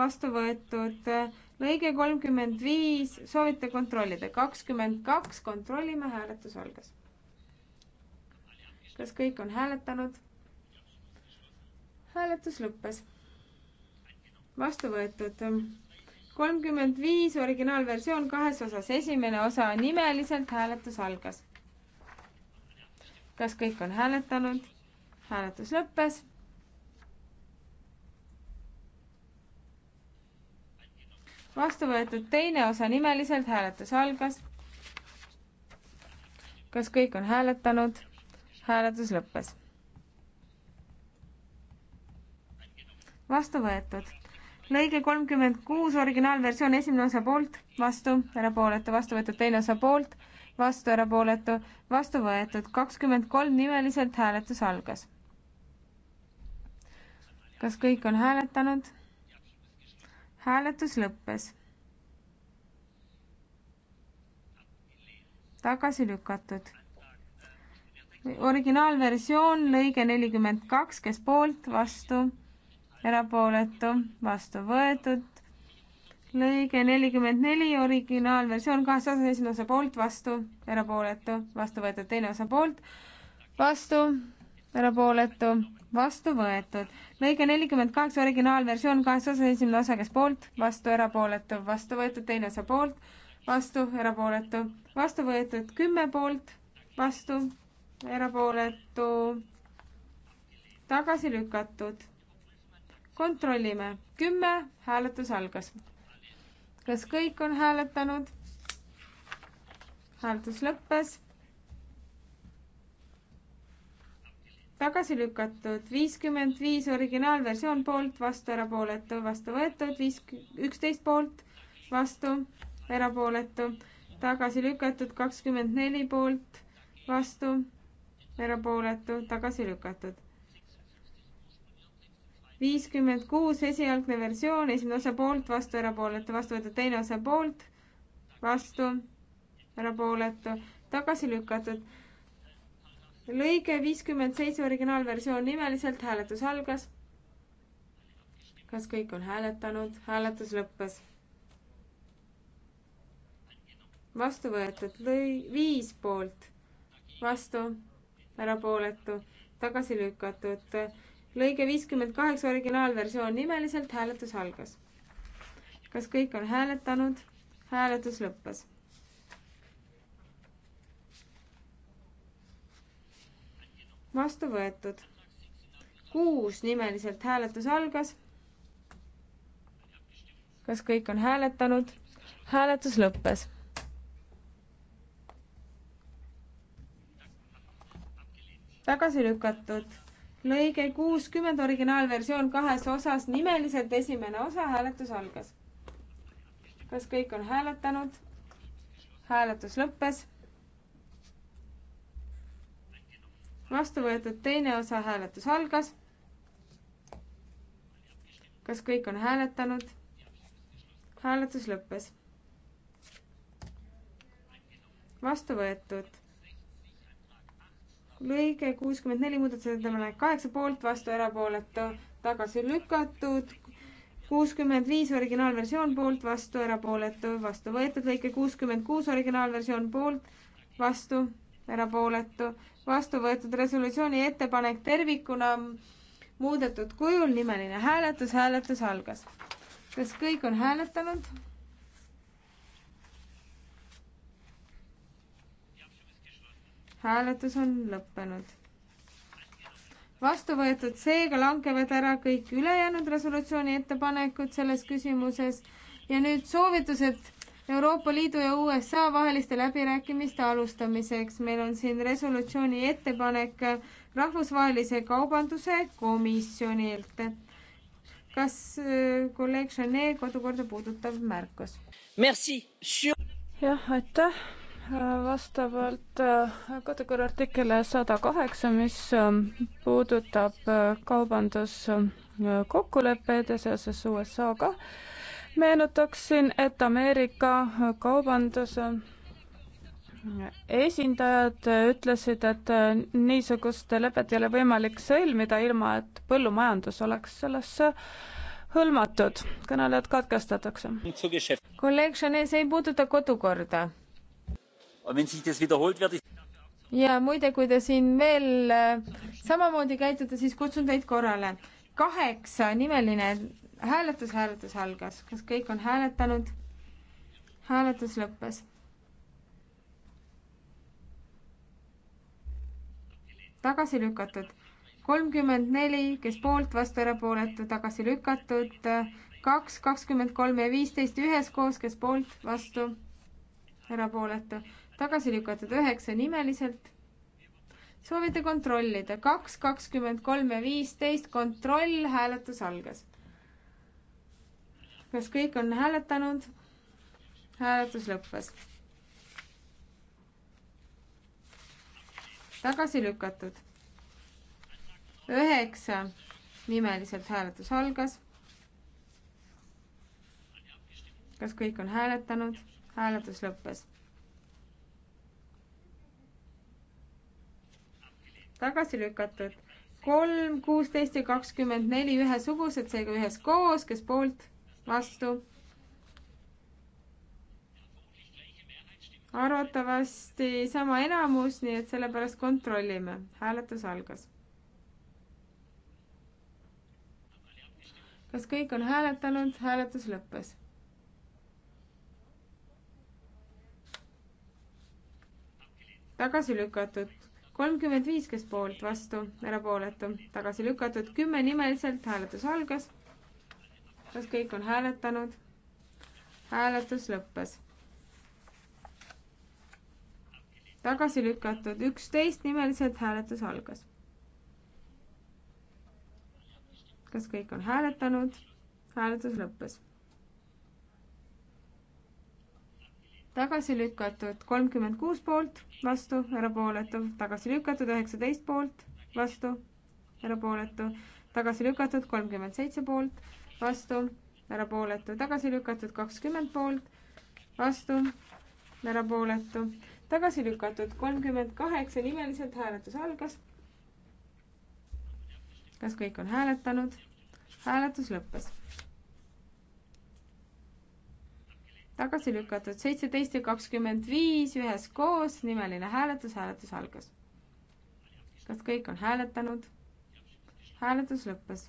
vastu võetud äh, lõige kolmkümmend viis, soovite kontrollida, kakskümmend kaks, kontrollime, hääletus algas kas kõik on hääletanud? hääletus lõppes. vastu võetud. kolmkümmend viis originaalversioon kahes osas, esimene osa nimeliselt hääletus algas. kas kõik on hääletanud? hääletus lõppes. vastu võetud teine osa nimeliselt hääletus algas. kas kõik on hääletanud? hääletus lõppes. vastu võetud. lõige kolmkümmend kuus, originaalversioon, esimene osa poolt, vastu, erapooletu, vastu võetud, teine osa poolt, vastu, erapooletu, vastu võetud, kakskümmend kolm nimeliselt hääletus algas. kas kõik on hääletanud? hääletus lõppes. tagasi lükatud originaalversioon, lõige nelikümmend kaks, kes poolt, vastu, erapooletu, vastu võetud. lõige nelikümmend neli, originaalversioon kahes osas, esimene osa poolt, vastu, erapooletu, vastu võetud, teine osa poolt, vastu, erapooletu, vastu võetud. lõige nelikümmend kaheksa, originaalversioon kahes osas, esimene osa, kes poolt, vastu, erapooletu, vastu võetud, teine osa poolt, vastu, erapooletu, vastu võetud, kümme poolt, vastu erapooletu, tagasi lükatud. kontrollime, kümme, hääletus algas. kas kõik on hääletanud? hääletus lõppes. tagasi lükatud viiskümmend viis originaalversioon poolt, vastu erapooletu, vastu võetud viis, üksteist poolt, vastu erapooletu, tagasi lükatud kakskümmend neli poolt, vastu erapooletu, tagasi lükatud. viiskümmend kuus, esialgne versioon, esimene osa poolt, vastu, erapooletu, vastu võetud, teine osa poolt, vastu, erapooletu, tagasi lükatud. lõige viiskümmend seitse, originaalversioon nimeliselt, hääletus algas. kas kõik on hääletanud? hääletus lõppes vastu võetud lõi viis poolt, vastu erapooletu, tagasi lükatud. lõige viiskümmend kaheksa, originaalversioon, nimeliselt hääletus algas. kas kõik on hääletanud? hääletus lõppes. vastu võetud. kuus nimeliselt hääletus algas. kas kõik on hääletanud? hääletus lõppes tagasi lükatud. lõige kuuskümmend, originaalversioon kahes osas, nimeliselt esimene osa, hääletus algas. kas kõik on hääletanud? hääletus lõppes. vastu võetud teine osa, hääletus algas. kas kõik on hääletanud? hääletus lõppes. vastu võetud lõige kuuskümmend neli muudatusettepanek kaheksa poolt, vastu erapooletu, tagasi lükatud. kuuskümmend viis originaalversioon poolt, vastu erapooletu, vastu võetud, lõike kuuskümmend kuus originaalversioon poolt, vastu erapooletu, vastu võetud resolutsiooni ettepanek tervikuna muudetud kujul, nimeline hääletus, hääletus algas. kas kõik on hääletanud? hääletus on lõppenud. vastu võetud, seega langevad ära kõik ülejäänud resolutsiooni ettepanekud selles küsimuses ja nüüd soovitused Euroopa Liidu ja USA vaheliste läbirääkimiste alustamiseks. meil on siin resolutsiooni ettepanek Rahvusvahelise Kaubanduse Komisjonilt. kas äh, kolleeg Janet kodukorda puudutav märkus? jah, aitäh vastavalt äh, kodukorra artiklile sada kaheksa, mis ähm, puudutab äh, kaubanduskokkuleppeid ja seoses USA-ga, meenutaksin, et Ameerika kaubanduse esindajad ütlesid, et äh, niisugust lepet ei ole võimalik sõlmida, ilma et põllumajandus oleks sellesse hõlmatud. kõnelejad katkestatakse. kolleeg Chanel, see ei puuduta kodukorda ja muide, kui te siin veel äh, samamoodi käitute, siis kutsun teid korrale. kaheksa nimeline hääletus, hääletus algas. kas kõik on hääletanud? hääletus lõppes. tagasi lükatud kolmkümmend neli, kes poolt, vastu, erapooletu, tagasi lükatud, kaks, kakskümmend kolm ja viisteist üheskoos, kes poolt, vastu, erapooletu, tagasi lükatud üheksa nimeliselt. soovite kontrollida, kaks, kakskümmend kolm ja viisteist, kontroll, hääletus algas. kas kõik on hääletanud? hääletus lõppes. tagasi lükatud. üheksa nimeliselt hääletus algas. kas kõik on hääletanud? hääletus lõppes tagasi lükatud. kolm, kuusteist ja kakskümmend neli ühesugused, seega üheskoos, kes poolt, vastu. arvatavasti sama enamus, nii et sellepärast kontrollime. hääletus algas. kas kõik on hääletanud, hääletus lõppes. tagasi lükatud kolmkümmend viis, kes poolt, vastu, erapooletu, tagasi lükatud, kümme nimeliselt, hääletus algas. kas kõik on hääletanud? hääletus lõppes. tagasi lükatud, üksteist nimeliselt, hääletus algas. kas kõik on hääletanud? hääletus lõppes tagasi lükatud kolmkümmend kuus poolt, vastu, erapooletu, tagasi lükatud üheksateist poolt, vastu, erapooletu, tagasi lükatud kolmkümmend seitse poolt, vastu, erapooletu, tagasi lükatud kakskümmend poolt, vastu, erapooletu, tagasi lükatud kolmkümmend kaheksa, nimeliselt hääletus algas. kas kõik on hääletanud? hääletus lõppes tagasi lükatud seitseteist ja kakskümmend viis üheskoos, nimeline hääletus, hääletus algas. kas kõik on hääletanud? hääletus lõppes.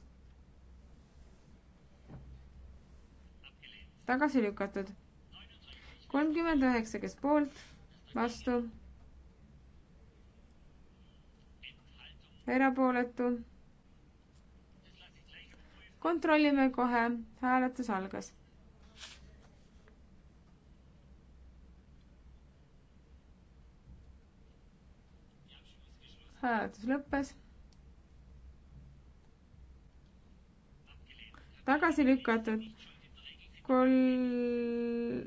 tagasi lükatud kolmkümmend üheksa, kes poolt, vastu, erapooletu. kontrollime kohe, hääletus algas hääletus lõppes. tagasi lükatud. kol-,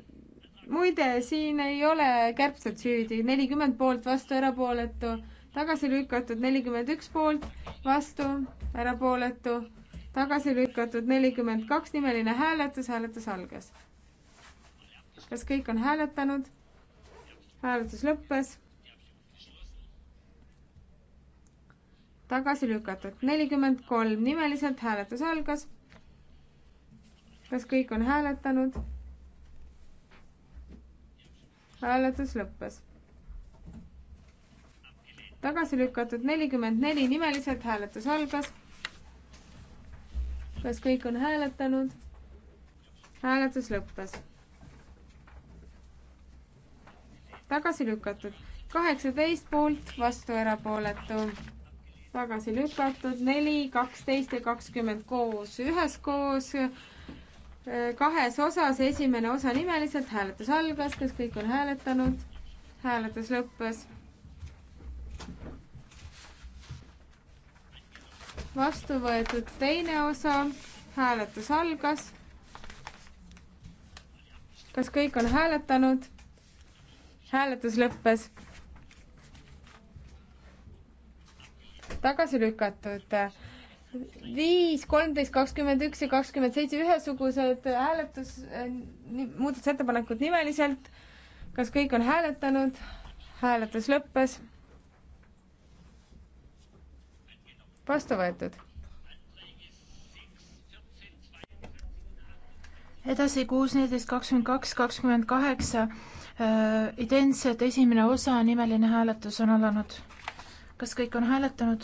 muide, siin ei ole kärbsed süüdi, nelikümmend poolt vastu, erapooletu, tagasi lükatud, nelikümmend üks poolt vastu, erapooletu, tagasi lükatud, nelikümmend kaks, nimeline hääletus, hääletus algas. kas kõik on hääletanud? hääletus lõppes tagasi lükatud. nelikümmend kolm, nimeliselt hääletus algas. kas kõik on hääletanud? hääletus lõppes. tagasi lükatud nelikümmend neli, nimeliselt hääletus algas. kas kõik on hääletanud? hääletus lõppes. tagasi lükatud kaheksateist poolt, vastu erapooletu tagasi lükatud, neli, kaksteist ja kakskümmend koos, üheskoos, äh, kahes osas, esimene osa nimeliselt, hääletus algas, kas kõik on hääletanud? hääletus lõppes. vastu võetud teine osa, hääletus algas. kas kõik on hääletanud? hääletus lõppes tagasi lükatud. viis, kolmteist, kakskümmend üks ja kakskümmend seitse ühesugused hääletus, eh, muudatusettepanekud nimeliselt. kas kõik on hääletanud? hääletus lõppes. vastu võetud. edasi kuus, neliteist, kakskümmend kaks, kakskümmend kaheksa. Eh, identsed, esimene osa, nimeline hääletus on alanud kas kõik on hääletanud?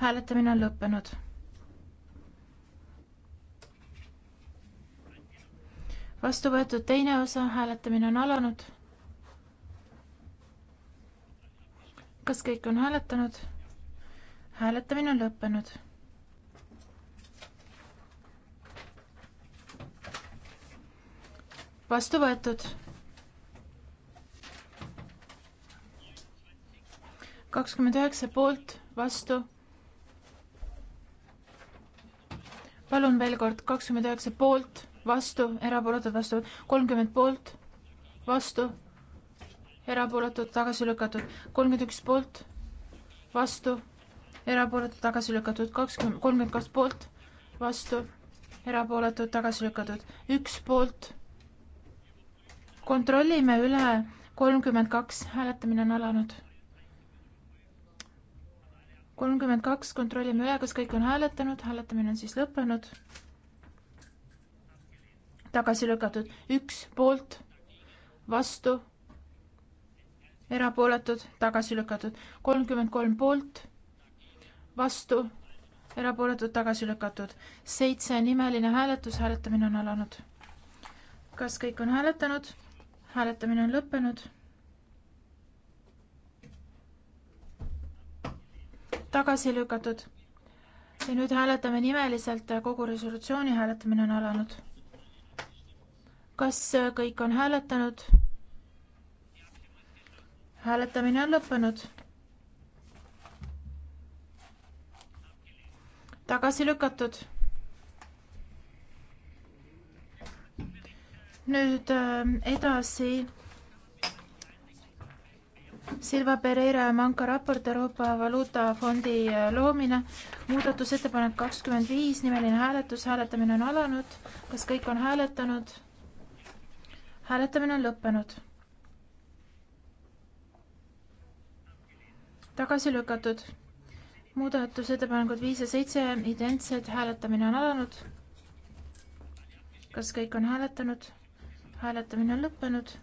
hääletamine on lõppenud. vastu võetud teine osa, hääletamine on alanud. kas kõik on hääletanud? hääletamine on lõppenud. vastu võetud kakskümmend üheksa poolt, vastu. palun veel kord, kakskümmend üheksa poolt, vastu, erapooletud, vastu, kolmkümmend poolt, vastu, erapooletud, tagasi lükatud, kolmkümmend üks poolt, vastu, erapooletud, tagasi lükatud, kakskümmend, kolmkümmend kaks poolt, vastu, erapooletud, tagasi lükatud, üks poolt. kontrollime üle, kolmkümmend kaks, hääletamine on alanud kolmkümmend kaks, kontrollime üle, kas kõik on hääletanud, hääletamine on siis lõppenud. tagasi lükatud, üks poolt, vastu, erapooletud, tagasi lükatud, kolmkümmend kolm poolt, vastu, erapooletud, tagasi lükatud, seitse nimeline hääletus, hääletamine on alanud. kas kõik on hääletanud? hääletamine on lõppenud tagasi lükatud. ja nüüd hääletame nimeliselt, kogu resolutsiooni hääletamine on alanud. kas kõik on hääletanud? hääletamine on lõppenud. tagasi lükatud nüüd äh, edasi Silva Pereira ja Manka raport Euroopa Valuutafondi äh, loomine, muudatusettepanek kakskümmend viis, nimeline hääletus, hääletamine on alanud. kas kõik on hääletanud? hääletamine on lõppenud. tagasi lükatud. muudatusettepanekud viis ja seitse, identsed, hääletamine on alanud. kas kõik on hääletanud? hääletamine on lõppenud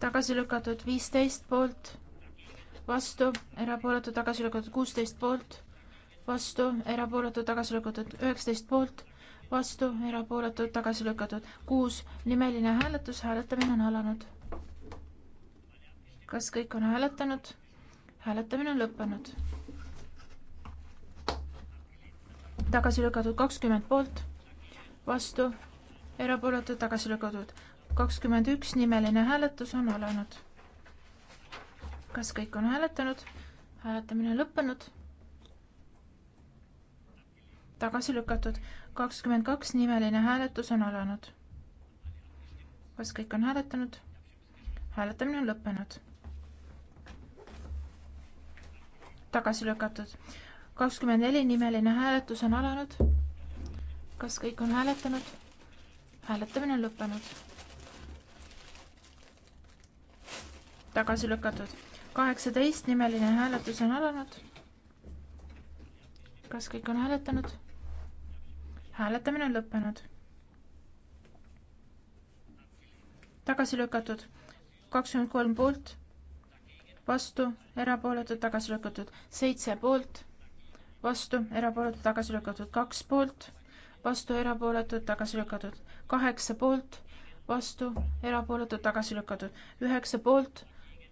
tagasi lükatud viisteist poolt, vastu, erapooletu tagasi lükatud kuusteist poolt, vastu, erapooletu tagasi lükatud üheksateist poolt, vastu, erapooletu tagasi lükatud kuus. nimeline hääletus, hääletamine on alanud. kas kõik on hääletanud? hääletamine on lõppenud. tagasi lükatud kakskümmend poolt, vastu, erapooletu tagasi lükatud kakskümmend üks nimeline hääletus on alanud. kas kõik on hääletanud? hääletamine on lõppenud. tagasi lükatud. kakskümmend kaks nimeline hääletus on alanud. kas kõik on hääletanud? hääletamine on lõppenud. tagasi lükatud. kakskümmend neli nimeline hääletus on alanud. kas kõik on hääletanud? hääletamine on lõppenud tagasi lükatud. kaheksateist nimeline hääletus on alanud. kas kõik on hääletanud? hääletamine on lõppenud. tagasi lükatud kakskümmend kolm poolt, vastu, erapooletud, tagasi lükatud, seitse poolt, vastu, erapooletud, tagasi lükatud, kaks poolt, vastu, erapooletud, tagasi lükatud, kaheksa poolt, vastu, erapooletud, tagasi lükatud, üheksa poolt,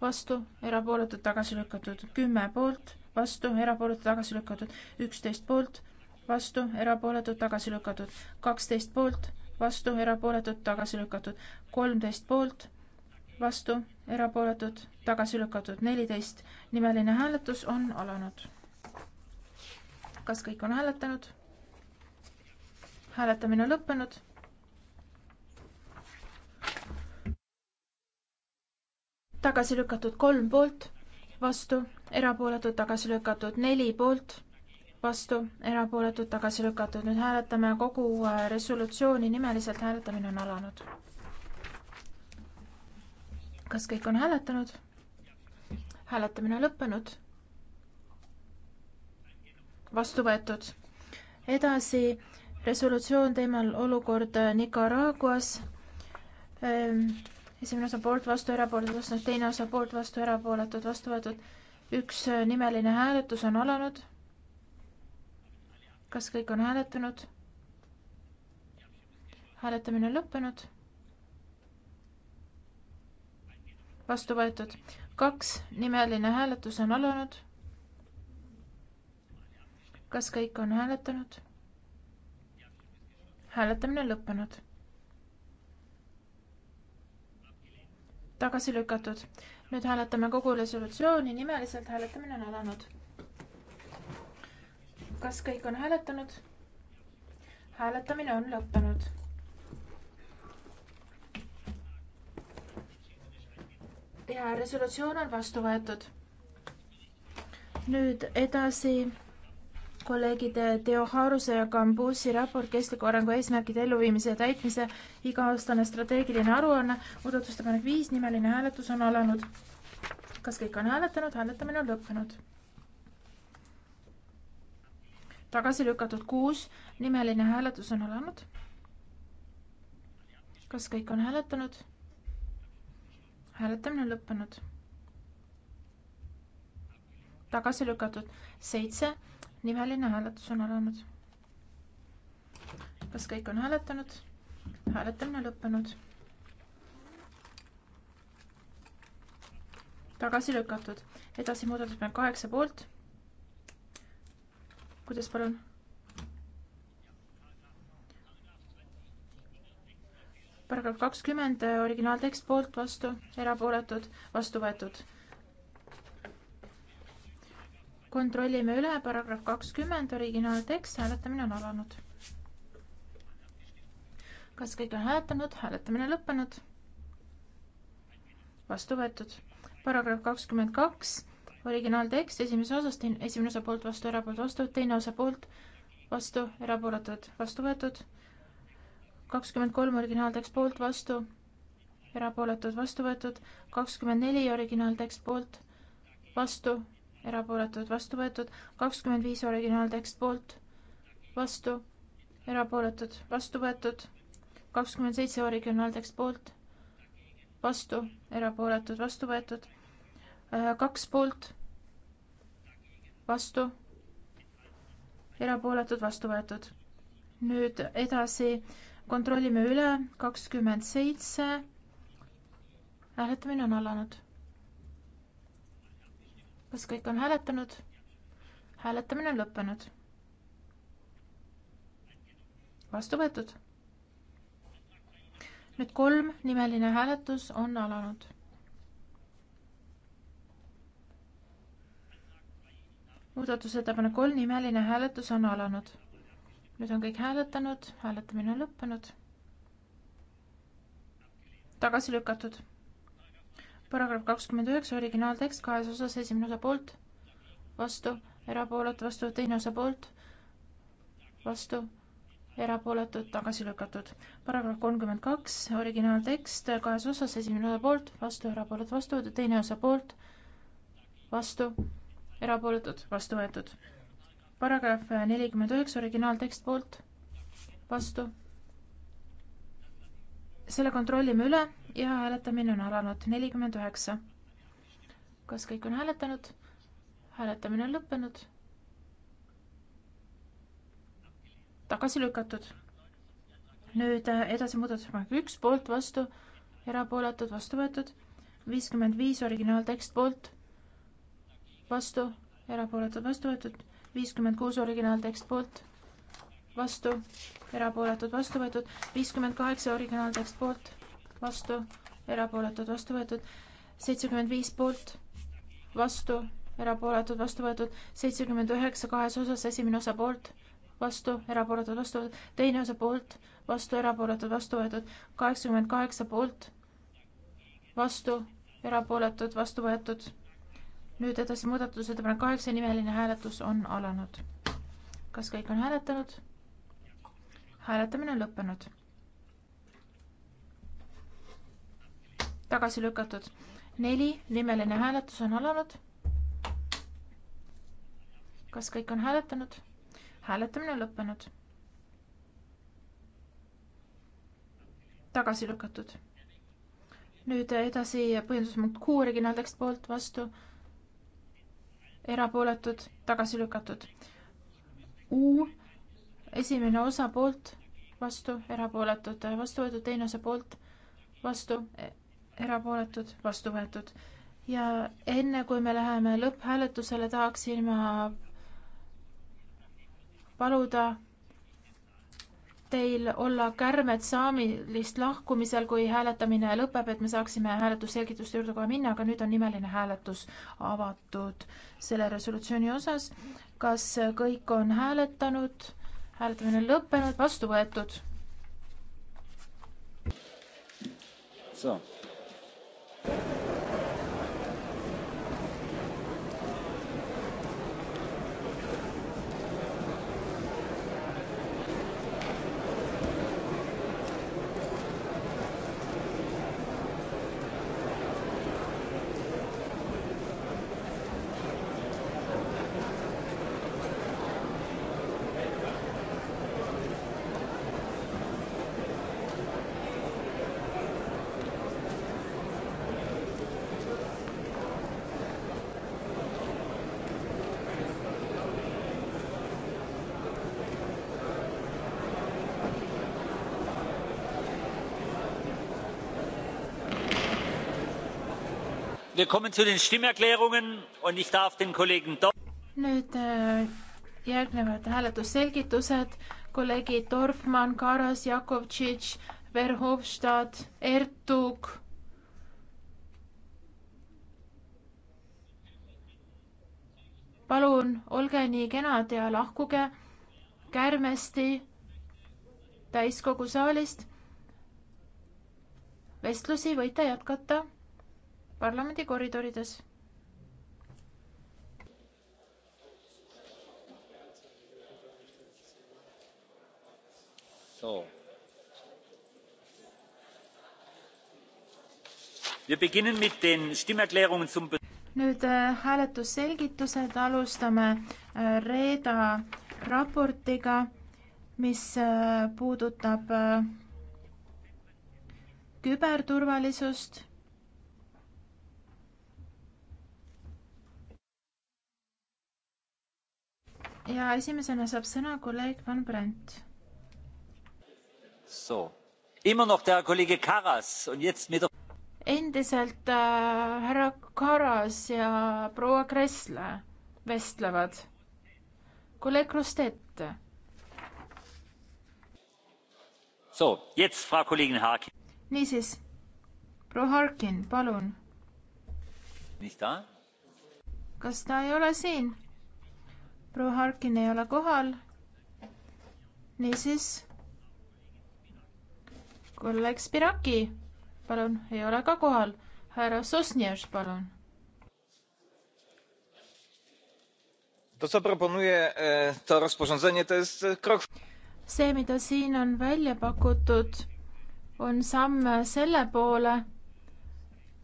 vastu, erapooletud, tagasi lükatud, kümme poolt, vastu, erapooletud, tagasi lükatud, üksteist poolt, vastu, erapooletud, tagasi lükatud, kaksteist poolt, vastu, erapooletud, tagasi lükatud, kolmteist poolt, vastu, erapooletud, tagasi lükatud, neliteist. nimeline hääletus on alanud. kas kõik on hääletanud? hääletamine on lõppenud tagasi lükatud kolm poolt, vastu, erapooletud, tagasi lükatud neli poolt, vastu, erapooletud, tagasi lükatud. nüüd hääletame kogu äh, resolutsiooni nimeliselt, hääletamine on alanud. kas kõik on hääletanud? hääletamine lõppenud. vastu võetud. edasi resolutsioon teemal olukord äh, Nicaraguas ähm, esimene osa poolt, vastu, erapooletud, vastu, teine osa poolt, vastu, erapooletud, vastu võetud. üks äh, nimeline hääletus on alanud. kas kõik on hääletanud? hääletamine on lõppenud. vastu võetud. kaks nimeline hääletus on alanud. kas kõik on hääletanud? hääletamine on lõppenud tagasi lükatud. nüüd hääletame kogu resolutsiooni, nimeliselt hääletamine on alanud. kas kõik on hääletanud? hääletamine on lõppenud. ja resolutsioon on vastu võetud. nüüd edasi kolleegide Teo Haaruse ja Kambusi raport kestliku arengu eesmärgide elluviimise ja täitmise iga-aastane strateegiline aruanne. muudatusettepanek viis, nimeline hääletus on alanud. kas kõik on hääletanud? hääletamine on lõppenud. tagasi lükatud kuus, nimeline hääletus on alanud. kas kõik on hääletanud? hääletamine on lõppenud. tagasi lükatud seitse nimeline hääletus on alanud. kas kõik on hääletanud? hääletamine lõppenud. tagasi lükatud, edasi muudatusettepanek kaheksa poolt. kuidas, palun? paragrahv kakskümmend, originaaltekst poolt, vastu, erapooletud, vastu võetud kontrollime üle, paragrahv kakskümmend, originaaltekst, hääletamine on alanud. kas kõik on hääletanud, hääletamine lõppenud? vastu võetud. paragrahv kakskümmend kaks, originaaltekst, esimese osast, esimene osa poolt vastu, erapoolt vastu, teine osa poolt vastu, erapooletud, vastu võetud. kakskümmend kolm, originaaltekst poolt, vastu, erapooletud, vastu võetud. kakskümmend neli, originaaltekst poolt, vastu erapooletud, vastu võetud, kakskümmend viis originaaltekst poolt, vastu, erapooletud, vastu võetud, kakskümmend seitse originaaltekst poolt, vastu, erapooletud, vastu võetud, äh, kaks poolt, vastu, erapooletud, vastu võetud. nüüd edasi kontrollime üle, kakskümmend seitse, hääletamine on alanud kas kõik on hääletanud? hääletamine on lõppenud. vastu võetud. nüüd kolm nimeline hääletus on alanud. muudatusettepanek kolm nimeline hääletus on alanud. nüüd on kõik hääletanud, hääletamine on lõppenud. tagasi lükatud paragrahv kakskümmend üheksa originaaltekst kahes osas esimene osa poolt vastu erapooletu vastu teine osa poolt vastu erapooletud tagasi lükatud paragrahv kolmkümmend kaks originaaltekst kahes osas esimene osa poolt vastu erapooletu vastu teine osa poolt vastu erapooletud vastu võetud paragrahv nelikümmend üheksa originaaltekst poolt vastu selle kontrollime üle ja hääletamine on alanud nelikümmend üheksa. kas kõik on hääletanud? hääletamine on lõppenud. tagasi lükatud. nüüd äh, edasi muudatusettepanek üks poolt, vastu, erapooletud, vastu võetud, viiskümmend viis originaaltekst poolt, vastu, erapooletud, vastu võetud, viiskümmend kuus originaaltekst poolt vastu, erapooletud, vastu võetud, viiskümmend kaheksa originaaltekst poolt, vastu, erapooletud, vastu võetud, seitsekümmend viis poolt, vastu, erapooletud, vastu võetud, seitsekümmend üheksa kahes osas, esimene osa poolt, vastu, erapooletud, vastu võetud, teine osa poolt, vastu, erapooletud, vastu võetud, kaheksakümmend kaheksa poolt, vastu, erapooletud, vastu võetud. nüüd edasi muudatusettepanek kaheksa, nimeline hääletus on alanud. kas kõik on hääletanud? hääletamine on lõppenud. tagasi lükatud. neli, nimeline hääletus on alanud. kas kõik on hääletanud? hääletamine on lõppenud. tagasi lükatud. nüüd edasi põhjenduspunkt Q originaaltekst poolt, vastu, erapooletud, tagasi lükatud. U esimene osa poolt, vastu, erapooletud, vastu võetud, teine osa poolt, vastu, erapooletud, vastu võetud. ja enne, kui me läheme lõpphääletusele, tahaksin ma paluda teil olla kärmed saamilist lahkumisel, kui hääletamine lõpeb, et me saaksime hääletusselgituste juurde kohe minna, aga nüüd on nimeline hääletus avatud selle resolutsiooni osas. kas kõik on hääletanud? hääletamine on lõppenud, vastu võetud. So. nüüd äh, järgnevad hääletusselgitused. kolleegid Dorfmann, Karas, Jakovtšitš, Verhofstadt, Ertug. palun olge nii kenad ja lahkuge kärmesti täiskogu saalist. vestlusi võite jätkata parlamendi koridorides. nüüd äh, hääletusselgitused alustame äh, reeda raportiga mis äh, puudutab küberturvalisust ja esimesena saab sõna kolleeg Van Brandt. So, immer noch der Kollege Karas und jetzt mit endiselt äh, härra Karas ja proua Kressle vestlevad. kolleeg Rostet. So, jetzt Frau Kollegin Harkin. Niisiis, proua Harkin, palun. Kas ta ei ole siin? proua Harkin ei ole kohal. niisiis, kolleeg Spiraki, palun, ei ole ka kohal. härra Sosnjev, palun. To, co proponuje to rozporządzenie, to jest krok. see, mida siin on välja pakutud, on samm selle poole,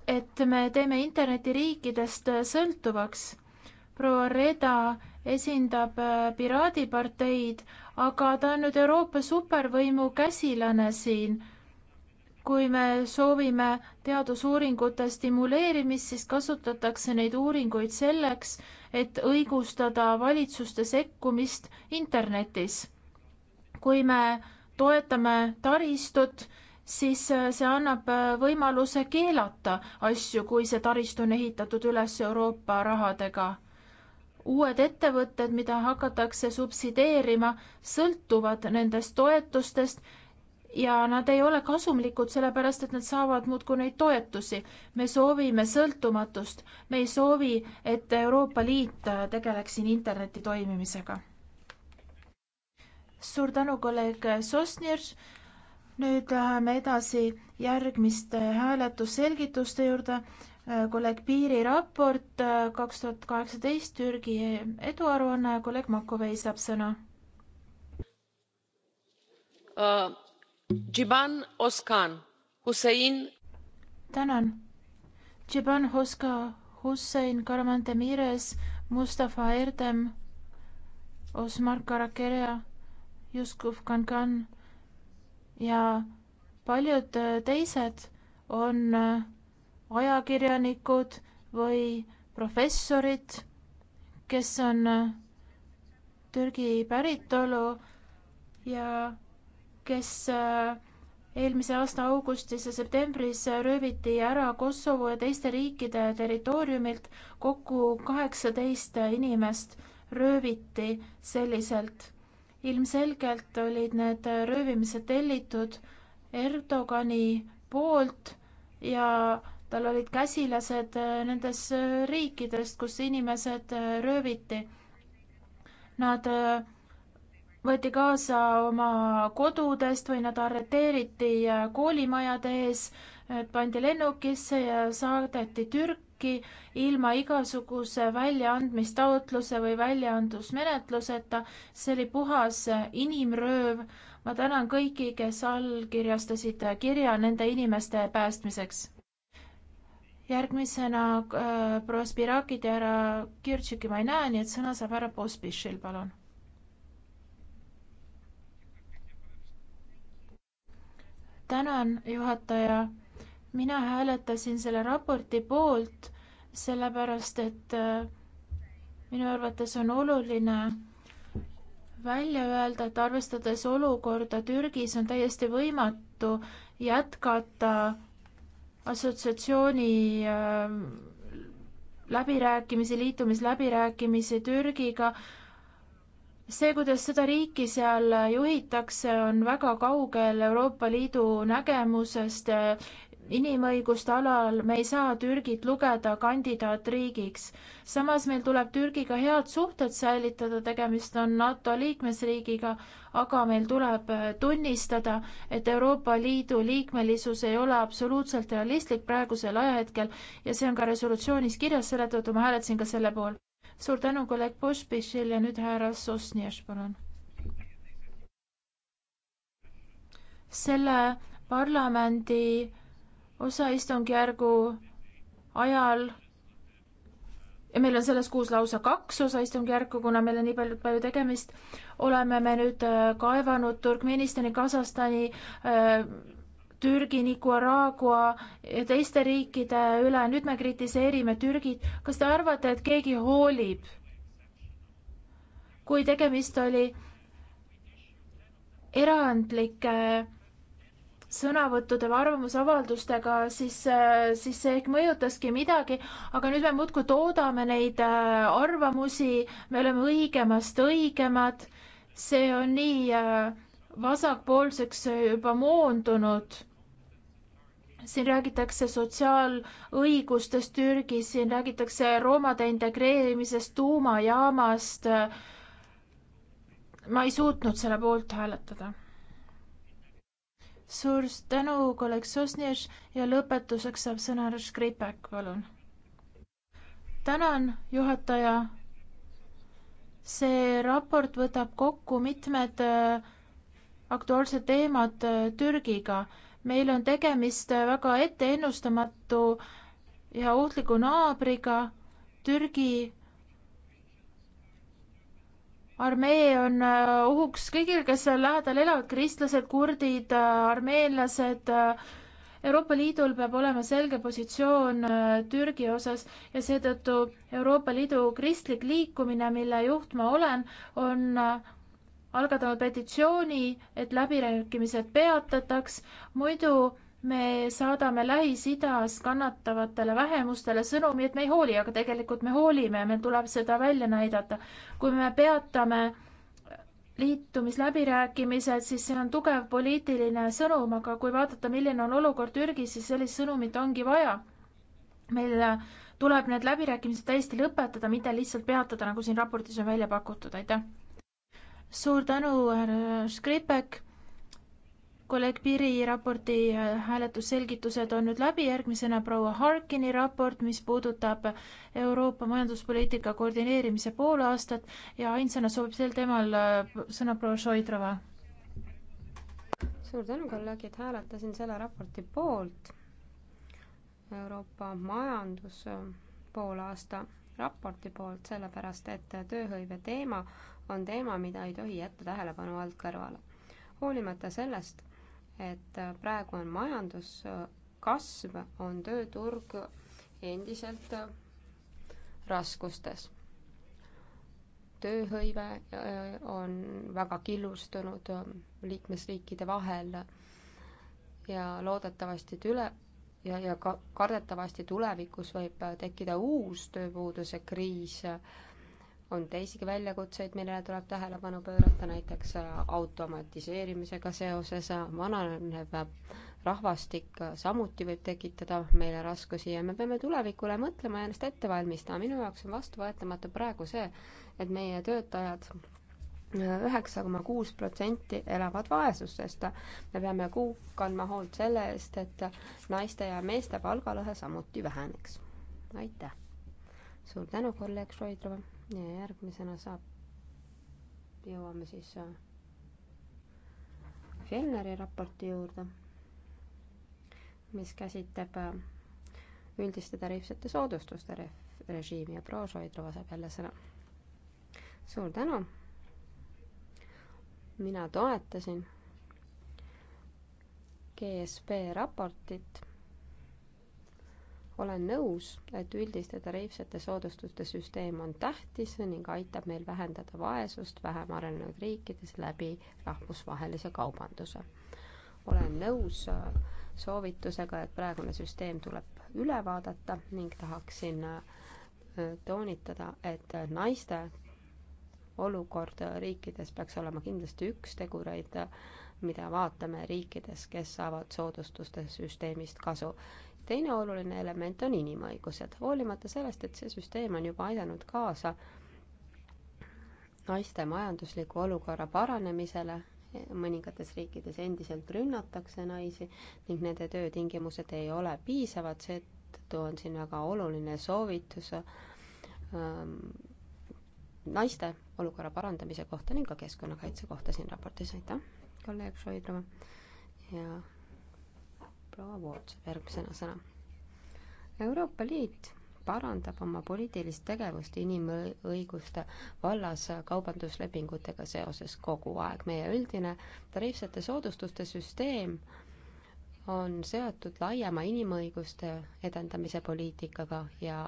et me teeme internetiriikidest sõltuvaks. proua Reda esindab äh, piraadiparteid, aga ta on nüüd Euroopa supervõimu käsilane siin. kui me soovime teadusuuringute stimuleerimist, siis kasutatakse neid uuringuid selleks, et õigustada valitsuste sekkumist internetis. kui me toetame taristut, siis äh, see annab äh, võimaluse keelata asju, kui see taristu on ehitatud üles Euroopa rahadega uued ettevõtted, mida hakatakse subsideerima, sõltuvad nendest toetustest ja nad ei ole kasumlikud, sellepärast et nad saavad muudkui neid toetusi. me soovime sõltumatust, me ei soovi, et Euroopa Liit tegeleks siin interneti toimimisega. suur tänu, kolleeg Sosnjärv. nüüd läheme edasi järgmiste hääletusselgituste juurde Äh, kolleeg Piiri raport äh, kaks tuhat kaheksateist Türgi eduaruanne, kolleeg Makovei saab sõna uh,. Džiban Oskan, Hussein. tänan. Džiban Oska, Hussein, Karaman Demirez, Mustafa Erdem, Osmar Karakeria, Juskuf Kankan ja paljud teised on ajakirjanikud või professorid, kes on äh, Türgi päritolu ja kes äh, eelmise aasta augustis ja septembris äh, rööviti ära Kosovo ja teiste riikide territooriumilt. kokku kaheksateist inimest rööviti selliselt. ilmselgelt olid need röövimised tellitud Erdogani poolt ja tal olid käsilased äh, nendes äh, riikides, kus inimesed äh, rööviti. Nad võeti kaasa oma kodudest või nad arreteeriti koolimajade ees, pandi lennukisse ja saadeti Türki ilma igasuguse väljaandmistaotluse või väljaandlusmenetluseta. see oli puhas inimrööv. ma tänan kõiki, kes allkirjastasid kirja nende inimeste päästmiseks järgmisena äh, proua Spirakid ja härra Kirtšiki ma ei näe, nii et sõna saab härra Pospišil, palun. tänan, juhataja. mina hääletasin selle raporti poolt, sellepärast et äh, minu arvates on oluline välja öelda, et arvestades olukorda Türgis on täiesti võimatu jätkata assotsiatsiooni ähm, läbirääkimisi, liitumisläbirääkimisi Türgiga. see, kuidas seda riiki seal juhitakse, on väga kaugel Euroopa Liidu nägemusest inimõiguste alal me ei saa Türgit lugeda kandidaatriigiks. samas meil tuleb Türgiga head suhted säilitada, tegemist on NATO liikmesriigiga, aga meil tuleb äh, tunnistada, et Euroopa Liidu liikmelisus ei ole absoluutselt realistlik praegusel ajahetkel ja see on ka resolutsioonis kirjas, selle tõttu ma hääletasin ka selle poolt. suur tänu, kolleeg Pospišil ja nüüd härra Sosnjev, palun. selle parlamendi osa istungjärgu ajal ja meil on selles kuus lausa kaks osa istungjärku, kuna meil on nii palju, palju tegemist, oleme me nüüd äh, kaevanud Turkmenistani, Kasahstani, äh, Türgi, Nicaragua ja teiste riikide üle, nüüd me kritiseerime Türgit. kas te arvate, et keegi hoolib? kui tegemist oli erandlike sõnavõttude või arvamusavaldustega, siis, äh, siis see ehk mõjutaski midagi, aga nüüd me muudkui toodame neid äh, arvamusi, me oleme õigemast õigemad, see on nii äh, vasakpoolseks juba moondunud. siin räägitakse sotsiaalõigustest Türgis, siin räägitakse roomade integreerimisest, tuumajaamast. ma ei suutnud selle poolt hääletada suur tänu, kolleeg Sosnjev ja lõpetuseks saab sõna härra Škripek, palun. tänan, juhataja. see raport võtab kokku mitmed äh, aktuaalsed teemad äh, Türgiga. meil on tegemist äh, väga etteennustamatu ja ohtliku naabriga. Türgi armee on äh, ohuks kõigile, kes seal lähedal elavad, kristlased, kurdid, äh, armeenlased. Äh, Euroopa Liidul peab olema selge positsioon Türgi osas ja seetõttu Euroopa Liidu kristlik liikumine, mille juht ma olen, on algatanud petitsiooni, et läbirääkimised peatataks, muidu me saadame Lähis-Idas kannatavatele vähemustele sõnumi, et me ei hooli, aga tegelikult me hoolime ja meil tuleb seda välja näidata. kui me peatame liitumisläbirääkimised, siis see on tugev poliitiline sõnum, aga kui vaadata, milline on olukord Türgis, siis sellist sõnumit ongi vaja. meil tuleb need läbirääkimised täiesti lõpetada, mitte lihtsalt peatada, nagu siin raportis on välja pakutud, aitäh. suur tänu, härra Škripek kolleeg Piri raporti äh, hääletusselgitused on nüüd läbi, järgmisena proua Harkini raport, mis puudutab Euroopa majanduspoliitika koordineerimise poolaastat ja ainsana soovib sel teemal äh, sõna proua Šoidrova. suur tänu, kolleegid, hääletasin selle raporti poolt. Euroopa majandus äh, poolaasta raporti poolt, sellepärast et tööhõive teema on teema, mida ei tohi jätta tähelepanu alt kõrvale. hoolimata sellest, et äh, praegu on majanduskasv, on tööturg endiselt äh, raskustes. tööhõive äh, on väga killustunud liikmesriikide vahel ja loodetavasti tüle ja, ja ka kardetavasti tulevikus võib tekkida uus tööpuuduse kriis on teisigi väljakutseid, millele tuleb tähelepanu pöörata, näiteks äh, automatiseerimisega seoses äh, vananev äh, rahvastik samuti võib tekitada meile raskusi ja me peame tulevikule mõtlema ja ennast ette valmistama. minu jaoks on vastuvõetamatu praegu see, et meie töötajad üheksa koma kuus protsenti elavad vaesusest. me peame kuu kandma hoolt selle eest, et naiste ja meeste palgalõhe samuti väheneks. aitäh! suur tänu, kolleeg Šoidrova! ja järgmisena saab, jõuame siis äh, Fenneri raporti juurde, mis käsitleb äh, üldiste tariifsete soodustuste re-, režiimi ja proua Šoidrova saab jälle sõna. suur tänu, mina toetasin GSP raportit olen nõus, et üldiste tariifsete soodustuste süsteem on tähtis ning aitab meil vähendada vaesust vähem arenenud riikides läbi rahvusvahelise kaubanduse. olen nõus äh, soovitusega, et praegune süsteem tuleb üle vaadata ning tahaksin äh, toonitada, et äh, naiste olukord riikides peaks olema kindlasti üks tegureid, mida vaatame riikides, kes saavad soodustuste süsteemist kasu teine oluline element on inimõigused. hoolimata sellest, et see süsteem on juba aidanud kaasa naiste majandusliku olukorra paranemisele, mõningates riikides endiselt rünnatakse naisi ning nende töötingimused ei ole piisavad, seetõttu on siin väga oluline soovitus ähm, naiste olukorra parandamise kohta ning ka keskkonnakaitse kohta siin raportis, aitäh, kolleeg Šoidrova. ja proua Woods saab järgmisena sõna. Euroopa Liit parandab oma poliitilist tegevust inimõiguste vallas kaubanduslepingutega seoses kogu aeg. meie üldine tariifsete soodustuste süsteem on seotud laiema inimõiguste edendamise poliitikaga ja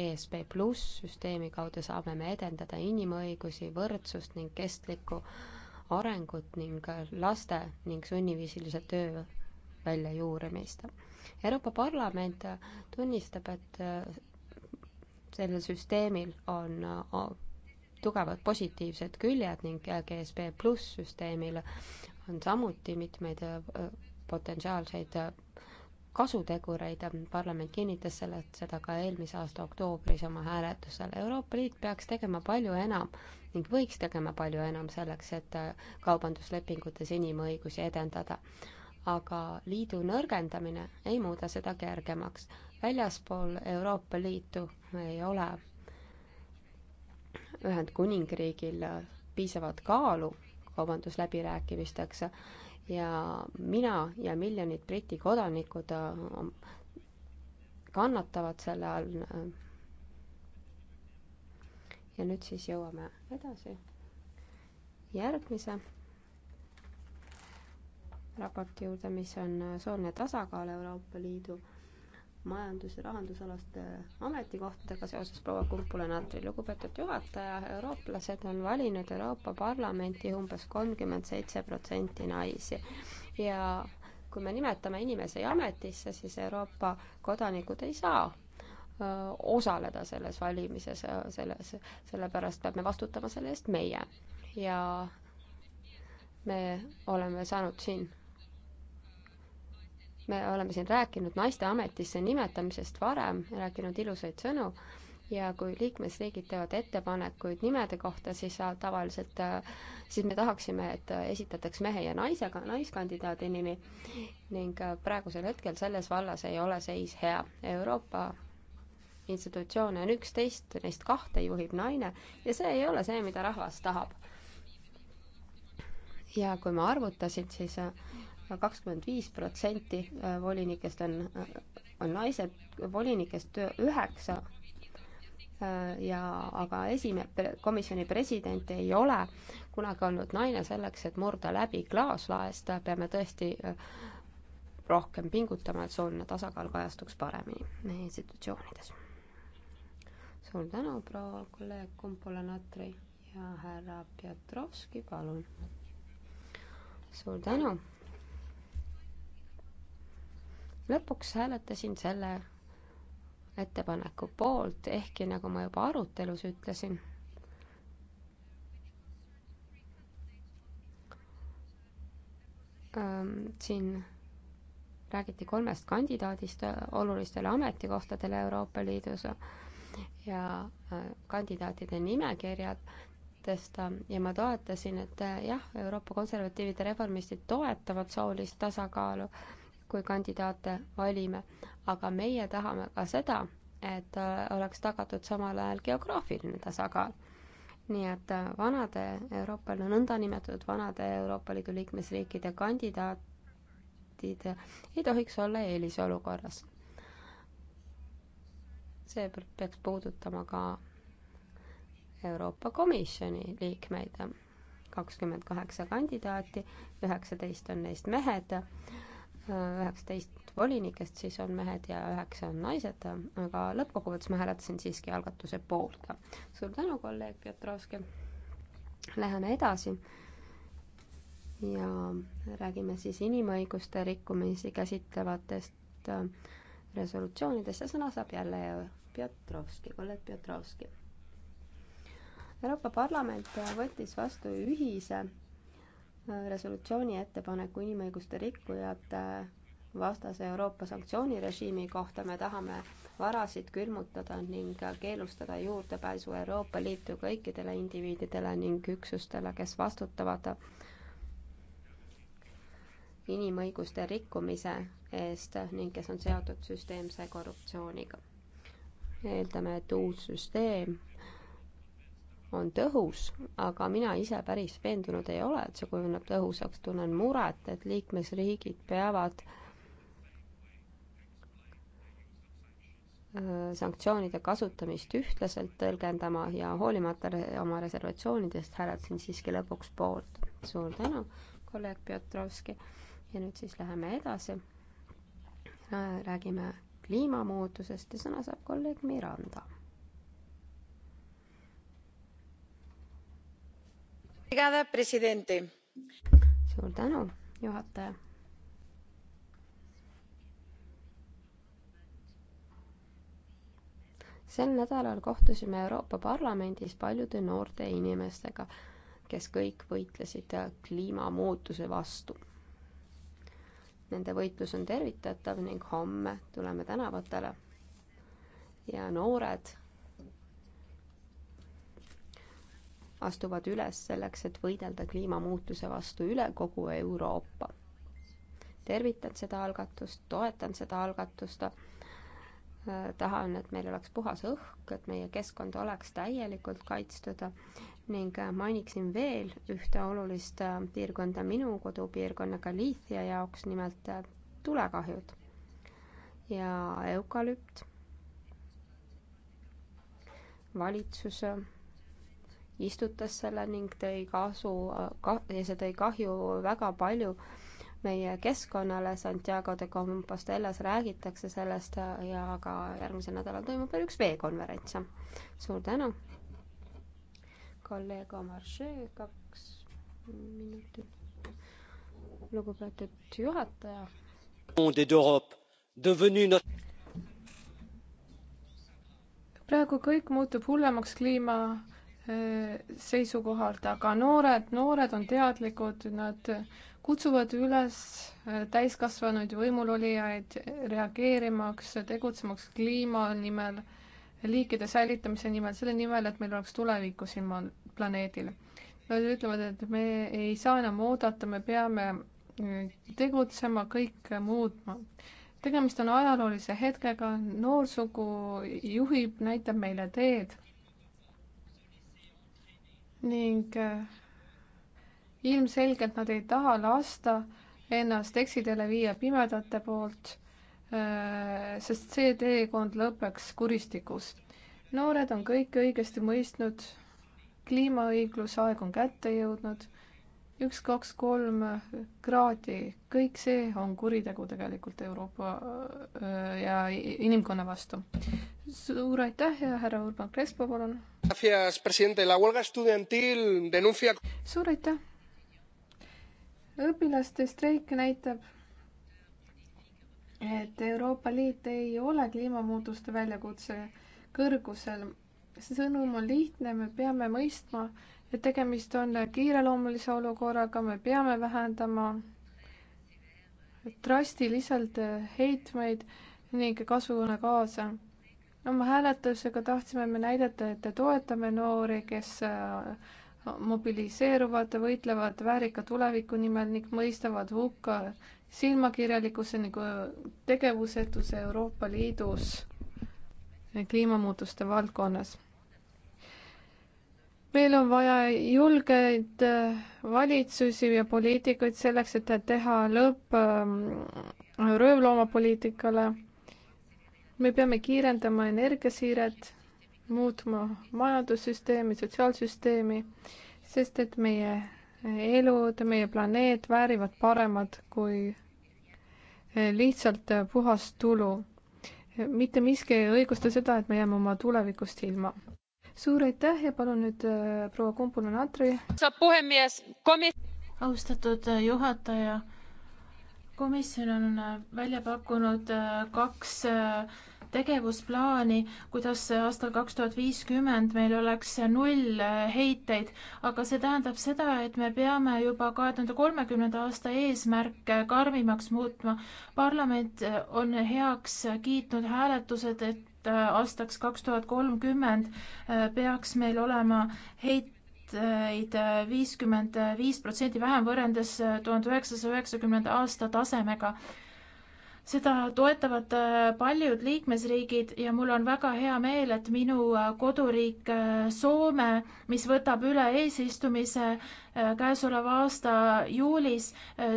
GSP pluss süsteemi kaudu saame me edendada inimõigusi, võrdsust ning kestlikku arengut ning laste ning sunniviisilise töö väljajuurimist. Euroopa Parlament tunnistab, et äh, sellel süsteemil on äh, tugevad positiivsed küljed ning äh, GSB pluss süsteemil on samuti mitmeid potentsiaalseid kasutegureid, parlament kinnitas selle, seda ka eelmise aasta oktoobris oma hääletusel. Euroopa Liit peaks tegema palju enam ning võiks tegema palju enam selleks, et kaubanduslepingutes inimõigusi edendada aga liidu nõrgendamine ei muuda seda kergemaks. väljaspool Euroopa Liitu ei ole Ühendkuningriigil piisavat kaalu kaubandusläbirääkimisteks ja mina ja miljonid Briti kodanikud äh, kannatavad selle all. ja nüüd siis jõuame edasi järgmise raporti juurde, mis on sooline tasakaal Euroopa Liidu majandus- ja rahandusalaste ametikohtadega seoses proua Kumpula-Natri. lugupeetud juhataja, eurooplased on valinud Euroopa Parlamenti umbes kolmkümmend seitse protsenti naisi ja kui me nimetame inimesi ametisse, siis Euroopa kodanikud ei saa osaleda selles valimises, selles, sellepärast peame vastutama selle eest meie. ja me oleme saanud siin me oleme siin rääkinud naiste ametisse nimetamisest varem, rääkinud ilusaid sõnu ja kui liikmesriigid teevad ettepanekuid nimede kohta, siis äh, tavaliselt, äh, siis me tahaksime, et äh, esitataks mehe ja naisega, naiskandidaadi nimi ning praegusel hetkel selles vallas ei ole seis hea. Euroopa institutsioone on üksteist, neist kahte juhib naine ja see ei ole see, mida rahvas tahab. ja kui ma arvutasin, siis kakskümmend viis protsenti äh, volinikest on, on naised, volinikest üheksa äh, ja aga esimene komisjoni president ei ole kunagi olnud naine, selleks et murda läbi klaaslaest, peame tõesti äh, rohkem pingutama, et sooline tasakaal kajastuks paremini meie institutsioonides. suur tänu, proua kolleeg Kumpola-Natri ja härra Pjatrovski, palun. suur tänu lõpuks hääletasin selle ettepaneku poolt, ehkki nagu ma juba arutelus ütlesin, ähm, siin räägiti kolmest kandidaadist äh, olulistele ametikohtadele Euroopa Liidus ja äh, kandidaatide nimekirjadest äh, ja ma toetasin, et jah, Euroopa konservatiivid ja reformistid toetavad soolist tasakaalu kui kandidaate valime, aga meie tahame ka seda, et äh, oleks tagatud samal ajal geograafiline tasakaal. nii et äh, vanade Euroopa, no nõndanimetatud vanade Euroopa Liidu liikmesriikide kandidaatid ei tohiks olla eelisolukorras. see peaks puudutama ka Euroopa Komisjoni liikmeid, kakskümmend kaheksa kandidaati, üheksateist on neist mehed üheksateist volinikest siis on mehed ja üheksa on naised, aga lõppkokkuvõttes ma hääletasin siiski algatuse poolt. suur tänu, kolleeg Piotrovski. Läheme edasi ja räägime siis inimõiguste rikkumisi käsitlevatest äh, resolutsioonidest ja sõna saab jälle Piotrovski, kolleeg Piotrovski. Euroopa Parlament võttis vastu ühise resolutsiooni ettepaneku inimõiguste rikkujate vastase Euroopa sanktsioonirežiimi kohta me tahame varasid külmutada ning keelustada juurdepääsu Euroopa Liitu kõikidele indiviididele ning üksustele, kes vastutavad inimõiguste rikkumise eest ning kes on seotud süsteemse korruptsiooniga. eeldame, et uus süsteem on tõhus, aga mina ise päris veendunud ei ole, et see kujuneb tõhusaks, tunnen muret, et liikmesriigid peavad sanktsioonide kasutamist ühtlaselt tõlgendama ja hoolimata oma reservatsioonidest hääletasin siiski lõpuks poolt. suur tänu, kolleeg Pjotrovski. ja nüüd siis läheme edasi. räägime kliimamuutusest ja sõna saab kolleeg Miranda suur tänu, juhataja. sel nädalal kohtusime Euroopa Parlamendis paljude noorte inimestega, kes kõik võitlesid kliimamuutuse vastu. Nende võitlus on tervitatav ning homme tuleme tänavatele ja noored astuvad üles selleks, et võidelda kliimamuutuse vastu üle kogu Euroopa. tervitan seda algatust, toetan seda algatust, tahan, et meil oleks puhas õhk, et meie keskkond oleks täielikult kaitstud ning mainiksin veel ühte olulist piirkonda minu kodupiirkonna Galiitia jaoks, nimelt tulekahjud ja eukalüpt, valitsus istutas selle ning tõi kasu ka, ja see tõi kahju väga palju meie keskkonnale, Santiago de Compostelas räägitakse sellest ja ka järgmisel nädalal toimub veel üks veekonverents. suur tänu! kolleeg Omar Šee, kaks minutit. lugupeetud juhataja. praegu kõik muutub hullemaks kliima seisukohalt, aga noored, noored on teadlikud, nad kutsuvad üles täiskasvanuid võimulolijaid reageerimaks, tegutsemaks kliima nimel, liikide säilitamise nimel, selle nimel, et meil oleks tulevikku siin maa, planeedil. Nad ütlevad, et me ei saa enam oodata, me peame tegutsema, kõike muutma. tegemist on ajaloolise hetkega, noorsugu juhib, näitab meile teed ning äh, ilmselgelt nad ei taha lasta ennast eksiteele viia pimedate poolt, äh, sest see teekond lõpeks kuristikus. noored on kõik õigesti mõistnud, kliimaõigluse aeg on kätte jõudnud üks, kaks, kolm kraadi, kõik see on kuritegu tegelikult Euroopa äh, ja inimkonna vastu. suur aitäh ja härra Urban Crespo, palun. suur aitäh. õpilaste streik näitab, et Euroopa Liit ei ole kliimamuutuste väljakutse kõrgusel. see sõnum on lihtne, me peame mõistma, et tegemist on kiireloomulise olukorraga, me peame vähendama drastiliselt heitmeid ning kasvuhoonegaase. oma hääletusega tahtsime me näidata, et toetame noori, kes äh, mobiliseeruvad, võitlevad väärika tuleviku nimel ning mõistavad hukka silmakirjalikkuse ning äh, tegevusetuse Euroopa Liidus kliimamuutuste valdkonnas meil on vaja julgeid äh, valitsusi ja poliitikuid selleks, et teha lõpp ähm, röövloomapoliitikale. me peame kiirendama energiasiiret, muutma majandussüsteemi, sotsiaalsüsteemi, sest et meie elud, meie planeet väärivad paremat kui äh, lihtsalt äh, puhast tulu. mitte miski ei õigusta seda, et me jääme oma tulevikust ilma suur aitäh ja palun nüüd äh, proua Kumpula-Natri. austatud äh, juhataja, komisjon on äh, välja pakkunud kaks tegevusplaani, kuidas aastal kaks tuhat viiskümmend meil oleks null heiteid, aga see tähendab seda, et me peame juba kahe tuhande kolmekümnenda aasta eesmärke karmimaks muutma. parlament on heaks kiitnud hääletused, et et äh, aastaks kaks tuhat kolmkümmend äh, peaks meil olema heiteid äh, viiskümmend viis protsenti vähem võrreldes tuhande üheksasaja üheksakümnenda aasta tasemega seda toetavad äh, paljud liikmesriigid ja mul on väga hea meel, et minu äh, koduriik äh, Soome, mis võtab üle eesistumise käesoleva aasta juulis,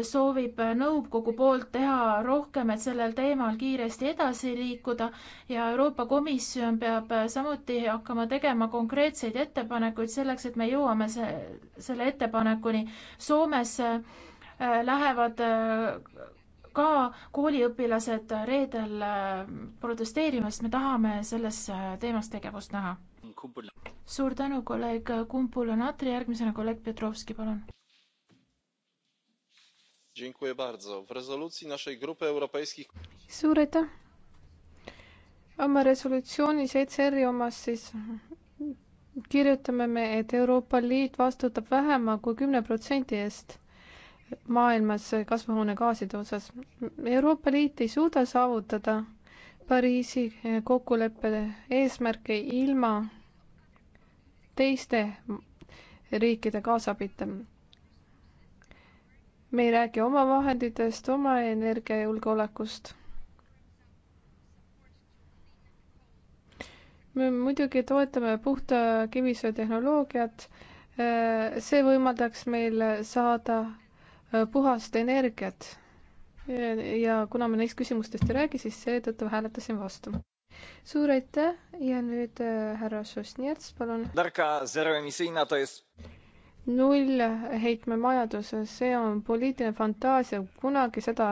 soovib nõukogu poolt teha rohkem, et sellel teemal kiiresti edasi liikuda ja Euroopa Komisjon peab samuti hakkama tegema konkreetseid ettepanekuid selleks, et me jõuame se selle ettepanekuni. Soomes lähevad ka kooliõpilased reedel äh, protesteerima, sest me tahame selles äh, teemas tegevust näha. suur tänu, kolleeg Kumpula-Natri, järgmisena kolleeg Petrovski, palun. suur aitäh. oma resolutsioonis ECR-i omas siis kirjutame me, et Euroopa Liit vastutab vähema kui kümne protsendi eest maailmas kasvuhoonegaaside osas. Euroopa Liit ei suuda saavutada Pariisi kokkuleppe eesmärke ilma teiste riikide kaasabita. me ei räägi oma vahenditest, oma energiajulgeolekust. me muidugi toetame puhta kivisöetehnoloogiat. see võimaldaks meil saada Äh, puhast energiat. ja kuna ma neist küsimustest ei räägi, siis seetõttu hääletasin vastu. suur aitäh ja nüüd äh, härra Sosnjets, palun. nullheitmemajandus, see on poliitiline fantaasia, kunagi seda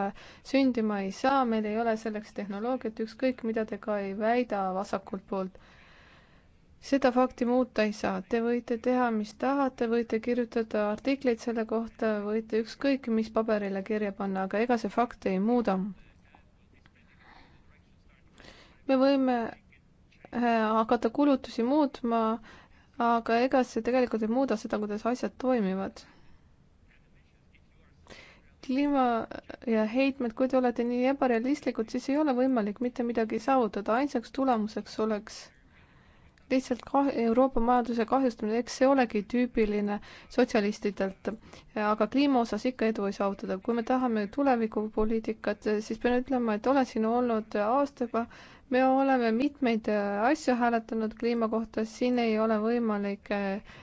sündima ei saa, meil ei ole selleks tehnoloogiat, ükskõik mida te ka ei väida vasakult poolt seda fakti muuta ei saa, te võite teha, mis tahate, võite kirjutada artikleid selle kohta, võite ükskõik mis paberile kirja panna, aga ega see fakte ei muuda. me võime äh, hakata kulutusi muutma, aga ega see tegelikult ei muuda seda, kuidas asjad toimivad. kliima äh, ja heitmed, kui te olete nii ebarealistlikud, siis ei ole võimalik mitte midagi saavutada, ainsaks tulemuseks oleks lihtsalt kah-, Euroopa majanduse kahjustamine, eks see olegi tüüpiline sotsialistidelt. aga kliima osas ikka edu ei saavutada. kui me tahame tulevikupoliitikat, siis pean ütlema, et olen siin olnud aastaga, me oleme mitmeid asju hääletanud kliima kohta, siin ei ole võimalik äh,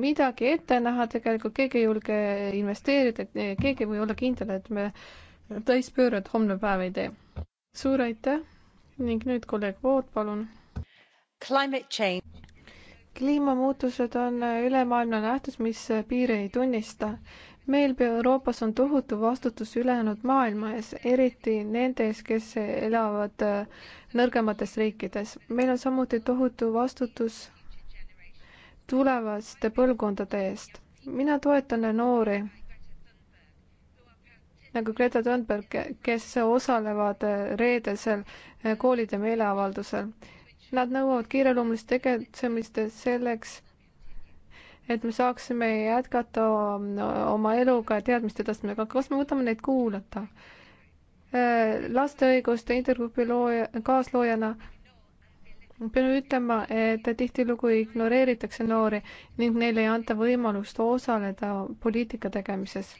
midagi ette näha, tegelikult keegi ei julge investeerida, keegi ei või olla kindel, et me täispööret homne päev ei tee. suur aitäh ning nüüd kolleeg Vood, palun kliimamuutused on ülemaailmne nähtus, mis piire ei tunnista. meil Euroopas on tohutu vastutus ülejäänud maailma ees, eriti nende ees, kes elavad nõrgemates riikides. meil on samuti tohutu vastutus tulevaste põlvkondade eest. mina toetan noori nagu Greta Thunberg, kes osalevad reedesel koolide meeleavaldusel Nad nõuavad kiireloomulist tegutsemist selleks, et me saaksime jätkata oma eluga ja teadmiste tõstmisega, kas me võtame neid kuulata? Äh, laste õiguste intergrupi looja, kaasloojana pean ütlema, et tihtilugu ignoreeritakse noori ning neile ei anta võimalust osaleda poliitika tegemises.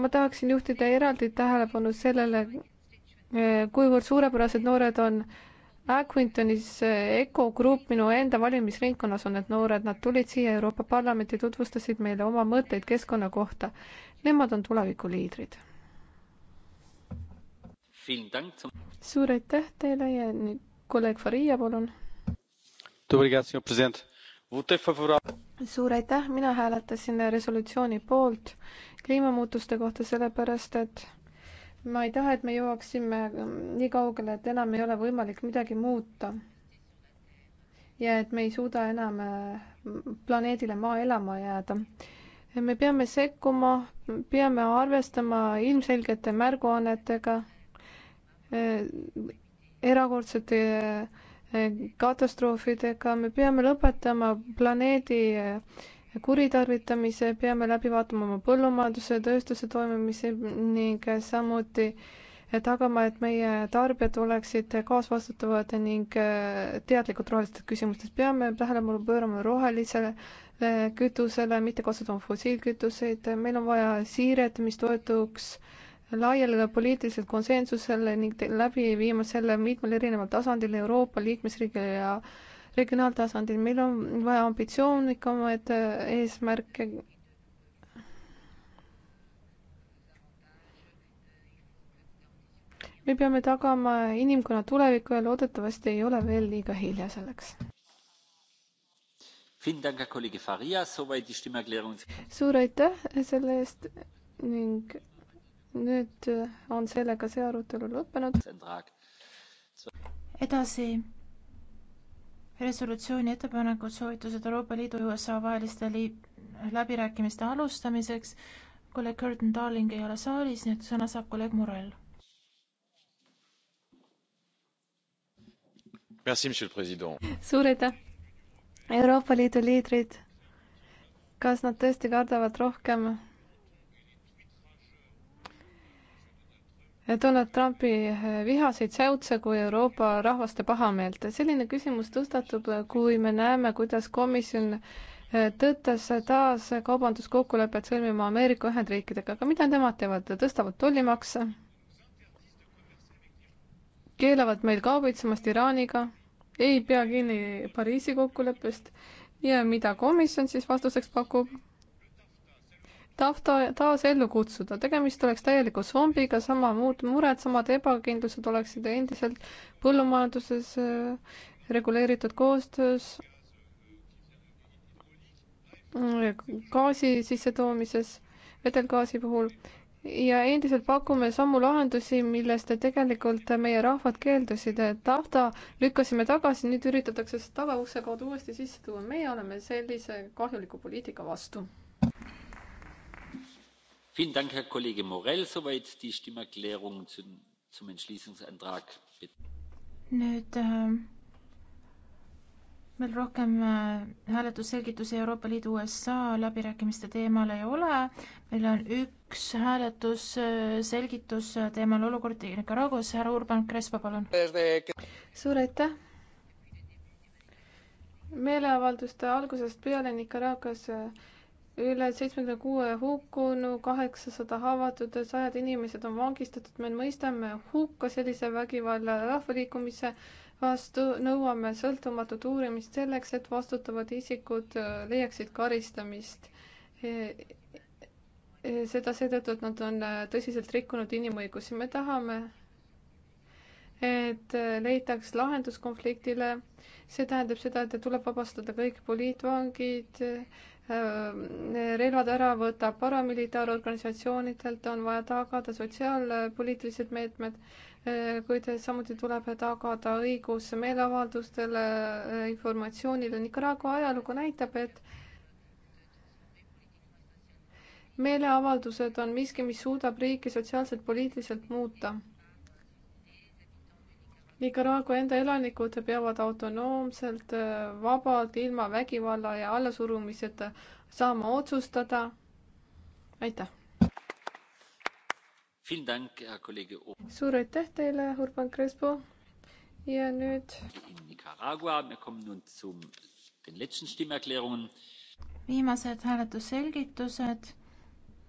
ma tahaksin juhtida eraldi tähelepanu sellele, äh, kuivõrd suurepärased noored on äh, Aquintonis eh, ECO Group minu enda valimisringkonnas on need noored, nad tulid siia Euroopa Parlamenti, tutvustasid meile oma mõtteid keskkonna kohta. Nemad on tuleviku liidrid. suur aitäh teile ja nüüd kolleeg Faria, palun. suur aitäh, mina hääletasin resolutsiooni poolt kliimamuutuste kohta, sellepärast et ma ei taha, et me jõuaksime ähm, nii kaugele, et enam ei ole võimalik midagi muuta. ja et me ei suuda enam äh, planeedile Maa elama jääda. me peame sekkuma, peame arvestama ilmselgete märguannetega, äh, erakordsete äh, katastroofidega, me peame lõpetama planeedi kuritarvitamise, peame läbi vaatama oma põllumajanduse, tööstuse toimimise ning samuti tagama, et meie tarbijad oleksid kaasvastutavad ning äh, teadlikud rohelistest küsimustest. peame tähelepanu pöörama rohelisele äh, kütusele, mitte kasutama fossiilkütuseid, meil on vaja siiret, mis toetuks laiale poliitilisele konsensusele ning läbi viima selle mitmel erineval tasandil Euroopa liikmesriigile ja äh, regionaaltasandil, meil on vaja ambitsioonikamaid äh, eesmärke. me peame tagama inimkonna tuleviku ja loodetavasti ei ole veel liiga hilja selleks. suur aitäh selle eest ning nüüd on sellega see arutelu lõppenud. edasi resolutsiooni ettepanekud, soovitused Euroopa Liidu ja USA vaheliste liib-, läbirääkimiste alustamiseks. kolleeg Curtin Darling ei ole saalis, nii et sõna saab kolleeg Murel. suur aitäh! Euroopa Liidu liidrid, kas nad tõesti kardavad rohkem Donald Trumpi eh, vihaseid säutse kui Euroopa rahvaste pahameelt. selline küsimus tõstatub, eh, kui me näeme, kuidas komisjon eh, tõttas taas kaubanduskokkulepet sõlmima Ameerika Ühendriikidega, aga mida nemad teevad, tõstavad tollimakse, keelavad meil kaubitsemast Iraaniga, ei pea kinni Pariisi kokkuleppest ja mida komisjon siis vastuseks pakub? tahta taas ellu kutsuda. tegemist oleks täieliku zombiga, sama muud mured, samad ebakindlused oleksid endiselt põllumajanduses äh, reguleeritud koostöös, äh, gaasi sissetoomises, vedelgaasi puhul ja endiselt pakume samu lahendusi, millest tegelikult meie rahvad keeldusid, et tahta lükkasime tagasi, nüüd üritatakse see tagaukse kaudu uuesti sisse tuua. meie oleme sellise kahjuliku poliitika vastu vielen dank herr kollege morel soweit die stimmerklärungen zum entschließungsantrag. nüüd meil äh, rohkem äh, hääletusselgitusi euroopa liidu usa läbirääkimiste teemal ei ole meil on üks hääletusselgitus äh, teemal olukord nicaraguas härra urban crespo palun suur aitäh meeleavalduste algusest peale nicaraguas üle seitsmekümne kuue hukkunu, kaheksasada haavatud, sajad inimesed on vangistatud, me mõistame hukka sellise vägivalla rahvaliikumise vastu, nõuame sõltumatut uurimist selleks, et vastutavad isikud äh, leiaksid karistamist. E, e, seda seetõttu, et nad on äh, tõsiselt rikkunud inimõigusi, me tahame, et äh, leitaks lahendus konfliktile, see tähendab seda, et tuleb vabastada kõik poliitvangid, Äh, relvad ära võtab paramilitaarorganisatsioonidelt, on vaja tagada sotsiaalpoliitilised meetmed, äh, kuid samuti tuleb tagada õigus meeleavaldustele, äh, informatsioonile. Nicaragua ajalugu näitab, et meeleavaldused on miski, mis suudab riiki sotsiaalselt, poliitiliselt muuta Nicaragua enda elanikud peavad autonoomselt, äh, vabalt, ilma vägivalla ja allasurumiseta saama otsustada. aitäh. suur aitäh teile, Urban Crespo. ja nüüd. viimased hääletusselgitused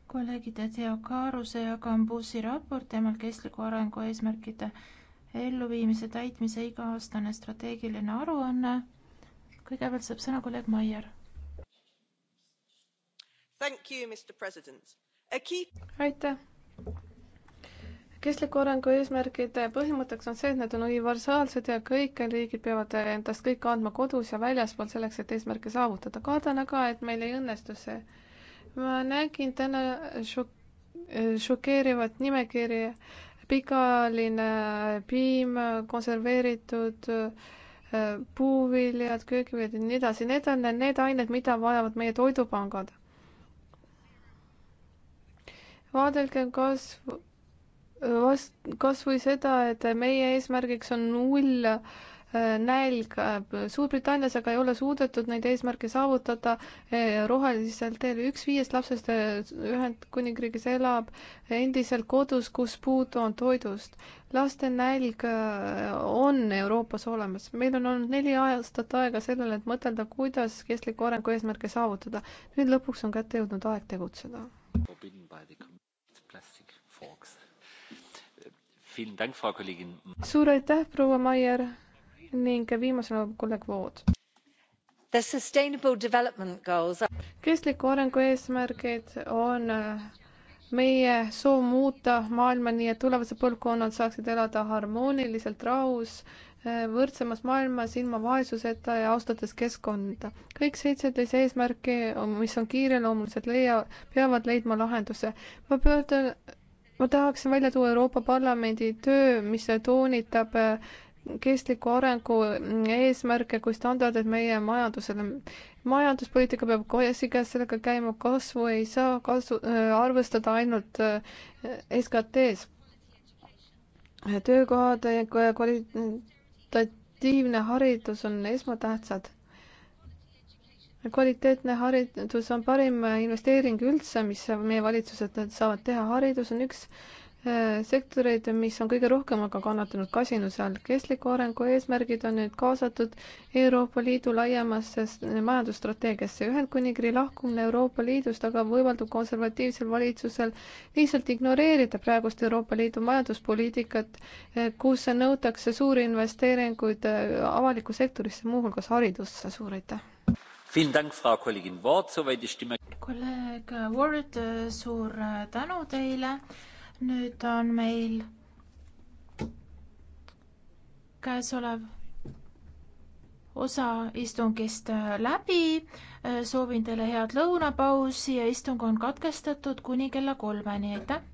kolleegide Theo Kaaruse ja Kambusi raport teemal kestliku arengu eesmärkide elluviimise täitmise iga-aastane strateegiline aruanne. kõigepealt saab sõna kolleeg Maier. aitäh kestliku arengu eesmärgide põhimõtteks on see, et need on universaalsed ja kõik riigid peavad endast kõik andma kodus ja väljaspool selleks, et eesmärke saavutada. kardan aga, et meil ei õnnestu see. ma nägin täna šokeerivat nimekirja pikaajaline piim, konserveeritud äh, puuviljad, köögiviljad ja nii edasi, need on need ained, mida vajavad meie toidupangad. vaadelge kas, kas või seda, et meie eesmärgiks on null nälg. Suurbritannias aga ei ole suudetud neid eesmärke saavutada rohelisel teel. üks viiest lapsest Ühendkuningriigis elab endiselt kodus, kus puudu on toidust. laste nälg on Euroopas olemas. meil on olnud neli aastat aega sellele, et mõtelda, kuidas kestliku arengu eesmärke saavutada. nüüd lõpuks on kätte jõudnud aeg tegutseda. suur aitäh, proua Maier ning viimasena kolleeg Vood. kestliku arengu eesmärgid on äh, meie soov muuta maailma nii, et tulevased põlvkonnad saaksid elada harmooniliselt, rahus, äh, võrdsemas maailmas, ilma vaesuseta ja austades keskkonda. kõik seitseteist eesmärki, mis on kiireloomulised, leia, peavad leidma lahenduse. ma pöördun, ma tahaksin välja tuua Euroopa Parlamendi töö, mis toonitab äh, kestliku arengu eesmärke kui standardeid meie majandusele. majanduspoliitika peab kohe sigas sellega käima, kasvu ei saa kasu äh,, arvestada ainult äh, SKT-s. töökohade kvalitatiivne haridus on esmatähtsad. kvaliteetne haridus on parim investeering üldse, mis meie valitsused saavad teha, haridus on üks äh, sektoreid, mis on kõige rohkem aga kannatanud kasinuse all. kestliku arengu eesmärgid on nüüd kaasatud Euroopa Liidu laiemasse majandusstrateegiasse. Ühendkuningriigi lahkumine Euroopa Liidust aga võimaldab konservatiivsel valitsusel lihtsalt ignoreerida praegust Euroopa Liidu majanduspoliitikat, kus nõutakse suuri investeeringuid avalikku sektorisse, muuhulgas haridusse. suur aitäh! kolleeg Ward, suur tänu teile nüüd on meil käesolev osa istungist äh, läbi. Äh, soovin teile head lõunapausi ja istung on katkestatud kuni kella kolmeni, aitäh!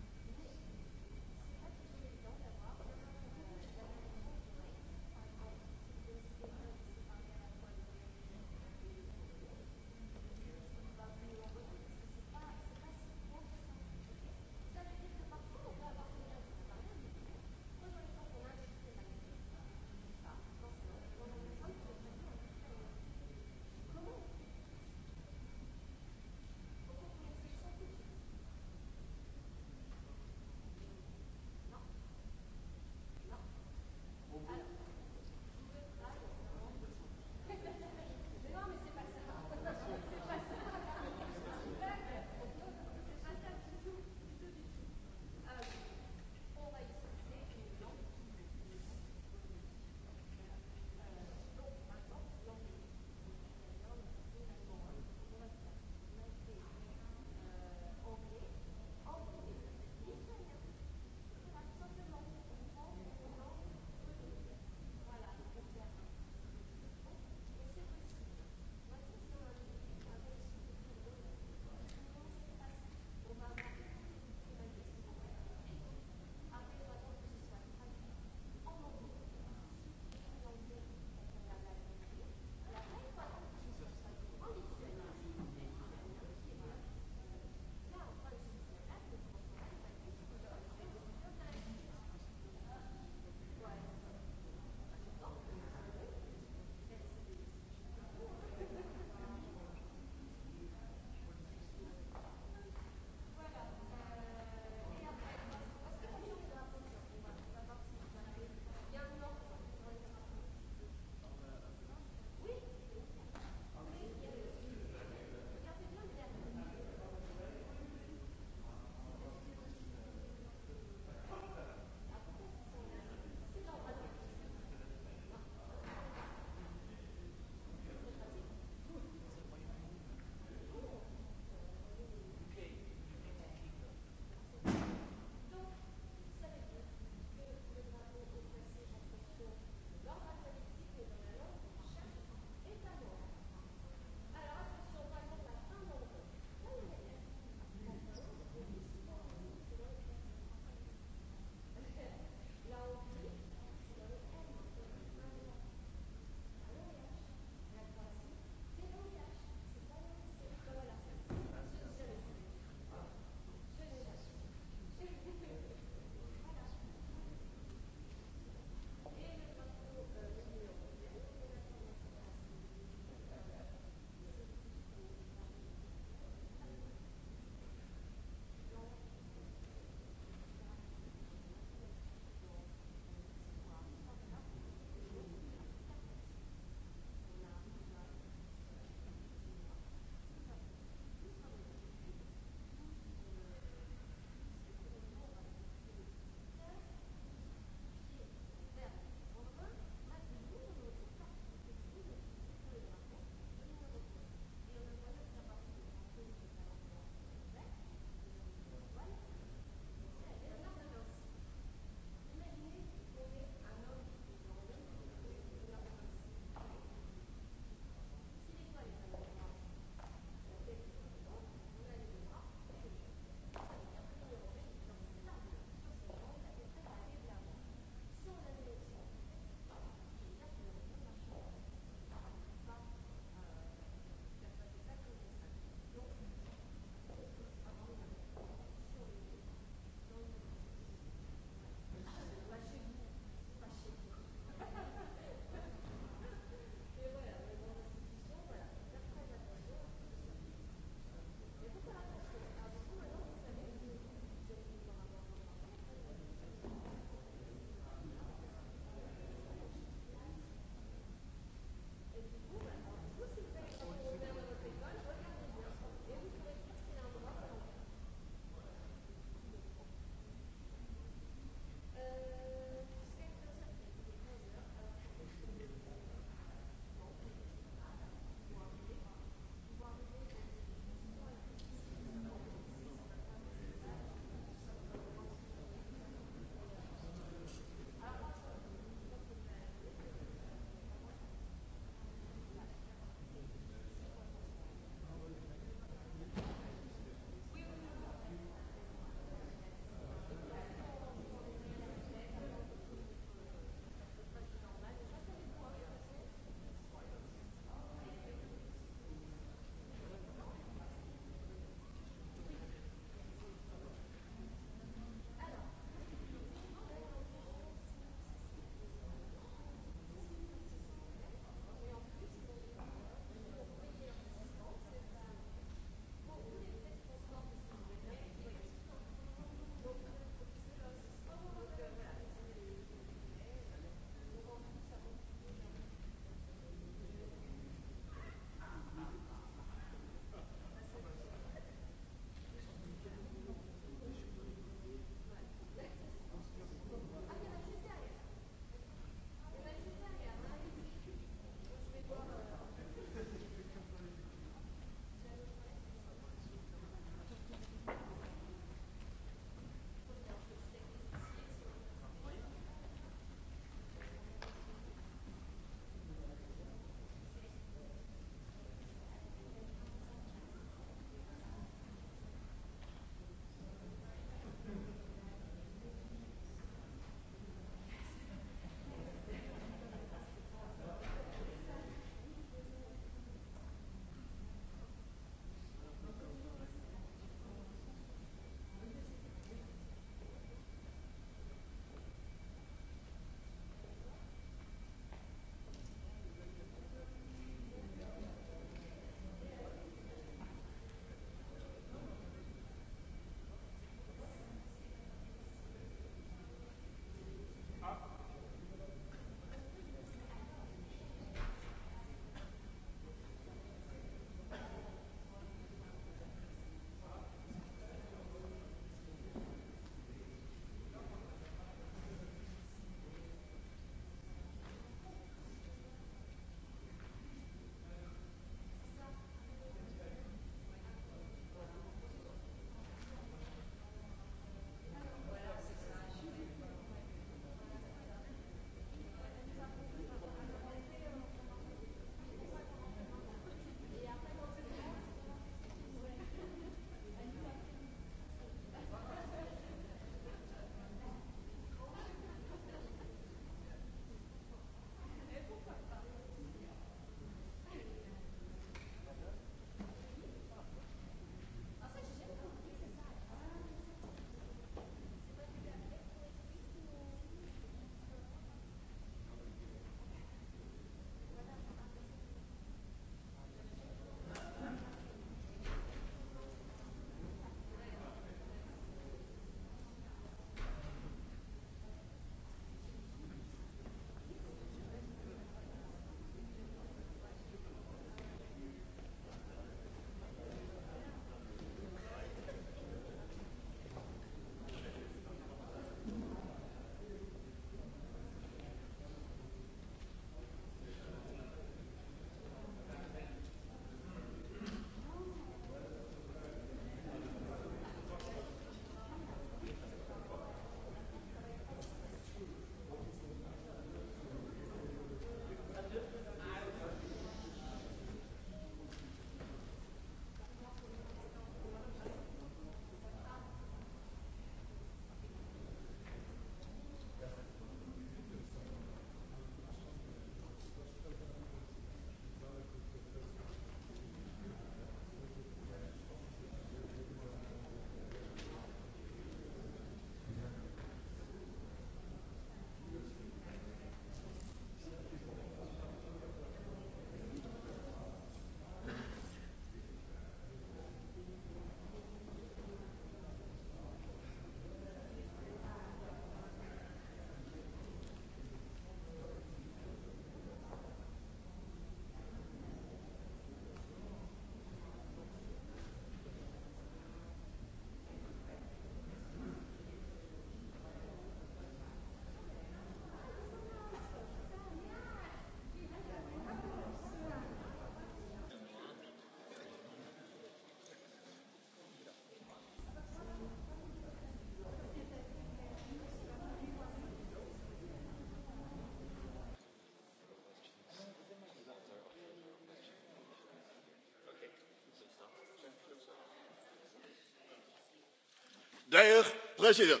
dear president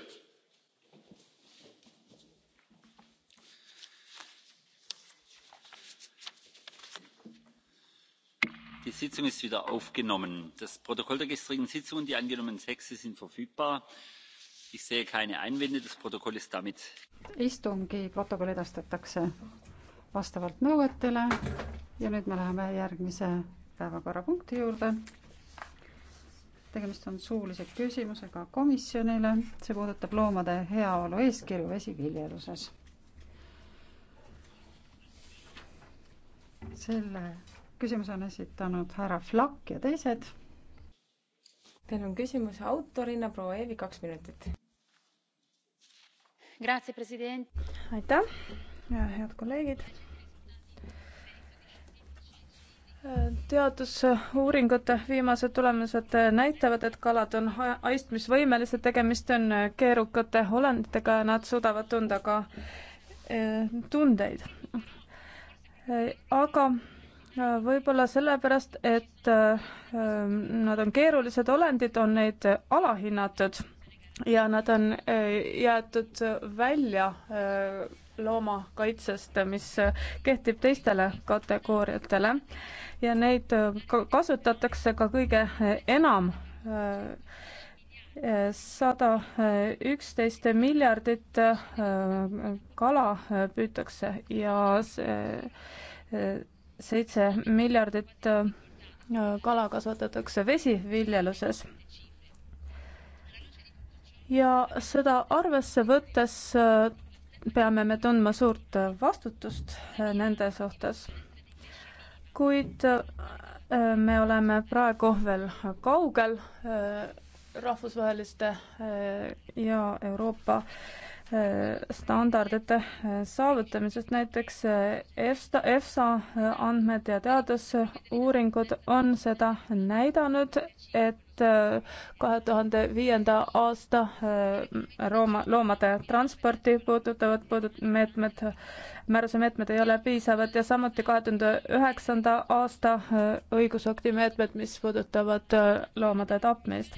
die sitzung ist wieder aufgenommen. das protokoll der gestrigen sitzung und die angenommenen texte sind verfügbar. ich sehe keine einwände. das protokoll ist damit. istungi protokoll edastatakse vastavalt nõuetele ja nüüd me läheme järgmise päevakorrapunkti juurde tegemist on suulise küsimusega komisjonile, see puudutab loomade heaolu eeskirju vesiviljeluses. selle küsimuse on esitanud härra Flak ja teised. Teil on küsimuse autorina proua Eevi, kaks minutit. aitäh, head kolleegid teadusuuringute viimased tulemused näitavad, et kalad on aistmisvõimelised, tegemist on keerukate olenditega ja nad suudavad tunda ka eh, tundeid. aga võib-olla sellepärast, et eh, nad on keerulised olendid, on neid alahinnatud ja nad on eh, jäetud välja loomakaitsest, mis kehtib teistele kategooriatele ja neid äh, kasutatakse ka kõige enam äh, äh, sada üksteist miljardit kala püütakse ja seitse miljardit kala kasvatatakse vesiviljeluses. ja seda arvesse võttes peame me tundma suurt vastutust äh, nende suhtes, kuid äh, me oleme praegu veel kaugel äh, rahvusvaheliste ja Euroopa standardite saavutamisest, näiteks EFSA, EFSA andmed ja teadusuuringud on seda näidanud, et et äh, kahe tuhande viienda aasta looma, äh, loomade transporti puudutavad puudut-, meetmed, määruse meetmed ei ole piisavad ja samuti kahe tuhande üheksanda aasta äh, õigusakti meetmed, mis puudutavad loomade tapmist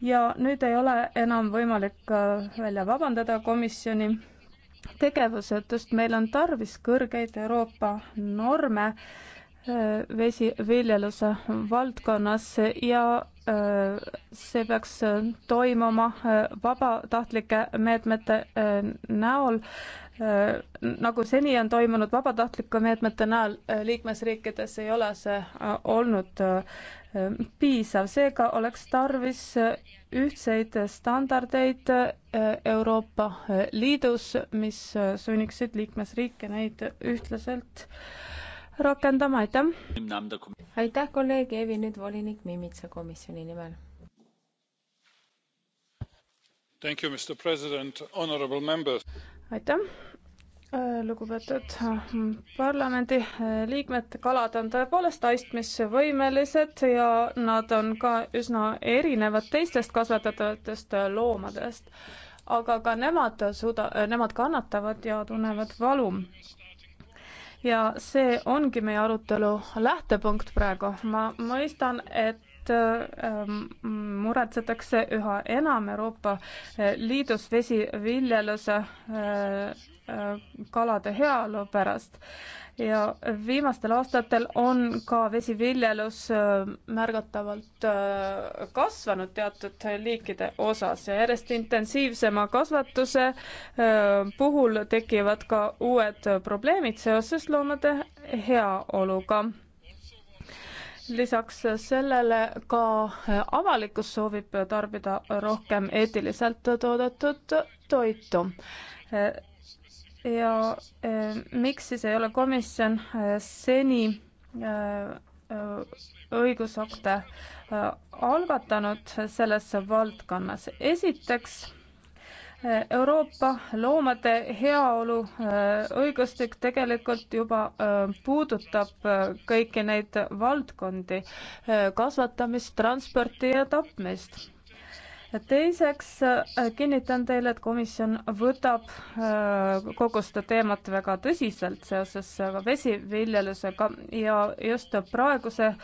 ja nüüd ei ole enam võimalik välja vabandada komisjoni tegevusetust, meil on tarvis kõrgeid Euroopa norme vesiviljeluse valdkonnas ja see peaks äh, toimuma äh, vabatahtlike meetmete äh, näol, nagu seni on toimunud vabatahtlike meetmete näol liikmesriikides, ei ole see olnud piisav, seega oleks tarvis ühtseid standardeid Euroopa Liidus, mis sunniksid liikmesriike neid ühtlaselt rakendama, aitäh. aitäh, kolleeg Eevi, nüüd volinik Mimitsa komisjoni nimel. aitäh, lugupeetud äh, parlamendi äh, liikmed, kalad on tõepoolest aistmisvõimelised ja nad on ka üsna erinevad teistest kasvatatavatest äh, loomadest. aga ka nemad suuda-, nemad kannatavad ja tunnevad valu ja see ongi meie arutelu lähtepunkt praegu. ma mõistan, et Ähm, muretsetakse üha enam Euroopa äh, Liidus vesiviljeluse äh, äh, kalade heaolu pärast ja viimastel aastatel on ka vesiviljelus märgatavalt kasvanud teatud liikide osas ja järjest intensiivsema kasvatuse puhul tekivad ka uued probleemid seoses loomade heaoluga lisaks sellele ka avalikkus soovib tarbida rohkem eetiliselt toodetud toitu. ja e, miks siis ei ole komisjon e, seni e, õigusakte algatanud selles valdkonnas? esiteks Euroopa loomade heaolu äh, õigustik tegelikult juba äh, puudutab äh, kõiki neid valdkondi, kasvatamist, transporti ja tapmist. teiseks kinnitan teile, et komisjon võtab kogu seda teemat väga tõsiselt seoses vesiviljelusega ja just praeguse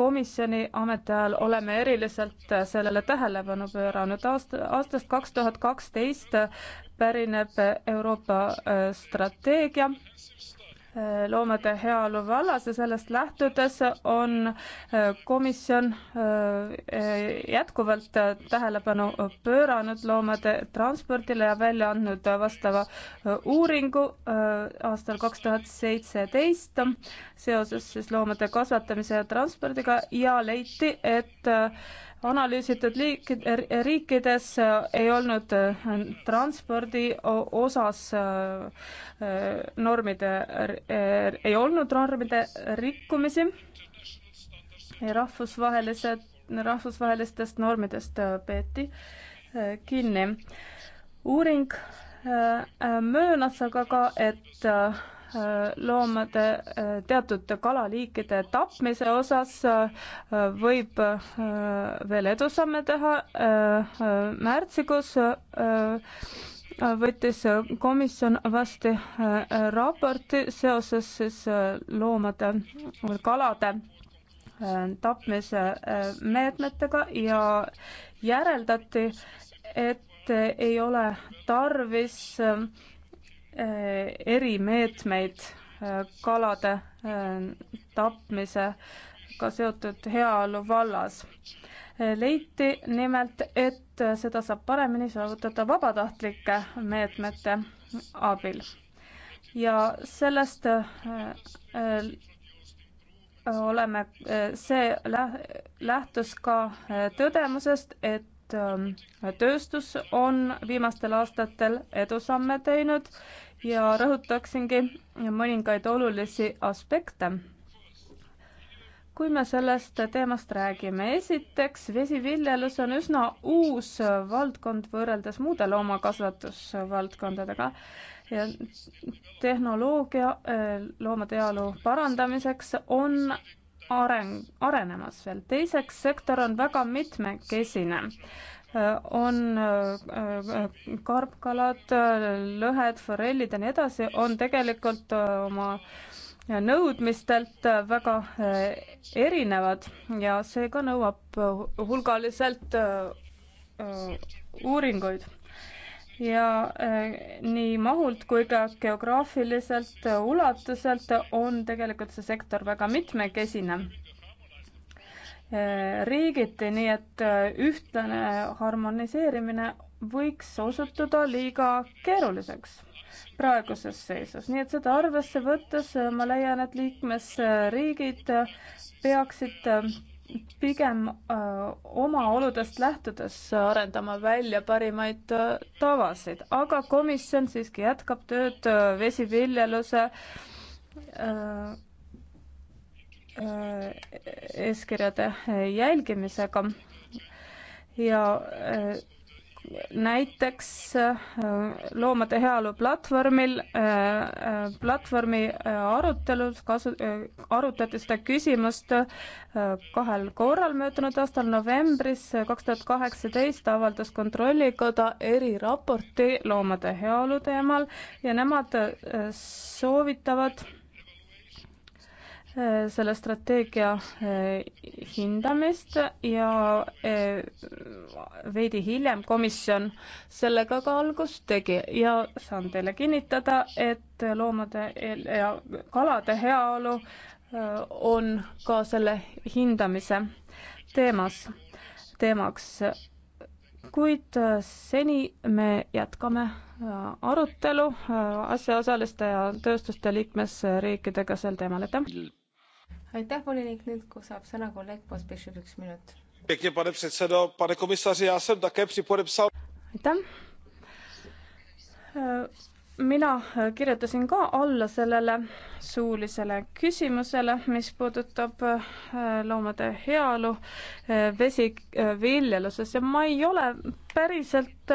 komisjoni ametiajal oleme eriliselt sellele tähelepanu pööranud. aasta, aastast kaks tuhat kaksteist pärineb Euroopa äh, strateegia loomade heaolu vallas ja sellest lähtudes on äh, komisjon äh, jätkuvalt äh, tähelepanu pööranud loomade transpordile ja välja andnud vastava uuringu aastal kaks tuhat seitseteist seoses siis loomade kasvatamise ja transpordiga ja leiti, et analüüsitud liik-, riikides äh, ei olnud äh, transpordi osas äh, normide, ei olnud normide rikkumisi ja rahvusvahelised, rahvusvahelistest normidest peeti kinni. uuring möönas aga ka, et Äh, loomade äh, teatud kalaliikide tapmise osas äh, võib veel edusamme teha. märtsikuus võttis komisjon vastu raporti seoses siis loomade, kalade tapmise meetmetega ja järeldati, et ei ole tarvis Äh, erimeetmeid äh, kalade äh, tapmisega seotud heaolu vallas. leiti nimelt, et seda saab paremini saavutada vabatahtlike meetmete abil. ja sellest oleme, see lähtus ka tõdemusest, et Ähm, tööstus on viimastel aastatel edusamme teinud ja rõhutaksingi mõningaid olulisi aspekte. kui me sellest teemast räägime, esiteks vesiviljelus on üsna uus valdkond võrreldes muude loomakasvatusvaldkondadega ja tehnoloogia äh, loomade heaolu parandamiseks on areng, arenemas veel. teiseks, sektor on väga mitmekesine äh, on äh, äh, karbkalad, lõhed, forellid ja nii edasi, on tegelikult oma nõudmistelt väga erinevad ja seega nõuab hulgaliselt uuringuid ja äh, nii mahult kui ka geograafiliselt ulatuselt on tegelikult see sektor väga mitmekesine äh, riigiti, nii et äh, ühtlane harmoniseerimine võiks osutuda liiga keeruliseks praeguses seisus, nii et seda arvesse võttes ma leian, et liikmesriigid peaksid pigem äh, oma oludest lähtudes arendama välja parimaid äh, tavasid, aga komisjon siiski jätkab tööd äh, vesiviljeluse eeskirjade jälgimisega ja näiteks äh, Loomade Heaolu platvormil, äh, äh, platvormi arutelus kasu-, arutati seda küsimust kahel korral möödunud aastal, novembris kaks tuhat kaheksateist avaldas Kontrollikoda eriraporti loomade heaolu teemal ja nemad soovitavad selle strateegia eh, hindamist ja eh, veidi hiljem komisjon sellega ka algust tegi ja saan teile kinnitada, et loomade ja kalade heaolu eh, on ka selle hindamise teemas, teemaks. kuid seni me jätkame arutelu asjaosaliste ja tööstuste liikmesriikidega sel teemal, aitäh! aitäh, volinik, nüüd saab sõna kolleeg Pospišil, üks minut. aitäh. mina kirjutasin ka alla sellele suulisele küsimusele, mis puudutab äh, loomade heaolu äh, vesiviljeluses äh, ja ma ei ole päriselt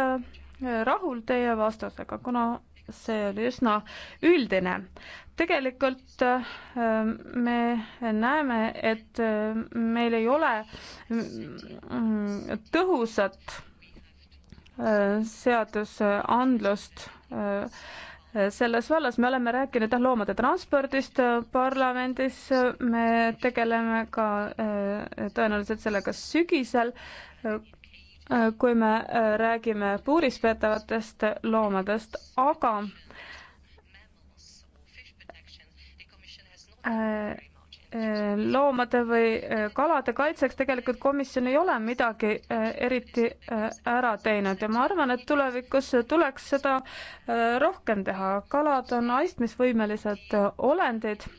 rahul teie vastusega, kuna see oli üsna üldine. tegelikult äh, me näeme, et äh, meil ei ole mm, tõhusat äh, seadusandlust selles vallas, me oleme rääkinud jah, loomade transpordist parlamendis, me tegeleme ka tõenäoliselt sellega sügisel, Äh, kui me äh, räägime puuris peetavatest loomadest, aga äh, loomade või kalade kaitseks tegelikult komisjon ei ole midagi eriti ära teinud ja ma arvan, et tulevikus tuleks seda rohkem teha. kalad on aistmisvõimelised olendid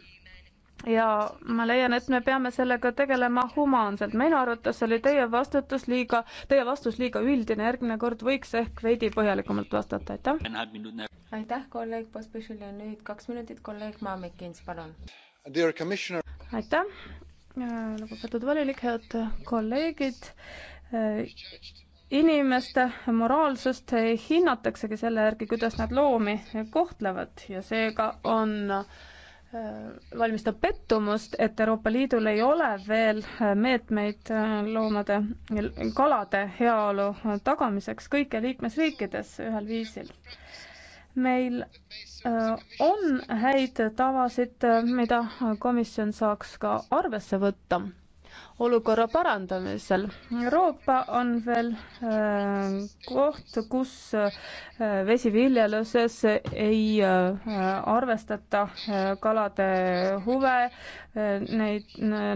ja ma leian, et me peame sellega tegelema humaanselt. minu arvates oli teie vastutus liiga, teie vastus liiga üldine, järgmine kord võiks ehk veidi põhjalikumalt vastata, aitäh. aitäh, kolleeg Pospišil ja nüüd kaks minutit, kolleeg Maamikins, palun. aitäh, lugupeetud volinik, head kolleegid inimeste moraalsust hinnataksegi selle järgi, kuidas nad loomi kohtlevad ja seega on äh, valmistab pettumust, et Euroopa Liidul ei ole veel meetmeid äh, loomade, kalade heaolu tagamiseks kõiki liikmesriikides ühel viisil. meil äh, on häid tavasid, äh, mida komisjon saaks ka arvesse võtta olukorra parandamisel. Euroopa on veel äh, koht, kus äh, vesiviljeluses ei äh, arvestata äh, kalade huve äh,, neid,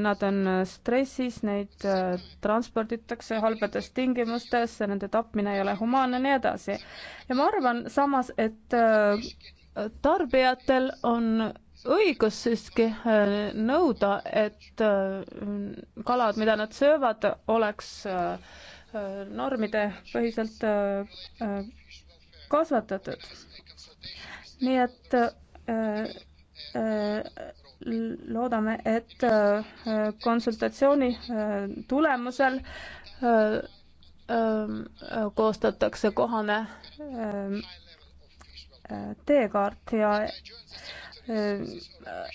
nad on stressis, neid äh, transporditakse halbades tingimustes, nende tapmine ei ole humaanne ja nii edasi. ja ma arvan samas, et äh, tarbijatel on õigus siiski äh, nõuda, et äh, kalad, mida nad söövad, oleks äh, normide põhiselt kasvatatud. nii et loodame, et konsultatsiooni tulemusel koostatakse kohane teekaart ja Äh,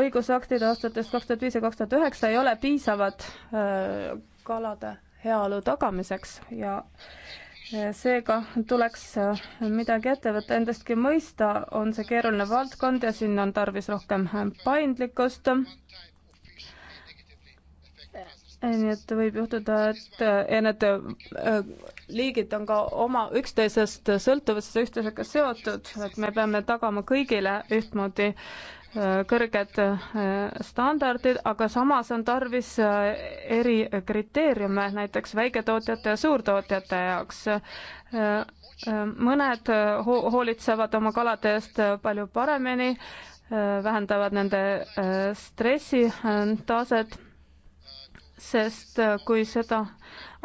õigusaktid aastatest kaks tuhat viis ja kaks tuhat üheksa ei ole piisavad äh, kalade heaolu tagamiseks ja äh, seega tuleks midagi ette võtta, endastki mõista on see keeruline valdkond ja sinna on tarvis rohkem paindlikkust nii et võib juhtuda, et ja need äh, liigid on ka oma üksteisest sõltuvuses üksteisega seotud, et me peame tagama kõigile ühtmoodi äh, kõrged äh, standardid, aga samas on tarvis erikriteeriume näiteks väiketootjate ja suurtootjate jaoks mõned ho hoolitsevad oma kalade eest palju paremini, vähendavad nende stressitaset sest äh, kui seda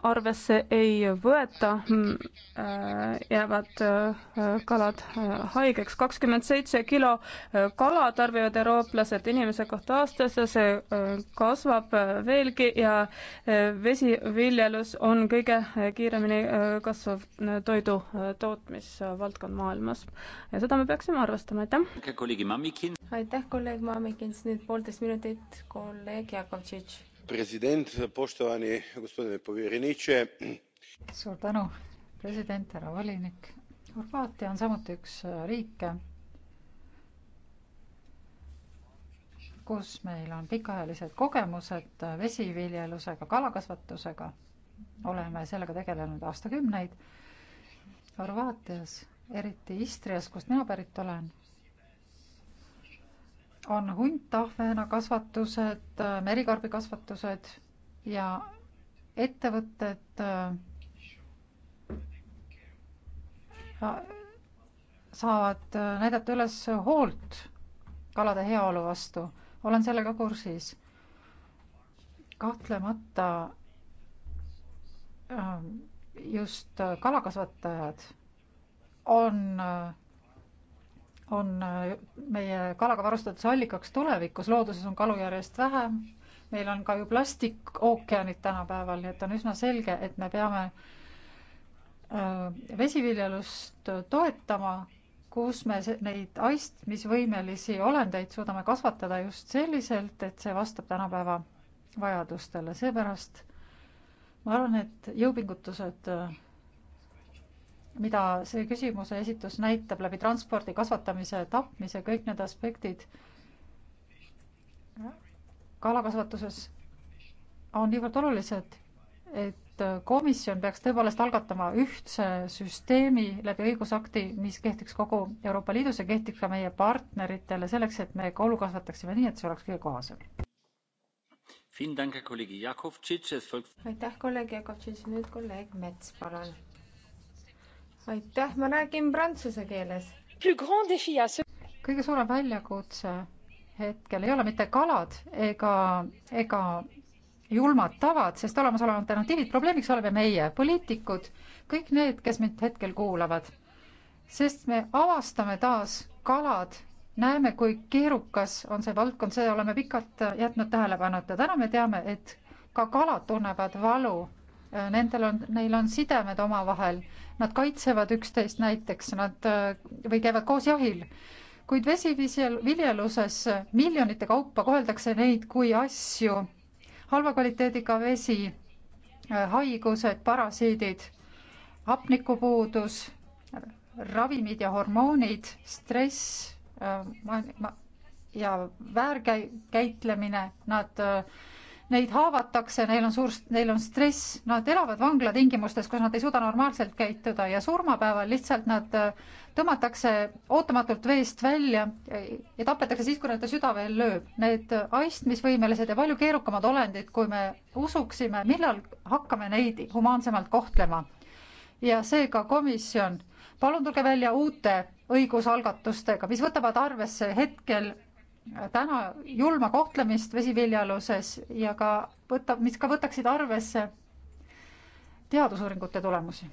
arvesse ei võeta, mm, äh, jäävad äh, kalad haigeks. kakskümmend seitse kilo kala tarbivad eurooplased inimese kohta aastas ja see kasvab veelgi ja vesiviljelus on kõige kiiremini kasvav toidu tootmisvaldkond maailmas. ja seda me peaksime arvestama, aitäh. aitäh, kolleeg Mamikins, nüüd poolteist minutit, kolleeg Jakovtšitš president poštovani gospodine povjereniče suur tänu president härra volinik horvaatia on samuti üks äh, riike kus meil on pikaajalised kogemused äh, vesiviljelusega kalakasvatusega oleme sellega tegelenud aastakümneid horvaatias eriti istrias kust mina pärit olen on hunt, ahvenakasvatused, merikarbikasvatused ja ettevõtted äh, saavad äh, näidata üles hoolt kalade heaolu vastu. olen sellega kursis. kahtlemata äh, just kalakasvatajad on on äh, meie kalaga varustatus allikaks tulevikus, looduses on kalu järjest vähem, meil on ka ju plastikookeanid tänapäeval, nii et on üsna selge, et me peame äh, vesiviljelust toetama, kus me neid aistmisvõimelisi olendeid suudame kasvatada just selliselt, et see vastab tänapäeva vajadustele, seepärast ma arvan, et jõupingutused äh, mida see küsimuse esitus näitab läbi transpordi kasvatamise, tapmise, kõik need aspektid kalakasvatuses on niivõrd olulised, et komisjon peaks tõepoolest algatama ühtse süsteemi läbi õigusakti, mis kehtiks kogu Euroopa Liidus ja kehtiks ka meie partneritele selleks, et me kalu kasvataksime nii, et see oleks kõige kohasem. aitäh, kolleeg Jakovtšitš, nüüd kolleeg Mets, palun aitäh, ma räägin prantsuse keeles. kõige suurem väljakutse hetkel ei ole mitte kalad ega, ega julmad tavad, sest olemasolevad alternatiivid, probleemiks oleme meie, poliitikud, kõik need, kes mind hetkel kuulavad. sest me avastame taas kalad, näeme, kui keerukas on see valdkond, seda oleme pikalt jätnud tähelepanuta, täna me teame, et ka kalad tunnevad valu Äh, nendel on, neil on sidemed omavahel, nad kaitsevad üksteist näiteks, nad äh, või käivad koos jahil, kuid vesiviljeluses äh, miljonite kaupa koheldakse neid kui asju, halva kvaliteediga vesi, haigused, parasiidid, hapnikupuudus, ravimid ja hormoonid, stress ma, ma, ja väärkäitlemine, nad äh, neid haavatakse, neil on suur, neil on stress, nad elavad vanglatingimustes, kus nad ei suuda normaalselt käituda ja surmapäeval lihtsalt nad äh, tõmmatakse ootamatult veest välja ja tapetakse siis, kui nende süda veel lööb. Need äh, aistmisvõimelised ja palju keerukamad olendid, kui me usuksime, millal hakkame neid humaansemalt kohtlema. ja seega komisjon, palun tulge välja uute õigusalgatustega, mis võtavad arvesse hetkel täna julma kohtlemist vesiviljeluses ja ka võta, mis ka võtaksid arvesse teadusuuringute tulemusi.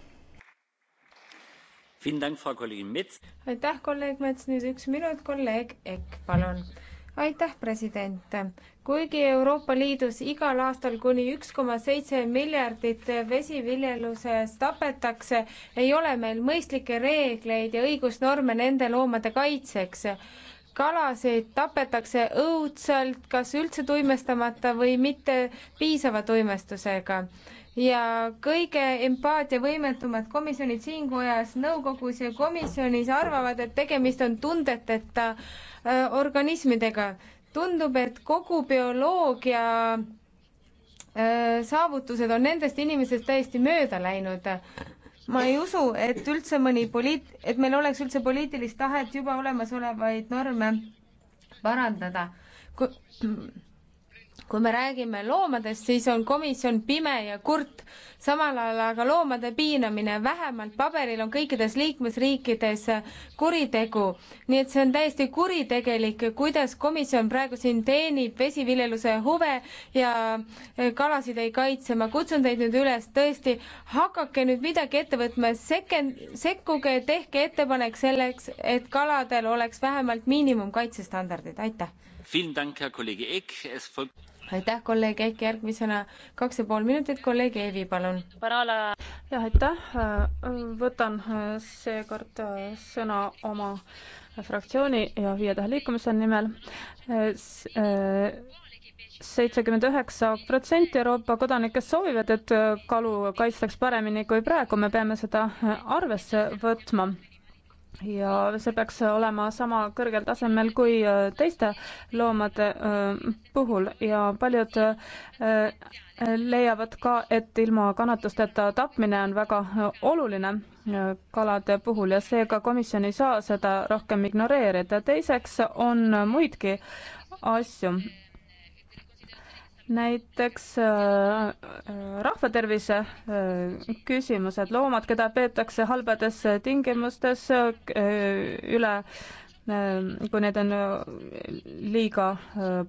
aitäh, kolleeg Mets, nüüd üks minut, kolleeg Ekk, palun aitäh, president. kuigi Euroopa Liidus igal aastal kuni üks koma seitse miljardit vesiviljeluses tapetakse, ei ole meil mõistlikke reegleid ja õigusnorme nende loomade kaitseks kalasid tapetakse õudselt, kas üldse tuimestamata või mitte piisava tuimestusega. ja kõige empaatiavõimetumad komisjonid siin kojas, nõukogus ja komisjonis arvavad, et tegemist on tundeteta äh, organismidega. tundub, et kogu bioloogia äh, saavutused on nendest inimestest täiesti mööda läinud ma ei usu, et üldse mõni poliit-, et meil oleks üldse poliitilist tahet juba olemasolevaid norme parandada kui me räägime loomadest, siis on komisjon pime ja kurt. samal ajal aga loomade piinamine vähemalt paberil on kõikides liikmesriikides kuritegu. nii et see on täiesti kuritegelik, kuidas komisjon praegu siin teenib vesiviljeluse huve ja e, kalasid ei kaitse. ma kutsun teid nüüd üles, tõesti, hakake nüüd midagi ette võtma, sekke, sekkuge, tehke ettepanek selleks, et kaladel oleks vähemalt miinimumkaitsestandardid, aitäh! aitäh, kolleeg Eiki, järgmisena kaks ja pool minutit, kolleeg Eevi, palun. jah, aitäh, võtan seekord sõna oma fraktsiooni ja Viie Tähe Liikumise nimel seitsekümmend üheksa protsenti Euroopa kodanikest soovivad, et kalu kaitstaks paremini kui praegu, me peame seda arvesse võtma ja see peaks olema sama kõrgel tasemel kui äh, teiste loomade äh, puhul ja paljud äh, leiavad ka, et ilma kannatusteta tapmine on väga oluline kalade puhul ja seega komisjon ei saa seda rohkem ignoreerida. teiseks on muidki asju näiteks äh, äh, rahvatervise äh, küsimused, loomad, keda peetakse halbades tingimustes üle, kui neid on liiga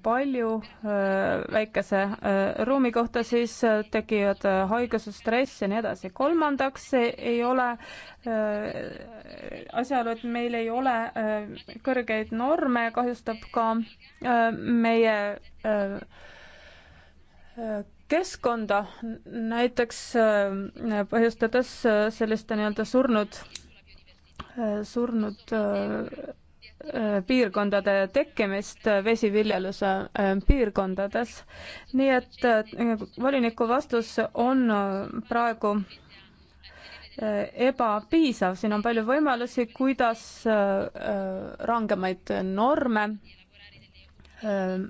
palju väikese ruumi kohta, siis tekivad haigused, stress ja nii edasi. kolmandaks ei ole asjaolu, et meil ei ole kõrgeid norme, kahjustab ka meie keskkonda, näiteks äh, põhjustades äh, selliste nii-öelda surnud, äh, surnud piirkondade tekkimist vesiviljeluse piirkondades. nii et voliniku vastus on praegu ebapiisav, siin on palju võimalusi, kuidas rangemaid norme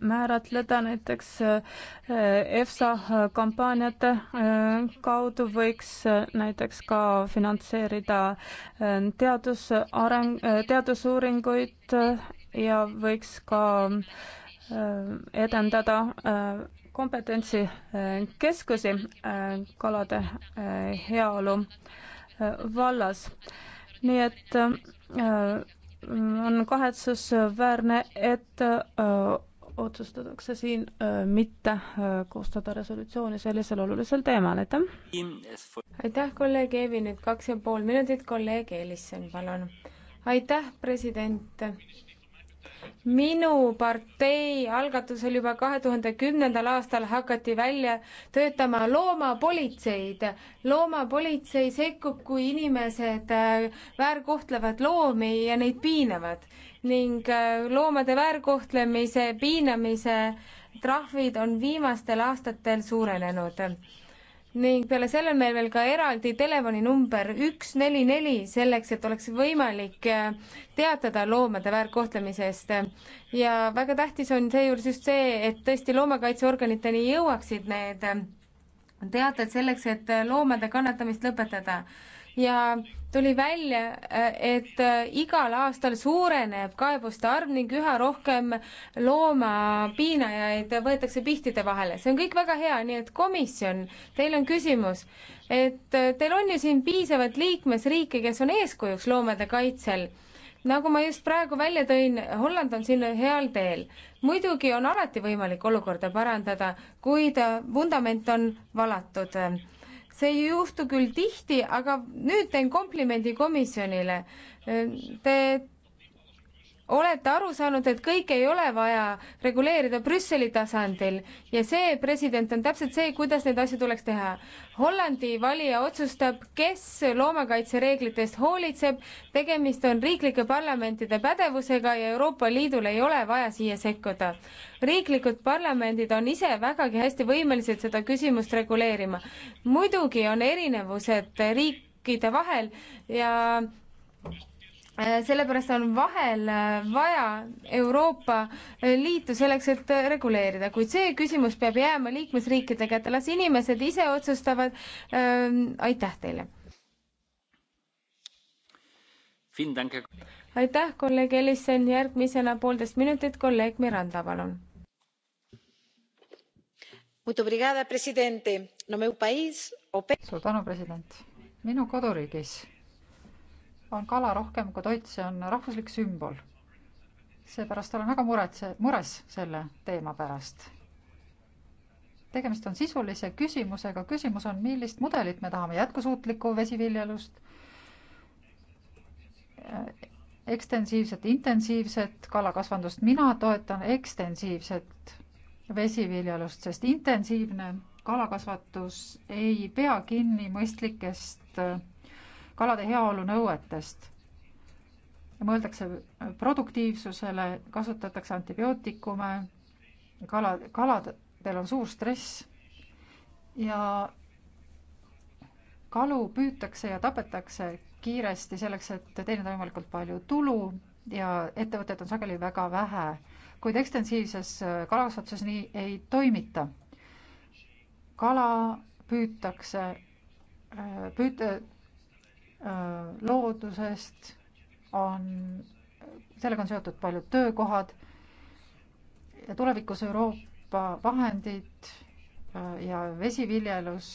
määratleda, näiteks eh, EFSA kampaaniate eh, kaudu võiks eh, näiteks ka finantseerida teadusareng, teadusuuringuid ja võiks ka edendada kompetentsikeskusi kalade heaolu vallas. nii et on kahetsusväärne, et öö, äh, otsustatakse siin öö, äh, mitte öö, äh, koostada resolutsiooni sellisel olulisel teemal, aitäh. aitäh, kolleeg Eevi, nüüd kaks ja pool minutit, kolleeg Elisson, palun. aitäh, president minu partei algatusel juba kahe tuhande kümnendal aastal hakati välja töötama loomapolitseid. loomapolitsei sekkub, kui inimesed äh, väärkohtlevad loomi ja neid piinavad ning äh, loomade väärkohtlemise, piinamise trahvid on viimastel aastatel suurenenud ning peale selle on meil veel ka eraldi telefoninumber üks neli neli selleks, et oleks võimalik äh, teatada loomade väärkohtlemisest. ja väga tähtis on seejuures just see, et tõesti loomakaitseorganiteni jõuaksid need äh, teated selleks, et äh, loomade kannatamist lõpetada ja tuli välja, et äh, igal aastal suureneb kaebuste arv ning üha rohkem loomapiinajaid võetakse pihtide vahele. see on kõik väga hea, nii et komisjon, teil on küsimus, et äh, teil on ju siin piisavalt liikmesriike, kes on eeskujuks loomade kaitsel. nagu ma just praegu välja tõin, Holland on siin heal teel. muidugi on alati võimalik olukorda parandada, kuid äh, vundament on valatud see ei juhtu küll tihti, aga nüüd teen komplimendi komisjonile. Te olete aru saanud, et kõike ei ole vaja reguleerida Brüsseli tasandil ja see president on täpselt see, kuidas neid asju tuleks teha. Hollandi valija otsustab, kes loomakaitsereeglitest hoolitseb, tegemist on riiklike parlamentide pädevusega ja Euroopa Liidul ei ole vaja siia sekkuda. riiklikud parlamendid on ise vägagi hästi võimelised seda küsimust reguleerima. muidugi on erinevused riikide vahel ja Äh, sellepärast on vahel äh, vaja Euroopa äh, Liitu selleks, et reguleerida, kuid see küsimus peab jääma liikmesriikide kätte, las inimesed ise otsustavad. Ähm, aitäh teile. aitäh, kolleeg Elissen, järgmisena poolteist minutit, kolleeg Miranda, palun. suur tänu, president. minu koduriigis on kala rohkem kui toit, see on rahvuslik sümbol. seepärast olen väga muretse, mures selle teema pärast. tegemist on sisulise küsimusega, küsimus on, millist mudelit me tahame, jätkusuutlikku vesiviljelust, äh, ekstensiivset, intensiivset kalakasvandust, mina toetan ekstensiivset vesiviljelust, sest intensiivne kalakasvatus ei pea kinni mõistlikest äh, kalade heaolu nõuetest. mõeldakse produktiivsusele, kasutatakse antibiootikume, kala, kaladel on suur stress ja kalu püütakse ja tapetakse kiiresti selleks, et teenida võimalikult palju tulu ja ettevõtteid on sageli väga vähe, kuid ekstensiivses kalakasvatuses nii ei toimita. kala püütakse, püüt-, Äh, loodusest, on, sellega on seotud paljud töökohad ja tulevikus Euroopa vahendid äh, ja vesiviljelus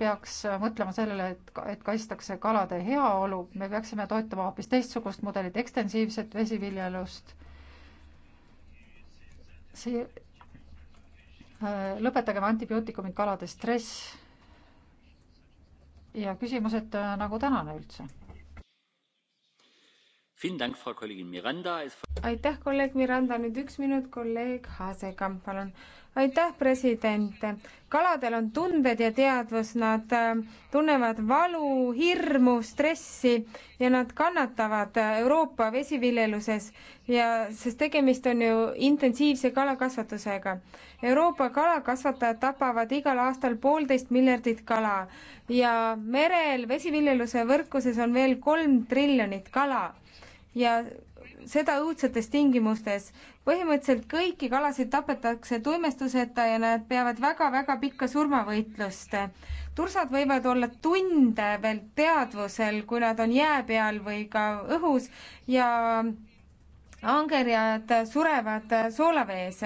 peaks mõtlema sellele, et, et kaitstakse kalade heaolu, me peaksime toetama hoopis teistsugust mudelit, ekstensiivset vesiviljelust. see, äh, lõpetagem antibiootikumid kalade stress ja küsimused äh, nagu tänane üldse aitäh, kolleeg Miranda, nüüd üks minut, kolleeg Haasekamp, palun. aitäh, president. kaladel on tunded ja teadvus, nad äh, tunnevad valu, hirmu, stressi ja nad kannatavad äh, Euroopa vesiviljeluses ja, sest tegemist on ju intensiivse kalakasvatusega. Euroopa kalakasvatajad tapavad igal aastal poolteist miljardit kala ja merel vesiviljeluse võrkuses on veel kolm triljonit kala ja seda õudsetes tingimustes. põhimõtteliselt kõiki kalasid tapetakse tuimestuseta ja nad peavad väga-väga pikka surmavõitlust. tursad võivad olla tunde veel teadvusel, kui nad on jää peal või ka õhus ja angerjad surevad soolavees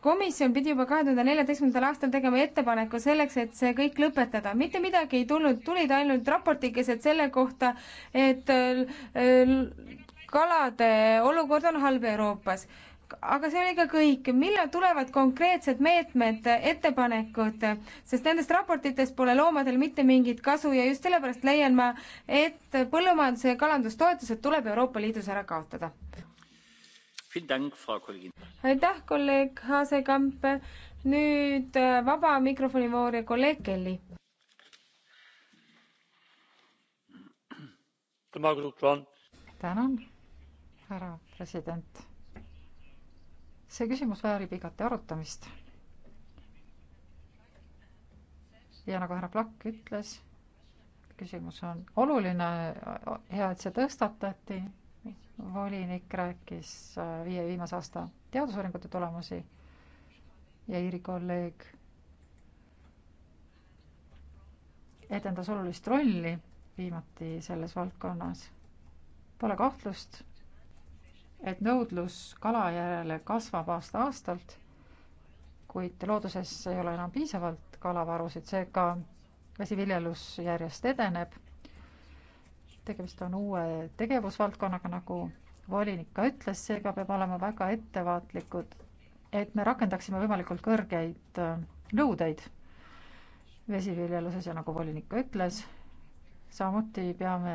komisjon pidi juba kahe tuhande neljateistkümnendal aastal tegema ettepaneku selleks, et see kõik lõpetada. mitte midagi ei tulnud, tulid ainult raportikesed selle kohta, et äh, kalade olukord on halb Euroopas. aga see oli ka kõik, millal tulevad konkreetsed meetmed, ettepanekud, sest nendest raportitest pole loomadel mitte mingit kasu ja just sellepärast leian ma, et põllumajanduse ja kalandustoetused tuleb Euroopa Liidus ära kaotada. aitäh, kolleeg Asekamp. nüüd äh, vaba mikrofoni voor ja kolleeg Kelly. tänan härra president. see küsimus väärib igati arutamist. ja nagu härra Plakk ütles, küsimus on oluline, hea, et see tõstatati. volinik rääkis äh, viie viimase aasta teadusuuringute tulemusi ja Iiri kolleeg edendas olulist rolli viimati selles valdkonnas. Pole kahtlust, et nõudlus kala järele kasvab aasta-aastalt, kuid looduses ei ole enam piisavalt kalavarusid, seega vesiviljelus järjest edeneb. tegemist on uue tegevusvaldkonnaga, nagu volinik ka ütles, seega peab olema väga ettevaatlikud, et me rakendaksime võimalikult kõrgeid äh, nõudeid vesiviljeluses ja nagu volinik ka ütles, samuti peame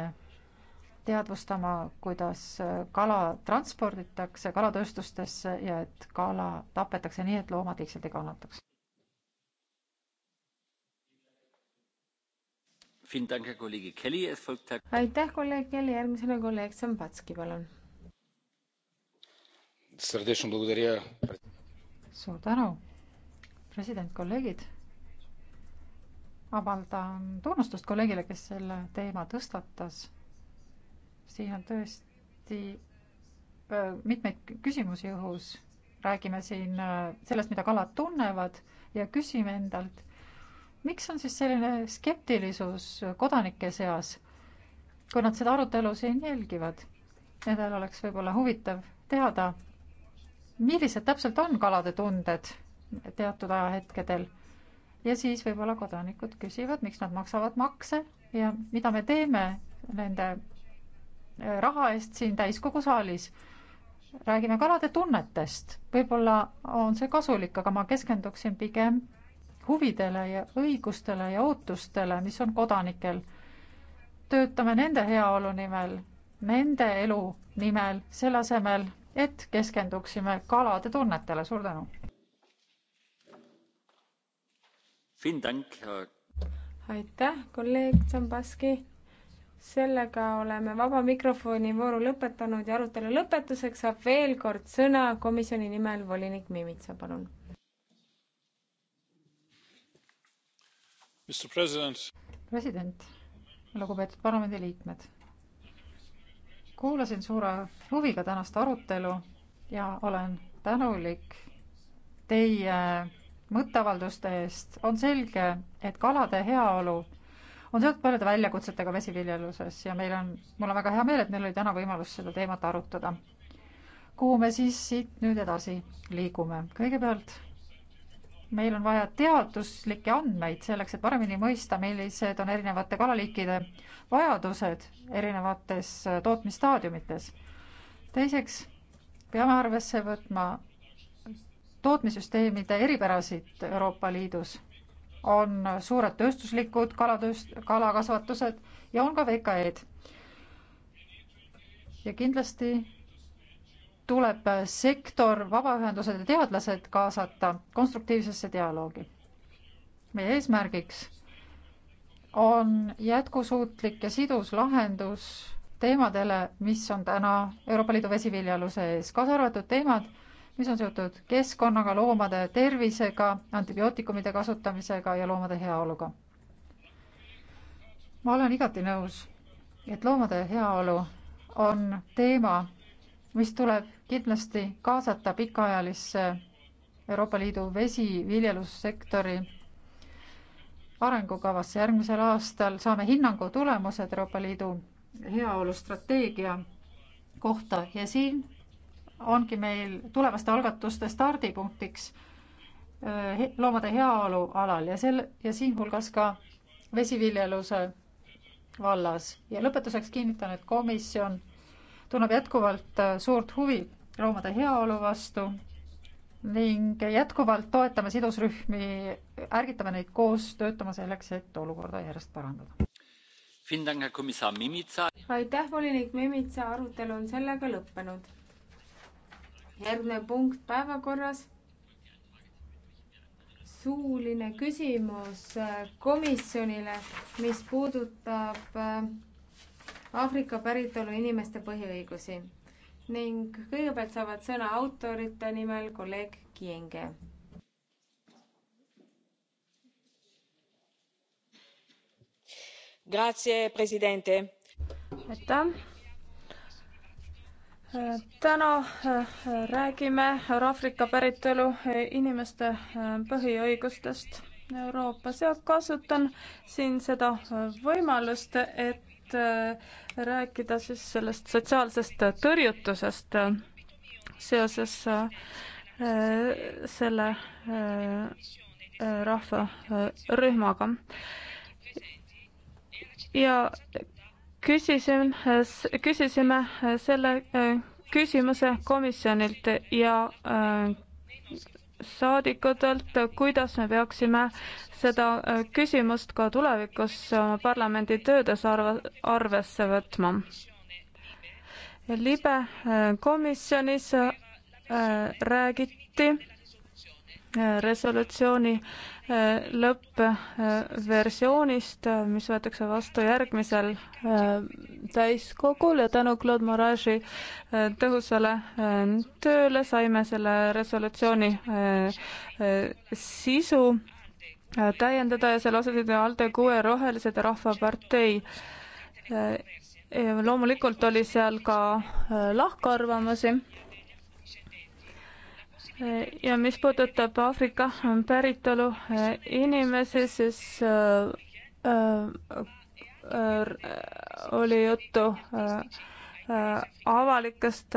teadvustama, kuidas äh, kala transporditakse kalatööstustesse ja et kala tapetakse nii, et loomad lihtsalt ei kannataks. aitäh, kolleeg Kelly, järgmisena kolleeg Zambatski, palun. suur tänu, president, kolleegid. avaldan tunnustust kolleegile, kes selle teema tõstatas siin on tõesti äh, mitmeid küsimusi õhus. räägime siin äh, sellest, mida kalad tunnevad ja küsime endalt, miks on siis selline skeptilisus kodanike seas, kui nad seda arutelu siin jälgivad? Nendel oleks võib-olla huvitav teada, millised täpselt on kalade tunded teatud ajahetkedel. ja siis võib-olla kodanikud küsivad, miks nad maksavad makse ja mida me teeme nende Äh, raha eest siin täiskogu saalis. räägime kalade tunnetest, võib-olla on see kasulik, aga ma keskenduksin pigem huvidele ja õigustele ja ootustele, mis on kodanikel. töötame nende heaolu nimel, nende elu nimel, selle asemel, et keskenduksime kalade tunnetele, suur tänu. aitäh, kolleeg Zambaski sellega oleme vaba mikrofoni vooru lõpetanud ja arutelu lõpetuseks saab veel kord sõna komisjoni nimel volinik Mimitsa, palun. president, president, lugupeetud parlamendiliikmed. kuulasin suure huviga tänast arutelu ja olen tänulik teie mõtteavalduste eest. on selge, et kalade heaolu on seotud paljude väljakutsetega vesiviljeluses ja meil on, mul on väga hea meel, et meil oli täna võimalus seda teemat arutada. kuhu me siis siit nüüd edasi liigume? kõigepealt meil on vaja teaduslikke andmeid selleks, et paremini mõista, millised on erinevate kalaliikide vajadused erinevates äh, tootmisstaadiumites. teiseks peame arvesse võtma tootmissüsteemide eripärasid Euroopa Liidus on suured tööstuslikud kalatööst-, kalakasvatused ja on ka VKE-d. ja kindlasti tuleb sektor, vabaühendused ja teadlased kaasata konstruktiivsesse dialoogi. meie eesmärgiks on jätkusuutlik ja sidus lahendus teemadele, mis on täna Euroopa Liidu vesiviljeluse ees, kaasa arvatud teemad, mis on seotud keskkonnaga, loomade tervisega, antibiootikumide kasutamisega ja loomade heaoluga. ma olen igati nõus, et loomade heaolu on teema, mis tuleb kindlasti kaasata pikaajalisse Euroopa Liidu vesiviljelussektori arengukavasse. järgmisel aastal saame hinnangu tulemused Euroopa Liidu heaolustrateegia kohta ja siin ongi meil tulevaste algatuste stardipunktiks eh, loomade heaolu alal ja sel- ja siinhulgas ka vesiviljeluse vallas. ja lõpetuseks kinnitan, et komisjon tunneb jätkuvalt eh, suurt huvi loomade heaolu vastu ning jätkuvalt toetame sidusrühmi, ärgitame neid koos töötama selleks, et olukorda järjest parandada. aitäh, volinik Mimitsa, arutelu on sellega lõppenud järgmine punkt päevakorras. suuline küsimus äh, komisjonile, mis puudutab äh, Aafrika päritolu inimeste põhiõigusi ning kõigepealt saavad sõna autorite nimel kolleeg Kienge. aitäh täna äh, räägime Aafrika päritolu äh, inimeste äh, põhiõigustest Euroopas ja kasutan siin seda võimalust, et rääkida siis sellest sotsiaalsest tõrjutusest seoses selle rahvarühmaga. ja küsisin, äh, küsisime äh, selle äh, küsimuse komisjonilt ja saadikutelt, kuidas me peaksime seda küsimust ka tulevikus parlamendi töödes arve, arvesse võtma. libe komisjonis räägiti resolutsiooni äh, lõppversioonist, mis võetakse vastu järgmisel äh, täiskogul ja tänu Claude Morage'i äh, tõhusale äh, tööle saime selle resolutsiooni sisu täiendada ja selle osasid ALDE, QE, Rohelised ja Rahvapartei Ja loomulikult oli seal ka lahkarvamusi ja mis puudutab Aafrika päritolu eh, inimesi, siis äh, äh, oli juttu äh, avalikest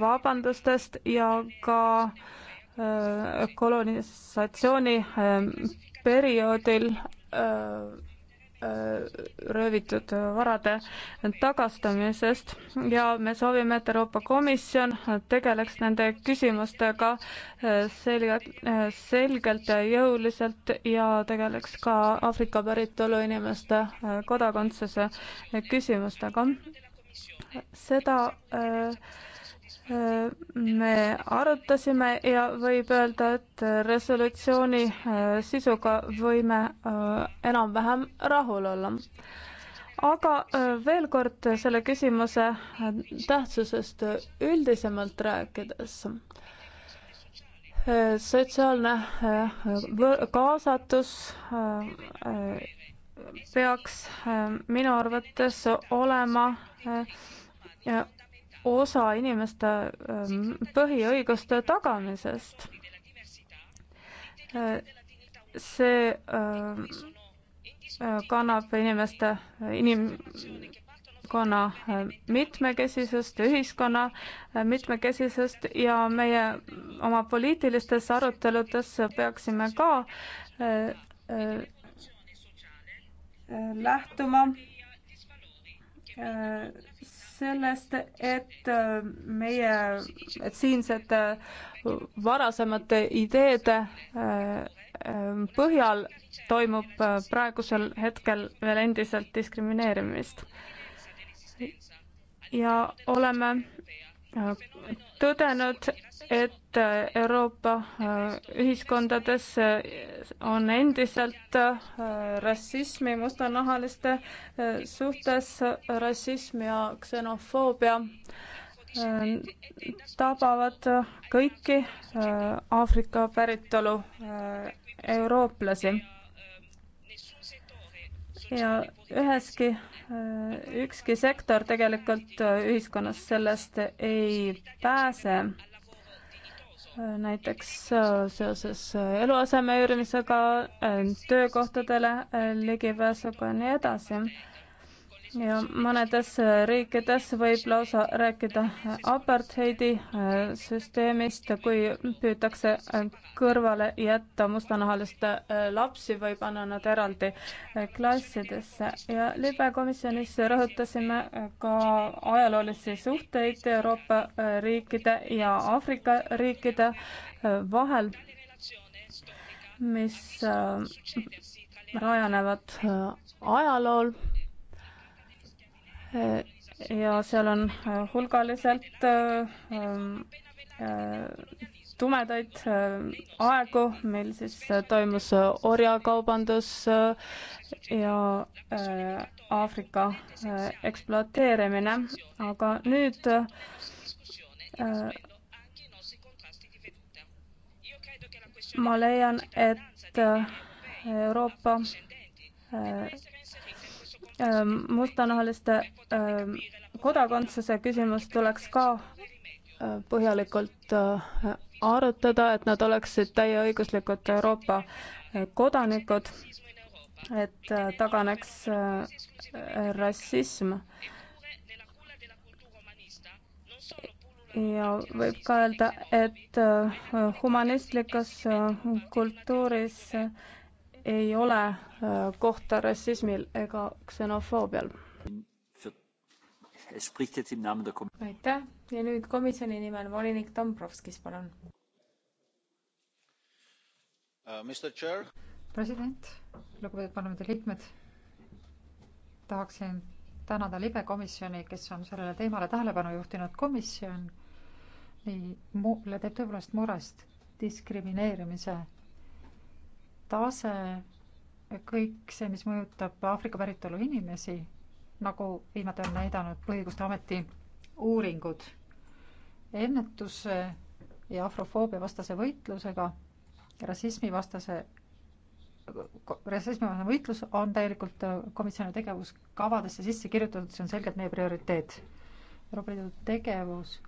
vabandustest ja ka kolonisatsiooni perioodil röövitud varade tagastamisest ja me soovime, et Euroopa Komisjon tegeleks nende küsimustega äh, selgelt, äh, selgelt ja jõuliselt ja tegeleks ka Aafrika päritolu inimeste äh, kodakondsuse küsimustega. seda äh, me arutasime ja võib öelda, et resolutsiooni äh, sisuga võime äh, enam-vähem rahul olla. aga äh, veel kord selle küsimuse tähtsusest üldisemalt rääkides sotsiaalne kaasatus peaks minu arvates olema osa inimeste ähm, põhiõiguste tagamisest. Äh, see ähm, äh, kannab inimeste, inimkonna äh, mitmekesisust, ühiskonna mitmekesisust ja meie oma poliitilistes aruteludes peaksime ka lähtuma sellest, et äh, meie, et siinsed äh, varasemate ideede äh, põhjal toimub praegusel hetkel veel endiselt diskrimineerimist. ja oleme tõdenud, et Euroopa äh, ühiskondades äh, on endiselt äh, rassismi mustanahaliste suhtes, rassism ja ksenofoobia tabavad kõiki Aafrika päritolu eurooplasi ja üheski Äh, ükski sektor tegelikult äh, ühiskonnas sellest ei pääse. Äh, näiteks seoses eluaseme üürimisega, töökohtadele ligipääsuga ja nii edasi ja mõnedes riikides võib lausa rääkida apartheidi äh, süsteemist, kui püütakse äh, kõrvale jätta mustanahaliste äh, lapsi või panna nad eraldi klassidesse ja libekomisjonis rõhutasime ka ajaloolisi suhteid Euroopa riikide ja Aafrika riikide vahel, mis rajanevad ajalool ja seal on äh, hulgaliselt äh, äh, tumedaid aegu, meil siis toimus orjakaubandus ja Aafrika ekspluateerimine, aga nüüd ma leian, et Euroopa Ähm, mustanahaliste ähm, kodakondsuse küsimust tuleks ka äh, põhjalikult äh, arutada, et nad oleksid täieõiguslikud Euroopa äh, kodanikud, et taganeks rassism. ja võib ka öelda, et humanistlikus kultuuris ei ole äh, kohta rassismil ega ksenofoobial. aitäh ja nüüd komisjoni nimel volinik Dombrovskis, palun uh,. president, lugupeetud parlamendiliikmed, tahaksin tänada libe komisjoni, kes on sellele teemale tähelepanu juhtinud. komisjon nii, mulle teeb tõepoolest murest diskrimineerimise tase, kõik see, mis mõjutab Aafrika päritolu inimesi, nagu viimati on näidanud Põhiõiguste Ameti uuringud. ennetuse ja afrofoobia vastase võitlusega ja rassismi vastase, rassismivastane võitlus on täielikult komisjoni tegevuskavadesse sisse kirjutatud, see on selgelt meie prioriteet. Euroopa Liidu tegevus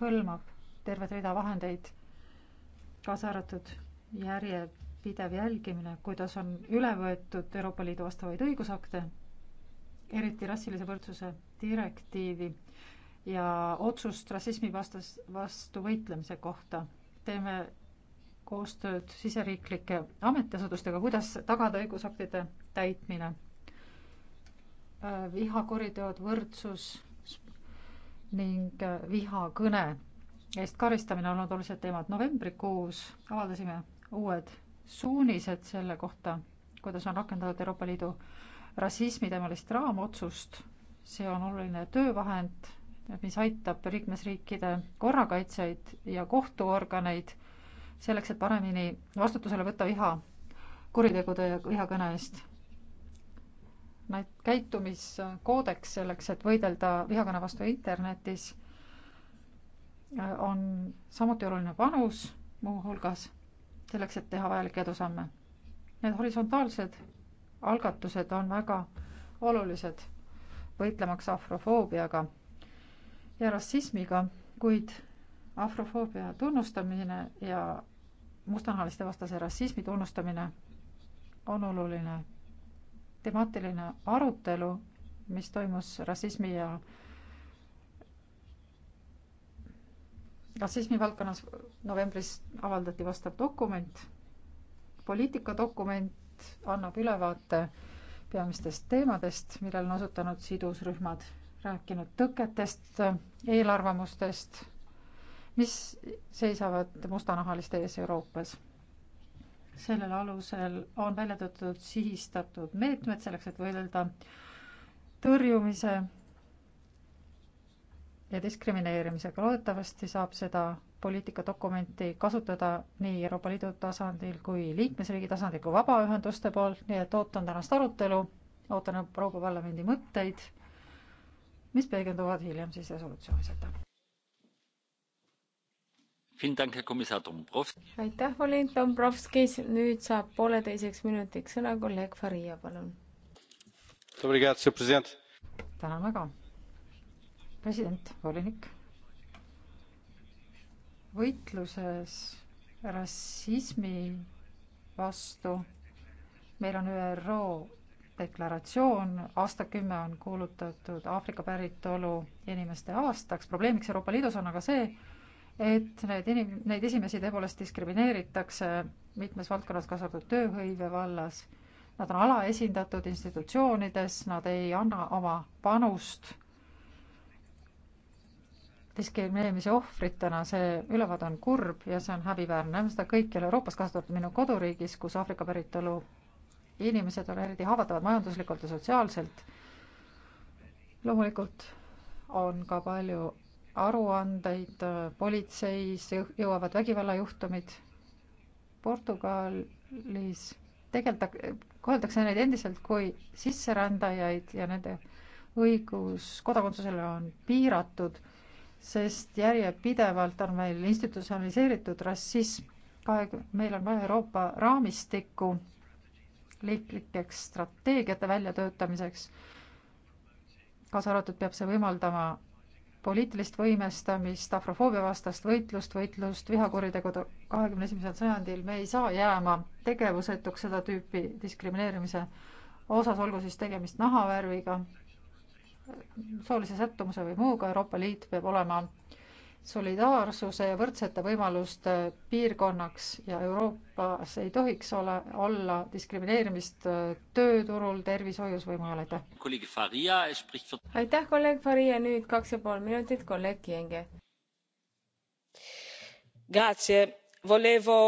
hõlmab tervet rida vahendeid, kaasa arvatud järjed pidev jälgimine, kuidas on üle võetud Euroopa Liidu vastavaid õigusakte, eriti rassilise võrdsuse direktiivi ja otsust rassismi vastas, vastu võitlemise kohta. teeme koostööd siseriiklike ametiasutustega, kuidas tagada õigusaktide täitmine. Äh, vihakuriteod, võrdsus ning äh, vihakõne eest karistamine on olnud olulised teemad. novembrikuus avaldasime uued suunised selle kohta, kuidas on rakendatud Euroopa Liidu rassismiteemalist raamotsust. see on oluline töövahend, mis aitab liikmesriikide korrakaitsjaid ja kohtuorganeid selleks, et paremini vastutusele võtta viha, kuritegude ja vihakõne eest. Neid käitumiskoodeks selleks, et võidelda vihakõne vastu internetis, on samuti oluline panus muuhulgas selleks, et teha vajalikke edusamme. Need horisontaalsed algatused on väga olulised võitlemaks afrofoobiaga ja rassismiga, kuid afrofoobia tunnustamine ja mustanahaliste vastase rassismi tunnustamine on oluline temaatiline arutelu, mis toimus rassismi ja rassismi valdkonnas novembris avaldati vastav dokument, poliitikadokument annab ülevaate peamistest teemadest, millel on osutanud sidusrühmad, rääkinud tõketest, eelarvamustest, mis seisavad mustanahaliste ees Euroopas. sellel alusel on välja töötatud sihistatud meetmed selleks, et võidelda tõrjumise ja diskrimineerimisega. loodetavasti saab seda poliitikadokumenti kasutada nii Euroopa Liidu tasandil kui liikmesriigi tasandil kui vabaühenduste poolt, nii et ootan tänast arutelu, ootan Euroopa Parlamendi mõtteid, mis peegelduvad hiljem siis resolutsioonis, aitäh! aitäh, Valent Dombrovskis, nüüd saab pooleteiseks minutiks sõna kolleeg Faria, palun. tänan väga president, volinik. võitluses rassismi vastu meil on ÜRO deklaratsioon, aastakümme on kuulutatud Aafrika päritolu inimeste aastaks, probleemiks Euroopa Liidus on aga see, et need inim-, neid esimesi tõepoolest diskrimineeritakse mitmes valdkonnas, kaasa arvatud tööhõive vallas. Nad on alaesindatud institutsioonides, nad ei anna oma panust diskrimineerimise ohvritena, see ülevaade on kurb ja see on häbiväärne. näeme seda kõikjal Euroopas, kaasa arvatud minu koduriigis, kus Aafrika päritolu inimesed on eriti haavatavad majanduslikult ja sotsiaalselt. loomulikult on ka palju aruandeid, politseis jõuavad vägivallajuhtumid. Portugalis tegelda-, koheldakse neid endiselt kui sisserändajaid ja nende õigus kodakondsusele on piiratud sest järjepidevalt on meil institutsionaliseeritud rassism. kahekümne, meil on vaja Euroopa raamistikku liiklikeks strateegiate väljatöötamiseks. kaasa arvatud peab see võimaldama poliitilist võimestamist, afrofoobia vastast võitlust, võitlust vihakuritegude kahekümne esimesel sajandil, me ei saa jääma tegevusetuks seda tüüpi diskrimineerimise osas, olgu siis tegemist nahavärviga soolise sättumuse või muuga, Euroopa Liit peab olema solidaarsuse ja võrdsete võimaluste piirkonnaks ja Euroopas ei tohiks ole, olla diskrimineerimist äh, tööturul, tervishoius või mujal, aitäh. Er aitäh, kolleeg Faria, nüüd kaks ja pool minutit, kolleeg Kienge. Volevo...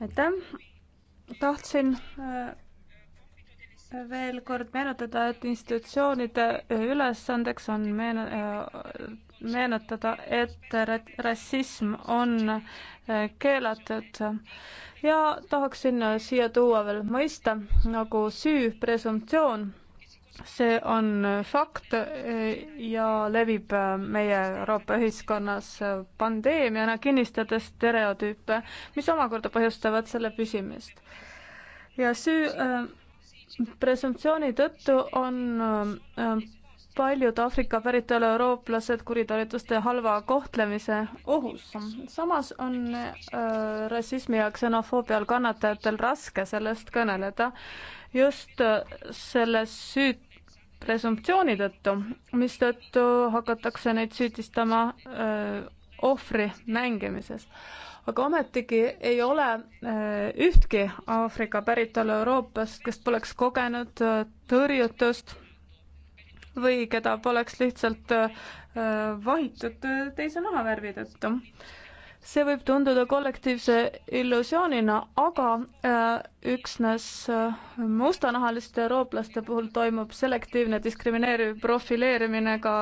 aitäh, tahtsin äh veel kord meenutada, et institutsioonide ülesandeks on meen-, äh, meenutada, et rassism on äh, keelatud ja tahaksin äh, siia tuua veel mõiste nagu süüpresumptsioon. see on fakt ja levib meie Euroopa ühiskonnas pandeemiana, kinnistades stereotüüpe, mis omakorda põhjustavad selle püsimist. ja süü presumptsiooni tõttu on äh, paljud Aafrika päritolu eurooplased kuritarvituste halva kohtlemise ohus. samas on äh, rassismi ja ksenofoobial kannatajatel raske sellest kõneleda just äh, selle süü presumptsiooni tõttu, mistõttu hakatakse neid süüdistama äh, ohvri mängimises aga ometigi ei ole eh, ühtki Aafrika päritolu Euroopast, kes poleks kogenud eh, tõrjutust või keda poleks lihtsalt eh, vahitud teise nahavärvi tõttu see võib tunduda kollektiivse illusioonina, aga äh, üksnes äh, mustanahaliste eurooplaste puhul toimub selektiivne diskrimineeriv profileerimine ka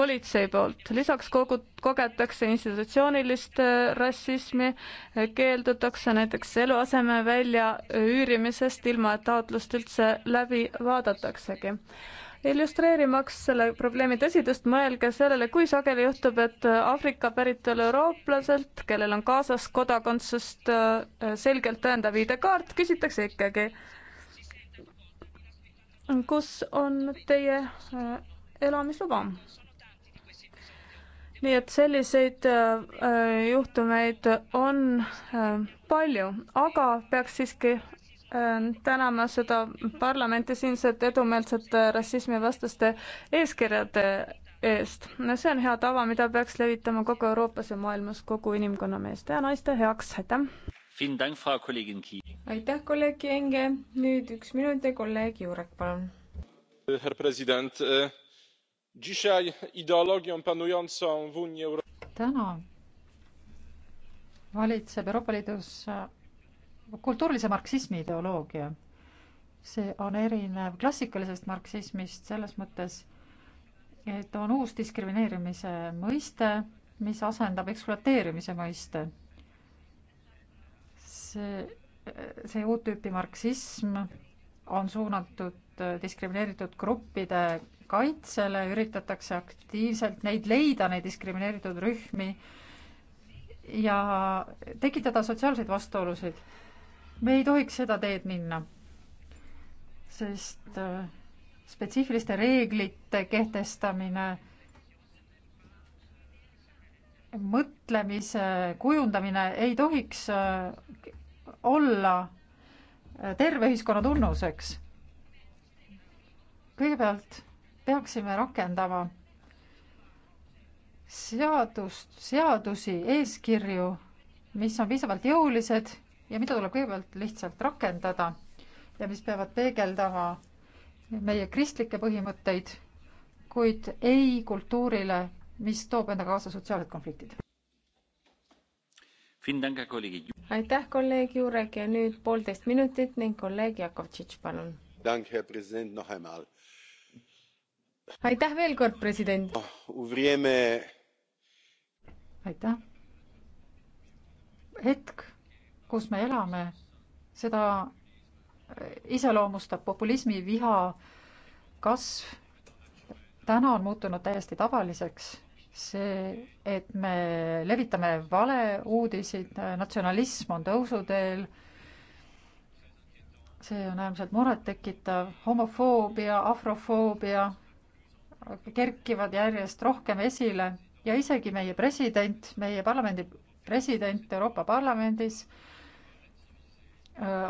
politsei poolt. lisaks kogu, kogetakse institutsioonilist äh, rassismi, keeldutakse näiteks eluaseme väljaüürimisest, ilma et taotlust üldse läbi vaadataksegi illustreerimaks selle probleemi tõsidust, mõelge sellele, kui sageli juhtub, et äh, Aafrika päritolu eurooplaselt, kellel on kaasas kodakondsust äh, selgelt tõendav ID-kaart, küsitakse ikkagi, kus on teie äh, elamisluba nii et selliseid äh, juhtumeid on äh, palju, aga peaks siiski Ehm, tänama seda parlamenti siinset edumeelsete äh, rassismivastaste eeskirjade eest. no see on hea tava, mida peaks levitama kogu Euroopas ja maailmas kogu inimkonna meeste ja naiste heaks, aitäh! aitäh, kolleeg Kienge, nüüd üks minut ja kolleeg Jurek, palun. härra president, äh, dzisiaj ideoloogia panującą w Unii Euro-. täna valitseb Euroopa Liidus kultuurilise marksismi ideoloogia. see on erinev klassikalisest marksismist selles mõttes, et on uus diskrimineerimise mõiste, mis asendab ekspluateerimise mõiste. see, see uut tüüpi marksism on suunatud diskrimineeritud gruppide kaitsele, üritatakse aktiivselt neid leida, neid diskrimineeritud rühmi ja tekitada sotsiaalseid vastuolusid me ei tohiks seda teed minna, sest äh, spetsiifiliste reeglite kehtestamine, mõtlemise kujundamine ei tohiks äh, olla äh, terve ühiskonna tunnuseks. kõigepealt peaksime rakendama seadust, seadusi, eeskirju, mis on piisavalt jõulised ja mida tuleb kõigepealt lihtsalt rakendada ja mis peavad peegeldama meie kristlikke põhimõtteid, kuid ei kultuurile, mis toob endaga kaasa sotsiaalsed konfliktid. aitäh, kolleeg Jurek ja nüüd poolteist minutit ning kolleeg Jakovtšitš, palun. aitäh veel kord, president. Oh, aitäh. hetk kus me elame, seda iseloomustab populismi viha kasv. täna on muutunud täiesti tavaliseks see, et me levitame valeuudiseid, natsionalism on tõusuteel. see on äärmiselt murettekitav, homofoobia, afrofoobia kerkivad järjest rohkem esile ja isegi meie president, meie parlamendi president Euroopa Parlamendis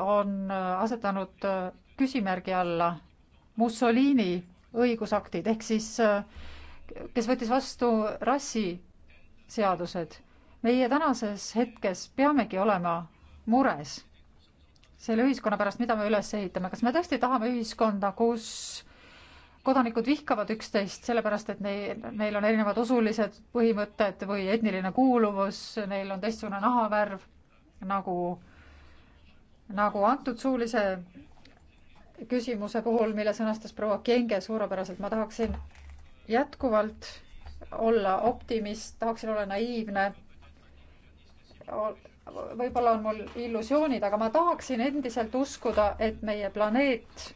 on asetanud küsimärgi alla Mussolini õigusaktid ehk siis, kes võttis vastu rassiseadused. meie tänases hetkes peamegi olema mures selle ühiskonna pärast, mida me üles ehitame, kas me tõesti tahame ühiskonda, kus kodanikud vihkavad üksteist sellepärast, et neil, neil on erinevad usulised põhimõtted või etniline kuuluvus, neil on teistsugune nahavärv nagu äh, nagu antud suulise küsimuse puhul, mille sõnastas proua Kenge suurepäraselt, ma tahaksin jätkuvalt olla optimist, tahaksin olla naiivne. võib-olla on mul illusioonid, aga ma tahaksin endiselt uskuda, et meie planeet,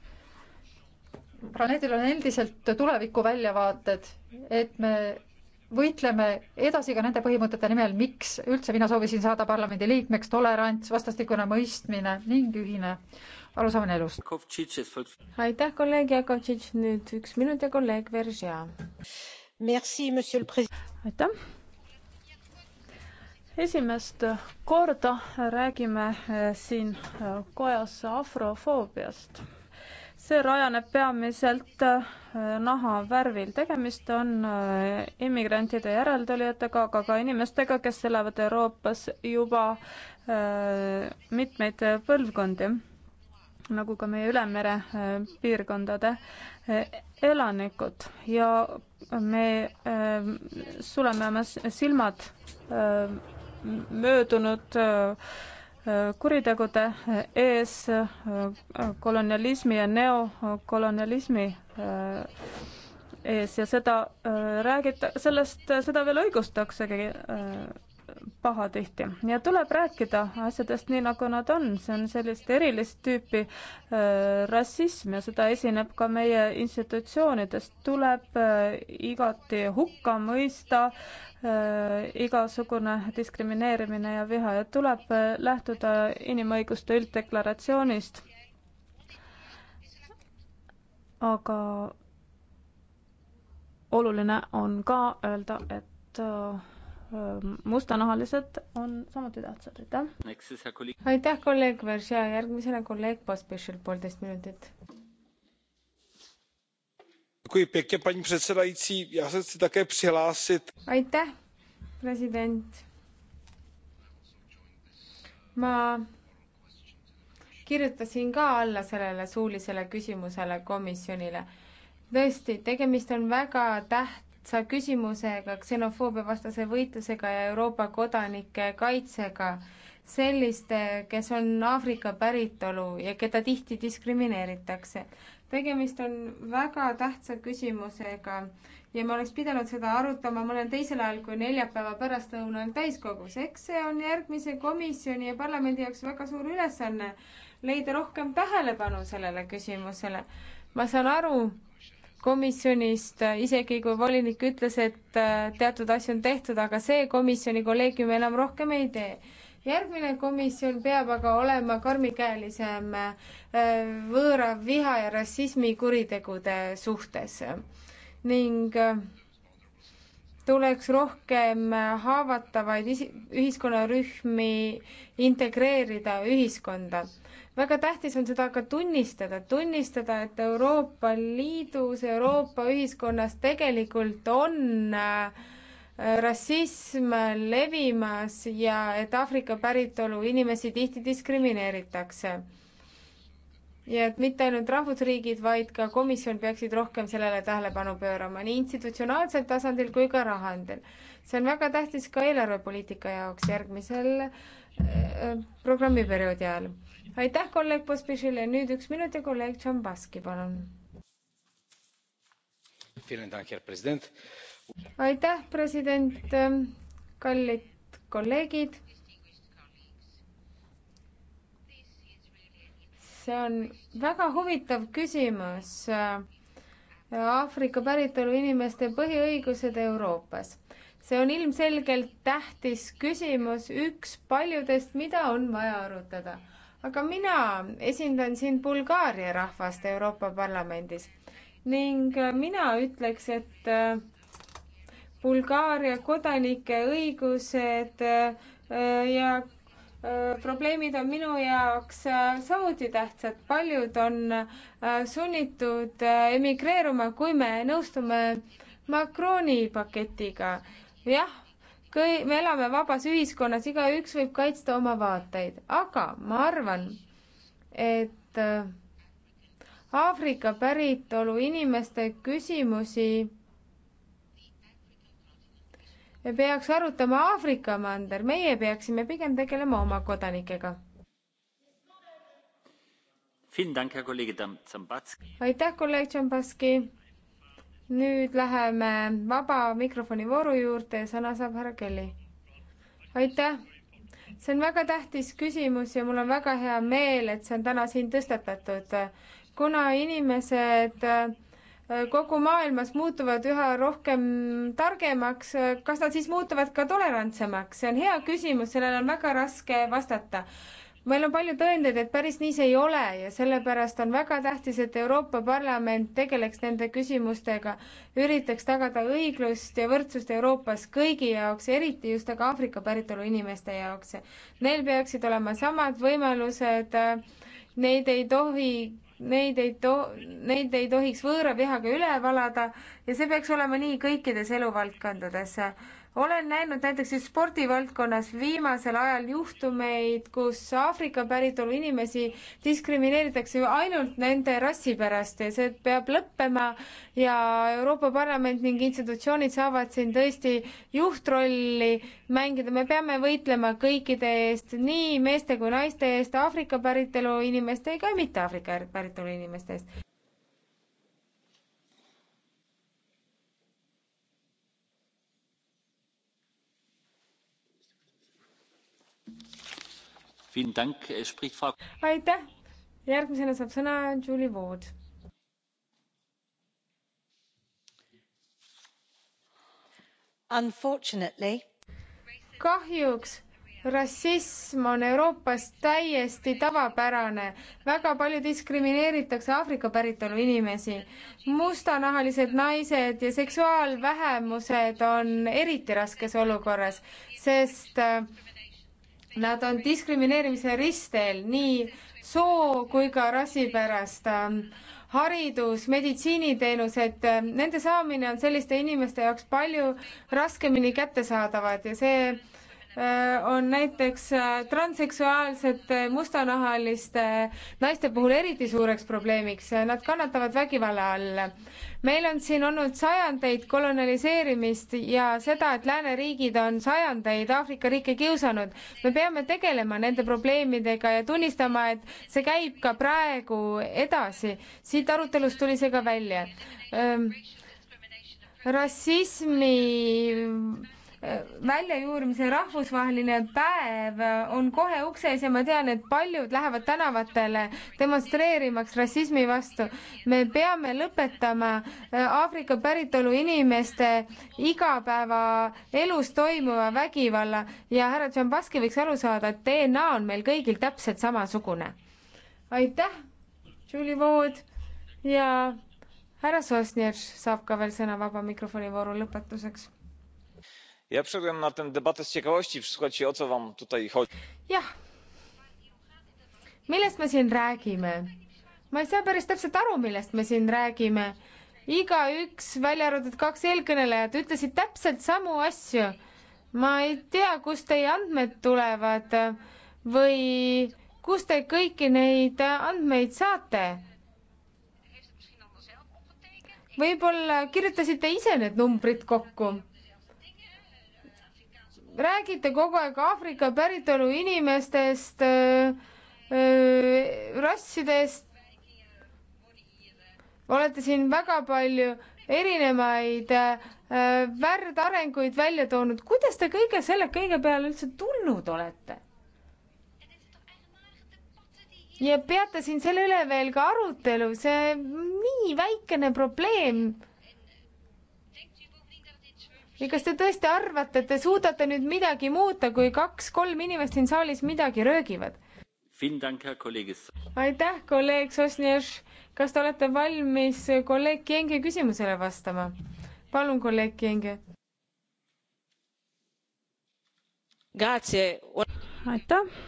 planeedil on endiselt tulevikuväljavaated, et me võitleme edasi ka nende põhimõtete nimel, miks üldse mina soovisin saada parlamendi liikmeks, tolerants, vastastikune mõistmine ning ühine arusaamine elust. aitäh, kolleeg Jakovtšitš, nüüd üks minut ja kolleeg Veržea. aitäh esimest korda räägime eh, siin eh, kojas afrofoobiast see rajaneb peamiselt äh, nahavärvil. tegemist on äh, immigrantide järeltulijatega, aga ka inimestega, kes elavad Euroopas juba äh, mitmeid põlvkondi, nagu ka meie ülemere piirkondade elanikud ja me suleme oma silmad möödunud öö, kuritegude ees kolonialismi ja neokolonialismi ees ja seda äh, räägita-, sellest, seda veel õigustaksegi äh, pahatihti ja tuleb rääkida asjadest nii, nagu nad on, see on sellist erilist tüüpi äh, rassism ja seda esineb ka meie institutsioonides, tuleb äh, igati hukka mõista äh, igasugune diskrimineerimine ja viha ja tuleb äh, lähtuda inimõiguste ülddeklaratsioonist. aga oluline on ka öelda, et äh, mustanahalised on samuti tähtsad, aitäh. aitäh, kolleeg Veržia, järgmisena kolleeg Pospešil poolteist minutit. aitäh, president. ma kirjutasin ka alla sellele suulisele küsimusele komisjonile. tõesti, tegemist on väga täht-, tähtsa küsimusega, ksenofoobiavastase võitlusega ja Euroopa kodanike kaitsega, selliste, kes on Aafrika päritolu ja keda tihti diskrimineeritakse. tegemist on väga tähtsa küsimusega ja ma oleks pidanud seda arutama mõnel teisel ajal kui neljapäeva pärastlõunal täiskogus. eks see on järgmise komisjoni ja parlamendi jaoks väga suur ülesanne leida rohkem tähelepanu sellele küsimusele. ma saan aru, komisjonist, isegi kui volinik ütles, et äh, teatud asju on tehtud, aga see komisjoni kolleegium enam rohkem ei tee. järgmine komisjon peab aga olema karmikäelisem äh, võõra viha ja rassismi kuritegude suhtes ning äh, tuleks rohkem haavatavaid ühiskonnarühmi integreerida ühiskonda väga tähtis on seda ka tunnistada, tunnistada, et Euroopa Liidus, Euroopa ühiskonnas tegelikult on äh, rassism levimas ja et Aafrika päritolu inimesi tihti diskrimineeritakse. ja et mitte ainult rahvusriigid, vaid ka komisjon peaksid rohkem sellele tähelepanu pöörama nii institutsionaalsel tasandil kui ka rahandil. see on väga tähtis ka eelarvepoliitika jaoks järgmisel äh, programmiperioodi ajal aitäh kolleeg Pospišile, nüüd üks minut ja kolleeg Tšambaski, palun. aitäh, president, ähm, kallid kolleegid. see on väga huvitav küsimus äh, Aafrika päritolu inimeste põhiõigused Euroopas. see on ilmselgelt tähtis küsimus, üks paljudest, mida on vaja arutada aga mina esindan siin Bulgaaria rahvast Euroopa Parlamendis ning äh, mina ütleks, et äh, Bulgaaria kodanike õigused äh, ja probleemid on minu jaoks samuti tähtsad, paljud on sunnitud emigreeruma, kui me nõustume Macroni paketiga. jah kõi-, me elame vabas ühiskonnas, igaüks võib kaitsta oma vaateid, aga ma arvan, et äh, Aafrika päritolu inimeste küsimusi me peaks arutama Aafrika mandril, meie peaksime pigem tegelema oma kodanikega. aitäh, kolleeg Tšambatski nüüd läheme vaba mikrofoni vooru juurde ja sõna saab härra Kelly. aitäh! see on väga tähtis küsimus ja mul on väga hea meel, et see on täna siin tõstatatud, kuna inimesed äh, kogu maailmas muutuvad üha rohkem targemaks, kas nad siis muutuvad ka tolerantsemaks, see on hea küsimus, sellele on väga raske vastata meil on palju tõendeid, et päris nii see ei ole ja sellepärast on väga tähtis, et Euroopa Parlament tegeleks nende küsimustega, üritaks tagada õiglust ja võrdsust Euroopas kõigi jaoks, eriti just aga Aafrika päritolu inimeste jaoks. Neil peaksid olema samad võimalused, neid ei tohi neid ei to-, neid ei tohiks võõra vihaga üle valada ja see peaks olema nii kõikides eluvaldkondades olen näinud näiteks spordivaldkonnas viimasel ajal juhtumeid, kus Aafrika päritolu inimesi diskrimineeritakse ju ainult nende rassi pärast ja see peab lõppema ja Euroopa Parlament ning institutsioonid saavad siin tõesti juhtrolli mängida, me peame võitlema kõikide eest, nii meeste kui naiste eest, Aafrika päritolu inimeste ja ka mitte Aafrika päritolu inimeste eest. Er aitäh, järgmisena saab sõna Julie Wood. kahjuks rassism on Euroopas täiesti tavapärane. väga palju diskrimineeritakse Aafrika päritolu inimesi. mustanahalised naised ja seksuaalvähemused on eriti raskes olukorras, sest äh, Nad on diskrimineerimise ristel nii soo kui ka rassi pärast. haridus, meditsiiniteenused, nende saamine on selliste inimeste jaoks palju raskemini kättesaadavad ja see Äh, on näiteks äh, transseksuaalsete mustanahaliste naiste puhul eriti suureks probleemiks, nad kannatavad vägivalla all. meil on siin olnud sajandeid koloniseerimist ja seda, et lääneriigid on sajandeid Aafrika riike kiusanud. me peame tegelema nende probleemidega ja tunnistama, et see käib ka praegu edasi. siit arutelust tuli see ka välja. Ähm, rassismi väljajuurimise rahvusvaheline päev on kohe ukse ees ja ma tean, et paljud lähevad tänavatele demonstreerimaks rassismi vastu. me peame lõpetama äh, Aafrika päritolu inimeste igapäevaelus toimuva vägivalla ja härra Tšambaski võiks aru saada, et DNA on meil kõigil täpselt samasugune. aitäh, Julie Wood ja härra Sosnjev saab ka veel sõna vaba mikrofoni vooru lõpetuseks Ja przyszedłem na tę debatę z ciekawości, słuchajcie, o co wam tutaj chodzi. jah, millest me siin räägime? ma ei saa päris täpselt aru, millest me siin räägime. igaüks, välja arvatud kaks eelkõnelejat, ütlesid täpselt samu asju. ma ei tea, kust teie andmed tulevad või kust te kõiki neid andmeid saate. võib-olla kirjutasite ise need numbrid kokku räägite kogu aeg Aafrika päritolu inimestest, äh, äh, rassidest, olete siin väga palju erinevaid äh, värdarenguid välja toonud. kuidas te kõige selle kõige peale üldse tulnud olete? ja peate siin selle üle veel ka arutelu, see nii väikene probleem ja kas te tõesti arvate, et te suudate nüüd midagi muuta, kui kaks-kolm inimest siin saalis midagi röögivad? aitäh, kolleeg Sosnjev. kas te olete valmis kolleeg Kienge küsimusele vastama? palun, kolleeg Kienge. aitäh,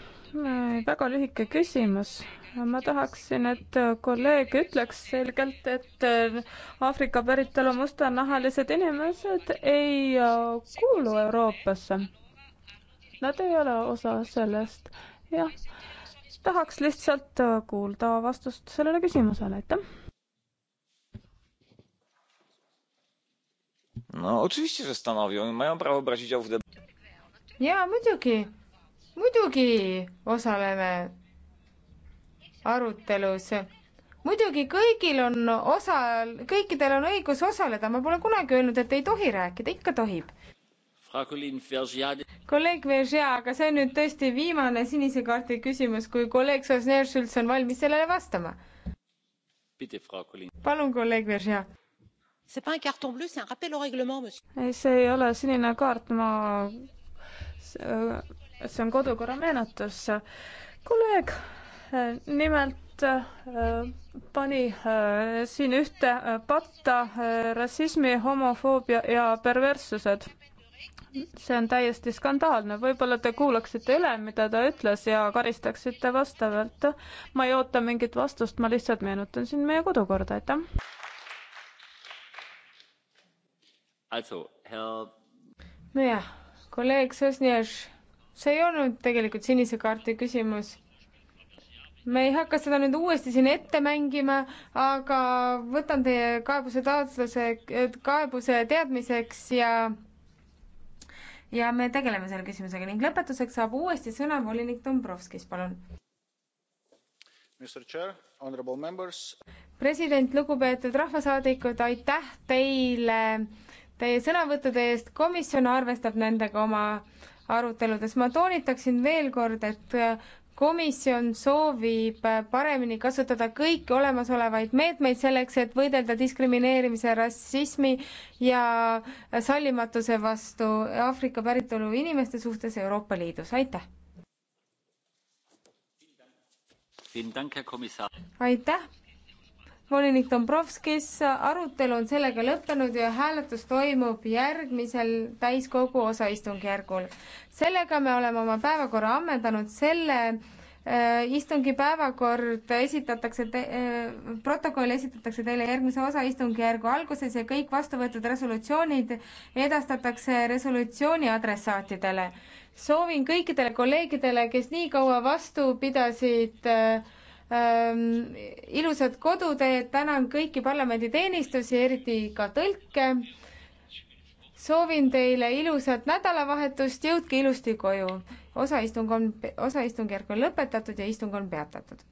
väga lühike küsimus ma tahaksin, et kolleeg ütleks selgelt, et äh, Aafrika päritolu mustanahalised inimesed ei äh, kuulu Euroopasse. Nad ei ole osa sellest. jah, tahaks lihtsalt äh, kuulda vastust sellele küsimusele, aitäh. no oczywiście, że stanowią i mają prawo brać udział w debacie. jaa, muidugi, muidugi osaleme arutelus. muidugi kõigil on osa, kõikidel on õigus osaleda, ma pole kunagi öelnud, et ei tohi rääkida, ikka tohib. kolleeg Veržea, aga see on nüüd tõesti viimane sinise kaardi küsimus, kui kolleeg Sosneršults on valmis sellele vastama. palun, kolleeg Veržea see ei ole sinine kaart, ma, see on kodukorra meenutus. kolleeg nimelt äh, pani äh, siin ühte äh, patta rassismi, homofoobia ja perverssused. see on täiesti skandaalne, võib-olla te kuulaksite üle, mida ta ütles ja karistaksite vastavalt. ma ei oota mingit vastust, ma lihtsalt meenutan siin meie kodukorda, aitäh. nojah, kolleeg Sosnjev, see ei olnud tegelikult sinise kaarti küsimus me ei hakka seda nüüd uuesti siin ette mängima, aga võtan teie kaebuse taotluse, kaebuse teadmiseks ja ja me tegeleme selle küsimusega ning lõpetuseks saab uuesti sõna volinik Dombrovskis, palun. president, lugupeetud rahvasaadikud, aitäh teile teie sõnavõttude eest, komisjon arvestab nendega oma aruteludes. ma toonitaksin veel kord, et komisjon soovib paremini kasutada kõiki olemasolevaid meetmeid selleks, et võidelda diskrimineerimise, rassismi ja sallimatuse vastu Aafrika päritolu inimeste suhtes Euroopa Liidus, aitäh! aitäh, volinik Dombrovskis, arutelu on sellega lõppenud ja hääletus toimub järgmisel täiskogu osaistungjärgul. sellega me oleme oma päevakorra ammendanud, selle äh, istungi päevakord esitatakse, äh, protokoll esitatakse teile järgmise osaistungjärgu alguses ja kõik vastu võetud resolutsioonid edastatakse resolutsiooni adressaatidele. soovin kõikidele kolleegidele, kes nii kaua vastu pidasid äh, ähm, ilusat koduteed, tänan kõiki parlamenditeenistusi, eriti ka tõlke. soovin teile ilusat nädalavahetust, jõudke ilusti koju. osaistung on, osaistungjärk on lõpetatud ja istung on peatatud.